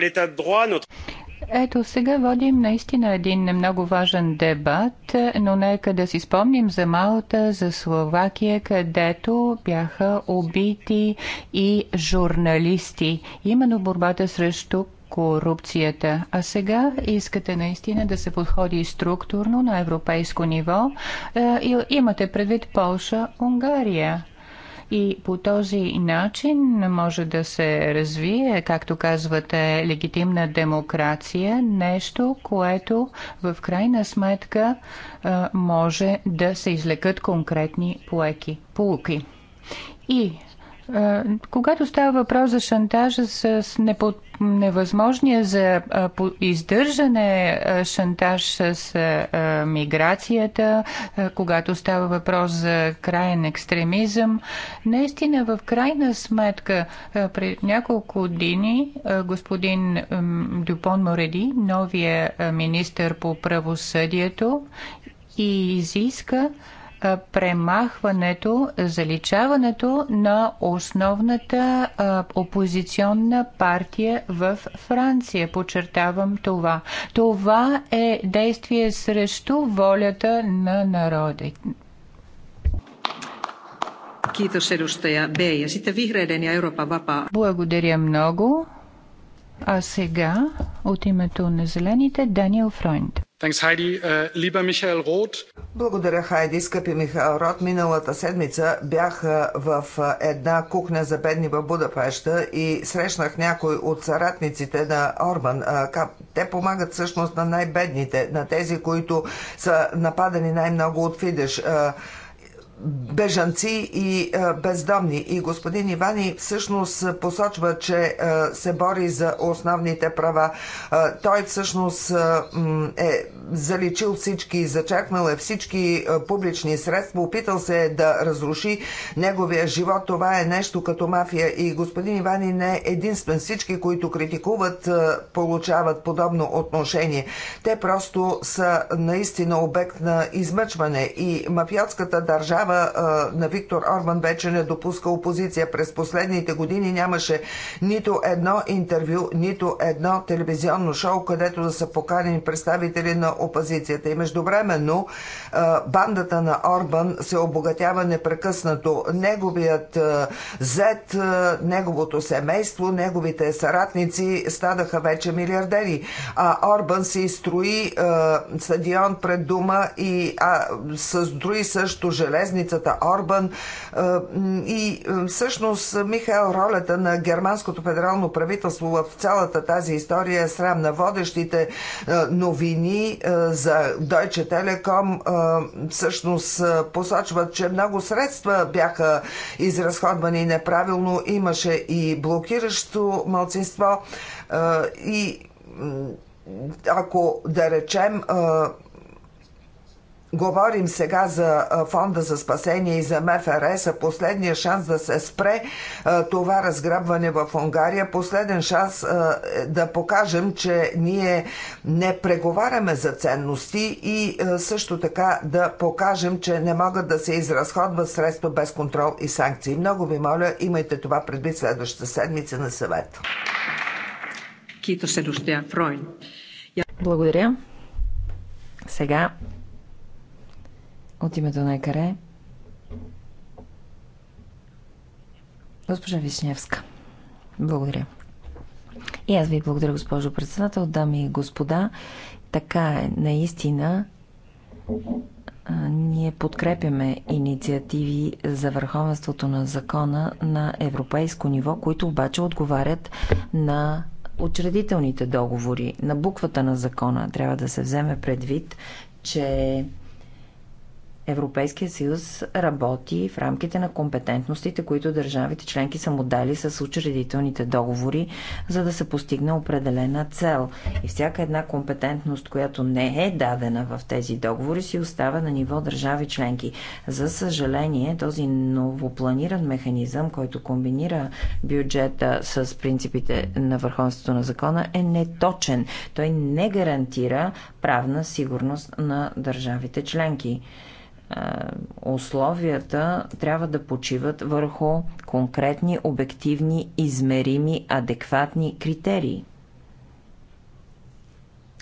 Ето сега водим наистина един много важен дебат, е, но нека да си спомним за Малта, за Словакия, където бяха убити и журналисти. Именно борбата срещу корупцията. А сега искате наистина да се подходи структурно на европейско ниво. Е, и имате предвид Полша, Унгария. И по този начин може да се развие, както казвате, легитимна демокрация, нещо, което в крайна сметка е, може да се излекат конкретни поеки, полуки. И когато става въпрос за шантажа с непод... невъзможния за издържане шантаж с миграцията, когато става въпрос за крайен екстремизъм, наистина в крайна сметка пред няколко години господин Дюпон Мореди, новия министър по правосъдието, и изиска премахването, заличаването на основната опозиционна партия в Франция. Подчертавам това. Това е действие срещу волята на народа. Благодаря много. А сега от името на зелените Даниел Фройнд. Uh, Благодаря, Хайди, скъпи Михаил Рот. Миналата седмица бях в е, една кухня за бедни в Будапеща и срещнах някой от съратниците на Орбан. Те помагат всъщност на най-бедните, на тези, които са нападани най-много от Фидеш бежанци и бездомни. И господин Ивани всъщност посочва, че се бори за основните права. Той всъщност е заличил всички, зачакнал е всички публични средства, опитал се е да разруши неговия живот. Това е нещо като мафия. И господин Ивани не е единствен. Всички, които критикуват, получават подобно отношение. Те просто са наистина обект на измъчване и мафиотската държава режима на Виктор Орбан вече не допуска опозиция. През последните години нямаше нито едно интервю, нито едно телевизионно шоу, където да са поканени представители на опозицията. И междувременно бандата на Орбан се обогатява непрекъснато. Неговият зет, неговото семейство, неговите съратници стадаха вече милиардери. А Орбан се изстрои стадион пред дума и а, други също железни съюзницата Орбан. Е, и е, всъщност, Михаил, ролята на германското федерално правителство в цялата тази история е срам на водещите е, новини за Deutsche Telekom. Всъщност посочват, че много средства бяха изразходвани неправилно. Имаше и блокиращо мълцинство. И ако да речем Говорим сега за фонда за спасение и за МФР са последния шанс да се спре това разграбване в Унгария, последен шанс е да покажем, че ние не преговаряме за ценности и също така да покажем, че не могат да се изразходват средства без контрол и санкции. Много ви моля, имайте това предвид следващата седмица на съвет. Благодаря. Сега от името на Екаре. Госпожа Вишневска. Благодаря. И аз ви благодаря, госпожо председател, дами и господа. Така е, наистина ние подкрепяме инициативи за върховенството на закона на европейско ниво, които обаче отговарят на учредителните договори, на буквата на закона. Трябва да се вземе предвид, че Европейския съюз работи в рамките на компетентностите, които държавите членки са му дали с учредителните договори, за да се постигне определена цел. И всяка една компетентност, която не е дадена в тези договори, си остава на ниво държави членки. За съжаление, този новопланиран механизъм, който комбинира бюджета с принципите на върховенството на закона, е неточен. Той не гарантира правна сигурност на държавите членки. Е, условията трябва да почиват върху конкретни, обективни, измерими, адекватни критерии.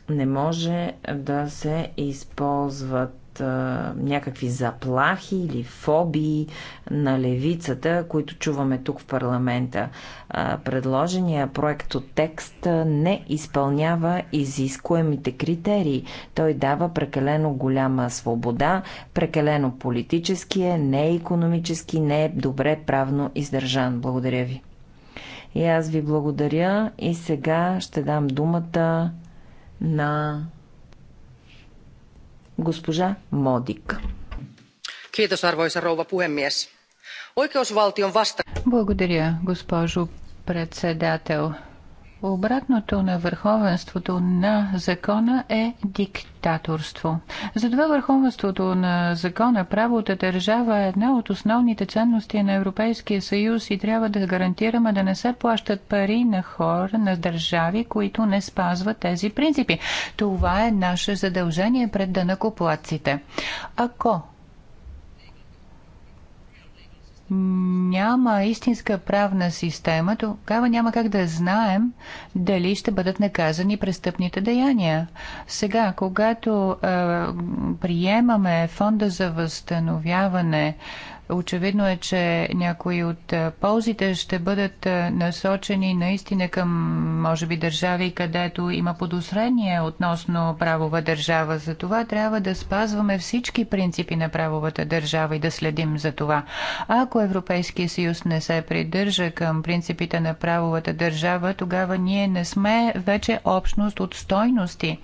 Не може да се използват а, някакви заплахи или фобии на левицата, които чуваме тук в парламента. А, предложения проект от текст не изпълнява изискуемите критерии. Той дава прекалено голяма свобода, прекалено политически е, не е економически, не е добре правно издържан. Благодаря ви. И аз ви благодаря и сега ще дам думата на госпожа Модик. Благодаря, госпожо председател. Обратното на върховенството на закона е диктаторство. Затова върховенството на закона, правото държава е една от основните ценности на Европейския съюз и трябва да гарантираме да не се плащат пари на хора, на държави, които не спазват тези принципи. Това е наше задължение пред дънакоплаците. Ако няма истинска правна система, тогава няма как да знаем дали ще бъдат наказани престъпните деяния. Сега, когато е, приемаме фонда за възстановяване, Очевидно е, че някои от е, ползите ще бъдат е, насочени наистина към, може би, държави, където има подозрение относно правова държава. За това трябва да спазваме всички принципи на правовата държава и да следим за това. ако Европейския съюз не се придържа към принципите на правовата държава, тогава ние не сме вече общност от стойности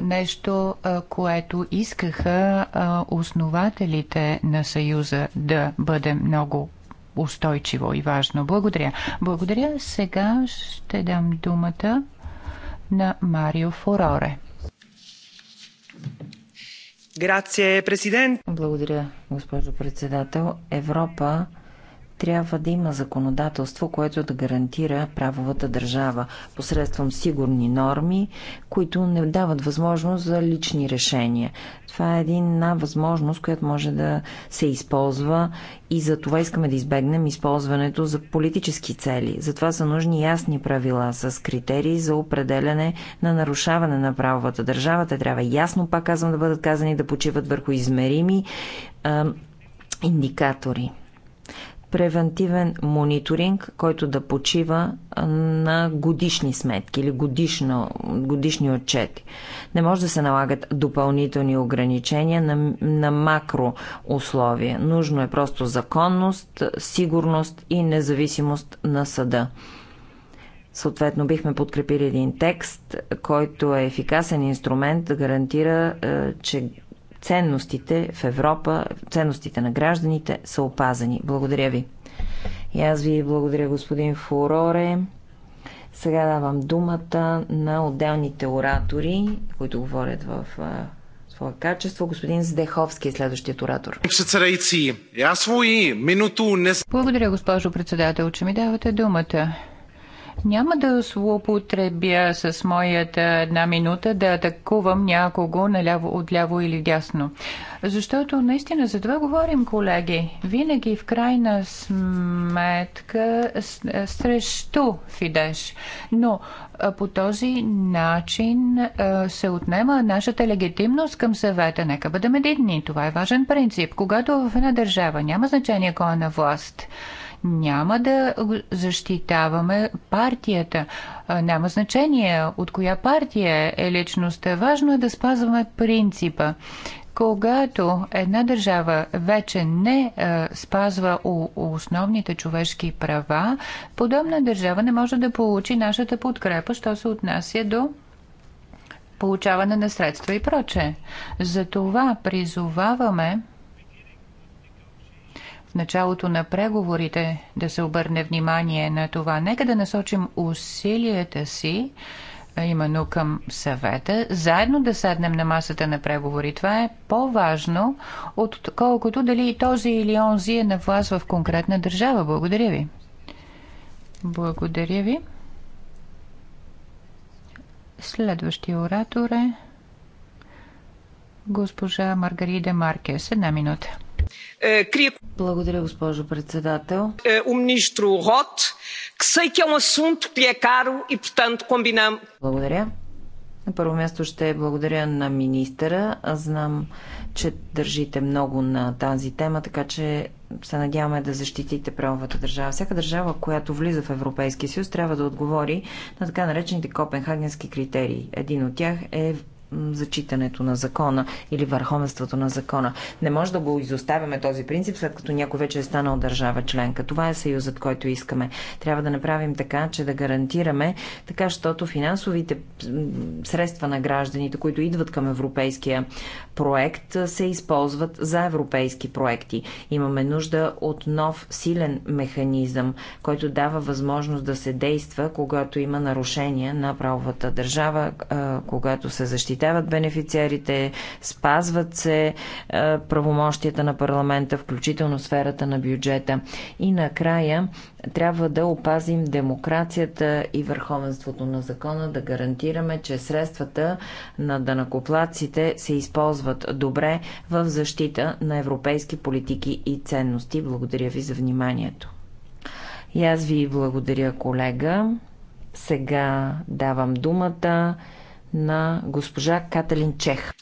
нещо, което искаха основателите на Съюза да бъде много устойчиво и важно. Благодаря. Благодаря. Сега ще дам думата на Марио Фороре. президент. Благодаря, госпожо председател. Европа трябва да има законодателство, което да гарантира правовата държава посредством сигурни норми, които не дават възможност за лични решения. Това е една възможност, която може да се използва и за това искаме да избегнем използването за политически цели. Затова са нужни ясни правила с критерии за определяне на нарушаване на правовата държава. Те трябва ясно, пак казвам, да бъдат казани да почиват върху измерими индикатори превентивен мониторинг, който да почива на годишни сметки или годишно, годишни отчети. Не може да се налагат допълнителни ограничения на, на макро условия. Нужно е просто законност, сигурност и независимост на съда. Съответно, бихме подкрепили един текст, който е ефикасен инструмент да гарантира, е, че ценностите в Европа, ценностите на гражданите са опазани. Благодаря ви. И аз ви благодаря, господин Фуроре. Сега давам думата на отделните оратори, които говорят в своя качество. Господин Здеховски е следващият оратор. Благодаря, госпожо председател, че ми давате думата. Няма да злоупотребя с моята една минута да атакувам някого наляво, отляво или дясно. Защото наистина за това говорим, колеги. Винаги в крайна сметка е, срещу Фидеш. Но е, по този начин е, се отнема нашата легитимност към съвета. Нека бъдем единни. Това е важен принцип. Когато в една държава няма значение кой е на власт, няма да защитаваме партията. Няма значение от коя партия е личността. Важно е да спазваме принципа когато една държава вече не е, спазва у, основните човешки права, подобна държава не може да получи нашата подкрепа, що се отнася до получаване на средства и проче. Затова призоваваме в началото на преговорите да се обърне внимание на това. Нека да насочим усилията си именно към съвета, заедно да седнем на масата на преговори. Това е по-важно, отколкото дали и този или онзи е на власт в конкретна държава. Благодаря ви. Благодаря ви. Следващия оратор е госпожа Маргарида Маркес. Една минута. Е, благодаря, госпожо председател. Е, Рот, е, е и комбинам. Благодаря. На първо място ще благодаря на министъра. Аз знам, че държите много на тази тема, така че се надяваме да защитите правовата държава. Всяка държава, която влиза в Европейския съюз, трябва да отговори на така наречените копенхагенски критерии. Един от тях е зачитането на закона или върховенството на закона. Не може да го изоставяме този принцип, след като някой вече е станал държава членка. Това е съюзът, който искаме. Трябва да направим така, че да гарантираме така, защото финансовите средства на гражданите, които идват към европейския проект, се използват за европейски проекти. Имаме нужда от нов силен механизъм, който дава възможност да се действа, когато има нарушения на правовата държава, когато се защита защитават бенефициарите, спазват се е, правомощията на парламента, включително сферата на бюджета. И накрая трябва да опазим демокрацията и върховенството на закона, да гарантираме, че средствата на данакоплаците се използват добре в защита на европейски политики и ценности. Благодаря ви за вниманието. И аз ви благодаря, колега. Сега давам думата на госпожа Каталин Чех.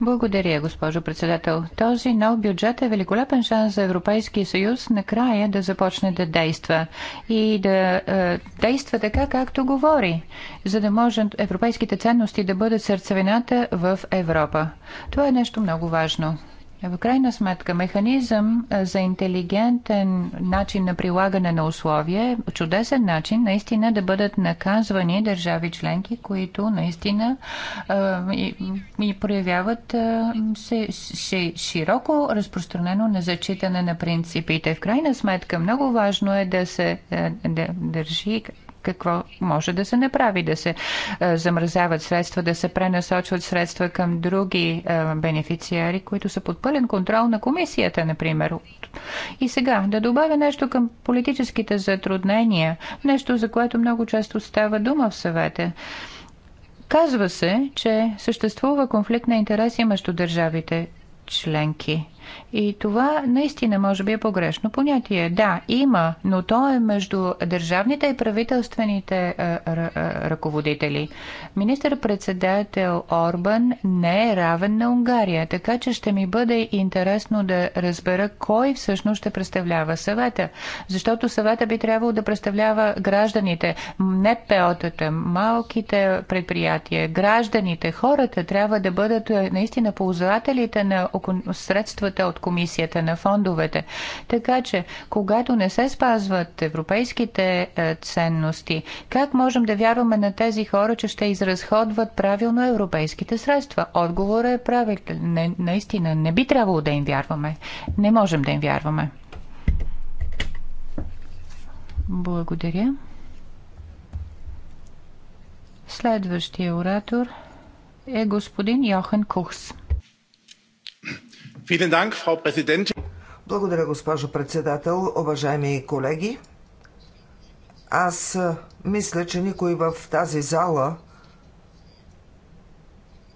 Благодаря, госпожо председател. Този нов бюджет е великолепен шанс за Европейския съюз накрая да започне да действа и да е, действа така, както говори, за да може европейските ценности да бъдат сърцевината в Европа. Това е нещо много важно. Е, в крайна сметка, механизъм е, за интелигентен начин на прилагане на условия е чудесен начин наистина да бъдат наказвани държави членки, които наистина е, и, и проявяват се, се, широко разпространено незачитане на принципите. В крайна сметка, много важно е да се да държи какво може да се направи, да се е, замразяват средства, да се пренасочват средства към други е, бенефициари, които са под пълен контрол на комисията, например. И сега да добавя нещо към политическите затруднения, нещо за което много често става дума в съвета. Казва се, че съществува конфликт на интереси между държавите членки. И това наистина може би е погрешно понятие. Да, има, но то е между държавните и правителствените е, е, е, ръководители. Министър-председател Орбан не е равен на Унгария, така че ще ми бъде интересно да разбера кой всъщност ще представлява съвета. Защото съвета би трябвало да представлява гражданите, не пеотата, малките предприятия, гражданите, хората трябва да бъдат наистина ползвателите на средствата отчита от комисията на фондовете. Така че, когато не се спазват европейските е, ценности, как можем да вярваме на тези хора, че ще изразходват правилно европейските средства? Отговорът е правилен. Наистина, не би трябвало да им вярваме. Не можем да им вярваме. Благодаря. Следващия оратор е господин Йохан Кухс. Благодаря, госпожо председател. Уважаеми колеги, аз мисля, че никой в тази зала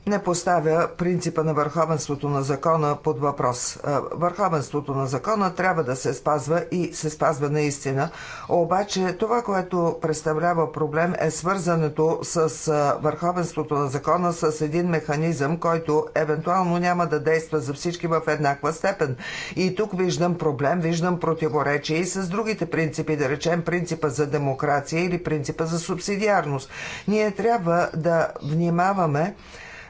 не поставя принципа на върховенството на закона под въпрос. Е, върховенството на закона трябва да се спазва и се спазва наистина. Обаче това, което представлява проблем е свързането с е, върховенството на закона с един механизъм, който евентуално няма да действа за всички в еднаква степен. И тук виждам проблем, виждам противоречие и с другите принципи, да речем принципа за демокрация или принципа за субсидиарност. Ние трябва да внимаваме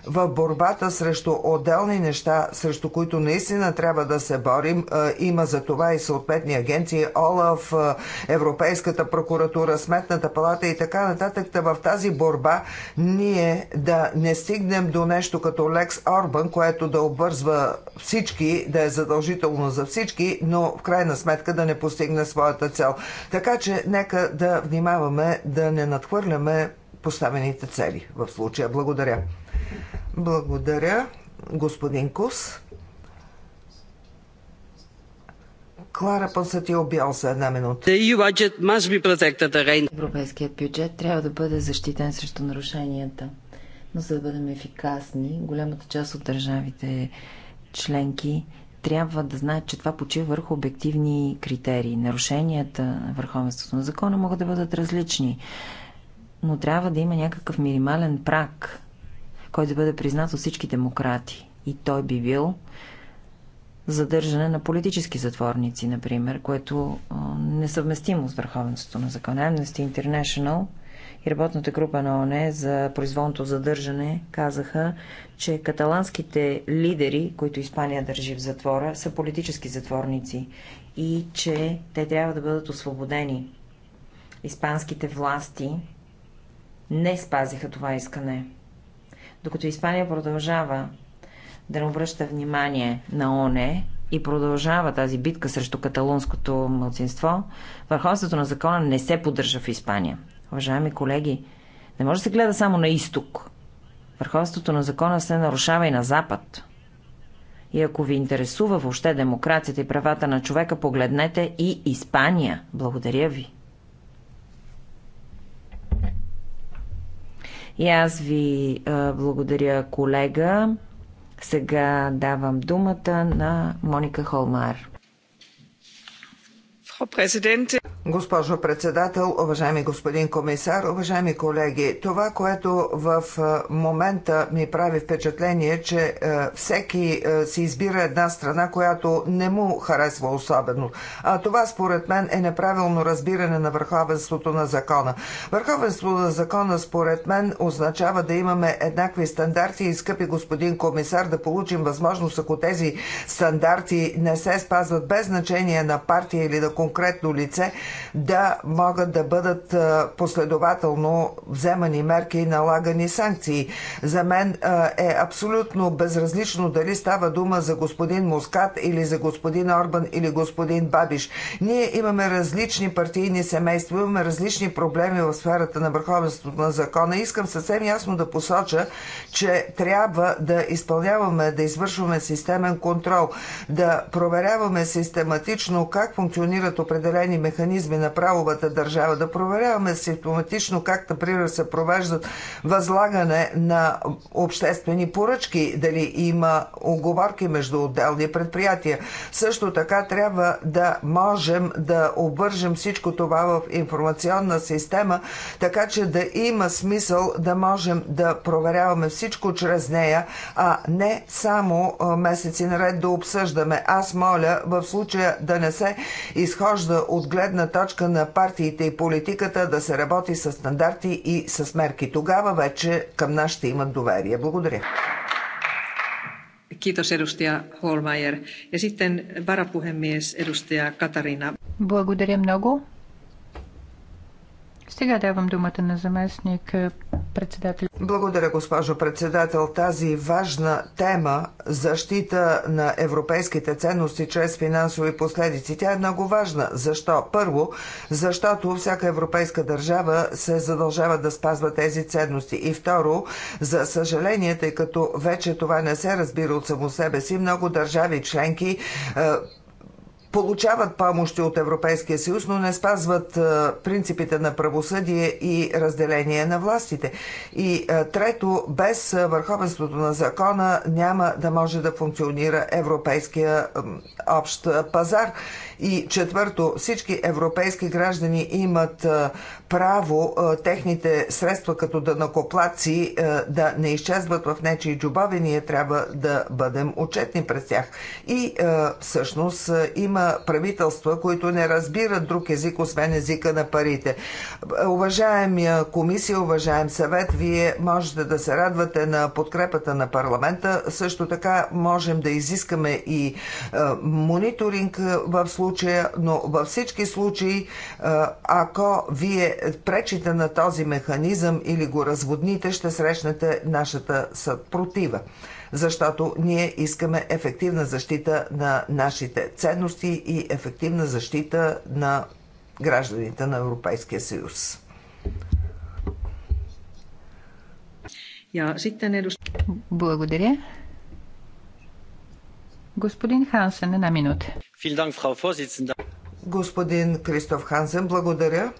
в борбата срещу отделни неща, срещу които наистина трябва да се борим. Е, има за това и съответни агенции, ОЛАФ, е, Европейската прокуратура, Сметната палата и така нататък. Та в тази борба ние да не стигнем до нещо като Лекс Орбан, което да обвързва всички, да е задължително за всички, но в крайна сметка да не постигне своята цел. Така че нека да внимаваме да не надхвърляме поставените цели в случая. Благодаря. Благодаря, господин Кус. Клара Пънсатил е обял за една минута. E Европейският бюджет трябва да бъде защитен срещу нарушенията. Но за да бъдем ефикасни, голямата част от държавите членки трябва да знаят, че това почива върху обективни критерии. Нарушенията на върховенството на закона могат да бъдат различни, но трябва да има някакъв минимален прак който да бъде признат от всички демократи. И той би бил задържане на политически затворници, например, което несъвместимо с върховенството на закона. Amnesty International и работната група на ОНЕ за произволното задържане казаха, че каталанските лидери, които Испания държи в затвора, са политически затворници и че те трябва да бъдат освободени. Испанските власти не спазиха това искане. Докато Испания продължава да не обръща внимание на ОНЕ и продължава тази битка срещу каталунското младсинство, върховството на закона не се поддържа в Испания. Уважаеми колеги, не може да се гледа само на изток. Върховството на закона се нарушава и на запад. И ако ви интересува въобще демокрацията и правата на човека, погледнете и Испания. Благодаря ви. И аз ви благодаря, колега. Сега давам думата на Моника Холмар. Госпожо председател, уважаеми господин комисар, уважаеми колеги, това, което в е, момента ми прави впечатление, че е, всеки е, си избира една страна, която не му харесва особено. А това, според мен, е неправилно разбиране на върховенството на закона. Върховенството на закона, според мен, означава да имаме еднакви стандарти и, скъпи господин комисар, да получим възможност, ако тези стандарти не се спазват без значение на партия или на конкурс, конкретно лице да могат да бъдат последователно вземани мерки и налагани санкции. За мен е абсолютно безразлично дали става дума за господин Мускат или за господин Орбан или господин Бабиш. Ние имаме различни партийни семейства, имаме различни проблеми в сферата на върховенството на закона. Искам съвсем ясно да посоча, че трябва да изпълняваме, да извършваме системен контрол, да проверяваме систематично как функционират въвеждат определени механизми на правовата държава, да проверяваме симптоматично как, например, се провеждат възлагане на обществени поръчки, дали има оговорки между отделни предприятия. Също така трябва да можем да обвържем всичко това в информационна система, така че да има смисъл да можем да проверяваме всичко чрез нея, а не само месеци наред да обсъждаме. Аз моля в случая да не се изхожда подхожда от гледна точка на партиите и политиката да се работи с стандарти и с мерки. Тогава вече към нас ще имат доверие. Благодаря. Благодаря много. Сега давам думата на заместник е, председател. Благодаря, госпожо председател. Тази важна тема защита на европейските ценности чрез финансови последици. Тя е много важна. Защо? Първо, защото всяка европейска държава се задължава да спазва тези ценности. И второ, за съжаление, тъй като вече това не се разбира от само себе си, много държави членки е, получават помощи от Европейския съюз, но не спазват принципите на правосъдие и разделение на властите. И трето, без върховенството на закона няма да може да функционира Европейския общ пазар. И четвърто, всички европейски граждани имат право техните средства като дънакоплаци, да не изчезват в нечи джобове. Ние трябва да бъдем отчетни пред тях. И всъщност има правителства, които не разбират друг език, освен езика на парите. Уважаемия комисия, уважаем съвет, вие можете да се радвате на подкрепата на парламента. Също така можем да изискаме и мониторинг в случая случая, но във всички случаи, е, ако вие пречите на този механизъм или го разводните, ще срещнете нашата съпротива защото ние искаме ефективна защита на нашите ценности и ефективна защита на гражданите на Европейския съюз. Благодаря. Господин Хансен, една минута. Господин Кристоф Хансен, благодаря.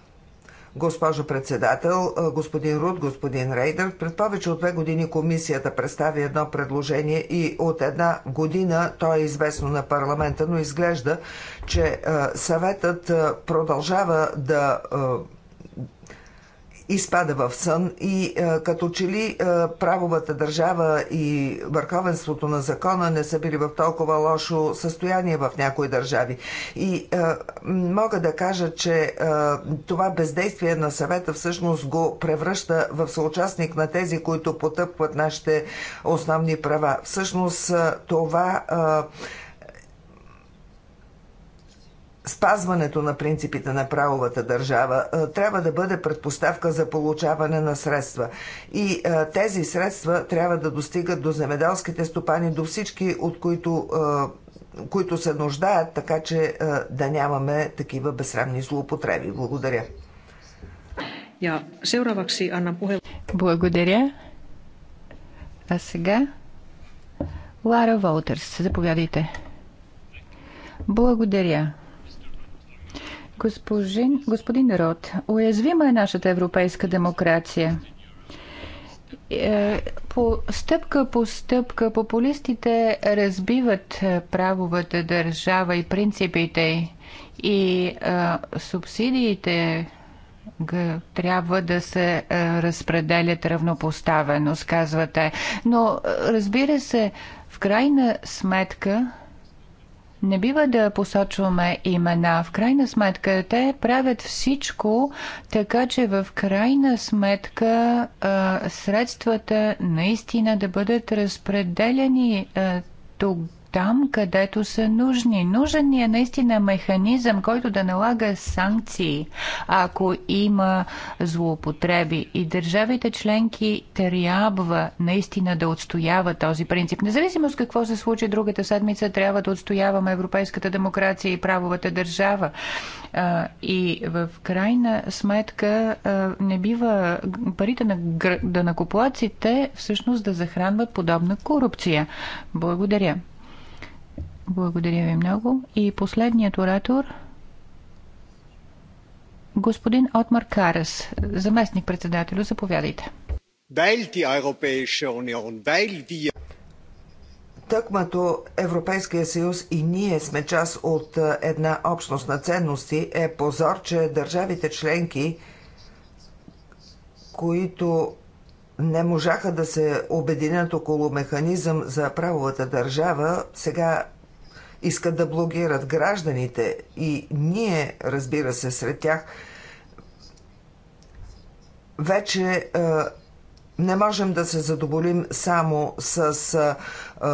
Госпожо председател, господин Руд, господин Рейдър, пред повече от две години комисията представи едно предложение и от една година то е известно на парламента, но изглежда, че съветът продължава да изпада в сън и е, като че ли е, правовата държава и върховенството на закона не са били в толкова лошо състояние в някои държави. И е, мога да кажа, че това бездействие на съвета всъщност го превръща в съучастник на тези, които потъпкват нашите основни права. Всъщност това спазването на принципите на правовата държава е, трябва да бъде предпоставка за получаване на средства. И е, тези средства трябва да достигат до земеделските стопани, до всички, от които е, които се нуждаят, така че да нямаме такива безсрамни злоупотреби. Благодаря. Благодаря. А сега Лара Волтерс, заповядайте. Благодаря господин Род, уязвима е нашата европейска демокрация. Е, по стъпка по стъпка популистите разбиват е, правовата държава и принципите и а, е, субсидиите трябва да се разпределят равнопоставено, казвате. Но разбира се, в крайна сметка не бива да посочваме имена. В крайна сметка те правят всичко, така че в крайна сметка а, средствата наистина да бъдат разпределени а, тук там, където са нужни. Нужен ни е наистина механизъм, който да налага санкции, ако има злоупотреби. И държавите членки трябва наистина да отстоява този принцип. Независимо с какво се случи другата седмица, трябва да отстояваме европейската демокрация и правовата държава. И в крайна сметка не бива парите на накоплаците всъщност да захранват подобна корупция. Благодаря. Благодаря ви много. И последният оратор господин Отмар Карас, заместник председателю, заповядайте. Тъкмато Европейския съюз и ние сме част от е, една общност на ценности е позор, че държавите членки, които не можаха да се обединят около механизъм за правовата държава, сега искат да блогират гражданите и ние, разбира се, сред тях, вече е, не можем да се задоволим само с е, е,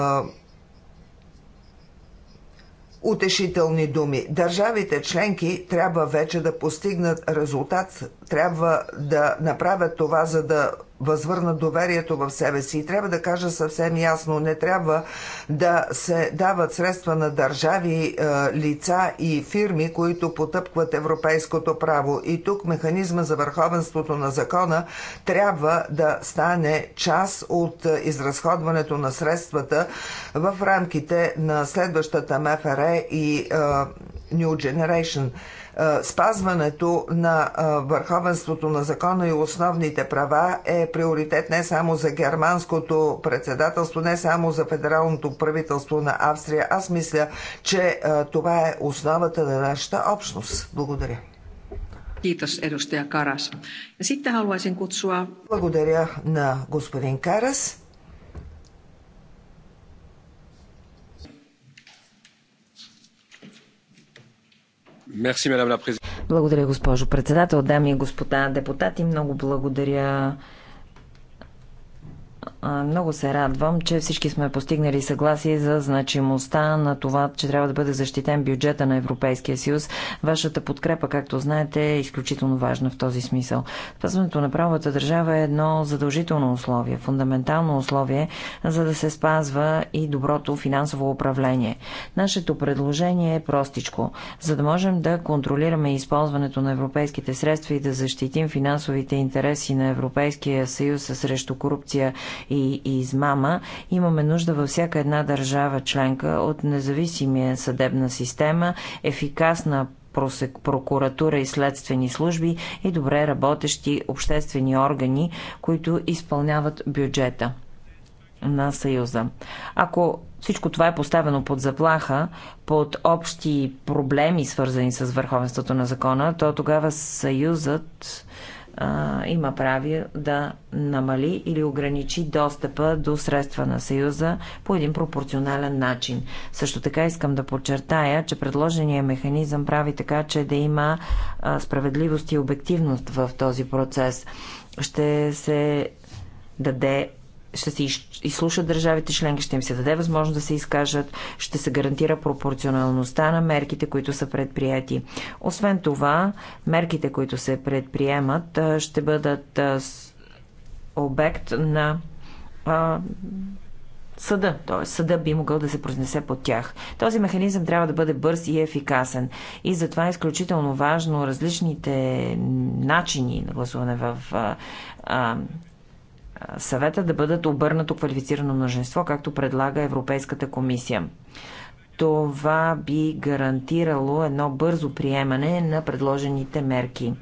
утешителни думи. Държавите членки трябва вече да постигнат резултат, трябва да направят това, за да възвърнат доверието в себе си. И трябва да кажа съвсем ясно, не трябва да се дават средства на държави, е, лица и фирми, които потъпкват европейското право. И тук механизма за върховенството на закона трябва да стане част от изразходването на средствата в рамките на следващата МФР и е, New Generation. Е, спазването на е, върховенството на закона и основните права е приоритет не само за германското председателство, не само за федералното правителство на Австрия. Аз мисля, че е, това е основата на нашата общност. Благодаря. Благодаря на господин Карас. Благодаря, госпожо председател, дами и господа депутати. Много благодаря много се радвам, че всички сме постигнали съгласие за значимостта на това, че трябва да бъде защитен бюджета на Европейския съюз. Вашата подкрепа, както знаете, е изключително важна в този смисъл. Спазването на правовата държава е едно задължително условие, фундаментално условие, за да се спазва и доброто финансово управление. Нашето предложение е простичко. За да можем да контролираме използването на европейските средства и да защитим финансовите интереси на Европейския съюз срещу корупция и и, и измама, имаме нужда във всяка една държава членка от независимия съдебна система, ефикасна прокуратура и следствени служби и добре работещи обществени органи, които изпълняват бюджета на Съюза. Ако всичко това е поставено под заплаха, под общи проблеми, свързани с върховенството на закона, то тогава Съюзът а, има прави да намали или ограничи достъпа до средства на Съюза по един пропорционален начин. Също така искам да подчертая, че предложения механизъм прави така, че да има а, справедливост и обективност в този процес. Ще се даде ще се изслушат държавите членки, ще им се даде възможност да се изкажат, ще се гарантира пропорционалността на мерките, които са предприяти. Освен това, мерките, които се предприемат, ще бъдат обект на съда, т.е. съда би могъл да се произнесе под тях. Този механизъм трябва да бъде бърз и ефикасен. И затова е изключително важно различните начини на гласуване в а, а, съвета да бъдат обърнато квалифицирано множество, както предлага Европейската комисия. Това би гарантирало едно бързо приемане на предложените мерки.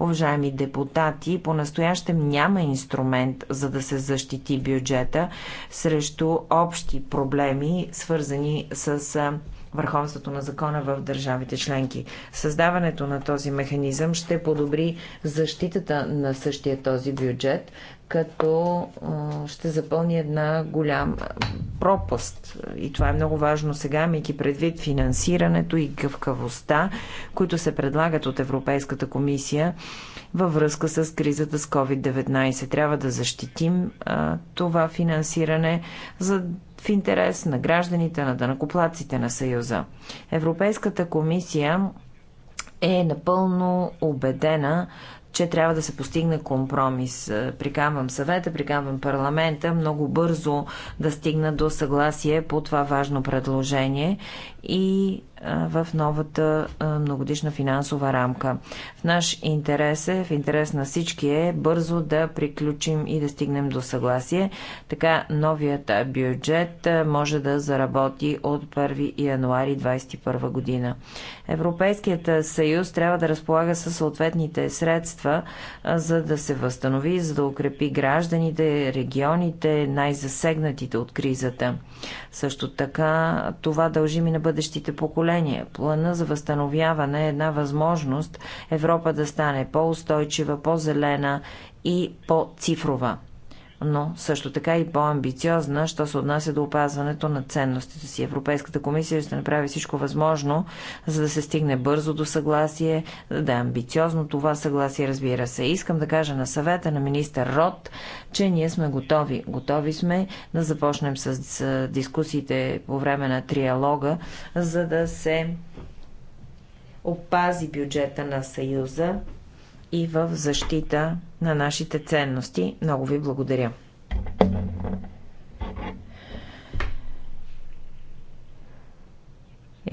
Уважаеми депутати, по-настоящем няма инструмент за да се защити бюджета срещу общи проблеми, свързани с върховството на закона в държавите членки. Създаването на този механизъм ще подобри защитата на същия този бюджет, като ще запълни една голяма пропаст. И това е много важно сега, мики предвид финансирането и гъвкавостта, които се предлагат от Европейската комисия във връзка с кризата с COVID-19. Трябва да защитим а, това финансиране за, в интерес на гражданите, на данакоплаците на Съюза. Европейската комисия е напълно убедена, че трябва да се постигне компромис. Е, приканвам съвета, приканвам парламента много бързо да стигна до съгласие по това важно предложение и в новата многодишна финансова рамка. В наш интерес е, в интерес на всички е бързо да приключим и да стигнем до съгласие. Така новият бюджет може да заработи от 1 януари 2021 година. Европейският съюз трябва да разполага със съответните средства, за да се възстанови, за да укрепи гражданите, регионите, най-засегнатите от кризата. Също така това дължим и на бъдещите поколения. Плана за възстановяване е една възможност Европа да стане по-устойчива, по-зелена и по-цифрова но също така и по-амбициозна, що се отнася до опазването на ценностите си. Европейската комисия ще направи всичко възможно, за да се стигне бързо до съгласие, да е амбициозно това съгласие, разбира се. Искам да кажа на съвета на министър Рот, че ние сме готови. Готови сме да започнем с дискусиите по време на триалога, за да се опази бюджета на Съюза и в защита на нашите ценности. Много ви благодаря.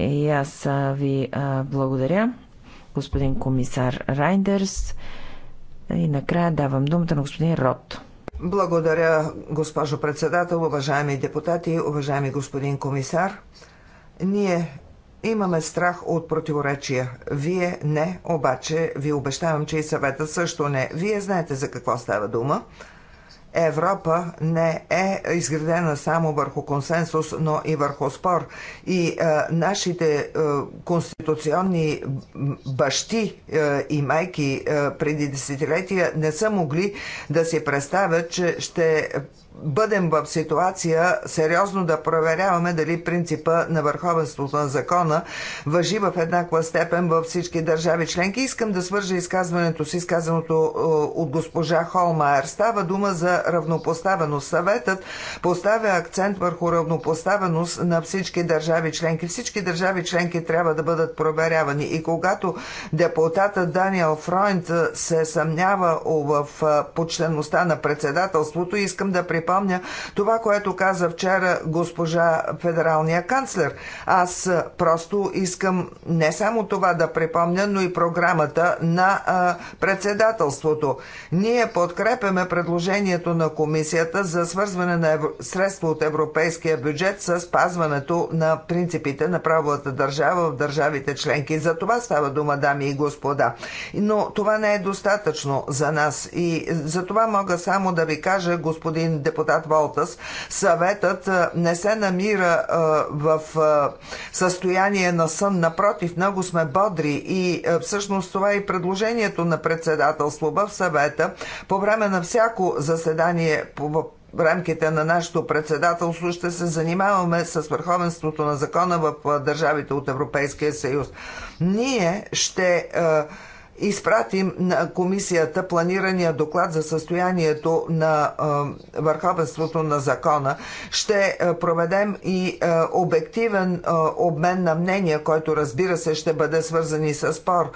И аз ви благодаря, господин комисар Райндерс. И накрая давам думата на господин Рот. Благодаря, госпожо председател, уважаеми депутати, уважаеми господин комисар. Ние Имаме страх от противоречия. Вие не, обаче ви обещавам, че и съвета също не. Вие знаете за какво става дума. Европа не е изградена само върху консенсус, но и върху спор. И е, нашите е, конституционни бащи е, и майки е, преди десетилетия не са могли да си представят, че ще бъдем в ситуация сериозно да проверяваме дали принципа на върховенството на закона въжи в еднаква степен във всички държави членки. Искам да свържа изказването си с изказаното е, от госпожа Холмайер. Става дума за равнопоставеност. Съветът поставя акцент върху равнопоставеност на всички държави членки. Всички държави членки трябва да бъдат проверявани. И когато депутата Даниел Фройнт се съмнява в е, почтеността на председателството, искам да припомня припомня това, което каза вчера госпожа федералния канцлер. Аз просто искам не само това да припомня, но и програмата на а, председателството. Ние подкрепяме предложението на комисията за свързване на евро... средства от европейския бюджет с спазването на принципите на правовата държава в държавите членки. За това става дума, дами и господа. Но това не е достатъчно за нас и за това мога само да ви кажа, господин депутат, депутат Волтас, съветът не се намира в състояние на сън. Напротив, много сме бодри и всъщност това е и предложението на председателство в съвета по време на всяко заседание по в рамките на нашето председателство ще се занимаваме с върховенството на закона в държавите от Европейския съюз. Ние ще е, изпратим на комисията планирания доклад за състоянието на е, върховенството на закона. Ще проведем и е, обективен е, обмен на мнения, който разбира се ще бъде свързан и с спор.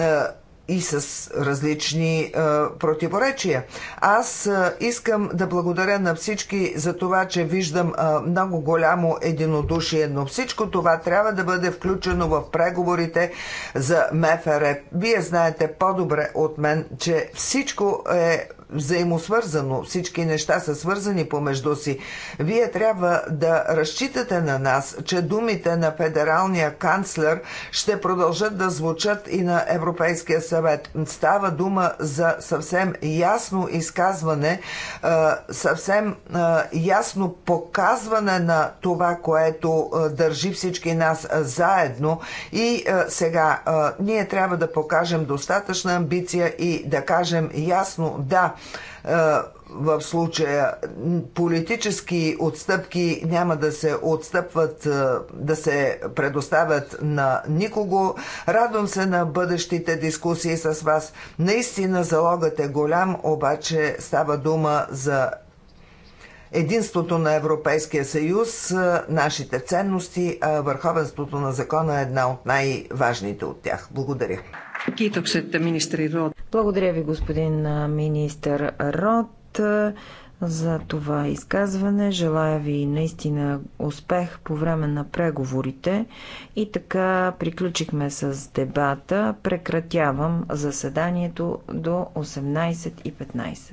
Е, и с различни противоречия. Аз искам да благодаря на всички за това, че виждам много голямо единодушие, но всичко това трябва да бъде включено в преговорите за МФР. Вие знаете по-добре от мен, че всичко е взаимосвързано. Всички неща са свързани помежду си. Вие трябва да разчитате на нас, че думите на федералния канцлер ще продължат да звучат и на Европейския съвет. Става дума за съвсем ясно изказване, съвсем ясно показване на това, което държи всички нас заедно. И сега ние трябва да покажем достатъчна амбиция и да кажем ясно да, е, в случая политически отстъпки няма да се отстъпват, е, да се предоставят на никого. Радвам се на бъдещите дискусии с вас. Наистина залогът е голям, обаче става дума за единството на Европейския съюз, нашите ценности, а върховенството на закона е една от най-важните от тях. Благодаря. Благодаря ви, господин министър Род, за това изказване. Желая ви наистина успех по време на преговорите. И така приключихме с дебата. Прекратявам заседанието до 18.15.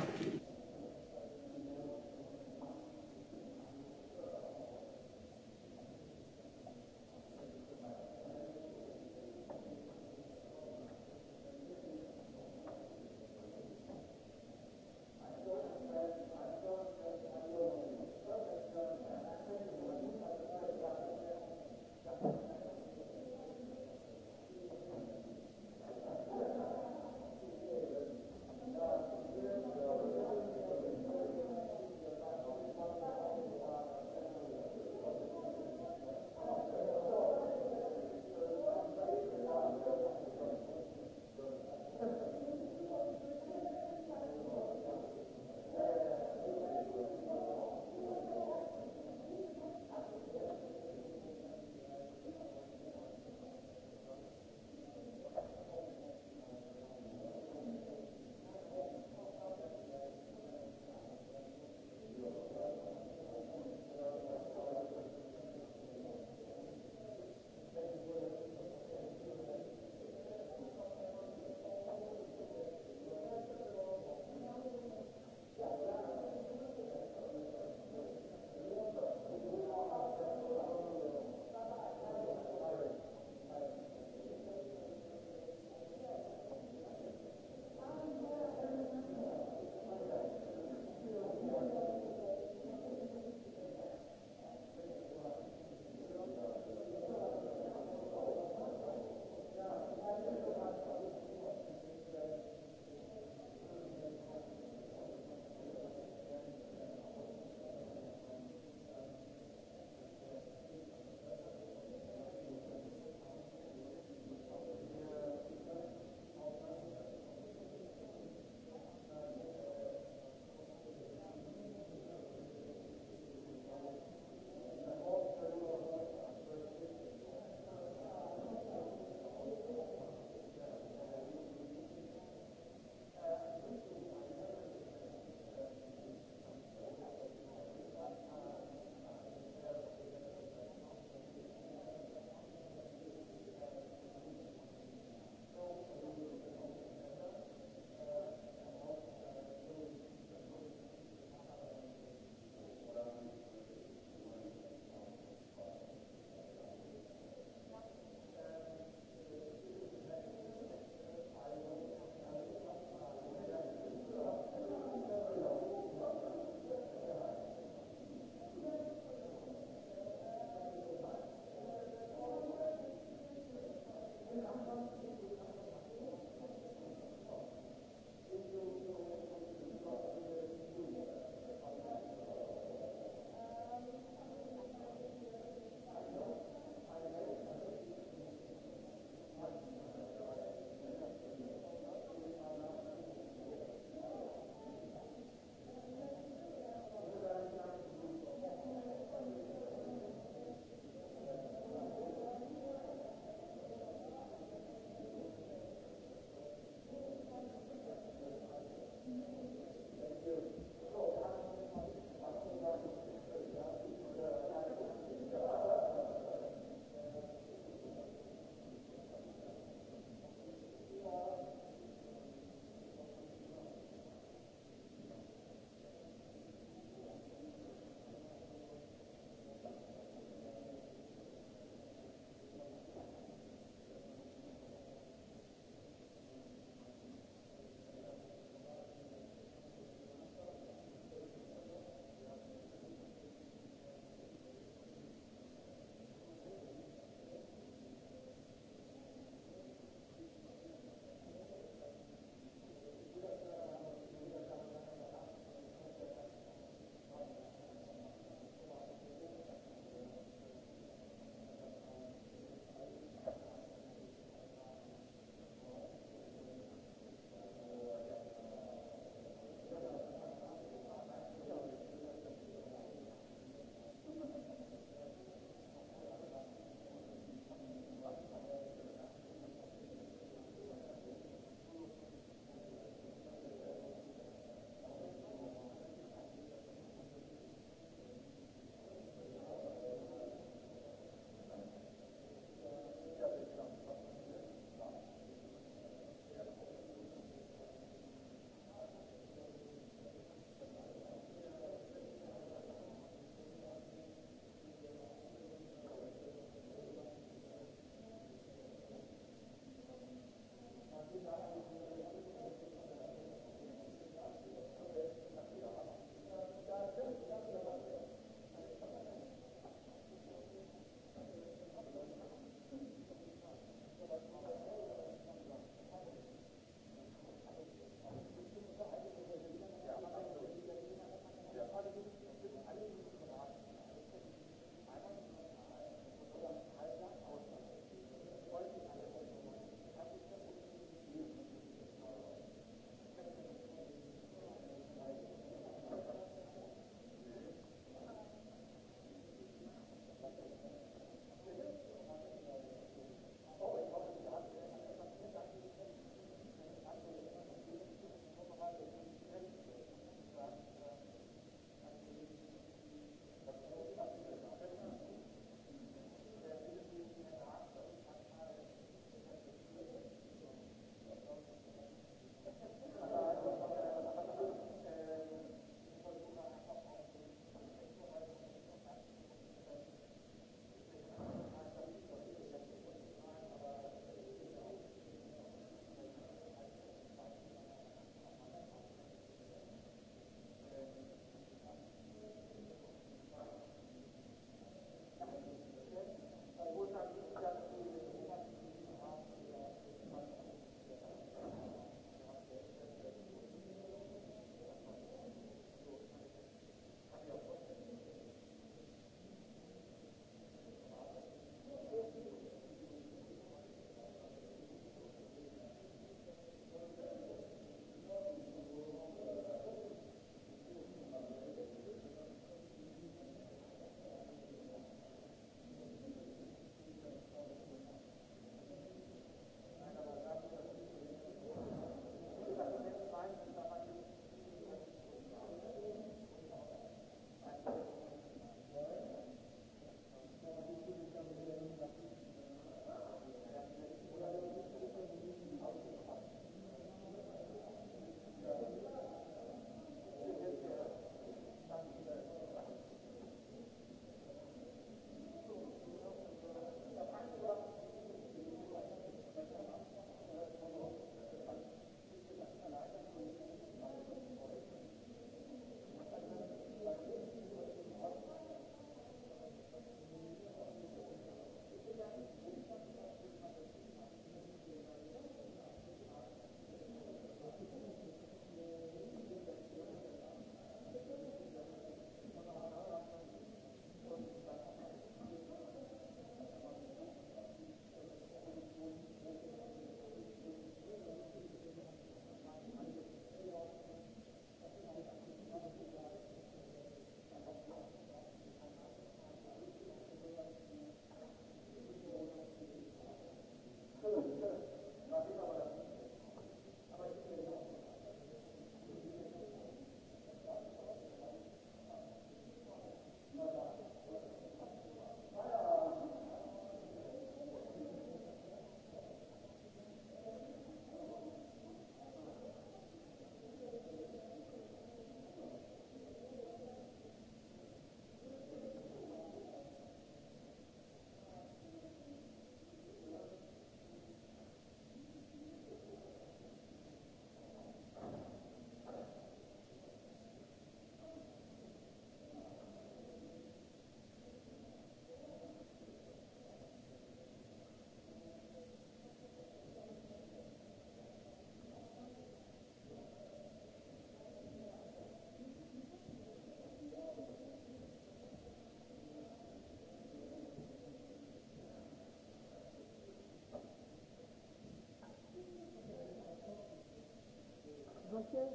laquelle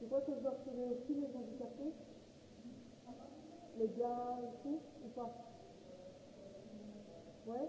je crois que je dois retirer aussi les handicapés, les gars et tout, ou pas Ouais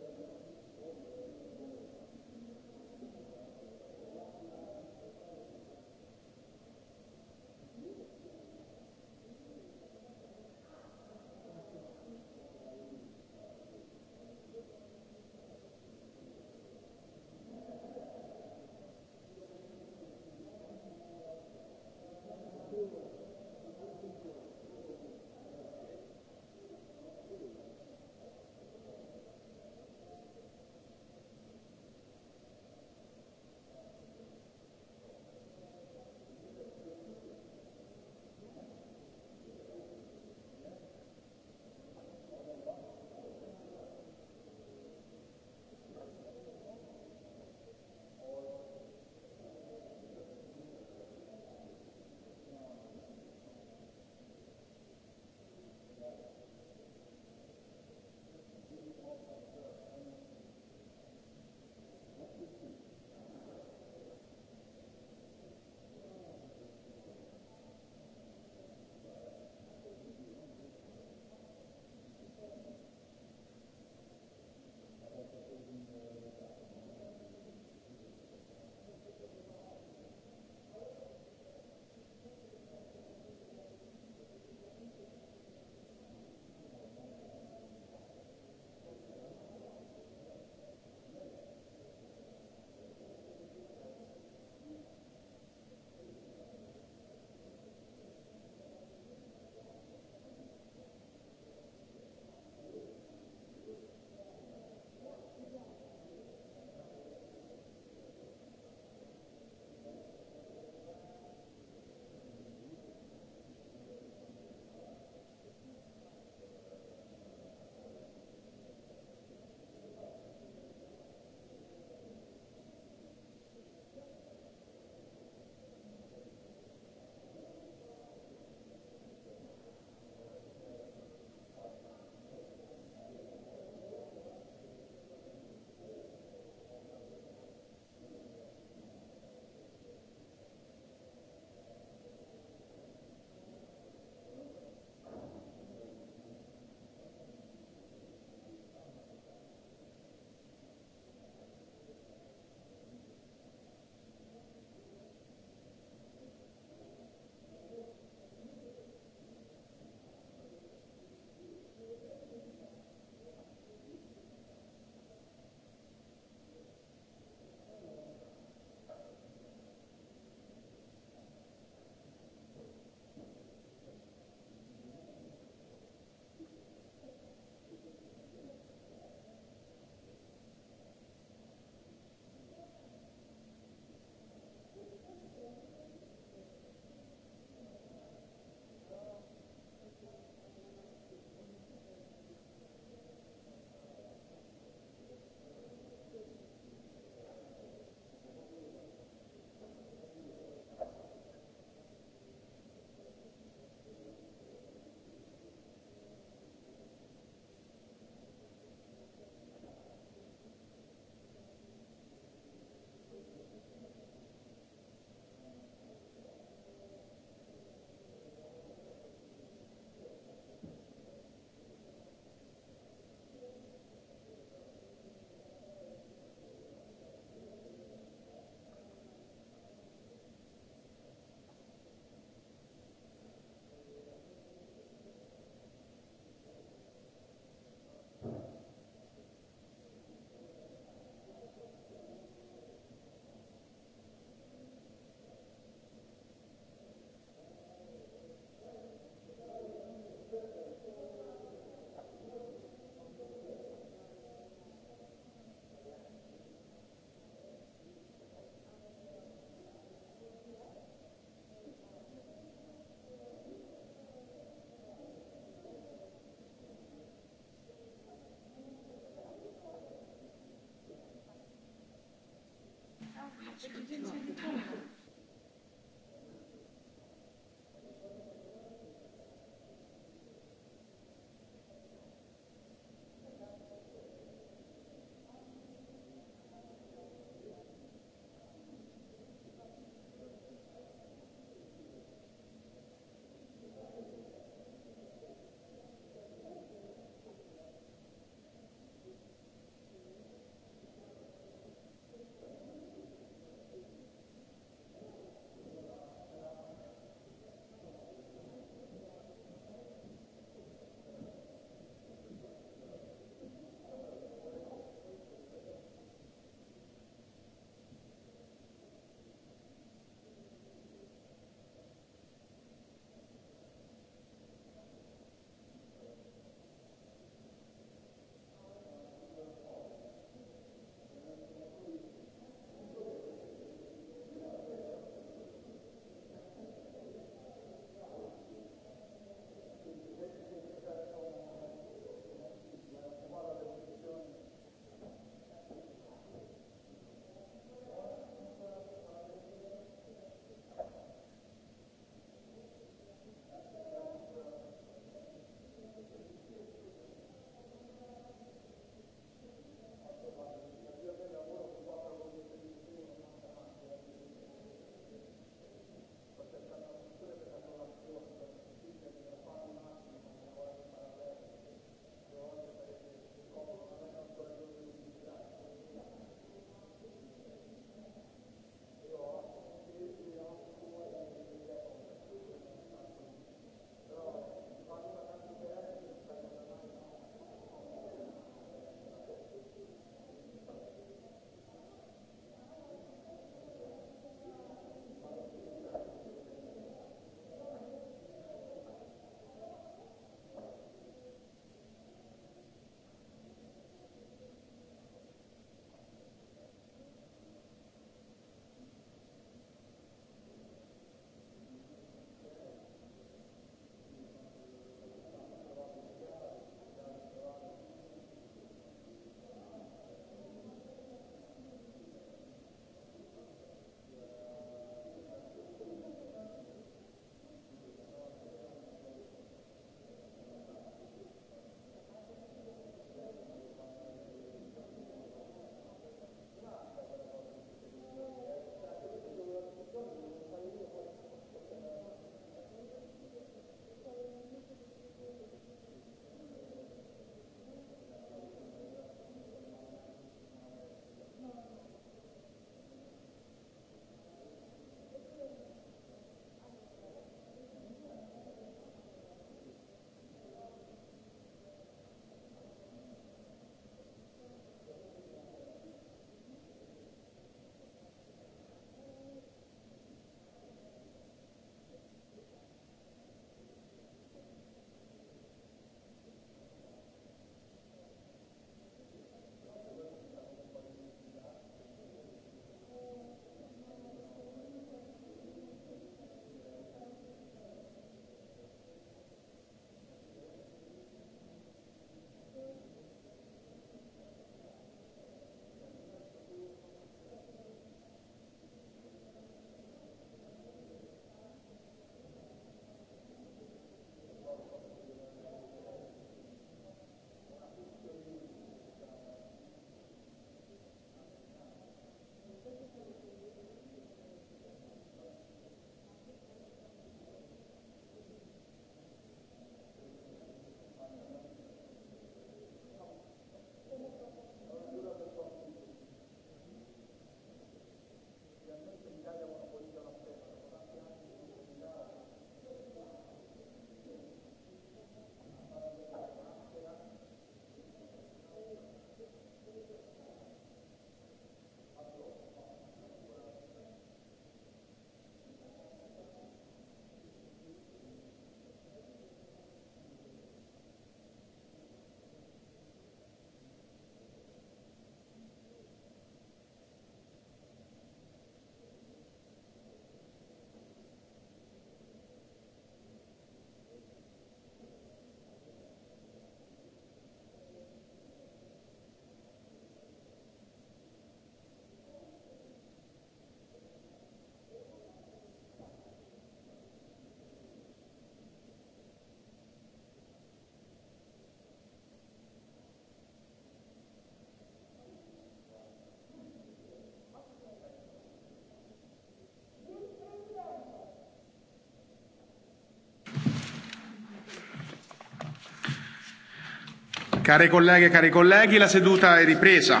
Каре колеги, кари колеги, la seduta е репреза.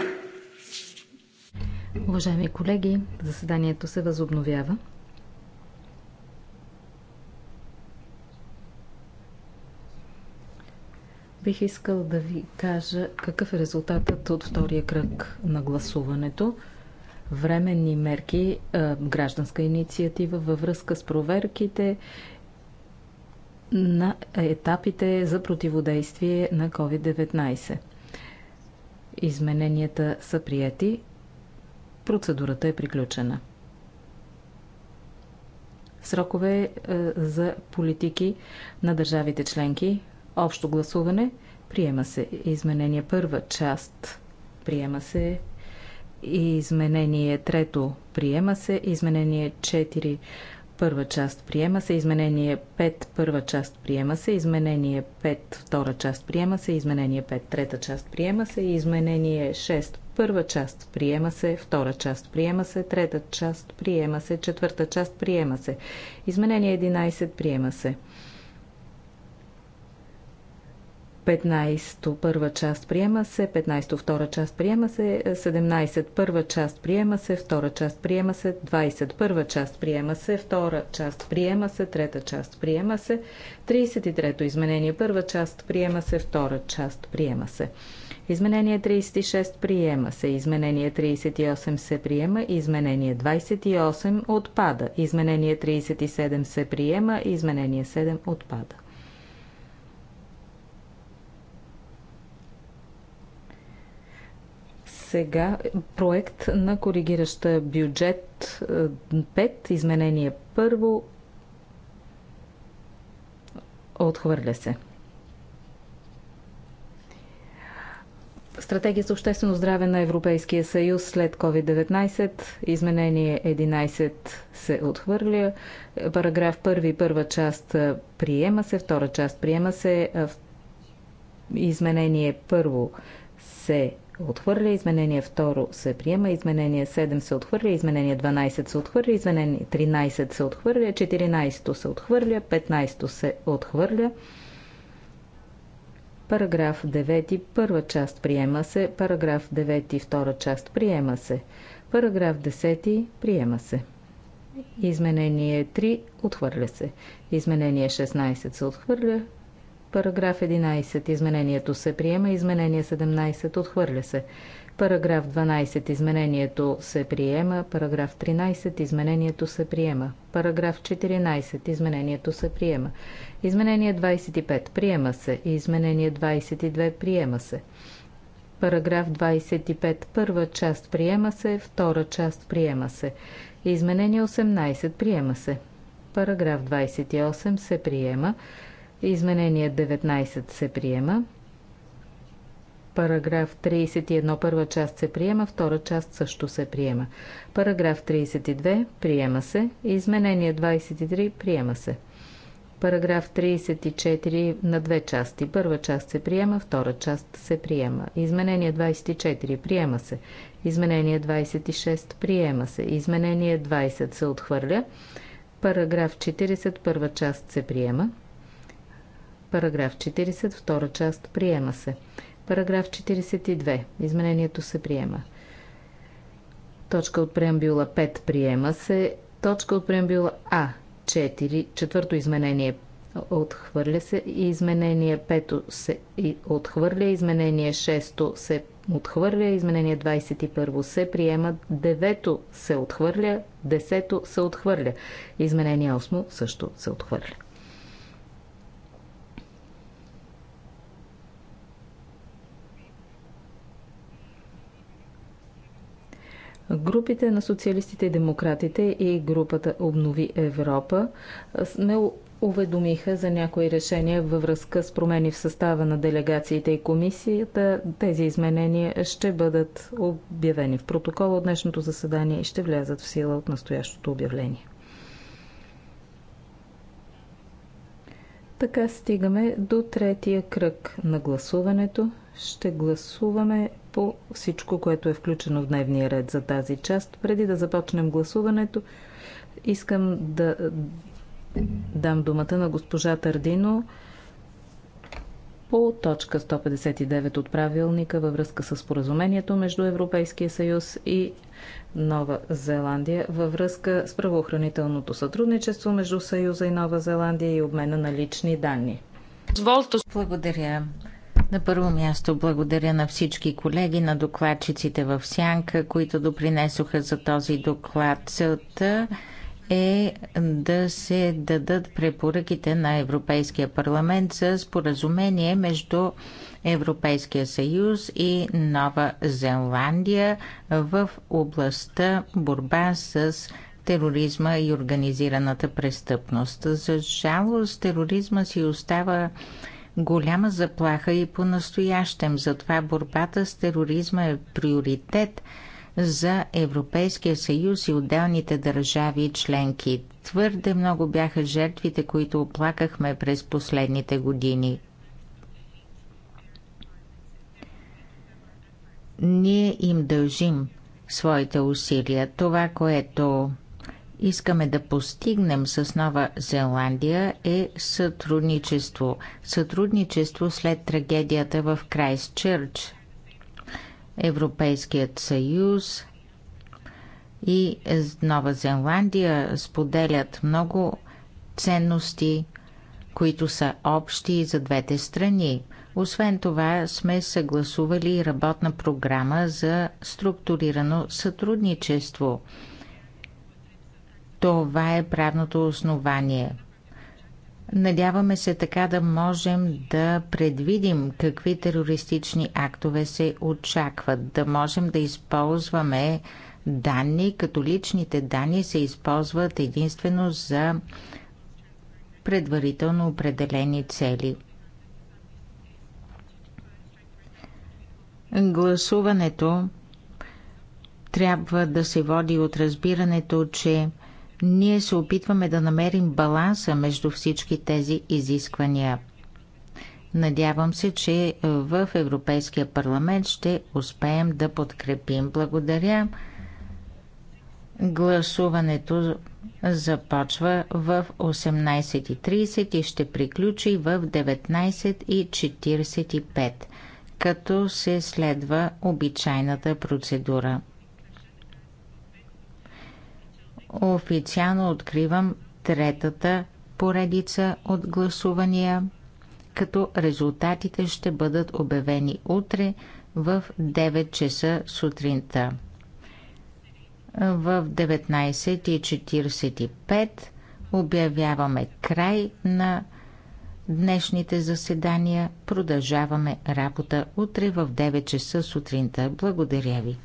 Уважаеми колеги, заседанието се възобновява. Бих искал да ви кажа какъв е резултатът от втория кръг на гласуването. Временни мерки, е, гражданска инициатива във връзка с проверките на етапите за противодействие на COVID-19. Измененията са прияти. Процедурата е приключена. Срокове е, за политики на държавите членки. Общо гласуване. Приема се изменение първа част. Приема се изменение трето. Приема се изменение 4 първа част приема се, изменение 5 първа част приема се, изменение 5 втора част приема се, изменение 5 трета част приема се, изменение 6 първа част приема се, втора част приема се, трета част приема се, четвърта част приема се, изменение 11 приема се. 15 то първа част приема се, 15 то втора част приема се, 17 първа част приема се, втора част приема се, 20 първа част приема се, втора част приема се, трета част приема се, 33 то изменение първа част приема се, втора част приема се. Изменение 36 приема се, изменение 38 се приема, изменение 28 отпада, изменение 37 се приема, изменение 7 отпада. сега проект на коригираща бюджет 5, е, изменение първо. Отхвърля се. Стратегия за обществено здраве на Европейския съюз след COVID-19. Изменение 11 се отхвърля. Параграф 1, първа част е, приема се, втора част приема се. Изменение първо се отхвърля, изменение 2 се приема, изменение 7 се отхвърля, изменение 12 се отхвърля, изменение 13 се отхвърля, 14 се отхвърля, 15 се отхвърля. Параграф 9, първа част приема се, параграф 9, втора част приема се, параграф 10 приема се. Изменение 3 отхвърля се. Изменение 16 се отхвърля. Параграф 11. Изменението се приема. Изменение 17. Отхвърля се. Параграф 12. Изменението се приема. Параграф 13. Изменението се приема. Параграф 14. Изменението се приема. Изменение 25. Приема се. Изменение 22. Приема се. Параграф 25. Първа част приема се. Втора част приема се. Изменение 18. Приема се. Параграф 28 се приема. Изменение 19 се приема. Параграф 31, първа част се приема, втора част също се приема. Параграф 32, приема се. Изменение 23, приема се. Параграф 34 на две части. Първа част се приема, втора част се приема. Изменение 24 приема се. Изменение 26 приема се. Изменение 20 се отхвърля. Параграф 40 първа част се приема. Параграф 40, втора част, приема се. Параграф 42. Изменението се приема. Точка от преамбюла 5 приема се. Точка от преамбюла А 4. Четвърто изменение отхвърля се. И изменение 5 се отхвърля. Изменение 6 се отхвърля. Изменение 21 се приема. 9 се отхвърля. 10 се отхвърля. Изменение 8 също се отхвърля. Групите на социалистите и демократите и групата Обнови Европа сме уведомиха за някои решения във връзка с промени в състава на делегациите и комисията. Тези изменения ще бъдат обявени в протокола от днешното заседание и ще влязат в сила от настоящото обявление. Така стигаме до третия кръг на гласуването. Ще гласуваме по всичко, което е включено в дневния ред за тази част. Преди да започнем гласуването, искам да дам думата на госпожа Тардино по точка 159 от правилника във връзка с поразумението между Европейския съюз и Нова Зеландия във връзка с правоохранителното сътрудничество между Съюза и Нова Зеландия и обмена на лични данни. Благодаря. На първо място благодаря на всички колеги, на докладчиците в Сянка, които допринесоха за този доклад. Целта е да се дадат препоръките на Европейския парламент за споразумение между Европейския съюз и Нова Зеландия в областта борба с тероризма и организираната престъпност. За жалост, тероризма си остава голяма заплаха и по-настоящем. Затова борбата с тероризма е приоритет за Европейския съюз и отделните държави и членки. Твърде много бяха жертвите, които оплакахме през последните години. Ние им дължим своите усилия. Това, което искаме да постигнем с Нова Зеландия е сътрудничество. Сътрудничество след трагедията в Крайстчърч. Европейският съюз и Нова Зеландия споделят много ценности, които са общи за двете страни. Освен това сме съгласували работна програма за структурирано сътрудничество – това е правното основание. Надяваме се така да можем да предвидим какви терористични актове се очакват, да можем да използваме данни, като личните данни се използват единствено за предварително определени цели. Гласуването трябва да се води от разбирането, че ние се опитваме да намерим баланса между всички тези изисквания. Надявам се, че в Европейския парламент ще успеем да подкрепим. Благодаря. Гласуването започва в 18.30 и ще приключи в 19.45, като се следва обичайната процедура. Официално откривам третата поредица от гласувания, като резултатите ще бъдат обявени утре в 9 часа сутринта. В 19.45 обявяваме край на днешните заседания. Продължаваме работа утре в 9 часа сутринта. Благодаря ви.